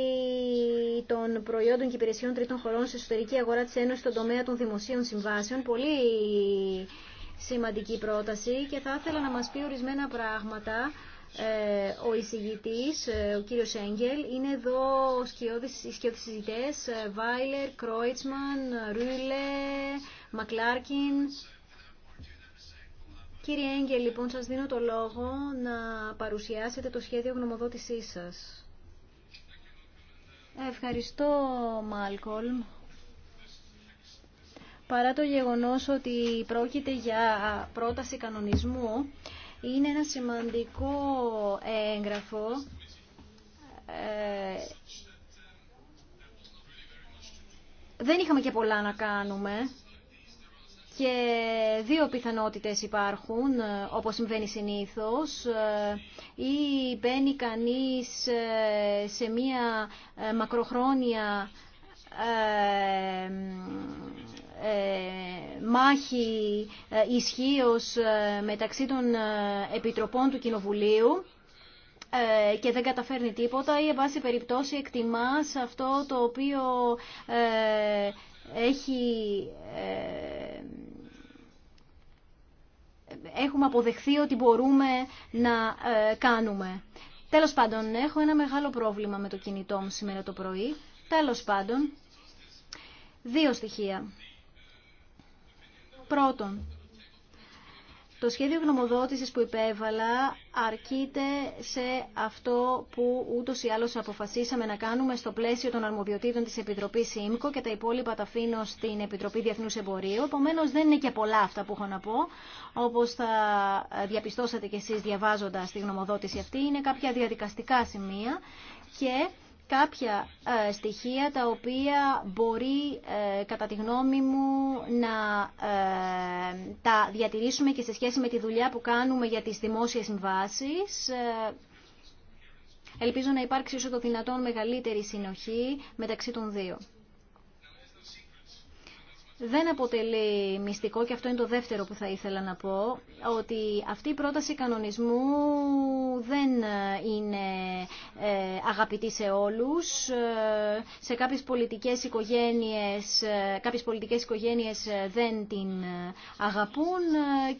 [SPEAKER 3] των προϊόντων και υπηρεσιών τρίτων χωρών σε εσωτερική αγορά της Ένωσης στον τομέα των δημοσίων συμβάσεων. Πολύ σημαντική πρόταση και θα ήθελα να μας πει ορισμένα πράγματα ε, ο εισηγητής, ε, ο κύριος Έγγελ, είναι εδώ οι σκιώδεις συζητές, Βάιλερ, Κρόιτσμαν, Ρούλε, Μακλάρκιν, Κύριε Έγγελ, λοιπόν, σας δίνω το λόγο να παρουσιάσετε το σχέδιο γνωμοδότησής σας. Ευχαριστώ, Μάλκολμ. Παρά το γεγονός ότι πρόκειται για πρόταση κανονισμού, είναι ένα σημαντικό έγγραφο ε, δεν είχαμε και πολλά να κάνουμε και δύο πιθανότητες υπάρχουν, ε, όπως συμβαίνει συνήθως. Ε, ή μπαίνει κανείς ε, σε μία μακροχρόνια μάχη ισχύως μεταξύ των επιτροπών του Κοινοβουλίου και δεν καταφέρνει τίποτα ή, εν περιπτώσει, εκτιμάς αυτό το οποίο έχει έχουμε αποδεχθεί ότι μπορούμε να ε, κάνουμε. Τέλος πάντων, έχω ένα μεγάλο πρόβλημα με το κινητό μου σήμερα το πρωί. Τέλος πάντων, δύο στοιχεία. Πρώτον, το σχέδιο γνωμοδότησης που υπέβαλα αρκείται σε αυτό που ούτως ή άλλως αποφασίσαμε να κάνουμε στο πλαίσιο των αρμοδιοτήτων της Επιτροπής ΣΥΜΚΟ και τα υπόλοιπα τα αφήνω στην Επιτροπή Διεθνούς Εμπορίου. Επομένω δεν είναι και πολλά αυτά που έχω να πω. Όπως θα διαπιστώσατε κι εσείς διαβάζοντας τη γνωμοδότηση αυτή, είναι κάποια διαδικαστικά σημεία και κάποια ε, στοιχεία τα οποία μπορεί ε, κατά τη γνώμη μου να ε, τα διατηρήσουμε και σε σχέση με τη δουλειά που κάνουμε για τις δημόσιες συμβάσεις. Ελπίζω να υπάρξει όσο το δυνατόν μεγαλύτερη συνοχή μεταξύ των δύο δεν αποτελεί μυστικό και αυτό είναι το δεύτερο που θα ήθελα να πω ότι αυτή η πρόταση κανονισμού δεν είναι ε, αγαπητή σε όλους ε, σε κάποιες πολιτικές οικογένειες ε, κάποιες πολιτικές οικογένειες δεν την αγαπούν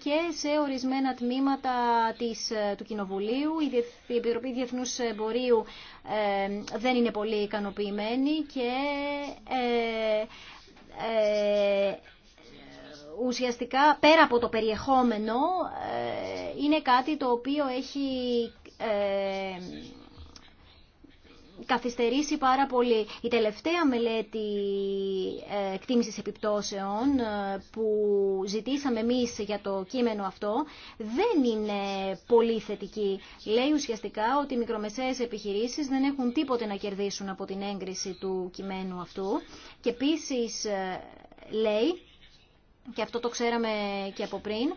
[SPEAKER 3] και σε ορισμένα τμήματα της, του Κοινοβουλίου η Επιτροπή Διεθνούς Εμπορίου δεν είναι πολύ ικανοποιημένη και ε, ουσιαστικά πέρα από το περιεχόμενο ε, είναι κάτι το οποίο έχει ε, καθυστερήσει πάρα πολύ. Η τελευταία μελέτη ε, εκτίμησης επιπτώσεων ε, που ζητήσαμε εμείς για το κείμενο αυτό δεν είναι πολύ θετική. Λέει ουσιαστικά ότι οι μικρομεσαίες επιχειρήσεις δεν έχουν τίποτε να κερδίσουν από την έγκριση του κειμένου αυτού και επίσης ε, λέει και αυτό το ξέραμε και από πριν,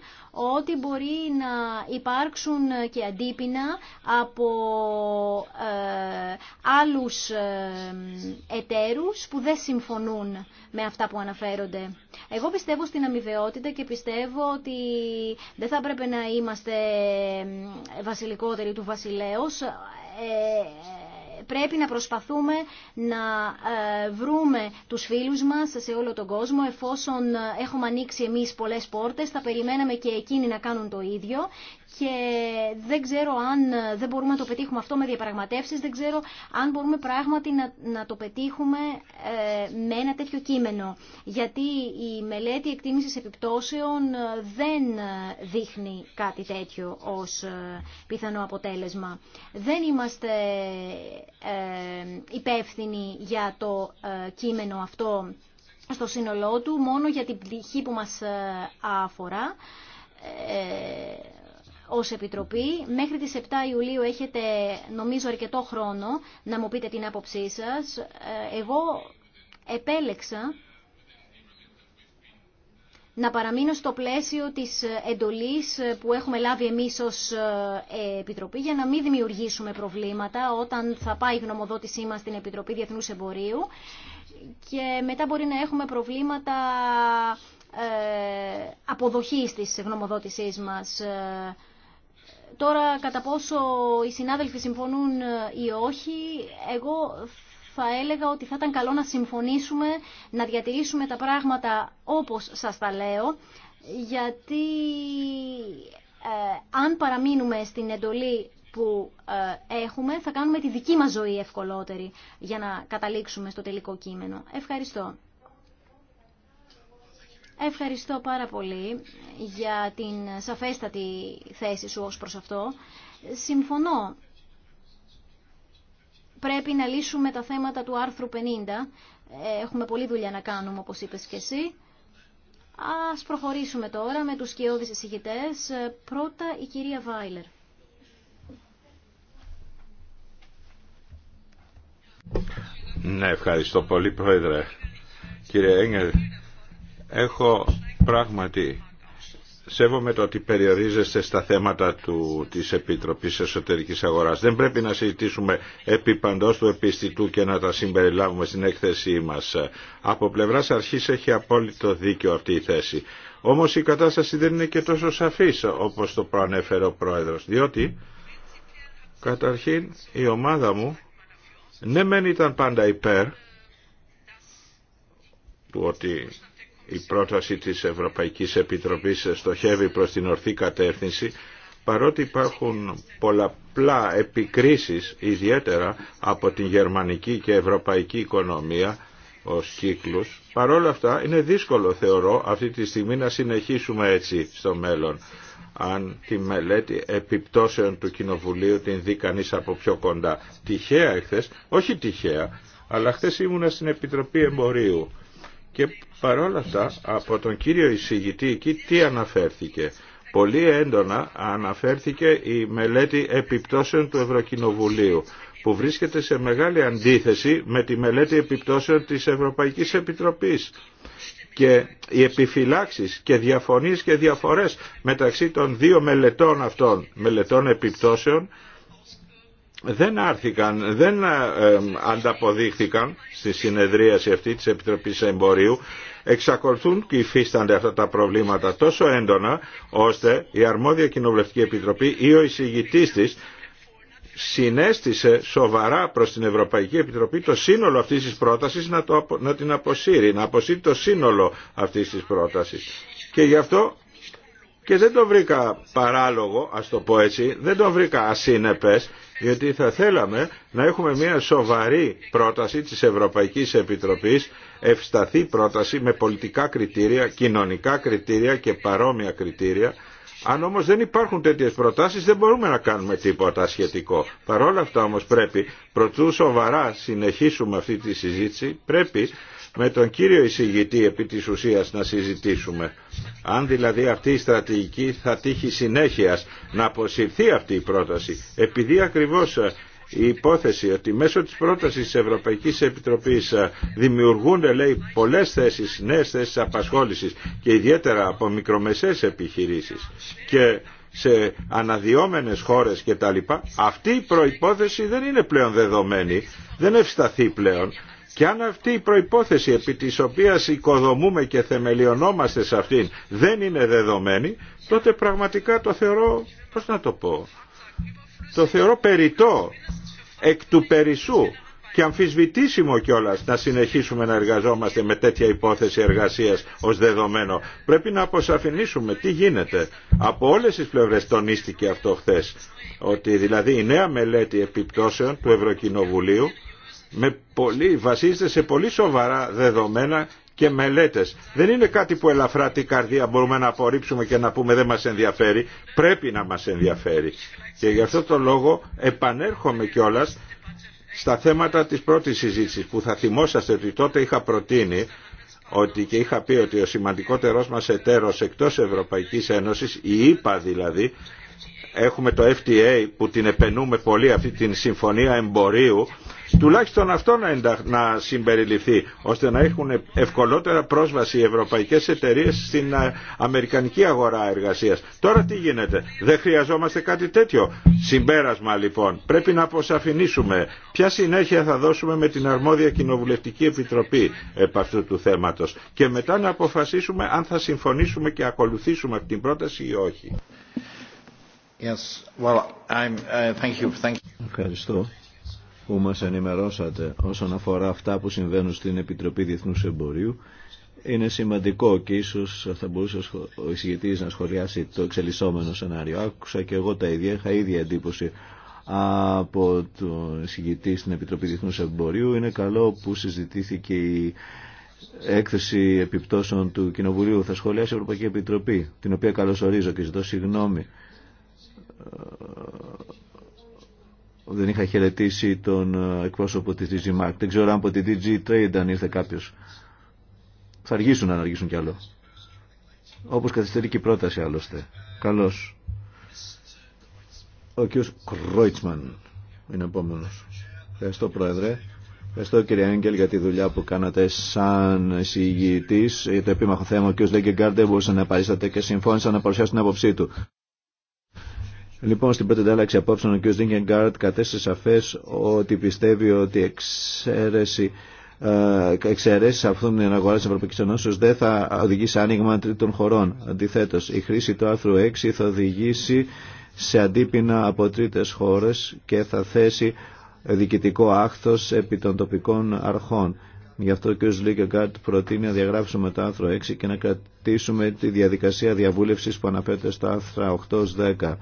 [SPEAKER 3] ότι μπορεί να υπάρξουν και αντίπεινα από ε, άλλους ε, εταίρους που δεν συμφωνούν με αυτά που αναφέρονται. Εγώ πιστεύω στην αμοιβαιότητα και πιστεύω ότι δεν θα έπρεπε να είμαστε βασιλικότεροι του βασιλέως. Ε, πρέπει να προσπαθούμε να ε, βρούμε τους φίλους μας σε όλο τον κόσμο. Εφόσον ε, έχουμε ανοίξει εμείς πολλές πόρτες, θα περιμέναμε και εκείνοι να κάνουν το ίδιο και δεν ξέρω αν ε, δεν μπορούμε να το πετύχουμε αυτό με διαπραγματεύσεις, δεν ξέρω αν μπορούμε πράγματι να, το πετύχουμε ε, με ένα τέτοιο κείμενο. Γιατί η μελέτη εκτίμησης επιπτώσεων ε, δεν δείχνει κάτι τέτοιο ως πιθανό αποτέλεσμα. Δεν είμαστε υπεύθυνοι για το κείμενο αυτό στο σύνολό του, μόνο για την πτυχή που μας αφορά ως Επιτροπή. Μέχρι τις 7 Ιουλίου έχετε νομίζω αρκετό χρόνο να μου πείτε την άποψή σας. Ε, εγώ επέλεξα να παραμείνω στο πλαίσιο της εντολής που έχουμε λάβει εμείς ως ε, Επιτροπή για να μην δημιουργήσουμε προβλήματα όταν θα πάει η γνωμοδότησή μας στην Επιτροπή Διεθνούς Εμπορίου και μετά μπορεί να έχουμε προβλήματα ε, αποδοχής της γνωμοδότησής μας. Τώρα, κατά πόσο οι συνάδελφοι συμφωνούν ε, ή όχι, εγώ θα έλεγα ότι θα ήταν καλό να συμφωνήσουμε, να διατηρήσουμε τα πράγματα όπως σας τα λέω, γιατί ε, αν παραμείνουμε στην εντολή που ε, έχουμε, θα κάνουμε τη δική μας ζωή ευκολότερη για να καταλήξουμε στο τελικό κείμενο. Ευχαριστώ. Ευχαριστώ πάρα πολύ για την σαφέστατη θέση σου ως προς αυτό. Συμφωνώ. Πρέπει να λύσουμε τα θέματα του άρθρου 50. Ε, έχουμε πολλή δουλειά να κάνουμε, όπως είπες και εσύ. Ας προχωρήσουμε τώρα με τους σκιώδεις εισηγητές. Ε, πρώτα η κυρία Βάιλερ.
[SPEAKER 5] Ναι, ευχαριστώ πολύ, Πρόεδρε. Κύριε Έγγελ, έχω πράγματι σέβομαι το ότι περιορίζεστε στα θέματα του, της Επιτροπής Εσωτερικής Αγοράς. Δεν πρέπει να συζητήσουμε επί παντός του επιστητού και να τα συμπεριλάβουμε στην έκθεσή μας. Από πλευράς αρχής έχει απόλυτο δίκιο αυτή η θέση. Όμως η κατάσταση δεν είναι και τόσο σαφής όπως το προανέφερε ο Πρόεδρος. Διότι, καταρχήν, η ομάδα μου ναι μεν ήταν πάντα υπέρ του ότι η πρόταση της Ευρωπαϊκής Επιτροπής στοχεύει προς την ορθή κατεύθυνση, παρότι υπάρχουν πολλαπλά επικρίσεις, ιδιαίτερα από την γερμανική και ευρωπαϊκή οικονομία, ως κύκλους. Παρόλα αυτά είναι δύσκολο θεωρώ αυτή τη στιγμή να συνεχίσουμε έτσι στο μέλλον. Αν τη μελέτη επιπτώσεων του Κοινοβουλίου την δει κανείς από πιο κοντά. Τυχαία εχθές, όχι τυχαία, αλλά χθε ήμουνα στην Επιτροπή Εμπορίου και παρόλα αυτά από τον κύριο εισηγητή εκεί τι αναφέρθηκε. Πολύ έντονα αναφέρθηκε η μελέτη επιπτώσεων του Ευρωκοινοβουλίου που βρίσκεται σε μεγάλη αντίθεση με τη μελέτη επιπτώσεων της Ευρωπαϊκής Επιτροπής και οι επιφυλάξεις και διαφωνίες και διαφορές μεταξύ των δύο μελετών αυτών, μελετών επιπτώσεων δεν άρθηκαν, δεν ε, ανταποδείχθηκαν στη συνεδρίαση αυτή της Επιτροπής Εμπορίου εξακολουθούν και υφίστανται αυτά τα προβλήματα τόσο έντονα ώστε η αρμόδια κοινοβουλευτική επιτροπή ή ο εισηγητής της συνέστησε σοβαρά προς την Ευρωπαϊκή Επιτροπή το σύνολο αυτής της πρότασης να, να την αποσύρει, να αποσύρει το σύνολο αυτής της πρότασης. Και γι' αυτό και δεν το βρήκα παράλογο, ας το πω έτσι, δεν το βρήκα ασύνεπες, γιατί θα θέλαμε να έχουμε μια σοβαρή πρόταση της Ευρωπαϊκής Επιτροπής, ευσταθή πρόταση με πολιτικά κριτήρια, κοινωνικά κριτήρια και παρόμοια κριτήρια, αν όμω δεν υπάρχουν τέτοιε προτάσει, δεν μπορούμε να κάνουμε τίποτα σχετικό. Παρ' όλα αυτά όμω πρέπει, προτού σοβαρά συνεχίσουμε αυτή τη συζήτηση, πρέπει με τον κύριο εισηγητή επί της ουσίας να συζητήσουμε. Αν δηλαδή αυτή η στρατηγική θα τύχει συνέχεια να αποσυρθεί αυτή η πρόταση, επειδή ακριβώς ε, η υπόθεση ότι μέσω της πρότασης της Ευρωπαϊκής Επιτροπής ε, δημιουργούνται λέει πολλές θέσεις, νέες θέσεις απασχόλησης και ιδιαίτερα από μικρομεσαίες επιχειρήσεις και σε αναδιόμενες χώρες και αυτή η προϋπόθεση δεν είναι πλέον δεδομένη, δεν ευσταθεί πλέον και αν αυτή η προϋπόθεση επί της οποίας οικοδομούμε και θεμελιωνόμαστε σε αυτήν δεν είναι δεδομένη, τότε πραγματικά το θεωρώ, πώς να το πω, το θεωρώ περιττό εκ του περισσού και αμφισβητήσιμο κιόλας να συνεχίσουμε να εργαζόμαστε με τέτοια υπόθεση εργασίας ως δεδομένο. Πρέπει να αποσαφηνίσουμε τι γίνεται. Από όλες τις πλευρές τονίστηκε αυτό χθες, ότι δηλαδή η νέα μελέτη επιπτώσεων του Ευρωκοινοβουλίου με πολύ, βασίζεται σε πολύ σοβαρά δεδομένα και μελέτες. Δεν είναι κάτι που ελαφρά την καρδία μπορούμε να απορρίψουμε και να πούμε δεν μας ενδιαφέρει. Πρέπει να μας ενδιαφέρει. Και γι' αυτό το λόγο επανέρχομαι κιόλας στα θέματα της πρώτης συζήτησης που θα θυμόσαστε ότι τότε είχα προτείνει ότι και είχα πει ότι ο σημαντικότερός μας εταίρος εκτός Ευρωπαϊκής Ένωσης, η ΕΠΑ δηλαδή, έχουμε το FTA που την επενούμε πολύ αυτή την συμφωνία εμπορίου τουλάχιστον αυτό να συμπεριληφθεί ώστε να έχουν ευκολότερα πρόσβαση οι ευρωπαϊκές εταιρείες στην ε, αμερικανική αγορά εργασίας. Τώρα τι γίνεται, δεν χρειαζόμαστε κάτι τέτοιο. Συμπέρασμα λοιπόν, πρέπει να αποσαφηνίσουμε ποια συνέχεια θα δώσουμε με την αρμόδια κοινοβουλευτική επιτροπή επ' αυτού του θέματος και μετά να αποφασίσουμε αν θα συμφωνήσουμε και ακολουθήσουμε την πρόταση ή όχι.
[SPEAKER 2] Yes. Well, I'm... Uh, thank you. Thank you. Ευχαριστώ
[SPEAKER 1] που μας ενημερώσατε όσον αφορά αυτά που συμβαίνουν στην Επιτροπή Διεθνούς Εμπορίου. Είναι σημαντικό και ίσως θα μπορούσε ο εισηγητής να σχολιάσει το εξελισσόμενο σενάριο. Άκουσα και εγώ τα ίδια, είχα ίδια εντύπωση από τον εισηγητή στην Επιτροπή Διεθνούς Εμπορίου. Είναι καλό που συζητήθηκε η έκθεση επιπτώσεων του Κοινοβουλίου. Θα σχολιάσει η Ευρωπαϊκή Επιτροπή, την οποία καλωσορίζω και ζητώ συγγνώμη δεν είχα χαιρετήσει τον ε, εκπρόσωπο της DG Mark. Δεν ξέρω αν από τη DG Trade αν ήρθε κάποιος. Θα αργήσουν να αργήσουν κι άλλο. Όπως καθυστερεί και η πρόταση άλλωστε. Καλώς. Ο κ. Κρόιτσμαν είναι επόμενος. Ευχαριστώ Πρόεδρε. Ευχαριστώ κύριε Έγκελ για τη δουλειά που κάνατε σαν εισηγητής για το επίμαχο θέμα. Ο κ. Λέγκεγκάρντε μπορούσε να παρίσταται και συμφώνησε να παρουσιάσει την άποψή του. Λοιπόν, στην πρώτη εντάλλαξη απόψεων ο κ. Δίνκεγκάρτ κατέστησε σαφέ ότι πιστεύει ότι εξαίρεση ε, εξαιρέσει αυτού την αγορά τη Ευρωπαϊκή Ενώσεω δεν θα οδηγήσει άνοιγμα τρίτων χωρών. Αντιθέτω, η χρήση του άρθρου 6 θα οδηγήσει σε αντίπεινα από τρίτε χώρε και θα θέσει διοικητικό άχθο επί των τοπικών αρχών. Γι' αυτό ο κ. Λίγκεγκάρτ προτείνει να διαγράψουμε το άρθρο 6 και να κρατήσουμε τη διαδικασία διαβούλευση που αναφέρεται στο άρθρο 8 8-10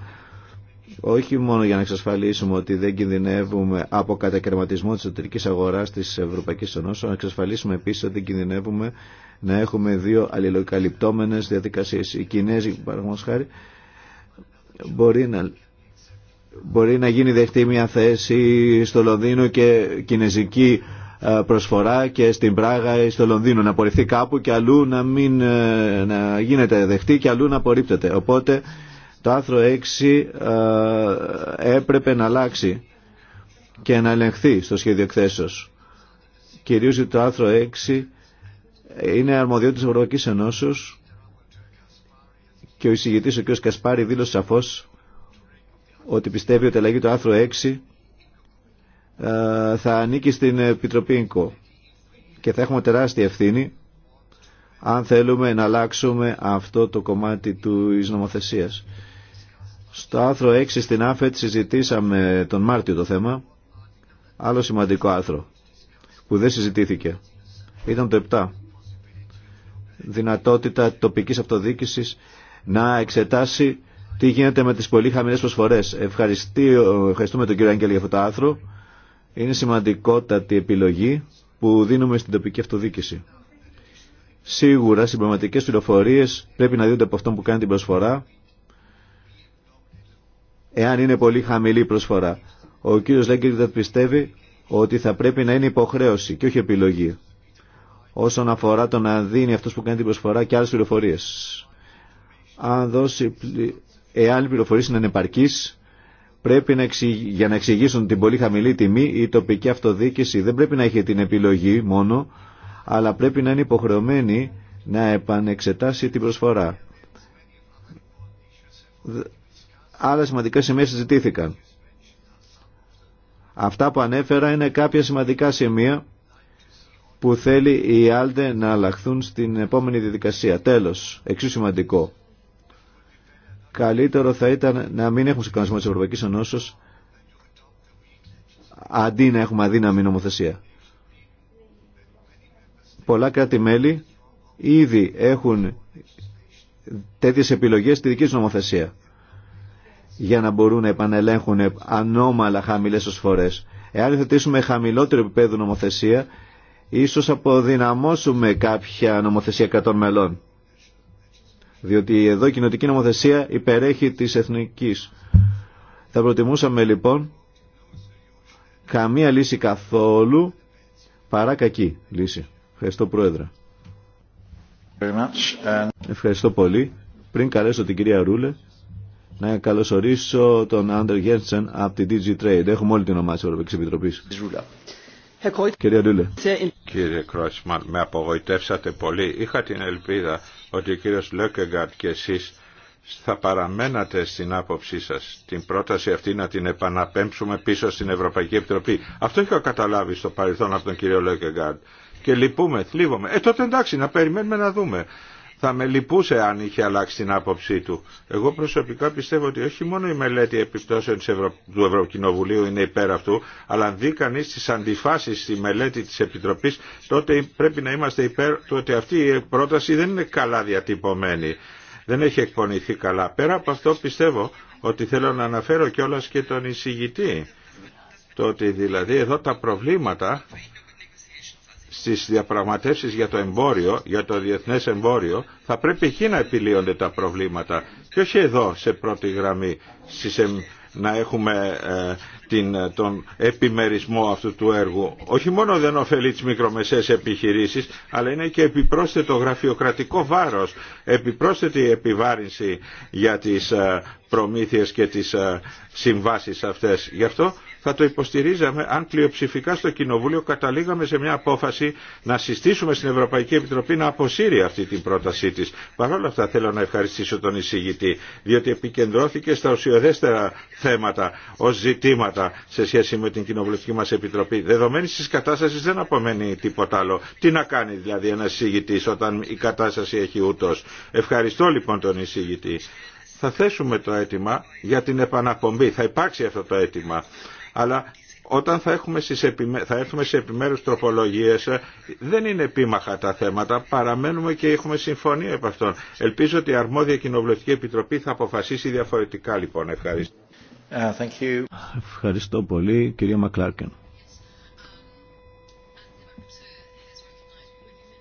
[SPEAKER 1] όχι μόνο για να εξασφαλίσουμε ότι δεν κινδυνεύουμε από κατακαιρματισμό της εσωτερικής αγοράς της Ευρωπαϊκής Ενώσης, να εξασφαλίσουμε επίσης ότι δεν κινδυνεύουμε να έχουμε δύο αλληλοκαλυπτόμενες διαδικασίες. Οι Κινέζοι, παραδείγματος χάρη, μπορεί να, μπορεί να γίνει δεχτή μια θέση στο Λονδίνο και κινέζικη ε, προσφορά και στην Πράγα ή στο Λονδίνο να απορριφθεί κάπου και αλλού να, μην, ε, να γίνεται δεχτή και αλλού να απορρίπτεται. Οπότε το άρθρο 6 ε, έπρεπε να αλλάξει και να ελεγχθεί στο σχέδιο εκθέσεως. Κυρίως γιατί το άρθρο 6 είναι αρμοδιότητα της Ευρωπαϊκής Ενώσεως και ο εισηγητής ο κ. Κασπάρη δήλωσε σαφώς ότι πιστεύει ότι αλλαγή το άρθρο 6 ε, θα ανήκει στην Επιτροπή ΕΚΟ και θα έχουμε τεράστια ευθύνη αν θέλουμε να αλλάξουμε αυτό το κομμάτι του νομοθεσίας. Στο άρθρο 6 στην ΑΦΕΤ συζητήσαμε τον Μάρτιο το θέμα. Άλλο σημαντικό άρθρο που δεν συζητήθηκε. Ήταν το 7. Δυνατότητα τοπικής αυτοδίκησης να εξετάσει τι γίνεται με τις πολύ χαμηλές προσφορές. Ευχαριστούμε τον κύριο Άγγελ για αυτό το άρθρο. Είναι σημαντικότατη επιλογή που δίνουμε στην τοπική αυτοδίκηση. Σίγουρα συμπληρωματικέ πληροφορίε πρέπει να δίνονται από αυτόν που κάνει την προσφορά εάν είναι πολύ χαμηλή προσφορά. Ο κύριος Λέγκριντ πιστεύει ότι θα πρέπει να είναι υποχρέωση και όχι επιλογή όσον αφορά το να δίνει αυτός που κάνει την προσφορά και άλλες πληροφορίες. Αν δώσει, εάν οι πληροφορίες είναι ανεπαρκείς, πρέπει να για να εξηγήσουν την πολύ χαμηλή τιμή η τοπική αυτοδίκηση δεν πρέπει να έχει την επιλογή μόνο, αλλά πρέπει να είναι υποχρεωμένη να επανεξετάσει την προσφορά. Άλλα σημαντικά σημεία συζητήθηκαν. Αυτά που ανέφερα είναι κάποια σημαντικά σημεία που θέλει η Άλντε να αλλάχθουν στην επόμενη διαδικασία. Τέλος, εξού σημαντικό. Καλύτερο θα ήταν να μην έχουμε συγκανασμό τη της Ευρωπαϊκής αντί να έχουμε αδύναμη νομοθεσία. Πολλά κράτη-μέλη ήδη έχουν τέτοιες επιλογές στη δική νομοθεσία για να μπορούν να επανελέγχουν ανώμαλα χαμηλές φορές. Εάν θετήσουμε χαμηλότερο επίπεδο νομοθεσία, ίσως αποδυναμώσουμε κάποια νομοθεσία κρατών μελών. Διότι εδώ η κοινοτική νομοθεσία υπερέχει της εθνικής. Θα προτιμούσαμε λοιπόν καμία λύση καθόλου παρά κακή λύση. Ευχαριστώ Πρόεδρε. Ευχαριστώ πολύ. Πριν καλέσω την κυρία Ρούλε, να καλωσορίσω τον Άντερ Γέρτσεν από τη DG Trade. Έχουμε όλη την ομάδα τη Ευρωπαϊκή Επιτροπή.
[SPEAKER 5] Κύριε Ρούλε. Κύριε Κρόσμαν, με απογοητεύσατε πολύ. Είχα την ελπίδα ότι ο κύριο Λόκεγκαρτ και εσεί θα παραμένατε στην άποψή σας την πρόταση αυτή να την επαναπέμψουμε πίσω στην Ευρωπαϊκή Επιτροπή. Αυτό είχα καταλάβει στο παρελθόν από τον κύριο Λόκεγκαρτ. Και λυπούμε, θλίβομαι. Ε, τότε εντάξει, να περιμένουμε να δούμε θα με λυπούσε αν είχε αλλάξει την άποψή του. Εγώ προσωπικά πιστεύω ότι όχι μόνο η μελέτη επιπτώσεων του Ευρωκοινοβουλίου είναι υπέρ αυτού, αλλά αν δει κανεί τι αντιφάσει στη μελέτη τη Επιτροπή, τότε πρέπει να είμαστε υπέρ του ότι αυτή η πρόταση δεν είναι καλά διατυπωμένη. Δεν έχει εκπονηθεί καλά. Πέρα από αυτό πιστεύω ότι θέλω να αναφέρω κιόλα και τον εισηγητή. Το ότι δηλαδή εδώ τα προβλήματα στις διαπραγματεύσεις για το εμπόριο, για το διεθνές εμπόριο, θα πρέπει εκεί να επιλύονται τα προβλήματα και όχι εδώ σε πρώτη γραμμή να έχουμε ε, την, ε, τον επιμερισμό αυτού του έργου. Όχι μόνο δεν ωφελεί τις μικρομεσαίες επιχειρήσεις, αλλά είναι και επιπρόσθετο γραφειοκρατικό βάρος, επιπρόσθετη επιβάρυνση για τις ε, προμήθειες και τις ε, συμβάσεις αυτές. Γι' αυτό θα το υποστηρίζαμε αν πλειοψηφικά στο Κοινοβούλιο καταλήγαμε σε μια απόφαση να συστήσουμε στην Ευρωπαϊκή Επιτροπή να αποσύρει αυτή την πρότασή τη. Παρ' όλα αυτά θέλω να ευχαριστήσω τον εισηγητή, διότι επικεντρώθηκε στα ουσιοδέστερα θέματα ω ζητήματα σε σχέση με την Κοινοβουλευτική μα Επιτροπή. Δεδομένη της κατάσταση δεν απομένει τίποτα άλλο. Τι να κάνει δηλαδή ένα εισηγητή όταν η κατάσταση έχει ούτω. Ευχαριστώ λοιπόν τον εισηγητή. Θα θέσουμε το αίτημα για την επαναπομπή. Θα υπάρξει αυτό το αίτημα αλλά όταν θα, έχουμε στις θα έρθουμε σε επιμέρους τροπολογίες δεν είναι επίμαχα τα θέματα, παραμένουμε και έχουμε συμφωνία από αυτών. Ελπίζω ότι η αρμόδια κοινοβουλευτική επιτροπή θα αποφασίσει διαφορετικά λοιπόν. Ευχαριστώ. Ε,
[SPEAKER 2] thank you.
[SPEAKER 1] Ευχαριστώ πολύ κυρία Μακλάρκεν.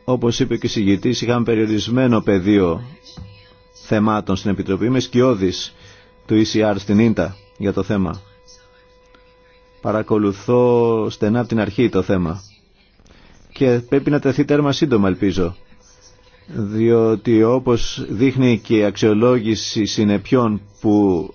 [SPEAKER 1] Όπως είπε και η συγγητής, είχαμε περιορισμένο πεδίο θεμάτων στην Επιτροπή. Είμαι σκιώδης του ECR στην Ίντα για το θέμα. Παρακολουθώ στενά από την αρχή το θέμα. Και πρέπει να τεθεί τέρμα σύντομα, ελπίζω. Διότι όπως δείχνει και η αξιολόγηση συνεπιών που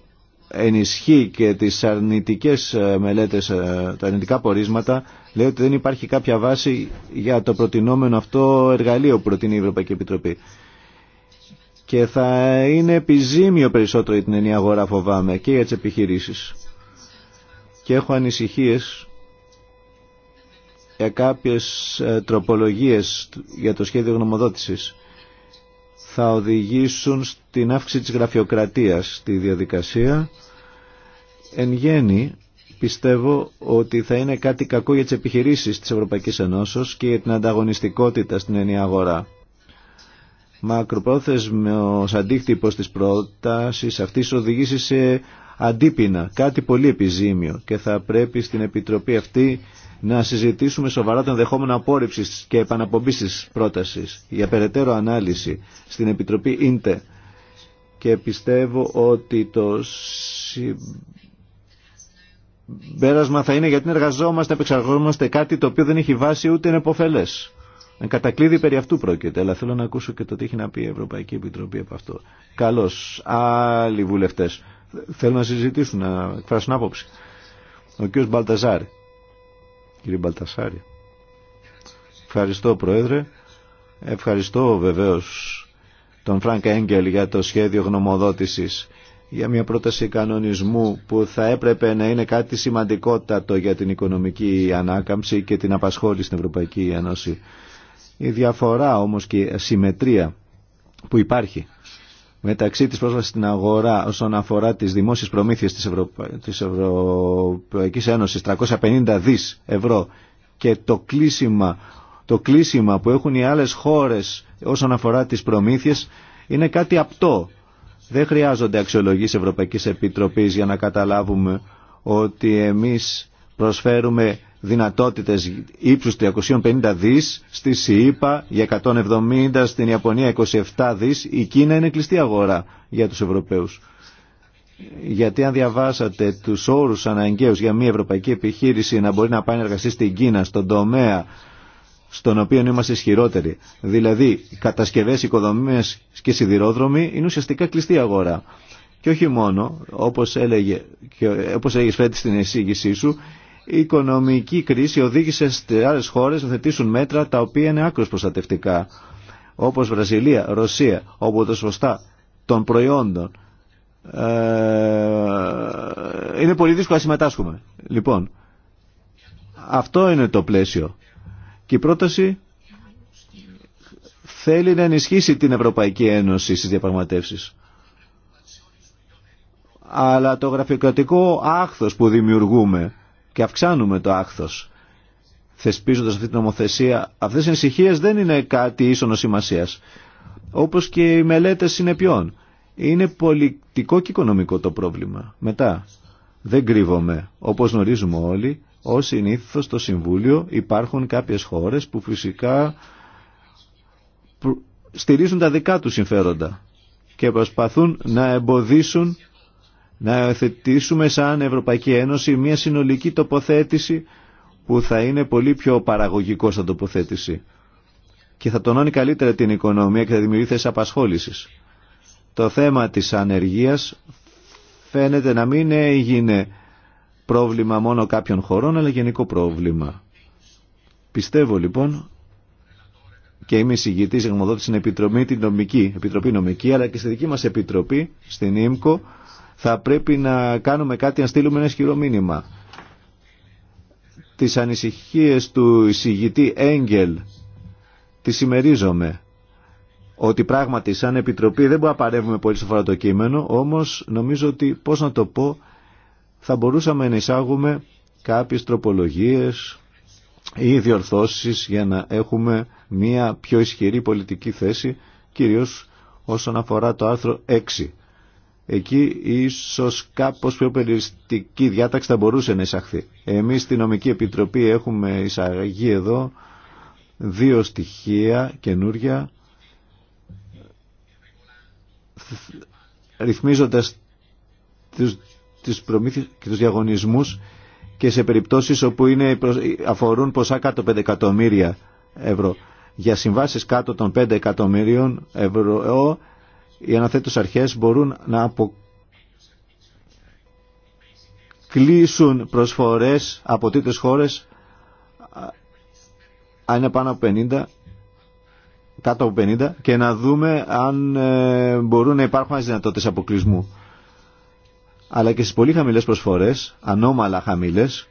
[SPEAKER 1] ενισχύει και τις αρνητικές ε, μελέτες, ε, τα αρνητικά πορίσματα, λέει ότι δεν υπάρχει κάποια βάση για το προτινόμενο αυτό εργαλείο που προτείνει η Ευρωπαϊκή Επιτροπή. Και θα είναι επιζήμιο περισσότερο ή την αγορά φοβάμαι και για τις επιχειρήσεις και έχω ανησυχίες για κάποιες ε, τροπολογίες για το σχέδιο γνωμοδότησης θα οδηγήσουν στην αύξηση της γραφειοκρατίας στη διαδικασία. Εν γέννη, πιστεύω ότι θα είναι κάτι κακό για τις επιχειρήσεις της Ευρωπαϊκής Ενώσεως και για την ανταγωνιστικότητα στην ενιαία αγορά. Μακροπρόθεσμος αντίκτυπος της πρότασης αυτής οδηγήσει σε αντίπεινα, κάτι πολύ επιζήμιο και θα πρέπει στην Επιτροπή αυτή να συζητήσουμε σοβαρά τον δεχόμενο απόρριψη και επαναπομπή τη πρόταση για περαιτέρω ανάλυση στην Επιτροπή ΙΝΤΕ. Και πιστεύω ότι το συμπέρασμα θα είναι γιατί εργαζόμαστε, επεξεργαζόμαστε κάτι το οποίο δεν έχει βάση ούτε είναι υποφελέ. Εν κατακλείδη περί αυτού πρόκειται, αλλά θέλω να ακούσω και το τι έχει να πει η Ευρωπαϊκή Επιτροπή από αυτό. Καλώ. Άλλοι βουλευτέ θέλουν να συζητήσουν, να εκφράσουν άποψη. Ο κύριος Μπαλταζάρη. Κύριε Μπαλτασάρη. Ευχαριστώ Πρόεδρε. Ευχαριστώ βεβαίως τον Φρανκ Έγκελ για το σχέδιο γνωμοδότησης για μια πρόταση κανονισμού που θα έπρεπε να είναι κάτι σημαντικότατο για την οικονομική ανάκαμψη και την απασχόληση στην Ευρωπαϊκή Ένωση. Η διαφορά όμως και η συμμετρία που υπάρχει μεταξύ της πρόσβασης στην αγορά όσον αφορά τις δημόσιες προμήθειες της, της Ευρωπαϊκής Ένωσης 350 δις ευρώ και το κλείσιμα, το κλείσιμα που έχουν οι άλλες χώρες όσον αφορά τις προμήθειες είναι κάτι απτό. Δεν χρειάζονται αξιολογίες Ευρωπαϊκής Επιτροπής για να καταλάβουμε ότι εμείς προσφέρουμε δυνατότητες ύψους 350 δις, στη ΣΥΠΑ για 170, στην Ιαπωνία 27 δις, η Κίνα είναι κλειστή αγορά για τους Ευρωπαίους. Γιατί αν διαβάσατε τους όρους αναγκαίους για μια ευρωπαϊκή επιχείρηση να μπορεί να πάει να εργαστεί στην Κίνα, στον τομέα στον οποίο είμαστε ισχυρότεροι, δηλαδή κατασκευές, οικοδομίες και σιδηρόδρομοι, είναι ουσιαστικά κλειστή αγορά. Και όχι μόνο, όπως έλεγε, και όπως φέτη στην εισήγησή σου, η οικονομική κρίση οδήγησε σε άλλε χώρε να θετήσουν μέτρα τα οποία είναι άκρως προστατευτικά, όπω Βραζιλία, Ρωσία, όπου το σωστά των προϊόντων. Ε, είναι πολύ δύσκολο να συμμετάσχουμε. Λοιπόν, αυτό είναι το πλαίσιο. Και η πρόταση θέλει να ενισχύσει την Ευρωπαϊκή Ένωση στις διαπραγματεύσεις. Αλλά το γραφειοκρατικό άχθος που δημιουργούμε και αυξάνουμε το άχθος θεσπίζοντας αυτή την νομοθεσία. Αυτές οι ανησυχίε δεν είναι κάτι ίσονο σημασία. Όπως και οι μελέτες συνεπιών. Είναι πολιτικό και οικονομικό το πρόβλημα. Μετά, δεν κρύβομαι. Όπως γνωρίζουμε όλοι, ως συνήθω στο Συμβούλιο υπάρχουν κάποιες χώρες που φυσικά στηρίζουν τα δικά του συμφέροντα και προσπαθούν να εμποδίσουν να θετήσουμε σαν Ευρωπαϊκή Ένωση μια συνολική τοποθέτηση που θα είναι πολύ πιο παραγωγικό σαν τοποθέτηση και θα τονώνει καλύτερα την οικονομία και θα δημιουργεί θέσει απασχόλησης. Το θέμα της ανεργίας φαίνεται να μην έγινε πρόβλημα μόνο κάποιων χωρών, αλλά γενικό πρόβλημα. Πιστεύω λοιπόν και είμαι συγγητής εγμοδότης στην Επιτροπή, νομική, Επιτροπή Νομική, αλλά και στη δική μας Επιτροπή, στην ΙΜΚΟ, θα πρέπει να κάνουμε κάτι να στείλουμε ένα ισχυρό μήνυμα. Τις ανησυχίες του εισηγητή Έγγελ τις ημερίζομαι ότι πράγματι σαν Επιτροπή δεν μπορούμε να παρεύουμε πολύ σε το κείμενο, όμως νομίζω ότι, πώς να το πω, θα μπορούσαμε να εισάγουμε κάποιες τροπολογίες ή διορθώσεις για να έχουμε μια πιο ισχυρή πολιτική θέση, κυρίως όσον αφορά το άρθρο 6 Εκεί ίσως κάπως πιο περιοριστική διάταξη θα μπορούσε να εισαχθεί. Εμείς στη Νομική Επιτροπή έχουμε εισαγαγεί εδώ δύο στοιχεία καινούρια ρυθμίζοντας τους, τις και τους διαγωνισμούς και σε περιπτώσεις όπου είναι, αφορούν ποσά κάτω 5 εκατομμύρια ευρώ. Για συμβάσεις κάτω των 5 εκατομμύριων ευρώ οι αναθέτους αρχές μπορούν να αποκλείσουν προσφορές από τίτλες χώρες αν είναι πάνω από 50 κάτω από 50 και να δούμε αν ε, μπορούν να υπάρχουν δυνατότητες αποκλεισμού. Αλλά και στις πολύ χαμηλές προσφορές, ανώμαλα χαμηλές,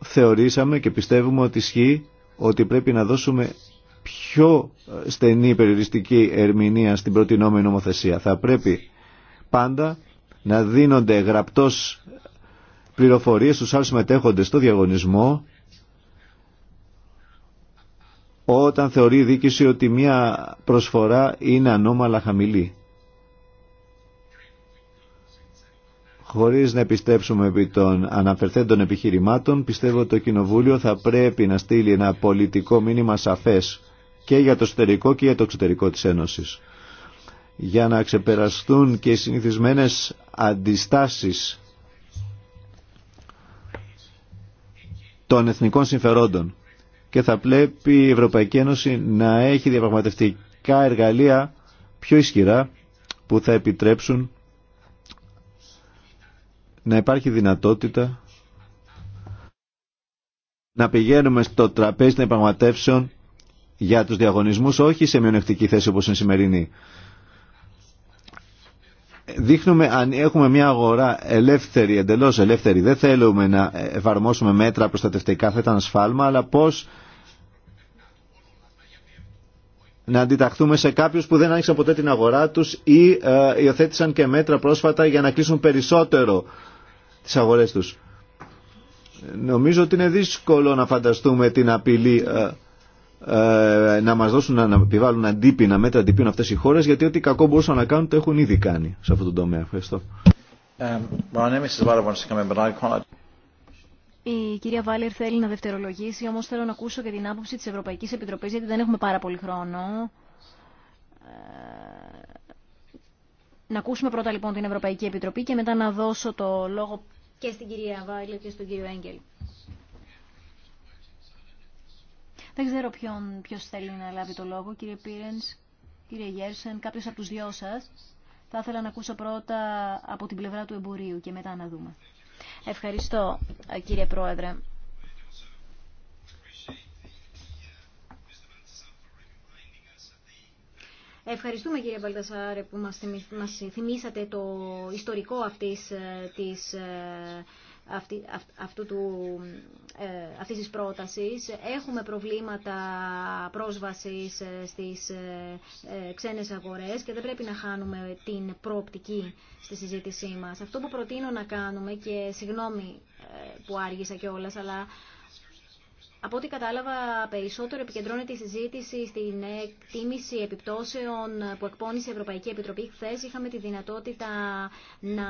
[SPEAKER 1] θεωρήσαμε και πιστεύουμε ότι ισχύει ότι πρέπει να δώσουμε πιο ε, στενή περιοριστική ερμηνεία στην προτινόμενη νομοθεσία. Θα πρέπει πάντα να δίνονται γραπτός πληροφορίες στους άλλους συμμετέχοντες στο διαγωνισμό όταν θεωρεί η δίκηση ότι μια προσφορά είναι ανώμαλα χαμηλή. Χωρίς να επιστέψουμε επί των αναφερθέντων επιχειρημάτων, πιστεύω ότι το Κοινοβούλιο θα πρέπει να στείλει ένα πολιτικό μήνυμα σαφές και για το εσωτερικό και για το εξωτερικό της Ένωσης. Για να ξεπεραστούν και οι συνηθισμένες αντιστάσεις των εθνικών συμφερόντων και θα πρέπει η Ευρωπαϊκή Ένωση να έχει διαπραγματευτικά εργαλεία πιο ισχυρά που θα επιτρέψουν να υπάρχει δυνατότητα να πηγαίνουμε στο τραπέζι των επαγματεύσεων για τους διαγωνισμούς όχι σε μειονεκτική θέση όπως είναι σημερινή. Δείχνουμε αν έχουμε μια αγορά ελεύθερη, εντελώς ελεύθερη. Δεν θέλουμε να εφαρμόσουμε μέτρα προστατευτικά, θα ήταν σφάλμα, αλλά πώς να αντιταχθούμε σε κάποιους που δεν άνοιξαν ποτέ την αγορά τους ή ε, υιοθέτησαν και μέτρα πρόσφατα για να κλείσουν περισσότερο τις αγορές τους. Νομίζω ότι είναι δύσκολο να φανταστούμε την απειλή ε, ε, να μας δώσουν να επιβάλλουν αντίπεινα μέτρα αντίπεινα αυτές οι χώρες γιατί ό,τι κακό μπορούσαν να κάνουν το έχουν ήδη
[SPEAKER 2] κάνει σε αυτό το τομέα. Ευχαριστώ. Um,
[SPEAKER 3] Η κυρία Βάλερ θέλει να δευτερολογήσει, όμως θέλω να ακούσω και την άποψη της Ευρωπαϊκής Επιτροπής, γιατί δεν έχουμε πάρα πολύ χρόνο. Ε, να ακούσουμε πρώτα λοιπόν την Ευρωπαϊκή Επιτροπή και μετά να δώσω το λόγο και στην κυρία Βάλερ και στον κύριο Έγγελ. Δεν ξέρω ποιον, ποιος θέλει να λάβει το λόγο, κύριε Πίρενς, κύριε Γέρσεν, κάποιος από τους δυο σας. Θα ήθελα να ακούσω πρώτα από την πλευρά του εμπορίου και μετά να δούμε. Ευχαριστώ, κύριε Πρόεδρε. Ευχαριστούμε κύριε Μπαλτασάρε που μας θυμήσατε το ιστορικό αυτής ε, της ε, αυτή, αυτού του, ε, αυτής της πρότασης. Έχουμε προβλήματα πρόσβασης ε, στις ε, ξένες αγορές και δεν πρέπει να χάνουμε την προοπτική στη συζήτησή μας. Αυτό που προτείνω να κάνουμε και συγγνώμη που άργησα κιόλας, αλλά από ό,τι κατάλαβα περισσότερο επικεντρώνεται η συζήτηση στην εκτίμηση επιπτώσεων που εκπώνησε η Ευρωπαϊκή Επιτροπή. Χθε είχαμε τη δυνατότητα να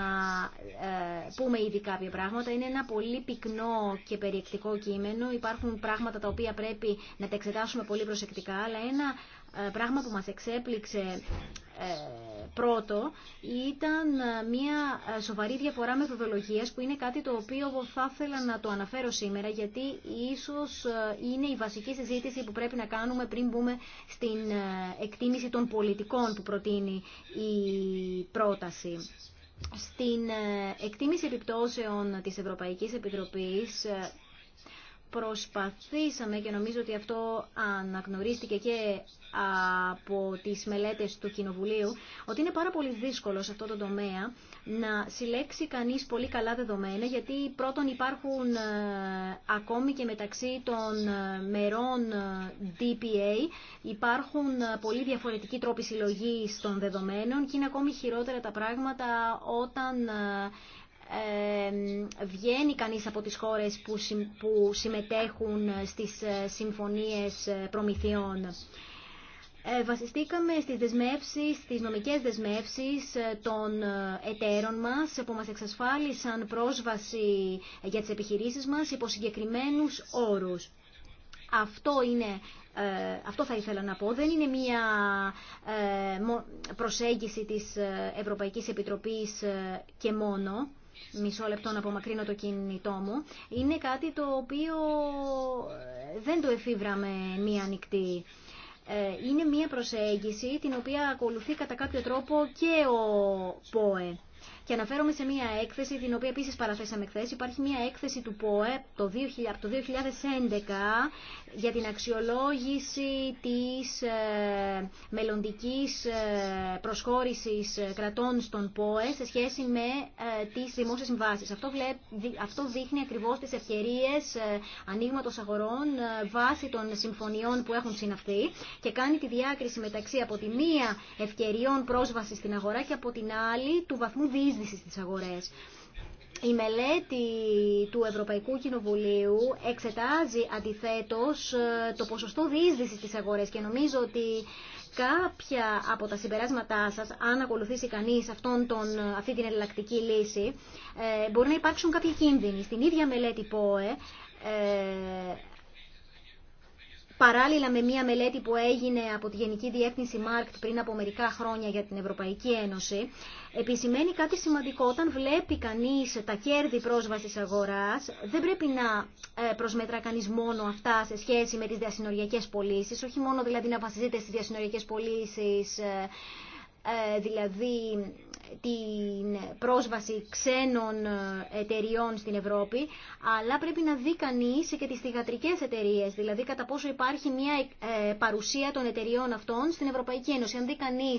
[SPEAKER 3] ε, πούμε ήδη κάποια πράγματα. Είναι ένα πολύ πυκνό και περιεκτικό κείμενο. Υπάρχουν πράγματα τα οποία πρέπει να τα εξετάσουμε πολύ προσεκτικά, αλλά ένα ε, πράγμα που μας εξέπληξε ε, πρώτο ήταν ε, μια σοβαρή διαφορά μεθοδολογίας που είναι κάτι το οποίο θα ήθελα να το αναφέρω σήμερα γιατί ίσως είναι η βασική συζήτηση που πρέπει να κάνουμε πριν μπούμε στην εκτίμηση των πολιτικών που προτείνει η πρόταση. Στην εκτίμηση επιπτώσεων της Ευρωπαϊκής Επιτροπής προσπαθήσαμε και νομίζω ότι αυτό αναγνωρίστηκε και από τις μελέτες του Κοινοβουλίου ότι είναι πάρα πολύ δύσκολο σε αυτό το τομέα να συλλέξει κανείς πολύ καλά δεδομένα γιατί πρώτον υπάρχουν ε, ακόμη και μεταξύ των ε, μερών ε, DPA υπάρχουν πολύ διαφορετικοί τρόποι συλλογής των δεδομένων και είναι ακόμη χειρότερα τα πράγματα όταν βγαίνει κανείς από τις χώρες που συμμετέχουν στις ε, συμφωνίες ε, προμηθειών. Ε, βασιστήκαμε στις δεσμεύσεις, στις νομικές δεσμεύσεις των εταίρων μας που μας εξασφάλισαν πρόσβαση για τις επιχειρήσεις μας υπό συγκεκριμένους όρους. Αυτό είναι αυτό θα ήθελα να πω. Δεν είναι μία προσέγγιση της Ευρωπαϊκής Επιτροπής και μόνο μισό λεπτό να απομακρύνω το κινητό μου, είναι κάτι το οποίο ε, δεν το εφήβραμε μία νυχτή. Ε, είναι μία προσέγγιση την οποία ακολουθεί κατά κάποιο τρόπο και ο ΠΟΕ. Και αναφέρομαι σε μία έκθεση, την οποία επίσης παραθέσαμε χθε. Υπάρχει μία έκθεση του ΠΟΕ το από το 2011 για την αξιολόγηση της ε, μελλοντικής ε, προσχώρησης ε, κρατών στον ΠΟΕ σε σχέση με τις δημόσιες συμβάσεις. Αυτό, αυτό δείχνει ακριβώς τις ευκαιρίες ανοίγματος αγορών βάσει των συμφωνιών που έχουν συναυθεί και κάνει τη διάκριση μεταξύ από τη μία ευκαιριών πρόσβασης στην αγορά και από την άλλη του βαθμού δίσδυσης στις αγορές. Η μελέτη του Ευρωπαϊκού Κοινοβουλίου εξετάζει αντιθέτως ε, το ποσοστό διείσδυσης στις αγορές και νομίζω ότι κάποια από τα συμπεράσματά σας, αν ακολουθήσει κανείς αυτόν τον, ε, αυτή την εναλλακτική λύση, ε, μπορεί να υπάρξουν κάποια κίνδυνοι. Στην ίδια μελέτη ΠΟΕ παράλληλα με μια μελέτη που έγινε από τη Γενική Διεύθυνση Μάρκτ πριν από μερικά χρόνια για την Ευρωπαϊκή Ένωση, επισημαίνει κάτι σημαντικό. Όταν βλέπει κανεί τα κέρδη πρόσβασης αγοράς, δεν πρέπει να ε, προσμέτρα κανεί μόνο αυτά σε σχέση με τις διασυνοριακές πωλήσει, όχι μόνο δηλαδή να βασίζεται στι διασυνοριακές πωλήσει, ε, ε, δηλαδή την πρόσβαση ξένων ε, εταιριών στην Ευρώπη, αλλά πρέπει να δει κανεί και τις θηγατρικές εταιρείε, δηλαδή κατά πόσο υπάρχει μια ε, παρουσία των εταιριών αυτών στην Ευρωπαϊκή Ένωση. Αν δει κανεί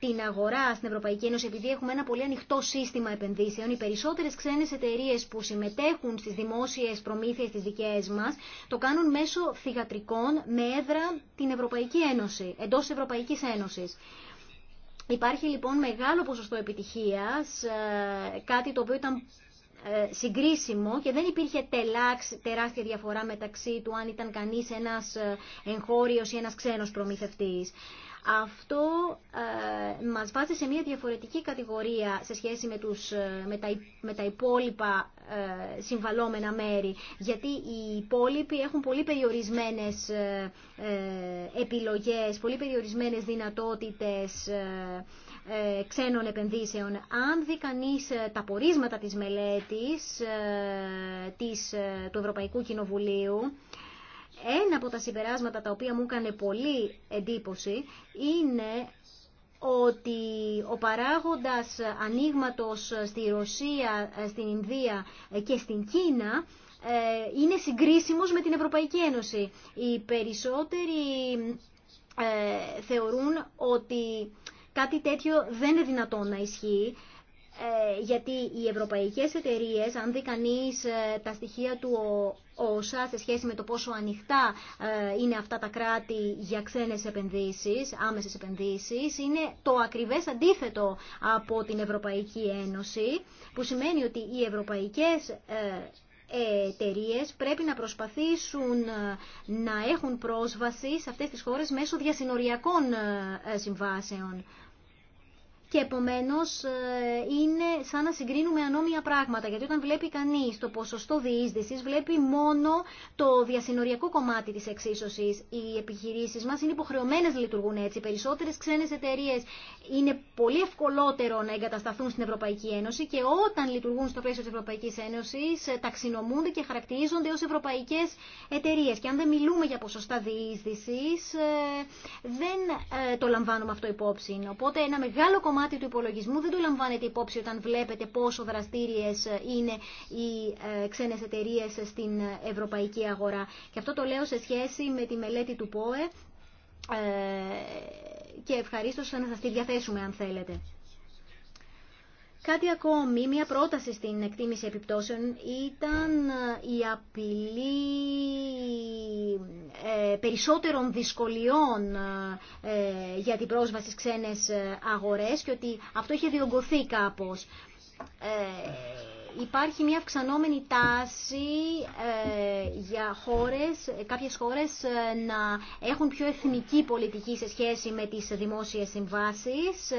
[SPEAKER 3] την αγορά στην Ευρωπαϊκή Ένωση, επειδή έχουμε ένα πολύ ανοιχτό σύστημα επενδύσεων, οι περισσότερες ξένες εταιρείε που συμμετέχουν στις δημόσιες προμήθειες τις δικές μας, το κάνουν μέσω θηγατρικών με έδρα την Ευρωπαϊκή Ένωση, εντός Ευρωπαϊκής Ένωσης. Υπάρχει λοιπόν μεγάλο ποσοστό επιτυχίας, ε, κάτι το οποίο ήταν ε, συγκρίσιμο και δεν υπήρχε τελάξ, τεράστια διαφορά μεταξύ του αν ήταν κανείς ένας ε, εγχώριος ή ένας ξένος προμηθευτής. Αυτό ε, μας βάζει σε μια διαφορετική κατηγορία σε σχέση με, τους, ε, με, τα, υπόλοιπα ε, συμβαλόμενα μέρη. Γιατί οι υπόλοιποι έχουν πολύ περιορισμένες επιλογές, πολύ περιορισμένες δυνατότητες ξένων επενδύσεων. Αν δει κανεί τα πορίσματα της μελέτης της, του Ευρωπαϊκού Κοινοβουλίου, ένα από τα συμπεράσματα τα οποία μου έκανε πολύ εντύπωση είναι ότι ο παράγοντας ανοίγματο στη Ρωσία, ε, στην Ινδία ε, και στην Κίνα ε, είναι συγκρίσιμος με την Ευρωπαϊκή Ένωση. Οι περισσότεροι θεωρούν ότι κάτι τέτοιο δεν είναι δυνατόν να ισχύει ε, γιατί οι ευρωπαϊκές εταιρείες, αν δει κανείς ε, τα στοιχεία του ΩΣΑ σε σχέση με το πόσο ανοιχτά ε, είναι αυτά τα κράτη για ξένες επενδύσεις, άμεσες επενδύσεις, είναι το ακριβές αντίθετο από την Ευρωπαϊκή Ένωση, που σημαίνει ότι οι ευρωπαϊκές εταιρείε πρέπει να προσπαθήσουν να έχουν πρόσβαση σε αυτές τις χώρες μέσω διασυνοριακών συμβάσεων και επομένως ε, είναι σαν να συγκρίνουμε ανώμια πράγματα. Γιατί όταν βλέπει κανεί το ποσοστό διείσδυση, βλέπει μόνο το διασυνοριακό κομμάτι τη εξίσωση. Οι επιχειρήσει μα είναι υποχρεωμένε να λειτουργούν έτσι. Οι περισσότερες ξένες εταιρείες είναι πολύ ευκολότερο να εγκατασταθούν στην Ευρωπαϊκή Ένωση και όταν λειτουργούν στο πλαίσιο της Ευρωπαϊκής Ένωσης ε, ταξινομούνται και χαρακτηρίζονται ω ευρωπαϊκέ εταιρείε. Και αν δεν μιλούμε για ποσοστά ε, δεν ε, το λαμβάνουμε αυτό υπόψη. Οπότε ένα μεγάλο κομμάτι κομμάτι του υπολογισμού δεν το λαμβάνετε υπόψη όταν βλέπετε πόσο δραστήριες είναι οι ε, ξένες εταιρείε στην ευρωπαϊκή αγορά. Και αυτό το λέω σε σχέση με τη μελέτη του ΠΟΕ ε, και ευχαρίστω να σας τη διαθέσουμε αν θέλετε. Κάτι ακόμη, μια πρόταση στην εκτίμηση επιπτώσεων ήταν ε, η απειλή ε, περισσότερων δυσκολιών ε, για την πρόσβαση στις ξένες αγορές και ότι αυτό είχε διωγγωθεί κάπως. Υπάρχει μια αυξανόμενη τάση για χώρες, κάποιες χώρες να έχουν πιο εθνική πολιτική σε σχέση με τις δημόσιες συμβάσεις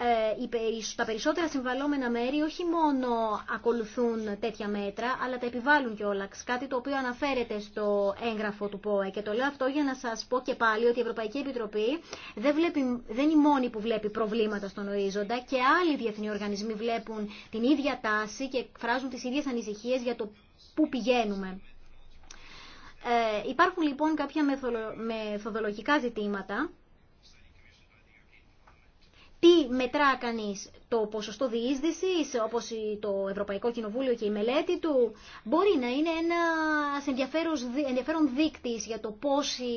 [SPEAKER 3] ε, τα περισσότερα συμβαλόμενα μέρη όχι μόνο ακολουθούν τέτοια μέτρα, αλλά τα επιβάλλουν κιόλα. Κάτι το οποίο αναφέρεται στο έγγραφο του ΠΟΕ. Και το λέω αυτό για να σα πω και πάλι ότι η Ευρωπαϊκή Επιτροπή δεν, βλέπει, δεν είναι η μόνη που βλέπει προβλήματα στον ορίζοντα και άλλοι διεθνεί οργανισμοί βλέπουν την ίδια τάση και εκφράζουν τι ίδιε ανησυχίε για το πού πηγαίνουμε. Ε, υπάρχουν λοιπόν κάποια μεθοδολογικά ζητήματα τι μετρά κανείς, το ποσοστό διείσδυση, όπω το Ευρωπαϊκό Κοινοβούλιο και η μελέτη του, μπορεί να είναι ένα ενδιαφέρον δείκτης για το πόση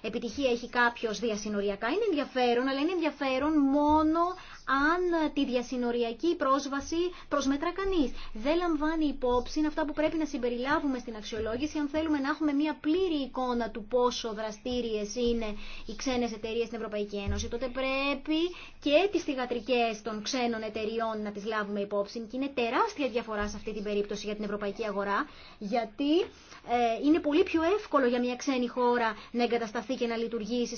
[SPEAKER 3] επιτυχία έχει κάποιο διασυνοριακά. Είναι ενδιαφέρον, αλλά είναι ενδιαφέρον μόνο αν ε, τη διασυνοριακή πρόσβαση προσμετρά κανεί. Δεν λαμβάνει υπόψη αυτά που πρέπει να συμπεριλάβουμε στην αξιολόγηση αν θέλουμε να έχουμε μια πλήρη εικόνα του πόσο δραστήριε είναι οι ξένε εταιρείε στην Ευρωπαϊκή Ένωση. Τότε πρέπει και τι θηγατρικέ των ξένων εταιριών να τι λάβουμε υπόψη. Και είναι τεράστια διαφορά σε αυτή την περίπτωση για την ευρωπαϊκή αγορά, γιατί ε, είναι πολύ πιο εύκολο για μια ξένη χώρα να εγκατασταθεί και να λειτουργήσει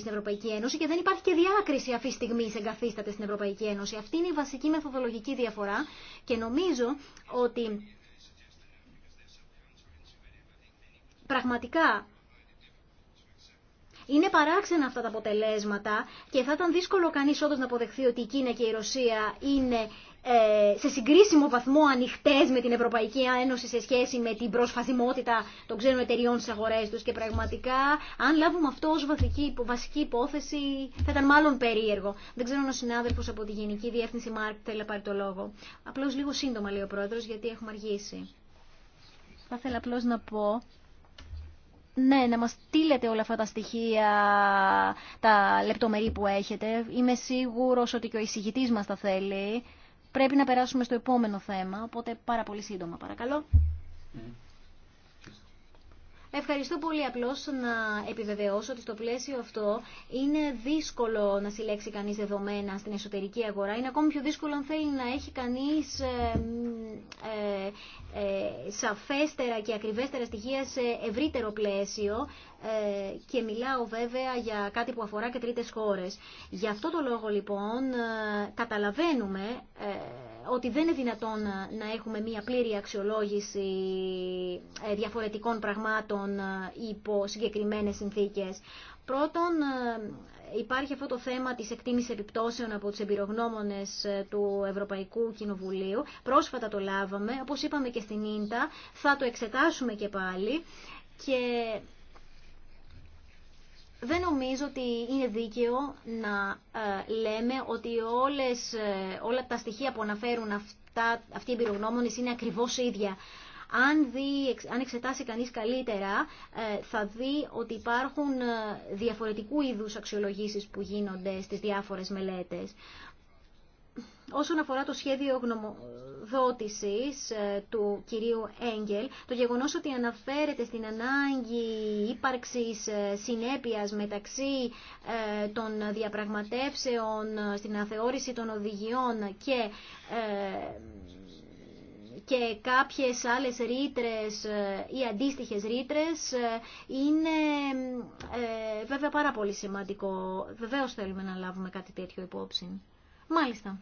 [SPEAKER 3] στην Ευρωπαϊκή Ένωση και δεν υπάρχει και διάκριση αυτή τη στιγμή υφίσταται στην Ευρωπαϊκή Ένωση. Αυτή είναι η βασική μεθοδολογική διαφορά και νομίζω ότι πραγματικά είναι παράξενα αυτά τα αποτελέσματα και θα ήταν δύσκολο κανείς όντως να αποδεχθεί ότι η Κίνα και η Ρωσία είναι ε, σε συγκρίσιμο βαθμό ανοιχτέ με την Ευρωπαϊκή Ένωση σε σχέση με την προσφασιμότητα των ξένων εταιριών στι αγορέ του. Και πραγματικά, αν λάβουμε αυτό ω βασική υπόθεση, θα ήταν μάλλον περίεργο. Δεν ξέρω αν ο συνάδελφο από τη Γενική Διεύθυνση Μάρκ θέλει να πάρει το λόγο. Απλώ λίγο σύντομα, λέει ο πρόεδρο, γιατί έχουμε αργήσει. Θα ήθελα απλώ να πω ναι, να μας στείλετε όλα αυτά τα στοιχεία, τα λεπτομερή που έχετε. Είμαι σίγουρος ότι και ο εισηγητής μας τα θέλει πρέπει να περάσουμε στο επόμενο θέμα, οπότε πάρα πολύ σύντομα παρακαλώ.
[SPEAKER 1] Mm.
[SPEAKER 3] Ευχαριστώ πολύ. απλώς να επιβεβαιώσω ότι στο πλαίσιο αυτό είναι δύσκολο να συλλέξει κανείς δεδομένα στην εσωτερική αγορά. Είναι ακόμη πιο δύσκολο αν θέλει να έχει κανείς ε, ε, ε, σαφέστερα και ακριβέστερα στοιχεία σε ευρύτερο πλαίσιο ε, και μιλάω βέβαια για κάτι που αφορά και τρίτες χώρες. Γι' αυτό το λόγο λοιπόν ε, καταλαβαίνουμε ότι δεν είναι δυνατόν ε, να έχουμε μία πλήρη αξιολόγηση ε, διαφορετικών πραγμάτων ε, υπό συγκεκριμένες συνθήκες. Πρώτον, υπάρχει αυτό το θέμα της εκτίμησης επιπτώσεων από τους εμπειρογνώμονες του Ευρωπαϊκού Κοινοβουλίου. Πρόσφατα το λάβαμε, όπως είπαμε και στην Ίντα, θα το εξετάσουμε και πάλι. Και δεν νομίζω ότι είναι δίκαιο να ε, λέμε ότι όλες, ε, όλα τα στοιχεία που αναφέρουν αυτά, αυτοί οι εμπειρογνώμονες είναι ακριβώς ίδια. Αν, δει, αν εξετάσει κανείς καλύτερα, ε, θα δει ότι υπάρχουν διαφορετικού είδους αξιολογήσεις που γίνονται στις διάφορες μελέτες. Όσον αφορά το σχέδιο γνωμοδότησης ε, του κυρίου Έγγελ, το γεγονός ότι αναφέρεται στην ανάγκη ύπαρξης ε, συνέπειας μεταξύ ε, των διαπραγματεύσεων στην αθεώρηση των οδηγιών και και κάποιες άλλες ρήτρε ή αντίστοιχες ρήτρε είναι βέβαια πάρα πολύ σημαντικό. Βεβαίως θέλουμε να λάβουμε κάτι τέτοιο υπόψη. Μάλιστα.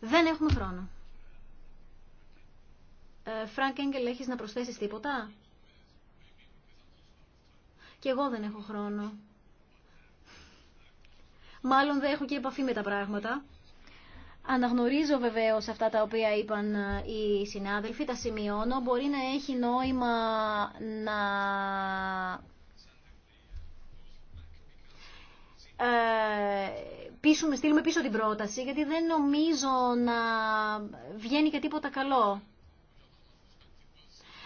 [SPEAKER 3] Δεν έχουμε χρόνο. Ε, Φρανκ Έγκελ, έχεις να προσθέσεις τίποτα? Κι εγώ δεν έχω χρόνο. Μάλλον δεν έχω και επαφή με τα πράγματα. Αναγνωρίζω βεβαίως αυτά τα οποία είπαν ε, οι συνάδελφοι, τα σημειώνω. Μπορεί να έχει νόημα να ε, πείσουμε, στείλουμε πίσω την πρόταση, γιατί δεν νομίζω να βγαίνει και τίποτα καλό.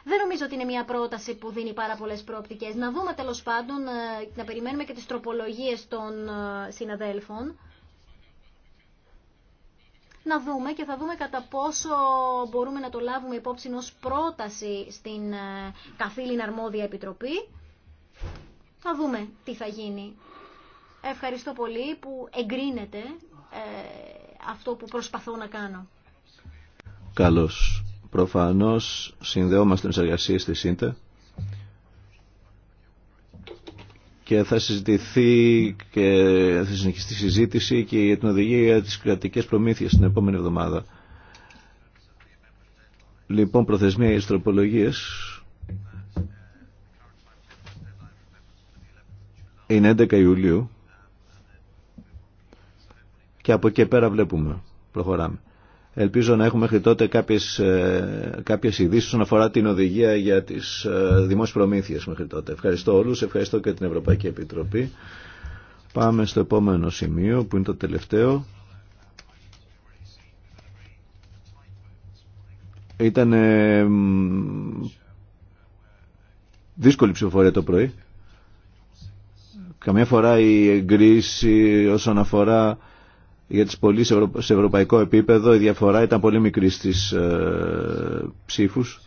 [SPEAKER 3] Δεν νομίζω ότι είναι μια πρόταση που δίνει πάρα πολλέ προοπτικέ. Να δούμε τέλο πάντων, ε, να περιμένουμε και τι τροπολογίε των ε, συναδέλφων. Να δούμε και θα δούμε κατά πόσο μπορούμε να το λάβουμε υπόψη ως πρόταση στην ε, καθήλυνα αρμόδια επιτροπή. Θα δούμε τι θα γίνει. Ευχαριστώ πολύ που εγκρίνετε ε, αυτό που προσπαθώ να κάνω.
[SPEAKER 1] Καλώς. Προφανώς συνδεόμαστε τις εργασίες της ΣΥΝΤΑ και θα συζητηθεί και θα συνεχιστεί η συζήτηση και για την οδηγία για τις κρατικές προμήθειες την επόμενη εβδομάδα. Λοιπόν, προθεσμία για τροπολογίες είναι 11 Ιουλίου και από εκεί πέρα βλέπουμε. Προχωράμε. Ελπίζω να έχουμε μέχρι τότε κάποιες, ε, κάποιες ειδήσεις όσον αφορά την οδηγία για τις ε, δημόσιες προμήθειες μέχρι τότε. Ευχαριστώ όλους, ευχαριστώ και την Ευρωπαϊκή Επιτροπή. Πάμε στο επόμενο σημείο που είναι το τελευταίο. Ήταν ε, δύσκολη ψηφοφορία το πρωί. Καμιά φορά η εγκρίση όσον αφορά για τις πολύ σε ευρωπαϊκό επίπεδο η διαφορά ήταν πολύ μικρή στις ε, ψήφους.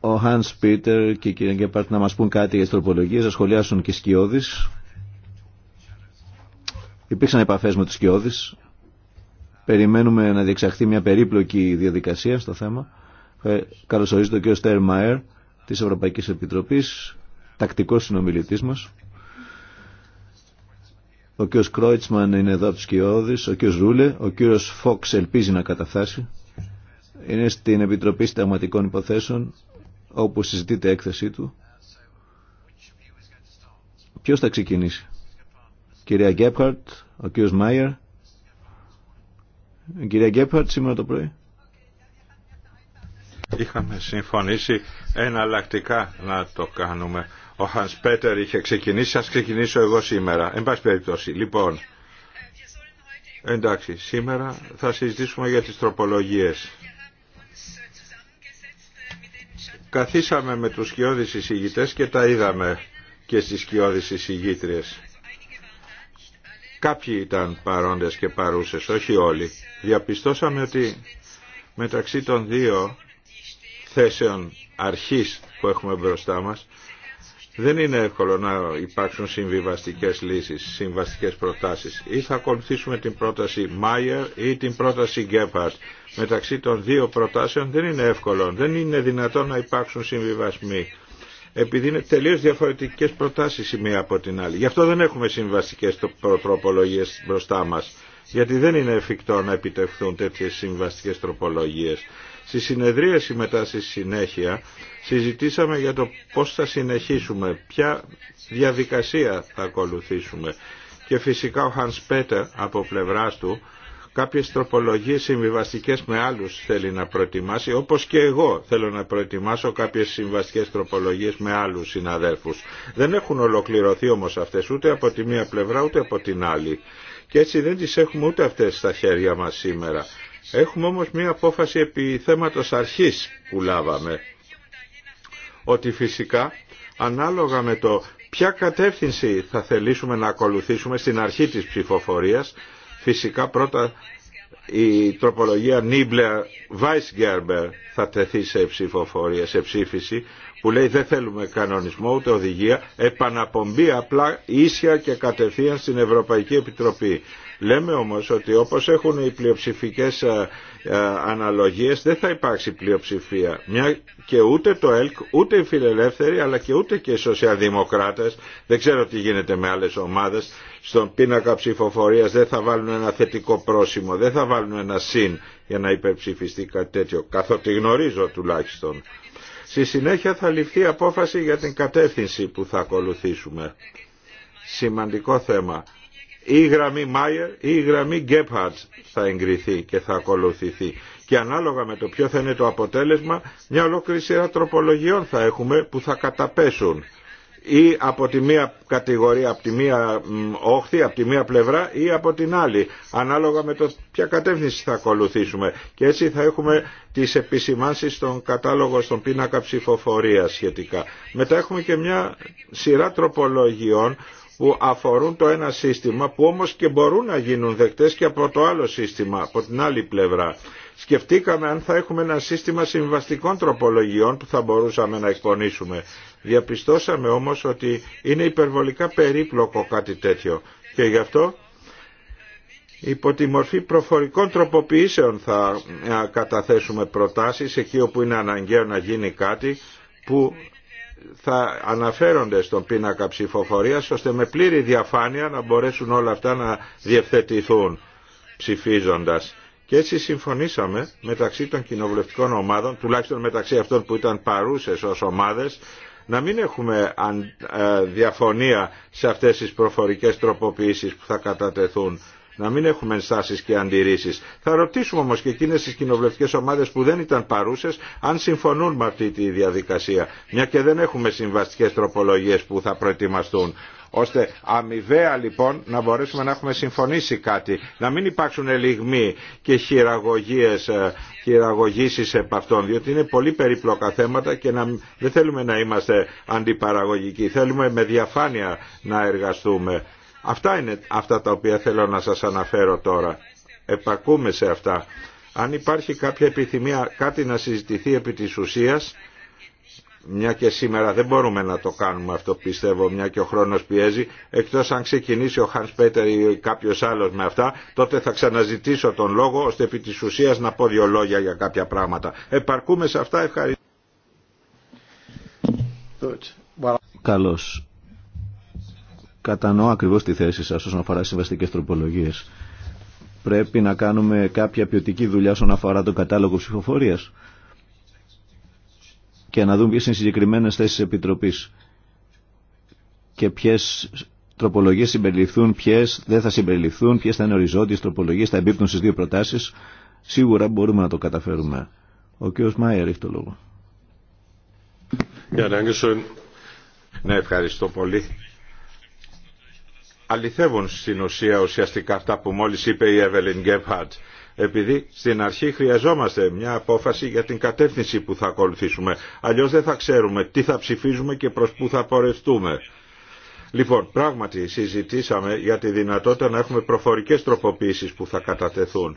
[SPEAKER 1] Ο Hans Peter και η κυρία Γκέπαρτ να μας πούν κάτι για τις τροπολογίες, να σχολιάσουν και σκιώδεις. Υπήρξαν επαφές με τους σκιώδεις. Περιμένουμε να διεξαχθεί μια περίπλοκη διαδικασία στο θέμα. Ε, καλωσορίζω τον κύριο Στέρ Μαέρ της Ευρωπαϊκής Επιτροπής τακτικός συνομιλητής μας. Ο κ. Κρόιτσμαν είναι εδώ από τους Κιώδης, ο κ. Ρούλε, ο κ. Φόξ ελπίζει να καταφτάσει. Είναι στην Επιτροπή Συνταγματικών Υποθέσεων, όπου συζητείται έκθεσή του. Ποιος θα ξεκινήσει. Κυρία Γκέπχαρτ, ο κ. Μάιερ. Κυρία Γκέπχαρτ σήμερα το πρωί.
[SPEAKER 5] Είχαμε συμφωνήσει εναλλακτικά να το κάνουμε ο Χανς Πέτερ είχε ξεκινήσει, ας ξεκινήσω εγώ σήμερα. Εν πάση περιπτώσει, λοιπόν, εντάξει, σήμερα θα συζητήσουμε για τις τροπολογίες. Καθίσαμε με τους σκιώδεις εισηγητές και τα είδαμε και στις σκιώδεις εισηγήτριες. Κάποιοι ήταν παρόντες και παρούσες, όχι όλοι. Διαπιστώσαμε ότι μεταξύ των δύο θέσεων αρχής που έχουμε μπροστά μας δεν είναι εύκολο να υπάρξουν συμβιβαστικές λύσεις, συμβαστικές προτάσεις. Ή θα ακολουθήσουμε την πρόταση Μάιερ ή την πρόταση Γκέπαρτ. Μεταξύ των δύο προτάσεων δεν είναι εύκολο, δεν είναι δυνατόν να υπάρξουν συμβιβασμοί. Επειδή είναι τελείως διαφορετικές προτάσεις η μία από την άλλη. Γι' αυτό δεν έχουμε συμβαστικές τροπολογίες μπροστά μας. Γιατί δεν είναι εφικτό να επιτευχθούν τέτοιες συμβαστικές τροπολογίες. Στη συνεδρίαση μετά στη συνέχεια συζητήσαμε για το πώς θα συνεχίσουμε, ποια διαδικασία θα ακολουθήσουμε. Και φυσικά ο Hans Peter από πλευράς του κάποιες τροπολογίες συμβιβαστικές με άλλους θέλει να προετοιμάσει, όπως και εγώ θέλω να προετοιμάσω κάποιες συμβαστικές τροπολογίες με άλλους συναδέλφους. Δεν έχουν ολοκληρωθεί όμως αυτές ούτε από τη μία πλευρά ούτε από την άλλη. Και έτσι δεν τις έχουμε ούτε αυτές στα χέρια μας σήμερα. Έχουμε όμως μία απόφαση επί θέματος αρχής που λάβαμε, ότι φυσικά ανάλογα με το ποια κατεύθυνση θα θελήσουμε να ακολουθήσουμε στην αρχή της ψηφοφορίας, φυσικά πρώτα η τροπολογία Νίμπλερ Weisgerber θα τεθεί σε ψηφοφορία, σε ψήφιση, που λέει δεν θέλουμε κανονισμό ούτε οδηγία, επαναπομπή απλά ίσια και κατευθείαν στην Ευρωπαϊκή Επιτροπή. Λέμε όμως ότι όπως έχουν οι πλειοψηφικές ε, ε, αναλογίες δεν θα υπάρξει πλειοψηφία. Μια και ούτε το ΕΛΚ, ούτε οι φιλελεύθεροι, αλλά και ούτε και οι σοσιαλδημοκράτες, δεν ξέρω τι γίνεται με άλλες ομάδες, στον πίνακα ψηφοφορίας δεν θα βάλουν ένα θετικό πρόσημο, δεν θα βάλουν ένα συν για να υπερψηφιστεί κάτι τέτοιο, καθότι γνωρίζω τουλάχιστον. Στη συνέχεια θα ληφθεί απόφαση για την κατεύθυνση που θα ακολουθήσουμε. Σημαντικό θέμα η γραμμή Μάιερ ή η γραμμή θα εγκριθεί και θα ακολουθηθεί. Και ανάλογα με το ποιο θα είναι το αποτέλεσμα, μια ολόκληρη σειρά τροπολογιών θα έχουμε που θα καταπέσουν ή από τη μία κατηγορία, από τη μία όχθη, από τη μία πλευρά ή από την άλλη, ανάλογα με το ποια κατεύθυνση θα ακολουθήσουμε. Και έτσι θα έχουμε τις επισημάνσεις στον κατάλογο, στον πίνακα ψηφοφορία σχετικά. Μετά έχουμε και μια σειρά τροπολογιών που αφορούν το ένα σύστημα που όμως και μπορούν να γίνουν δεκτές και από το άλλο σύστημα, από την άλλη πλευρά. Σκεφτήκαμε αν θα έχουμε ένα σύστημα συμβαστικών τροπολογιών που θα μπορούσαμε να εκπονήσουμε. Διαπιστώσαμε όμως ότι είναι υπερβολικά περίπλοκο κάτι τέτοιο και γι' αυτό υπό τη μορφή προφορικών τροποποιήσεων θα ε, καταθέσουμε προτάσεις εκεί όπου είναι αναγκαίο να γίνει κάτι που θα αναφέρονται στον πίνακα ψηφοφορίας ώστε με πλήρη διαφάνεια να μπορέσουν όλα αυτά να διευθετηθούν ψηφίζοντας. Και έτσι συμφωνήσαμε μεταξύ των κοινοβουλευτικών ομάδων, τουλάχιστον μεταξύ αυτών που ήταν παρούσες ως ομάδες, να μην έχουμε ε, διαφωνία σε αυτές τις προφορικές τροποποιήσεις που θα κατατεθούν να μην έχουμε ενστάσεις και αντιρρήσεις. Θα ρωτήσουμε όμως και εκείνες τις κοινοβουλευτικές ομάδες που δεν ήταν παρούσες αν συμφωνούν με αυτή τη διαδικασία. Μια και δεν έχουμε συμβαστικές τροπολογίες που θα προετοιμαστούν ώστε αμοιβαία λοιπόν να μπορέσουμε να έχουμε συμφωνήσει κάτι, να μην υπάρξουν ελιγμοί και χειραγωγίες, ε, χειραγωγήσεις επ' αυτών, διότι είναι πολύ περίπλοκα θέματα και να, δεν θέλουμε να είμαστε αντιπαραγωγικοί, θέλουμε με διαφάνεια να εργαστούμε. Αυτά είναι αυτά τα οποία θέλω να σας αναφέρω τώρα. Επακούμε σε αυτά. Αν υπάρχει κάποια επιθυμία κάτι να συζητηθεί επί της ουσίας, μια και σήμερα δεν μπορούμε να το κάνουμε αυτό πιστεύω, μια και ο χρόνος πιέζει, εκτός αν ξεκινήσει ο Χάνς Πέτερ ή κάποιος άλλος με αυτά, τότε θα ξαναζητήσω τον λόγο ώστε επί της ουσίας να πω δύο λόγια για κάποια πράγματα. Επαρκούμε σε αυτά, ευχαριστώ.
[SPEAKER 1] Καλώς κατανοώ ακριβώς τη θέση σας όσον αφορά συμβαστικές τροπολογίες. Πρέπει να κάνουμε κάποια ποιοτική δουλειά όσον αφορά τον κατάλογο ψηφοφορία και να δούμε ποιες είναι οι συγκεκριμένες θέσεις Επιτροπής και ποιες τροπολογίες συμπεριληφθούν, ποιες δεν θα συμπεριληφθούν, ποιες θα είναι οριζόντιες τροπολογίες, θα εμπίπτουν στις δύο προτάσεις. Σίγουρα μπορούμε να το καταφέρουμε. Ο κ. Μάιερ έχει το λόγο.
[SPEAKER 5] ναι, ευχαριστώ πολύ αληθεύουν στην ουσία ουσιαστικά αυτά που μόλις είπε η Εβελίν Γκέπχαρτ επειδή στην αρχή χρειαζόμαστε μια απόφαση για την κατεύθυνση που θα ακολουθήσουμε. Αλλιώς δεν θα ξέρουμε τι θα ψηφίζουμε και προς πού θα πορευτούμε. Λοιπόν, πράγματι συζητήσαμε για τη δυνατότητα να έχουμε προφορικές τροποποίησεις που θα κατατεθούν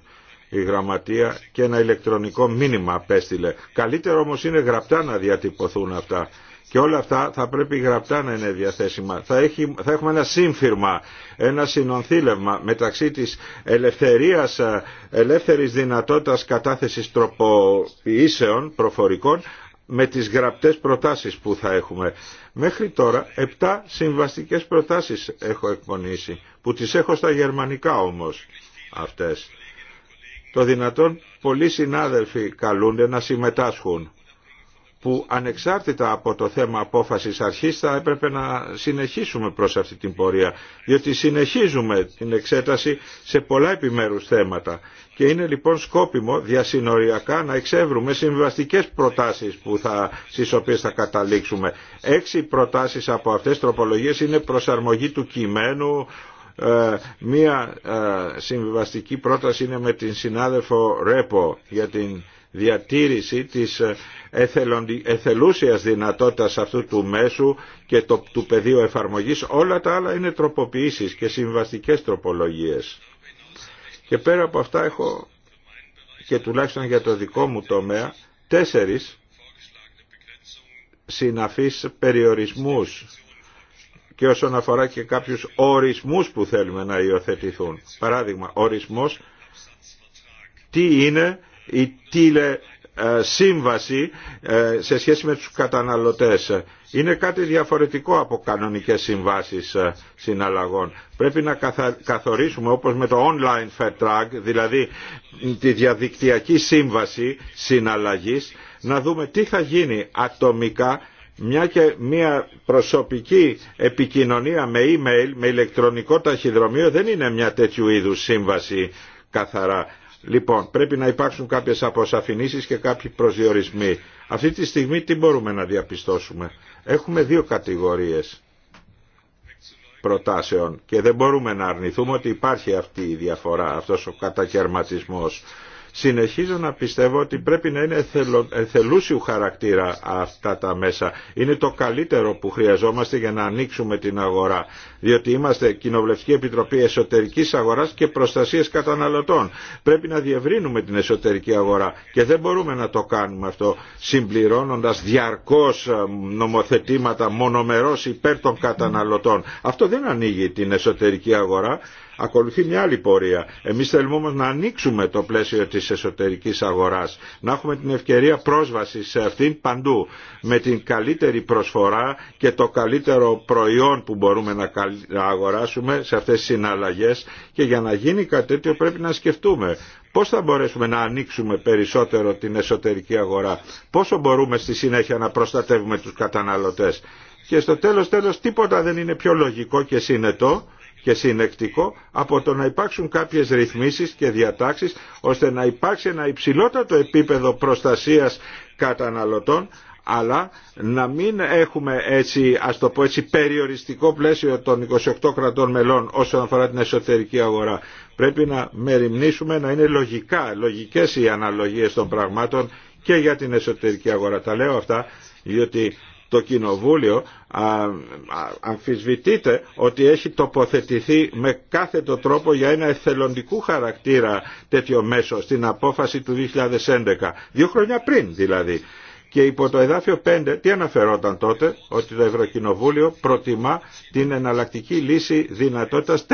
[SPEAKER 5] η γραμματεία και ένα ηλεκτρονικό μήνυμα απέστειλε. Καλύτερο όμως είναι γραπτά να διατυπωθούν αυτά και όλα αυτά θα πρέπει γραπτά να είναι διαθέσιμα. Θα, έχει, θα έχουμε ένα σύμφυρμα, ένα συνονθήλευμα μεταξύ της ελευθερίας, ε, ελεύθερης δυνατότητας κατάθεσης τροποποιήσεων προφορικών με τις γραπτές προτάσεις που θα έχουμε. Μέχρι τώρα επτά συμβαστικές προτάσεις έχω εκπονήσει, που τις έχω στα γερμανικά όμως αυτές. Το δυνατόν πολλοί συνάδελφοι καλούνται να συμμετάσχουν που ανεξάρτητα από το θέμα απόφασης αρχής θα έπρεπε να συνεχίσουμε προς αυτή την πορεία διότι συνεχίζουμε την εξέταση σε πολλά επιμέρους θέματα και είναι λοιπόν σκόπιμο διασυνοριακά να εξεύρουμε συμβαστικές προτάσεις που θα, στις οποίες θα καταλήξουμε. Έξι προτάσεις από αυτές τροπολογίες είναι προσαρμογή του κειμένου ε, μία ε, συμβιβαστική πρόταση είναι με την συνάδελφο Ρέπο για την διατήρηση της ε, εθελούσιας δυνατότητας αυτού του μέσου και το, του πεδίου εφαρμογής. Όλα τα άλλα είναι τροποποιήσεις και συμβαστικές τροπολογίες. Και πέρα από αυτά έχω και τουλάχιστον για το δικό μου τομέα τέσσερις συναφείς περιορισμούς και όσον αφορά και κάποιους ορισμούς που θέλουμε να υιοθετηθούν. Παράδειγμα, ορισμός τι είναι η ε, σύμβαση ε, σε σχέση με τους καταναλωτές. Είναι κάτι διαφορετικό από κανονικές συμβάσεις ε, συναλλαγών. Πρέπει να καθορίσουμε όπως με το online fair δηλαδή τη διαδικτυακή σύμβαση συναλλαγής, να δούμε τι θα γίνει ατομικά μια και μια προσωπική επικοινωνία με email, με ηλεκτρονικό ταχυδρομείο δεν είναι μια τέτοιου είδους σύμβαση καθαρά. Λοιπόν, πρέπει να υπάρξουν κάποιες αποσαφηνίσεις και κάποιοι προσδιορισμοί. Αυτή τη στιγμή τι μπορούμε να διαπιστώσουμε. Έχουμε δύο κατηγορίες προτάσεων και δεν μπορούμε να αρνηθούμε ότι υπάρχει αυτή η διαφορά, αυτός ο κατακαιρματισμός. Συνεχίζω να πιστεύω ότι πρέπει να είναι εθελούσιου χαρακτήρα αυτά τα μέσα. Είναι το καλύτερο που χρειαζόμαστε για να ανοίξουμε την αγορά. Διότι είμαστε Κοινοβουλευτική Επιτροπή Εσωτερικής Αγοράς και Προστασίας Καταναλωτών. Πρέπει να διευρύνουμε την εσωτερική αγορά και δεν μπορούμε να το κάνουμε αυτό συμπληρώνοντας διαρκώς ε, νομοθετήματα μονομερός υπέρ των καταναλωτών. Αυτό δεν ανοίγει την εσωτερική αγορά ακολουθεί μια άλλη πορεία. Εμείς θέλουμε όμως να ανοίξουμε το πλαίσιο της εσωτερικής αγοράς, να έχουμε την ευκαιρία πρόσβαση σε αυτήν παντού, με την καλύτερη προσφορά και το καλύτερο προϊόν που μπορούμε να αγοράσουμε σε αυτές τις συναλλαγές και για να γίνει κάτι τέτοιο πρέπει να σκεφτούμε πώς θα μπορέσουμε να ανοίξουμε περισσότερο την εσωτερική αγορά, πόσο μπορούμε στη συνέχεια να προστατεύουμε τους καταναλωτές. Και στο τέλος τέλος τίποτα δεν είναι πιο λογικό και συνετό και συνεκτικό από το να υπάρξουν κάποιες ρυθμίσεις και διατάξεις ώστε να υπάρξει ένα υψηλότερο επίπεδο προστασίας καταναλωτών αλλά να μην έχουμε έτσι, ας το πω έτσι, περιοριστικό πλαίσιο των 28 κρατών μελών όσον αφορά την εσωτερική αγορά. Πρέπει να μεριμνήσουμε να είναι λογικά, λογικές οι αναλογίες των πραγμάτων και για την εσωτερική αγορά. Τα λέω αυτά διότι το Κοινοβούλιο αμφισβητείται ότι έχει τοποθετηθεί με κάθετο τρόπο για ένα εθελοντικού χαρακτήρα τέτοιο μέσο στην απόφαση του 2011, δύο χρόνια πριν δηλαδή. Και υπό το εδάφιο 5, τι αναφερόταν τότε, ότι το Ευρωκοινοβούλιο προτιμά την εναλλακτική λύση δυνατότητας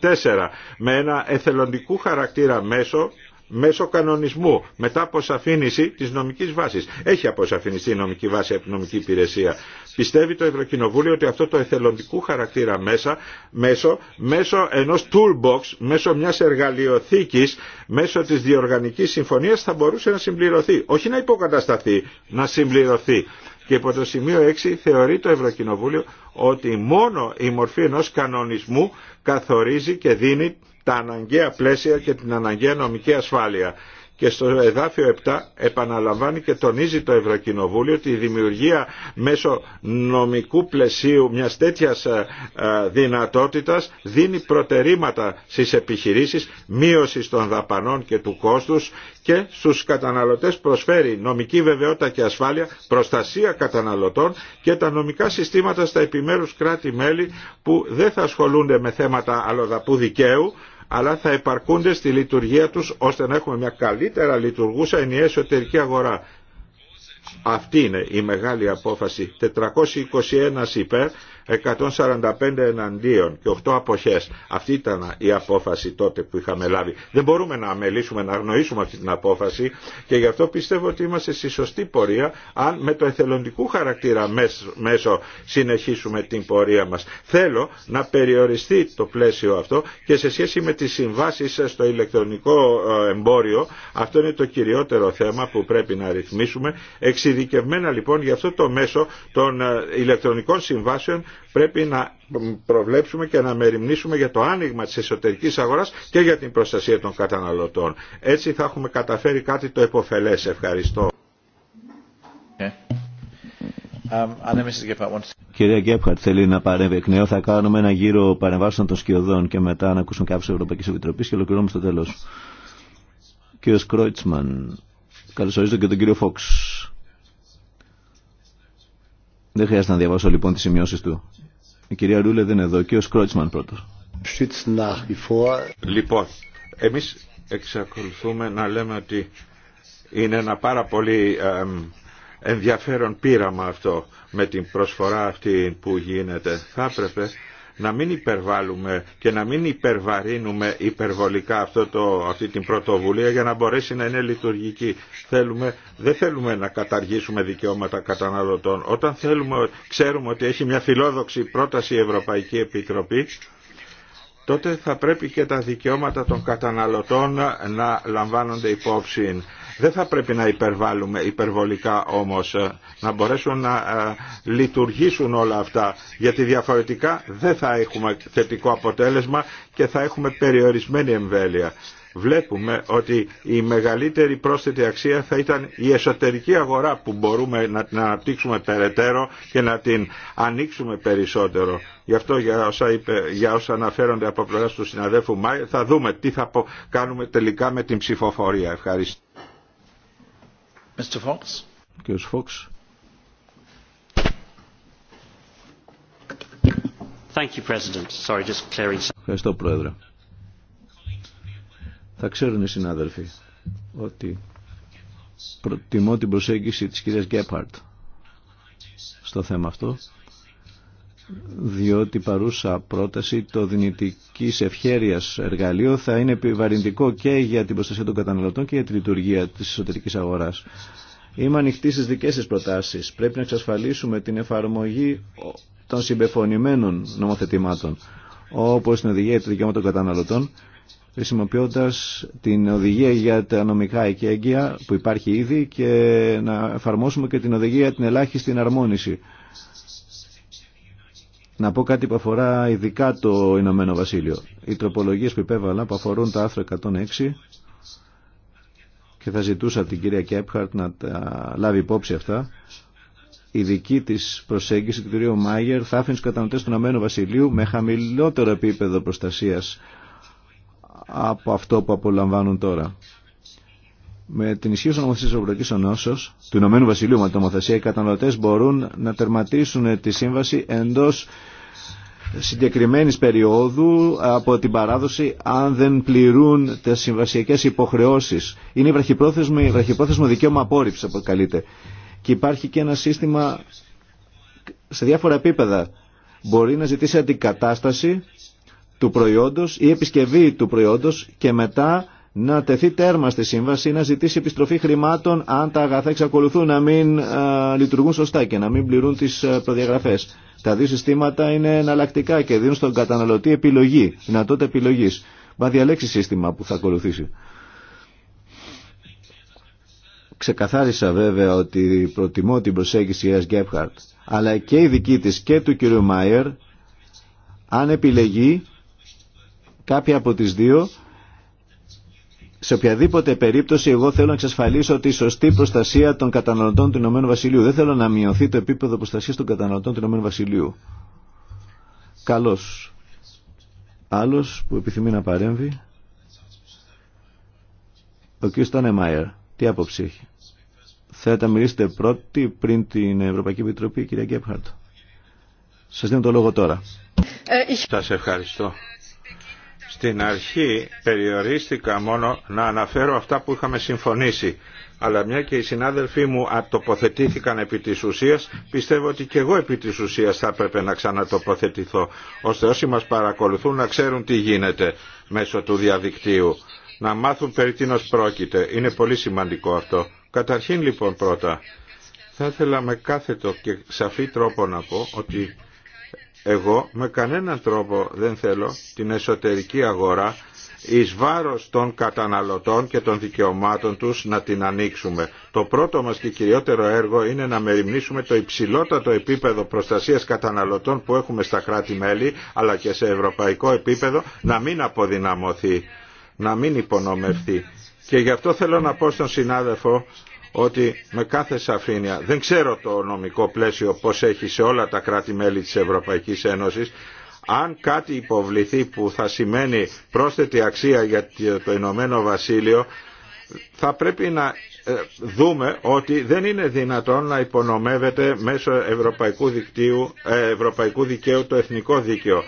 [SPEAKER 5] 4, 4 με ένα εθελοντικού χαρακτήρα μέσο μέσω κανονισμού, μετά αποσαφήνιση της νομικής βάσης. Έχει αποσαφινιστεί η νομική βάση από την νομική υπηρεσία. Πιστεύει το Ευρωκοινοβούλιο ότι αυτό το εθελοντικού χαρακτήρα μέσα, μέσω, μέσω ενός toolbox, μέσω μιας εργαλειοθήκης, μέσω της διοργανικής συμφωνίας θα μπορούσε να συμπληρωθεί. Όχι να υποκατασταθεί, να συμπληρωθεί. Και υπό το σημείο 6 θεωρεί το Ευρωκοινοβούλιο ότι μόνο η μορφή ενός κανονισμού καθορίζει και δίνει τα αναγκαία πλαίσια και την αναγκαία νομική ασφάλεια. Και στο εδάφιο 7 επαναλαμβάνει και τονίζει το Ευρωκοινοβούλιο ότι η δημιουργία μέσω νομικού πλαισίου μιας τέτοιας ε, ε, δυνατότητας δίνει προτερήματα στις επιχειρήσεις, μείωση των δαπανών και του κόστους και στους καταναλωτές προσφέρει νομική βεβαιότητα και ασφάλεια, προστασία καταναλωτών και τα νομικά συστήματα στα επιμέρους κράτη-μέλη που δεν θα ασχολούνται με θέματα αλλοδαπού δικαίου, αλλά θα επαρκούνται στη λειτουργία τους ώστε να έχουμε μια καλύτερα λειτουργούσα ενιαία εσωτερική αγορά. Αυτή είναι η μεγάλη απόφαση. 421 υπέρ, 145 εναντίον και 8 αποχές. Αυτή ήταν η απόφαση τότε που είχαμε λάβει. Δεν μπορούμε να αμελήσουμε, να αγνοήσουμε αυτή την απόφαση και γι' αυτό πιστεύω ότι είμαστε στη σωστή πορεία αν με το εθελοντικού χαρακτήρα μέσω συνεχίσουμε την πορεία μας. Θέλω να περιοριστεί το πλαίσιο αυτό και σε σχέση με τις συμβάσεις στο ηλεκτρονικό ε, εμπόριο αυτό είναι το κυριότερο θέμα που πρέπει να ρυθμίσουμε Εξειδικευμένα λοιπόν για αυτό το μέσο των ε, ηλεκτρονικών συμβάσεων πρέπει να προβλέψουμε και να μεριμνήσουμε για το άνοιγμα της εσωτερικής αγοράς και για την προστασία των καταναλωτών. Έτσι θα έχουμε καταφέρει κάτι το εποφελές. Ευχαριστώ.
[SPEAKER 2] Κύριε
[SPEAKER 1] Κυρία Γκέπχαρτ, θέλει να παρέμβει εκ νέου. Θα κάνουμε ένα γύρο παρεμβάσεων των σκιωδών και μετά να ακούσουν κάποιου Ευρωπαϊκή Επιτροπή και ολοκληρώνουμε στο τέλο. Κύριο Κρόιτσμαν, καλωσορίζω και τον κύριο Φόξ. Δεν χρειάζεται να διαβάσω λοιπόν τις σημειώσεις του. Η κυρία Ρούλε δεν είναι εδώ και ο Σκρότσμαν πρώτος.
[SPEAKER 5] Λοιπόν, εμείς εξακολουθούμε να λέμε ότι είναι ένα πάρα πολύ ενδιαφέρον πείραμα αυτό με την προσφορά αυτή που γίνεται. Θα έπρεπε να μην υπερβάλλουμε και να μην υπερβαρύνουμε υπερβολικά αυτό το, αυτή την πρωτοβουλία για να μπορέσει να είναι λειτουργική. Θέλουμε, δεν θέλουμε να καταργήσουμε δικαιώματα καταναλωτών. Όταν θέλουμε, ξέρουμε ότι έχει μια φιλόδοξη πρόταση η Ευρωπαϊκή Επιτροπή, τότε θα πρέπει και τα δικαιώματα των καταναλωτών να λαμβάνονται υπόψη. Δεν θα πρέπει να υπερβάλλουμε υπερβολικά όμως, ε, να μπορέσουν να ε, λειτουργήσουν όλα αυτά, γιατί διαφορετικά δεν θα έχουμε θετικό αποτέλεσμα και θα έχουμε περιορισμένη εμβέλεια βλέπουμε ότι η μεγαλύτερη πρόσθετη αξία θα ήταν η εσωτερική αγορά που μπορούμε να την αναπτύξουμε περαιτέρω και να την ανοίξουμε περισσότερο. Γι' αυτό για όσα, είπε, για όσα αναφέρονται από πλευρά του συναδέλφου Μάη θα δούμε τι θα κάνουμε τελικά με την ψηφοφορία. Ευχαριστώ.
[SPEAKER 2] Mr. Fox. Fox. Thank you, President. Sorry, just clearing...
[SPEAKER 1] Ευχαριστώ, Πρόεδρε. Θα ξέρουν οι συνάδελφοι ότι προτιμώ την προσέγγιση της κυρίας Γκέπαρτ στο θέμα αυτό διότι παρούσα πρόταση το δυνητική ευχέρεια εργαλείο θα είναι επιβαρυντικό και για την προστασία των καταναλωτών και για τη λειτουργία της εσωτερικής αγοράς. Είμαι ανοιχτή στι δικέ σα προτάσει. Πρέπει να εξασφαλίσουμε την εφαρμογή των συμπεφωνημένων νομοθετημάτων, όπω την οδηγία του δικαιώματο των καταναλωτών χρησιμοποιώντας την οδηγία για τα νομικά εκέγγυα που υπάρχει ήδη και να εφαρμόσουμε και την οδηγία την ελάχιστη εναρμόνιση. Να πω κάτι που αφορά ειδικά το Ηνωμένο Βασίλειο. Οι τροπολογίε που υπέβαλα που αφορούν τα άρθρα 106 και θα ζητούσα την κυρία Κέπχαρτ να τα λάβει υπόψη αυτά. Η δική τη προσέγγιση του κ. Μάγερ θα άφηνε του κατανοητέ του Ηνωμένου Βασιλείου με χαμηλότερο επίπεδο προστασία από αυτό που απολαμβάνουν τώρα. Με την τη νομοθεσία τη Ευρωπαϊκή Ενώσεω, του Ηνωμένου Βασιλείου με την νομοθεσία, οι καταναλωτέ μπορούν να τερματίσουν τη σύμβαση εντό συγκεκριμένης περίοδου από την παράδοση αν δεν πληρούν τις συμβασιακές υποχρεώσεις. Είναι η βραχυπρόθεσμο, η δικαίωμα απόρριψη αποκαλείται. Και υπάρχει και ένα σύστημα σε διάφορα επίπεδα. Μπορεί να ζητήσει αντικατάσταση του προϊόντος ή επισκευή του προϊόντος και μετά να τεθεί τέρμα στη σύμβαση ή να ζητήσει επιστροφή χρημάτων αν τα αγαθά εξακολουθούν να μην α, ε, λειτουργούν σωστά και να μην πληρούν τις ε, προδιαγραφές. Τα δύο συστήματα είναι εναλλακτικά και δίνουν στον καταναλωτή επιλογή, δυνατότητα επιλογής. Μα διαλέξει σύστημα που θα ακολουθήσει. Ξεκαθάρισα βέβαια ότι προτιμώ την προσέγγιση Ιας Γκέπχαρτ, αλλά και η δική της και του κ. Μάιερ, αν επιλεγεί Κάποια από τις δύο, σε οποιαδήποτε περίπτωση εγώ θέλω να εξασφαλίσω τη σωστή προστασία των καταναλωτών του Ηνωμένου Βασιλείου. Δεν θέλω να μειωθεί το επίπεδο προστασίας των καταναλωτών του Ηνωμένου Βασιλείου. Καλός. Άλλος που επιθυμεί να παρέμβει. Ο κ. Στανεμάιερ. Τι άποψη έχει. Θέλετε να μιλήσετε πρώτη πριν την Ευρωπαϊκή Επιτροπή, κυρία Γκέπχαρτ. Σας δίνω το λόγο τώρα.
[SPEAKER 5] Ε, Σας ευχαριστώ. Στην αρχή περιορίστηκα μόνο να αναφέρω αυτά που είχαμε συμφωνήσει. Αλλά μια και οι συνάδελφοί μου τοποθετήθηκαν επί της ουσίας, πιστεύω ότι και εγώ επί της ουσίας θα έπρεπε να ξανατοποθετηθώ, ώστε όσοι μας παρακολουθούν να ξέρουν τι γίνεται μέσω του διαδικτύου. Να μάθουν περί τίνος πρόκειται. Είναι πολύ σημαντικό αυτό. Καταρχήν λοιπόν πρώτα, θα ήθελα με κάθετο και σαφή τρόπο να πω ότι εγώ με κανέναν τρόπο δεν θέλω την εσωτερική αγορά εις βάρος των καταναλωτών και των δικαιωμάτων τους να την ανοίξουμε. Το πρώτο μας και κυριότερο έργο είναι να μεριμνήσουμε το υψηλότατο επίπεδο προστασίας καταναλωτών που έχουμε στα κράτη-μέλη αλλά και σε ευρωπαϊκό επίπεδο να μην αποδυναμωθεί, να μην υπονομευθεί. Και γι' αυτό θέλω να πω στον συνάδελφο ότι με κάθε σαφήνεια, δεν ξέρω το νομικό πλαίσιο πώς έχει σε όλα τα κράτη-μέλη της Ευρωπαϊκής Ένωσης, αν κάτι υποβληθεί που θα σημαίνει πρόσθετη αξία για το Ηνωμένο Βασίλειο, θα πρέπει να ε, δούμε ότι δεν είναι δυνατόν να υπονομεύεται μέσω ευρωπαϊκού, δικτύου, ε, ευρωπαϊκού δικαίου το εθνικό δίκαιο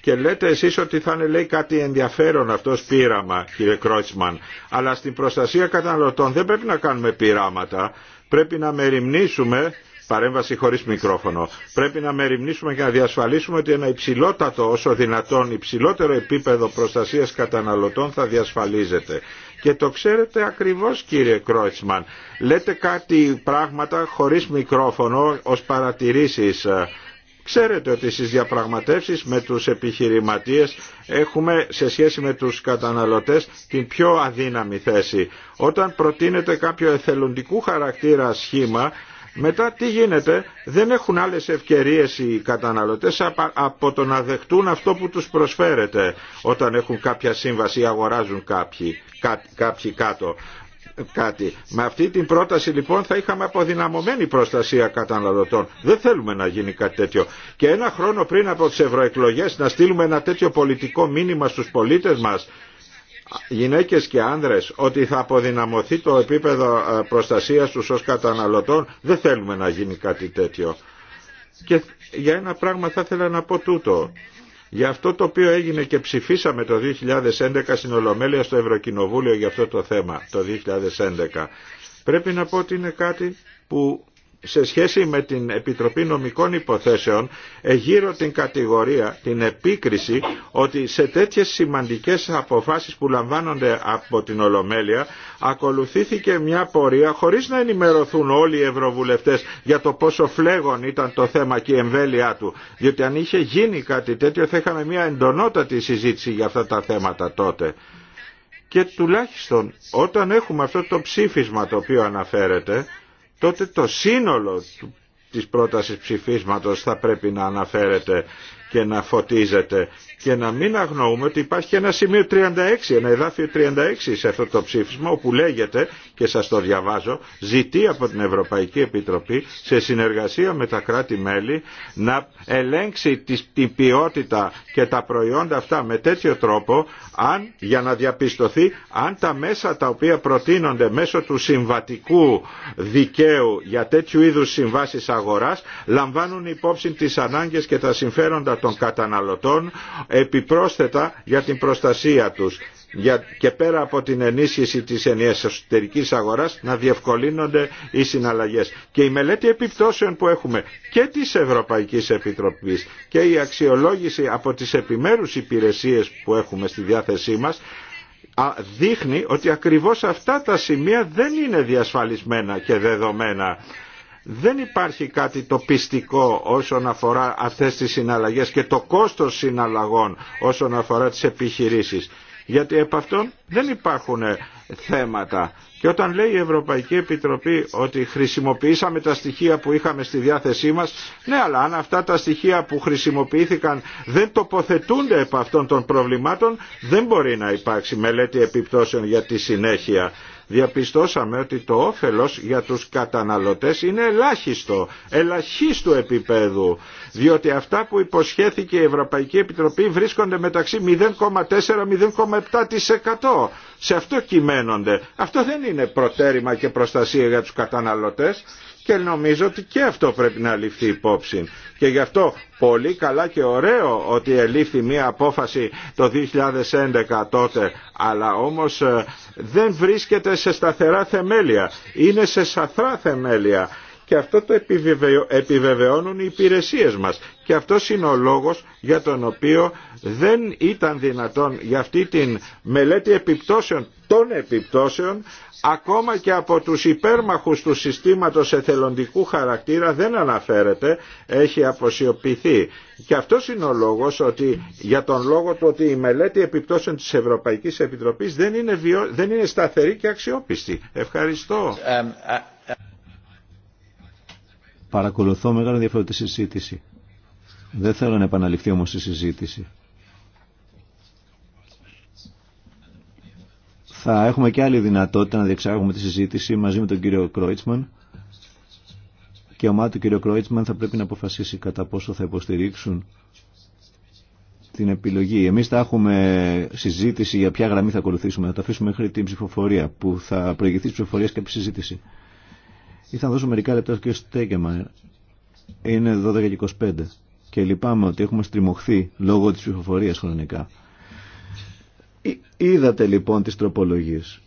[SPEAKER 5] και λέτε εσείς ότι θα είναι λέει κάτι ενδιαφέρον αυτό πείραμα κύριε Κρότσμαν αλλά στην προστασία καταναλωτών δεν πρέπει να κάνουμε πειράματα πρέπει να μεριμνήσουμε παρέμβαση χωρίς μικρόφωνο πρέπει να μεριμνήσουμε και να διασφαλίσουμε ότι ένα υψηλότατο όσο δυνατόν υψηλότερο επίπεδο προστασίας καταναλωτών θα διασφαλίζεται και το ξέρετε ακριβώς κύριε Κρότσμαν λέτε κάτι πράγματα χωρίς μικρόφωνο ως παρατηρήσεις ε, Ξέρετε ότι στις διαπραγματεύσεις με τους επιχειρηματίες έχουμε σε σχέση με τους καταναλωτές την πιο αδύναμη θέση. Όταν προτείνεται κάποιο εθελοντικού χαρακτήρα σχήμα, μετά τι γίνεται, δεν έχουν άλλες ευκαιρίες οι καταναλωτές από το να δεχτούν αυτό που τους προσφέρεται όταν έχουν κάποια σύμβαση ή αγοράζουν κάποιοι, κάποιοι κάτω κάτι. Με αυτή την πρόταση λοιπόν θα είχαμε αποδυναμωμένη προστασία καταναλωτών. Δεν θέλουμε να γίνει κάτι τέτοιο. Και ένα χρόνο πριν από τις ευρωεκλογές να στείλουμε ένα τέτοιο πολιτικό μήνυμα στους πολίτες μας γυναίκες και άνδρες ότι θα αποδυναμωθεί το επίπεδο ε, προστασίας τους ως καταναλωτών δεν θέλουμε να γίνει κάτι τέτοιο και για ένα πράγμα θα ήθελα να πω τούτο για αυτό το οποίο έγινε και ψηφίσαμε το 2011 στην Ολομέλεια στο Ευρωκοινοβούλιο για αυτό το θέμα το 2011 πρέπει να πω ότι είναι κάτι που σε σχέση με την Επιτροπή Νομικών Υποθέσεων γύρω την κατηγορία, την επίκριση ότι σε τέτοιες σημαντικές αποφάσεις που λαμβάνονται από την Ολομέλεια ακολουθήθηκε μια πορεία χωρίς να ενημερωθούν όλοι οι ευρωβουλευτές για το πόσο φλέγον ήταν το θέμα και η εμβέλειά του. Διότι αν είχε γίνει κάτι τέτοιο θα είχαμε μια εντονότατη συζήτηση για αυτά τα θέματα τότε. Και τουλάχιστον όταν έχουμε αυτό το ψήφισμα το οποίο αναφέρεται τότε το σύνολο της πρότασης ψηφίσματος θα πρέπει να αναφέρεται και να φωτίζεται και να μην αγνοούμε ότι υπάρχει ένα σημείο 36, ένα εδάφιο 36 σε αυτό το ψήφισμα όπου λέγεται και σας το διαβάζω ζητεί από την Ευρωπαϊκή Επιτροπή σε συνεργασία με τα κράτη-μέλη να ελέγξει την ποιότητα και τα προϊόντα αυτά με τέτοιο τρόπο αν, για να διαπιστωθεί αν τα μέσα τα οποία προτείνονται μέσω του συμβατικού δικαίου για τέτοιου είδους συμβάσεις αγοράς λαμβάνουν υπόψη τις ανάγκες και τα συμφέροντα των καταναλωτών επιπρόσθετα για την προστασία τους για, και πέρα από την ενίσχυση της ενιαίας αγοράς να διευκολύνονται οι συναλλαγές. Και η μελέτη επιπτώσεων που έχουμε και της Ευρωπαϊκής Επιτροπής και η αξιολόγηση από τις επιμέρους υπηρεσίες που έχουμε στη διάθεσή μας δείχνει ότι ακριβώς αυτά τα σημεία δεν είναι διασφαλισμένα και δεδομένα δεν υπάρχει κάτι το πιστικό όσον αφορά αυτές τις συναλλαγές και το κόστος συναλλαγών όσον αφορά τις επιχειρήσεις. Γιατί επ' αυτών δεν υπάρχουν θέματα. Και όταν λέει η Ευρωπαϊκή Επιτροπή ότι χρησιμοποιήσαμε τα στοιχεία που είχαμε στη διάθεσή μας, ναι αλλά αν αυτά τα στοιχεία που χρησιμοποιήθηκαν δεν τοποθετούνται επ' αυτών των προβλημάτων, δεν μπορεί να υπάρξει μελέτη επιπτώσεων για τη συνέχεια διαπιστώσαμε ότι το όφελος για τους καταναλωτές είναι ελάχιστο, ελαχίστου επίπεδου, διότι αυτά που υποσχέθηκε η Ευρωπαϊκή Επιτροπή βρίσκονται μεταξύ 0,4-0,7%. Σε αυτό κυμαίνονται. Αυτό δεν είναι προτέρημα και προστασία για τους καταναλωτές και νομίζω ότι και αυτό πρέπει να ληφθεί υπόψη. Και γι' αυτό πολύ καλά και ωραίο ότι ελήφθη μία απόφαση το 2011 τότε, αλλά όμως ε, δεν βρίσκεται σε σταθερά θεμέλια, είναι σε σαθρά θεμέλια. Και αυτό το επιβεβαιώνουν οι υπηρεσίες μας. Και αυτό είναι ο λόγος για τον οποίο δεν ήταν δυνατόν για αυτή την μελέτη επιπτώσεων των επιπτώσεων ακόμα και από τους υπέρμαχους του συστήματος εθελοντικού χαρακτήρα δεν αναφέρεται, έχει αποσιοποιηθεί. Και αυτό είναι ο λόγος ότι, για τον λόγο του ότι η μελέτη επιπτώσεων της Ευρωπαϊκής Επιτροπής δεν είναι, δεν είναι σταθερή και αξιόπιστη. Ευχαριστώ.
[SPEAKER 1] Παρακολουθώ μεγάλο ενδιαφέρον τη συζήτηση. Δεν θέλω να επαναληφθεί όμως η συζήτηση. θα έχουμε και άλλη δυνατότητα να διεξάγουμε τη συζήτηση μαζί με τον κύριο Κρόιτσμαν και η ομάδα του κύριο Κρόιτσμαν θα πρέπει να αποφασίσει κατά πόσο θα υποστηρίξουν την επιλογή. Εμείς θα έχουμε συζήτηση για ποια γραμμή θα ακολουθήσουμε. Θα τα αφήσουμε μέχρι την ψηφοφορία που θα προηγηθεί ψηφοφορία ψηφοφορία και από συζήτηση. Ήθελα να δώσω μερικά λεπτά στο κύριο Στέκεμα. Είναι 12.25 και λυπάμαι ότι έχουμε στριμωχθεί λόγω της ψηφοφορίας χρονικά. Ε, είδατε λοιπόν τις τροπολογίες.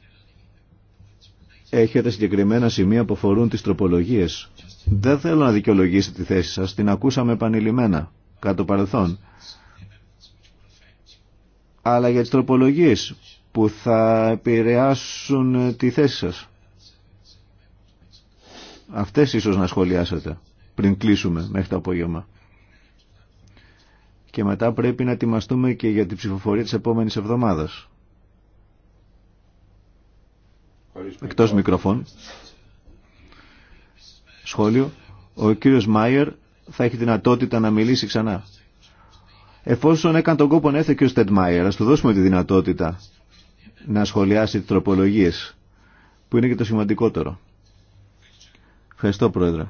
[SPEAKER 1] Έχετε συγκεκριμένα σημεία που αφορούν τις τροπολογίες. Δεν θέλω να δικαιολογήσετε τη θέση σας, την ακούσαμε επανειλημμένα, κάτω παρελθόν. Αλλά για τις τροπολογίες που θα επηρεάσουν ε, τη θέση σας. Αυτές ίσως να σχολιάσετε πριν κλείσουμε μέχρι το απόγευμα και μετά πρέπει να ετοιμαστούμε και για την ψηφοφορία της επόμενης εβδομάδας. Εκτός λοιπόν. μικροφών. Σχόλιο. Ο κύριος Μάιερ θα έχει δυνατότητα να μιλήσει ξανά. Εφόσον έκανε τον κόπο να έρθει κύριος ο Μάιερ, ας του δώσουμε τη δυνατότητα να σχολιάσει τις τροπολογίες, που είναι και το σημαντικότερο. Ευχαριστώ, Πρόεδρε.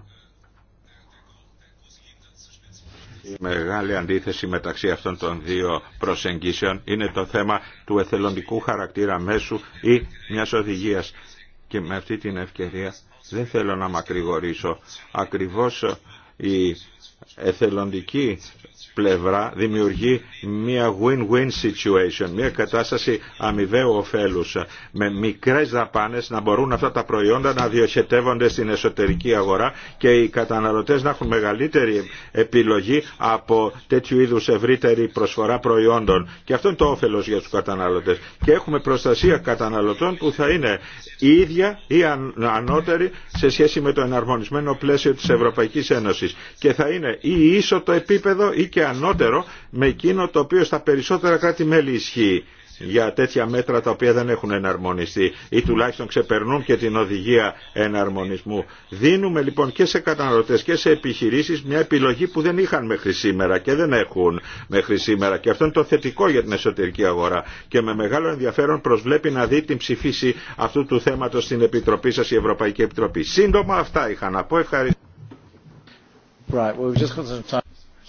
[SPEAKER 5] Η μεγάλη αντίθεση μεταξύ αυτών των δύο προσεγγίσεων είναι το θέμα του εθελοντικού χαρακτήρα μέσου ή μιας οδηγίας. Και με αυτή την ευκαιρία δεν θέλω να μακρηγορήσω. Ακριβώς η εθελοντική πλευρά δημιουργεί μια win-win situation, μια κατάσταση αμοιβαίου ωφέλους με μικρές δαπάνες να μπορούν αυτά τα προϊόντα να διοχετεύονται στην εσωτερική αγορά και οι καταναλωτές να έχουν μεγαλύτερη επιλογή από τέτοιου είδους ευρύτερη προσφορά προϊόντων και αυτό είναι το όφελος για τους καταναλωτές και έχουμε προστασία καταναλωτών που θα είναι ίδια ή ανώτερη σε σχέση με το εναρμονισμένο πλαίσιο της Ευρωπαϊκής Ένωσης και θα είναι ή ίσο το επίπεδο ή και ανώτερο με εκείνο το οποίο στα περισσότερα κράτη-μέλη ισχύει για τέτοια μέτρα τα οποία δεν έχουν εναρμονιστεί ή τουλάχιστον ξεπερνούν και την οδηγία εναρμονισμού. Δίνουμε λοιπόν και σε καταναλωτές και σε επιχειρήσεις μια επιλογή που δεν είχαν μέχρι σήμερα και δεν έχουν μέχρι σήμερα και αυτό είναι το θετικό για την εσωτερική αγορά και με μεγάλο ενδιαφέρον προσβλέπει να δει την ψηφίση αυτού του θέματος στην Επιτροπή σας η Ευρωπαϊκή Επιτροπή. Σύντομα αυτά είχα να πω. Ευχαριστώ.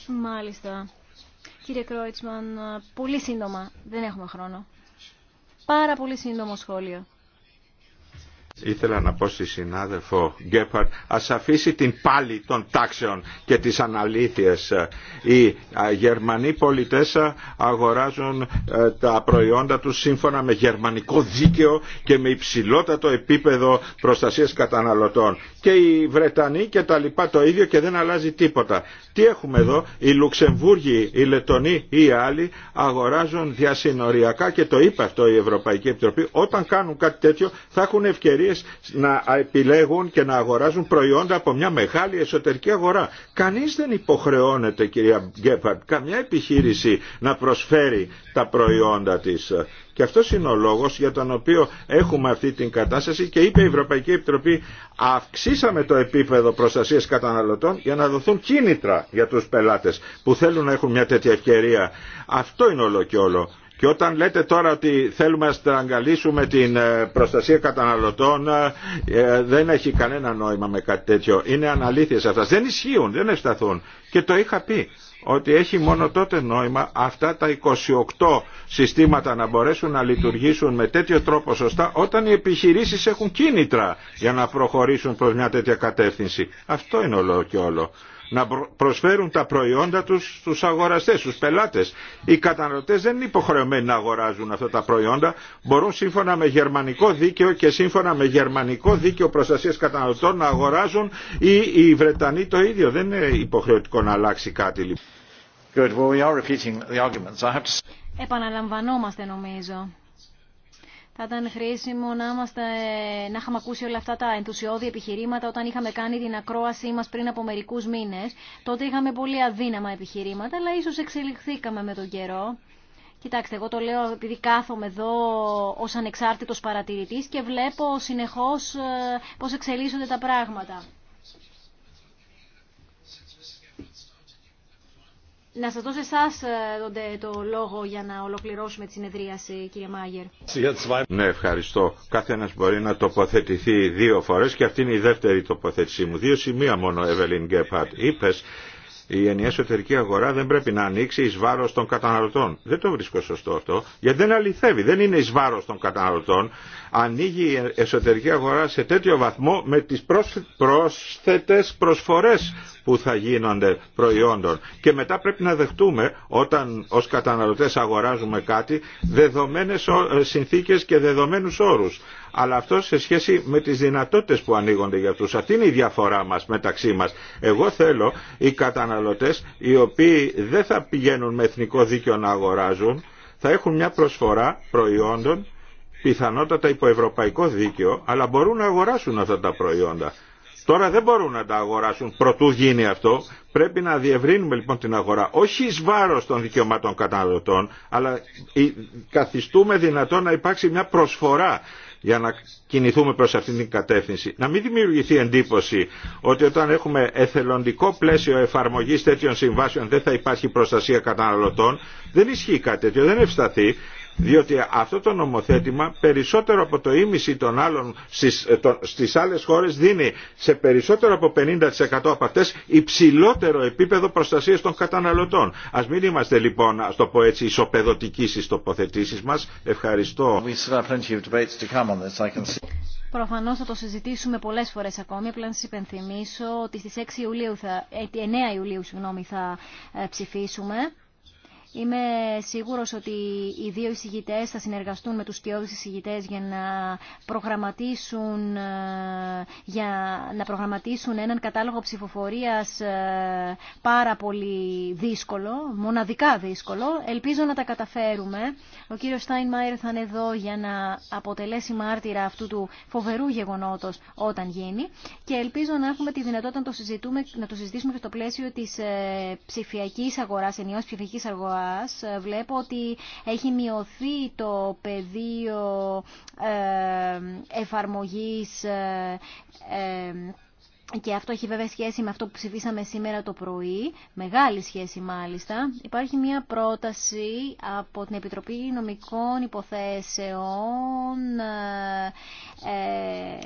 [SPEAKER 3] Μάλιστα. Κύριε Κρόιτσμαν, πολύ σύντομα. Δεν έχουμε χρόνο. Πάρα πολύ σύντομο σχόλιο.
[SPEAKER 5] Ήθελα να πω στη συνάδελφο Γκέπαρτ, ας αφήσει την πάλη των τάξεων και τις αναλήθειες. Οι Γερμανοί πολιτές αγοράζουν ε, τα προϊόντα τους σύμφωνα με γερμανικό δίκαιο και με υψηλότατο επίπεδο προστασίας καταναλωτών. Και οι Βρετανοί και τα λοιπά το ίδιο και δεν αλλάζει τίποτα. Τι έχουμε εδώ, οι Λουξεμβούργοι, οι Λετονοί ή οι άλλοι αγοράζουν διασυνοριακά και το είπε αυτό η Ευρωπαϊκή Επιτροπή, όταν κάνουν κάτι τέτοιο θα έχουν ευκαιρία εταιρείες να επιλέγουν και να αγοράζουν προϊόντα από μια μεγάλη εσωτερική αγορά. Κανείς δεν υποχρεώνεται κυρία Γκέπαρτ, καμιά επιχείρηση να προσφέρει τα προϊόντα της. Και αυτό είναι ο λόγος για τον οποίο έχουμε αυτή την κατάσταση και είπε η Ευρωπαϊκή Επιτροπή αυξήσαμε το επίπεδο προστασίας καταναλωτών για να δοθούν κίνητρα για τους πελάτες που θέλουν να έχουν μια τέτοια ευκαιρία. Αυτό είναι όλο και όλο. Και όταν λέτε τώρα ότι θέλουμε να στραγγαλίσουμε την ε, προστασία καταναλωτών, ε, ε, δεν έχει κανένα νόημα με κάτι τέτοιο. Είναι αναλήθειες αυτά. Δεν ισχύουν, δεν ευσταθούν. Και το είχα πει ότι έχει μόνο τότε νόημα αυτά τα 28 συστήματα να μπορέσουν να λειτουργήσουν με τέτοιο τρόπο σωστά όταν οι επιχειρήσεις έχουν κίνητρα για να προχωρήσουν προς μια τέτοια κατεύθυνση. Αυτό είναι όλο και όλο να προσφέρουν τα προϊόντα τους στους αγοραστές, στους πελάτες. Οι καταναλωτές δεν είναι υποχρεωμένοι να αγοράζουν αυτά τα προϊόντα, μπορούν σύμφωνα με γερμανικό δίκαιο και σύμφωνα με γερμανικό δίκαιο προστασίας καταναλωτών να αγοράζουν ή οι Βρετανοί το ίδιο. Δεν είναι υποχρεωτικό να
[SPEAKER 2] αλλάξει κάτι.
[SPEAKER 3] Επαναλαμβανόμαστε νομίζω. Θα ήταν χρήσιμο να, είμαστε, να είχαμε ακούσει όλα αυτά τα ενθουσιώδη επιχειρήματα όταν είχαμε κάνει την ακρόασή μα πριν από μερικού μήνε. Τότε είχαμε πολύ αδύναμα επιχειρήματα, αλλά ίσω εξελιχθήκαμε με τον καιρό. Κοιτάξτε, εγώ το λέω επειδή κάθομαι εδώ ως ανεξάρτητος παρατηρητής και βλέπω συνεχώς ε, πώς εξελίσσονται τα πράγματα. Να σας δώσω εσάς ε, το λόγο για να ολοκληρώσουμε τη συνεδρίαση, κύριε Μάγερ.
[SPEAKER 5] Ναι, ευχαριστώ. Κάθε ένα μπορεί να τοποθετηθεί δύο φορές και αυτή είναι η δεύτερη τοποθέτησή μου. Δύο σημεία μόνο, Εβελίν Γκέπαρτ. Είπες, η ενιαία εσωτερική αγορά δεν πρέπει να ανοίξει εις βάρος των καταναλωτών. Δεν το βρίσκω σωστό αυτό, γιατί δεν αληθεύει, δεν είναι εις βάρος των καταναλωτών. Ανοίγει η εσωτερική αγορά σε τέτοιο βαθμό με τι πρόσθετε προσφορέ που θα γίνονται προϊόντων. Και μετά πρέπει να δεχτούμε όταν ως καταναλωτές αγοράζουμε κάτι δεδομένες ε, συνθήκες και δεδομένους όρους. Αλλά αυτό σε σχέση με τις δυνατότητες που ανοίγονται για αυτούς. Αυτή είναι η διαφορά μας μεταξύ μας. Εγώ θέλω οι καταναλωτές οι οποίοι δεν θα πηγαίνουν με εθνικό δίκαιο να αγοράζουν θα έχουν μια προσφορά προϊόντων πιθανότατα υπό ευρωπαϊκό δίκαιο, αλλά μπορούν να αγοράσουν αυτά τα προϊόντα. Τώρα δεν μπορούν να τα αγοράσουν προτού γίνει αυτό. Πρέπει να διευρύνουμε λοιπόν την αγορά, όχι εις βάρος των δικαιωμάτων καταναλωτών, αλλά καθιστούμε δυνατόν να υπάρξει μια προσφορά για να κινηθούμε προς αυτήν την κατεύθυνση. Να μην δημιουργηθεί εντύπωση ότι όταν έχουμε εθελοντικό πλαίσιο εφαρμογής τέτοιων συμβάσεων δεν θα υπάρχει προστασία καταναλωτών. Δεν ισχύει κάτι τέτοιο, δεν ευσταθεί διότι αυτό το νομοθέτημα περισσότερο από το ίμιση των άλλων στις, ε, στις άλλες χώρες δίνει σε περισσότερο από 50% από αυτές υψηλότερο επίπεδο προστασίας των καταναλωτών. Ας μην είμαστε λοιπόν, ας το πω έτσι, ισοπεδωτικοί στις τοποθετήσεις
[SPEAKER 2] μας. Ευχαριστώ.
[SPEAKER 3] Προφανώ θα το συζητήσουμε πολλέ φορέ ακόμη. Απλά να σα υπενθυμίσω ότι στι Ιουλίου 9 Ιουλίου θα ε, ε, ψηφίσουμε. Είμαι σίγουρος ότι οι δύο εισηγητές θα συνεργαστούν με τους σκιώδους εισηγητές για να προγραμματίσουν, ε, για να προγραμματίσουν έναν κατάλογο ψηφοφορίας ε, πάρα πολύ δύσκολο, μοναδικά δύσκολο. Ελπίζω να τα καταφέρουμε. Ο κύριος Μάιρ θα είναι εδώ για να αποτελέσει μάρτυρα αυτού του φοβερού γεγονότος όταν γίνει και ελπίζω να έχουμε τη δυνατότητα να το, να το συζητήσουμε και στο πλαίσιο της ε, ψηφιακής αγοράς, ενιαίως ψηφιακής αγοράς ε, βλέπω ότι έχει μειωθεί το πεδίο ε, εφαρμογής ε, και αυτό έχει βέβαια σχέση με αυτό που ψηφίσαμε σήμερα το πρωί, μεγάλη σχέση μάλιστα. Υπάρχει μια πρόταση από την Επιτροπή Νομικών Υποθέσεων ε,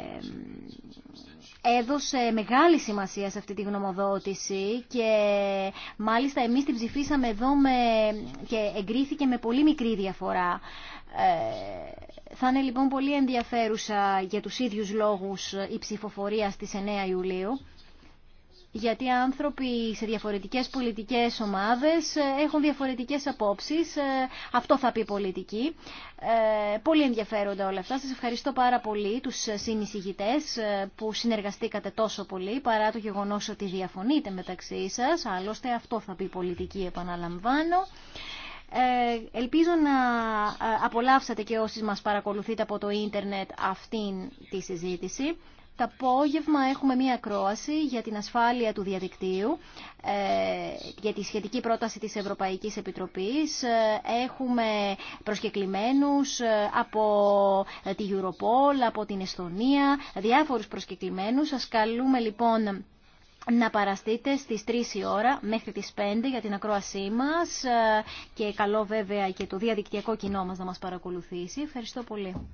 [SPEAKER 3] έδωσε μεγάλη σημασία σε αυτή τη γνωμοδότηση και μάλιστα εμείς την ψηφίσαμε εδώ με... και εγκρίθηκε με πολύ μικρή διαφορά. Ε, θα είναι λοιπόν πολύ ενδιαφέρουσα για τους ίδιους λόγους η ψηφοφορία στις 9 Ιουλίου γιατί άνθρωποι σε διαφορετικές πολιτικές ομάδες ε, έχουν διαφορετικές απόψεις. Ε, αυτό θα πει πολιτική. Ε, πολύ ενδιαφέροντα όλα αυτά. Σας ευχαριστώ πάρα πολύ τους συνεισηγητές που συνεργαστήκατε τόσο πολύ παρά το γεγονός ότι διαφωνείτε μεταξύ σας. Άλλωστε αυτό θα πει πολιτική επαναλαμβάνω. Ελπίζω να απολαύσατε και όσοι μας παρακολουθείτε από το ίντερνετ αυτήν τη συζήτηση. Το απόγευμα έχουμε μία ακρόαση για την ασφάλεια του διαδικτύου, ε, για τη σχετική πρόταση της Ευρωπαϊκής Επιτροπής. Ε, έχουμε προσκεκλημένους ε, από τη Europol, από την Εστονία, διάφορους προσκεκλημένους. Σας καλούμε λοιπόν να παραστείτε στις 3 η ώρα μέχρι τις 5 για την ακρόασή μας και καλό βέβαια και το διαδικτυακό κοινό μας να μας παρακολουθήσει. Ευχαριστώ πολύ.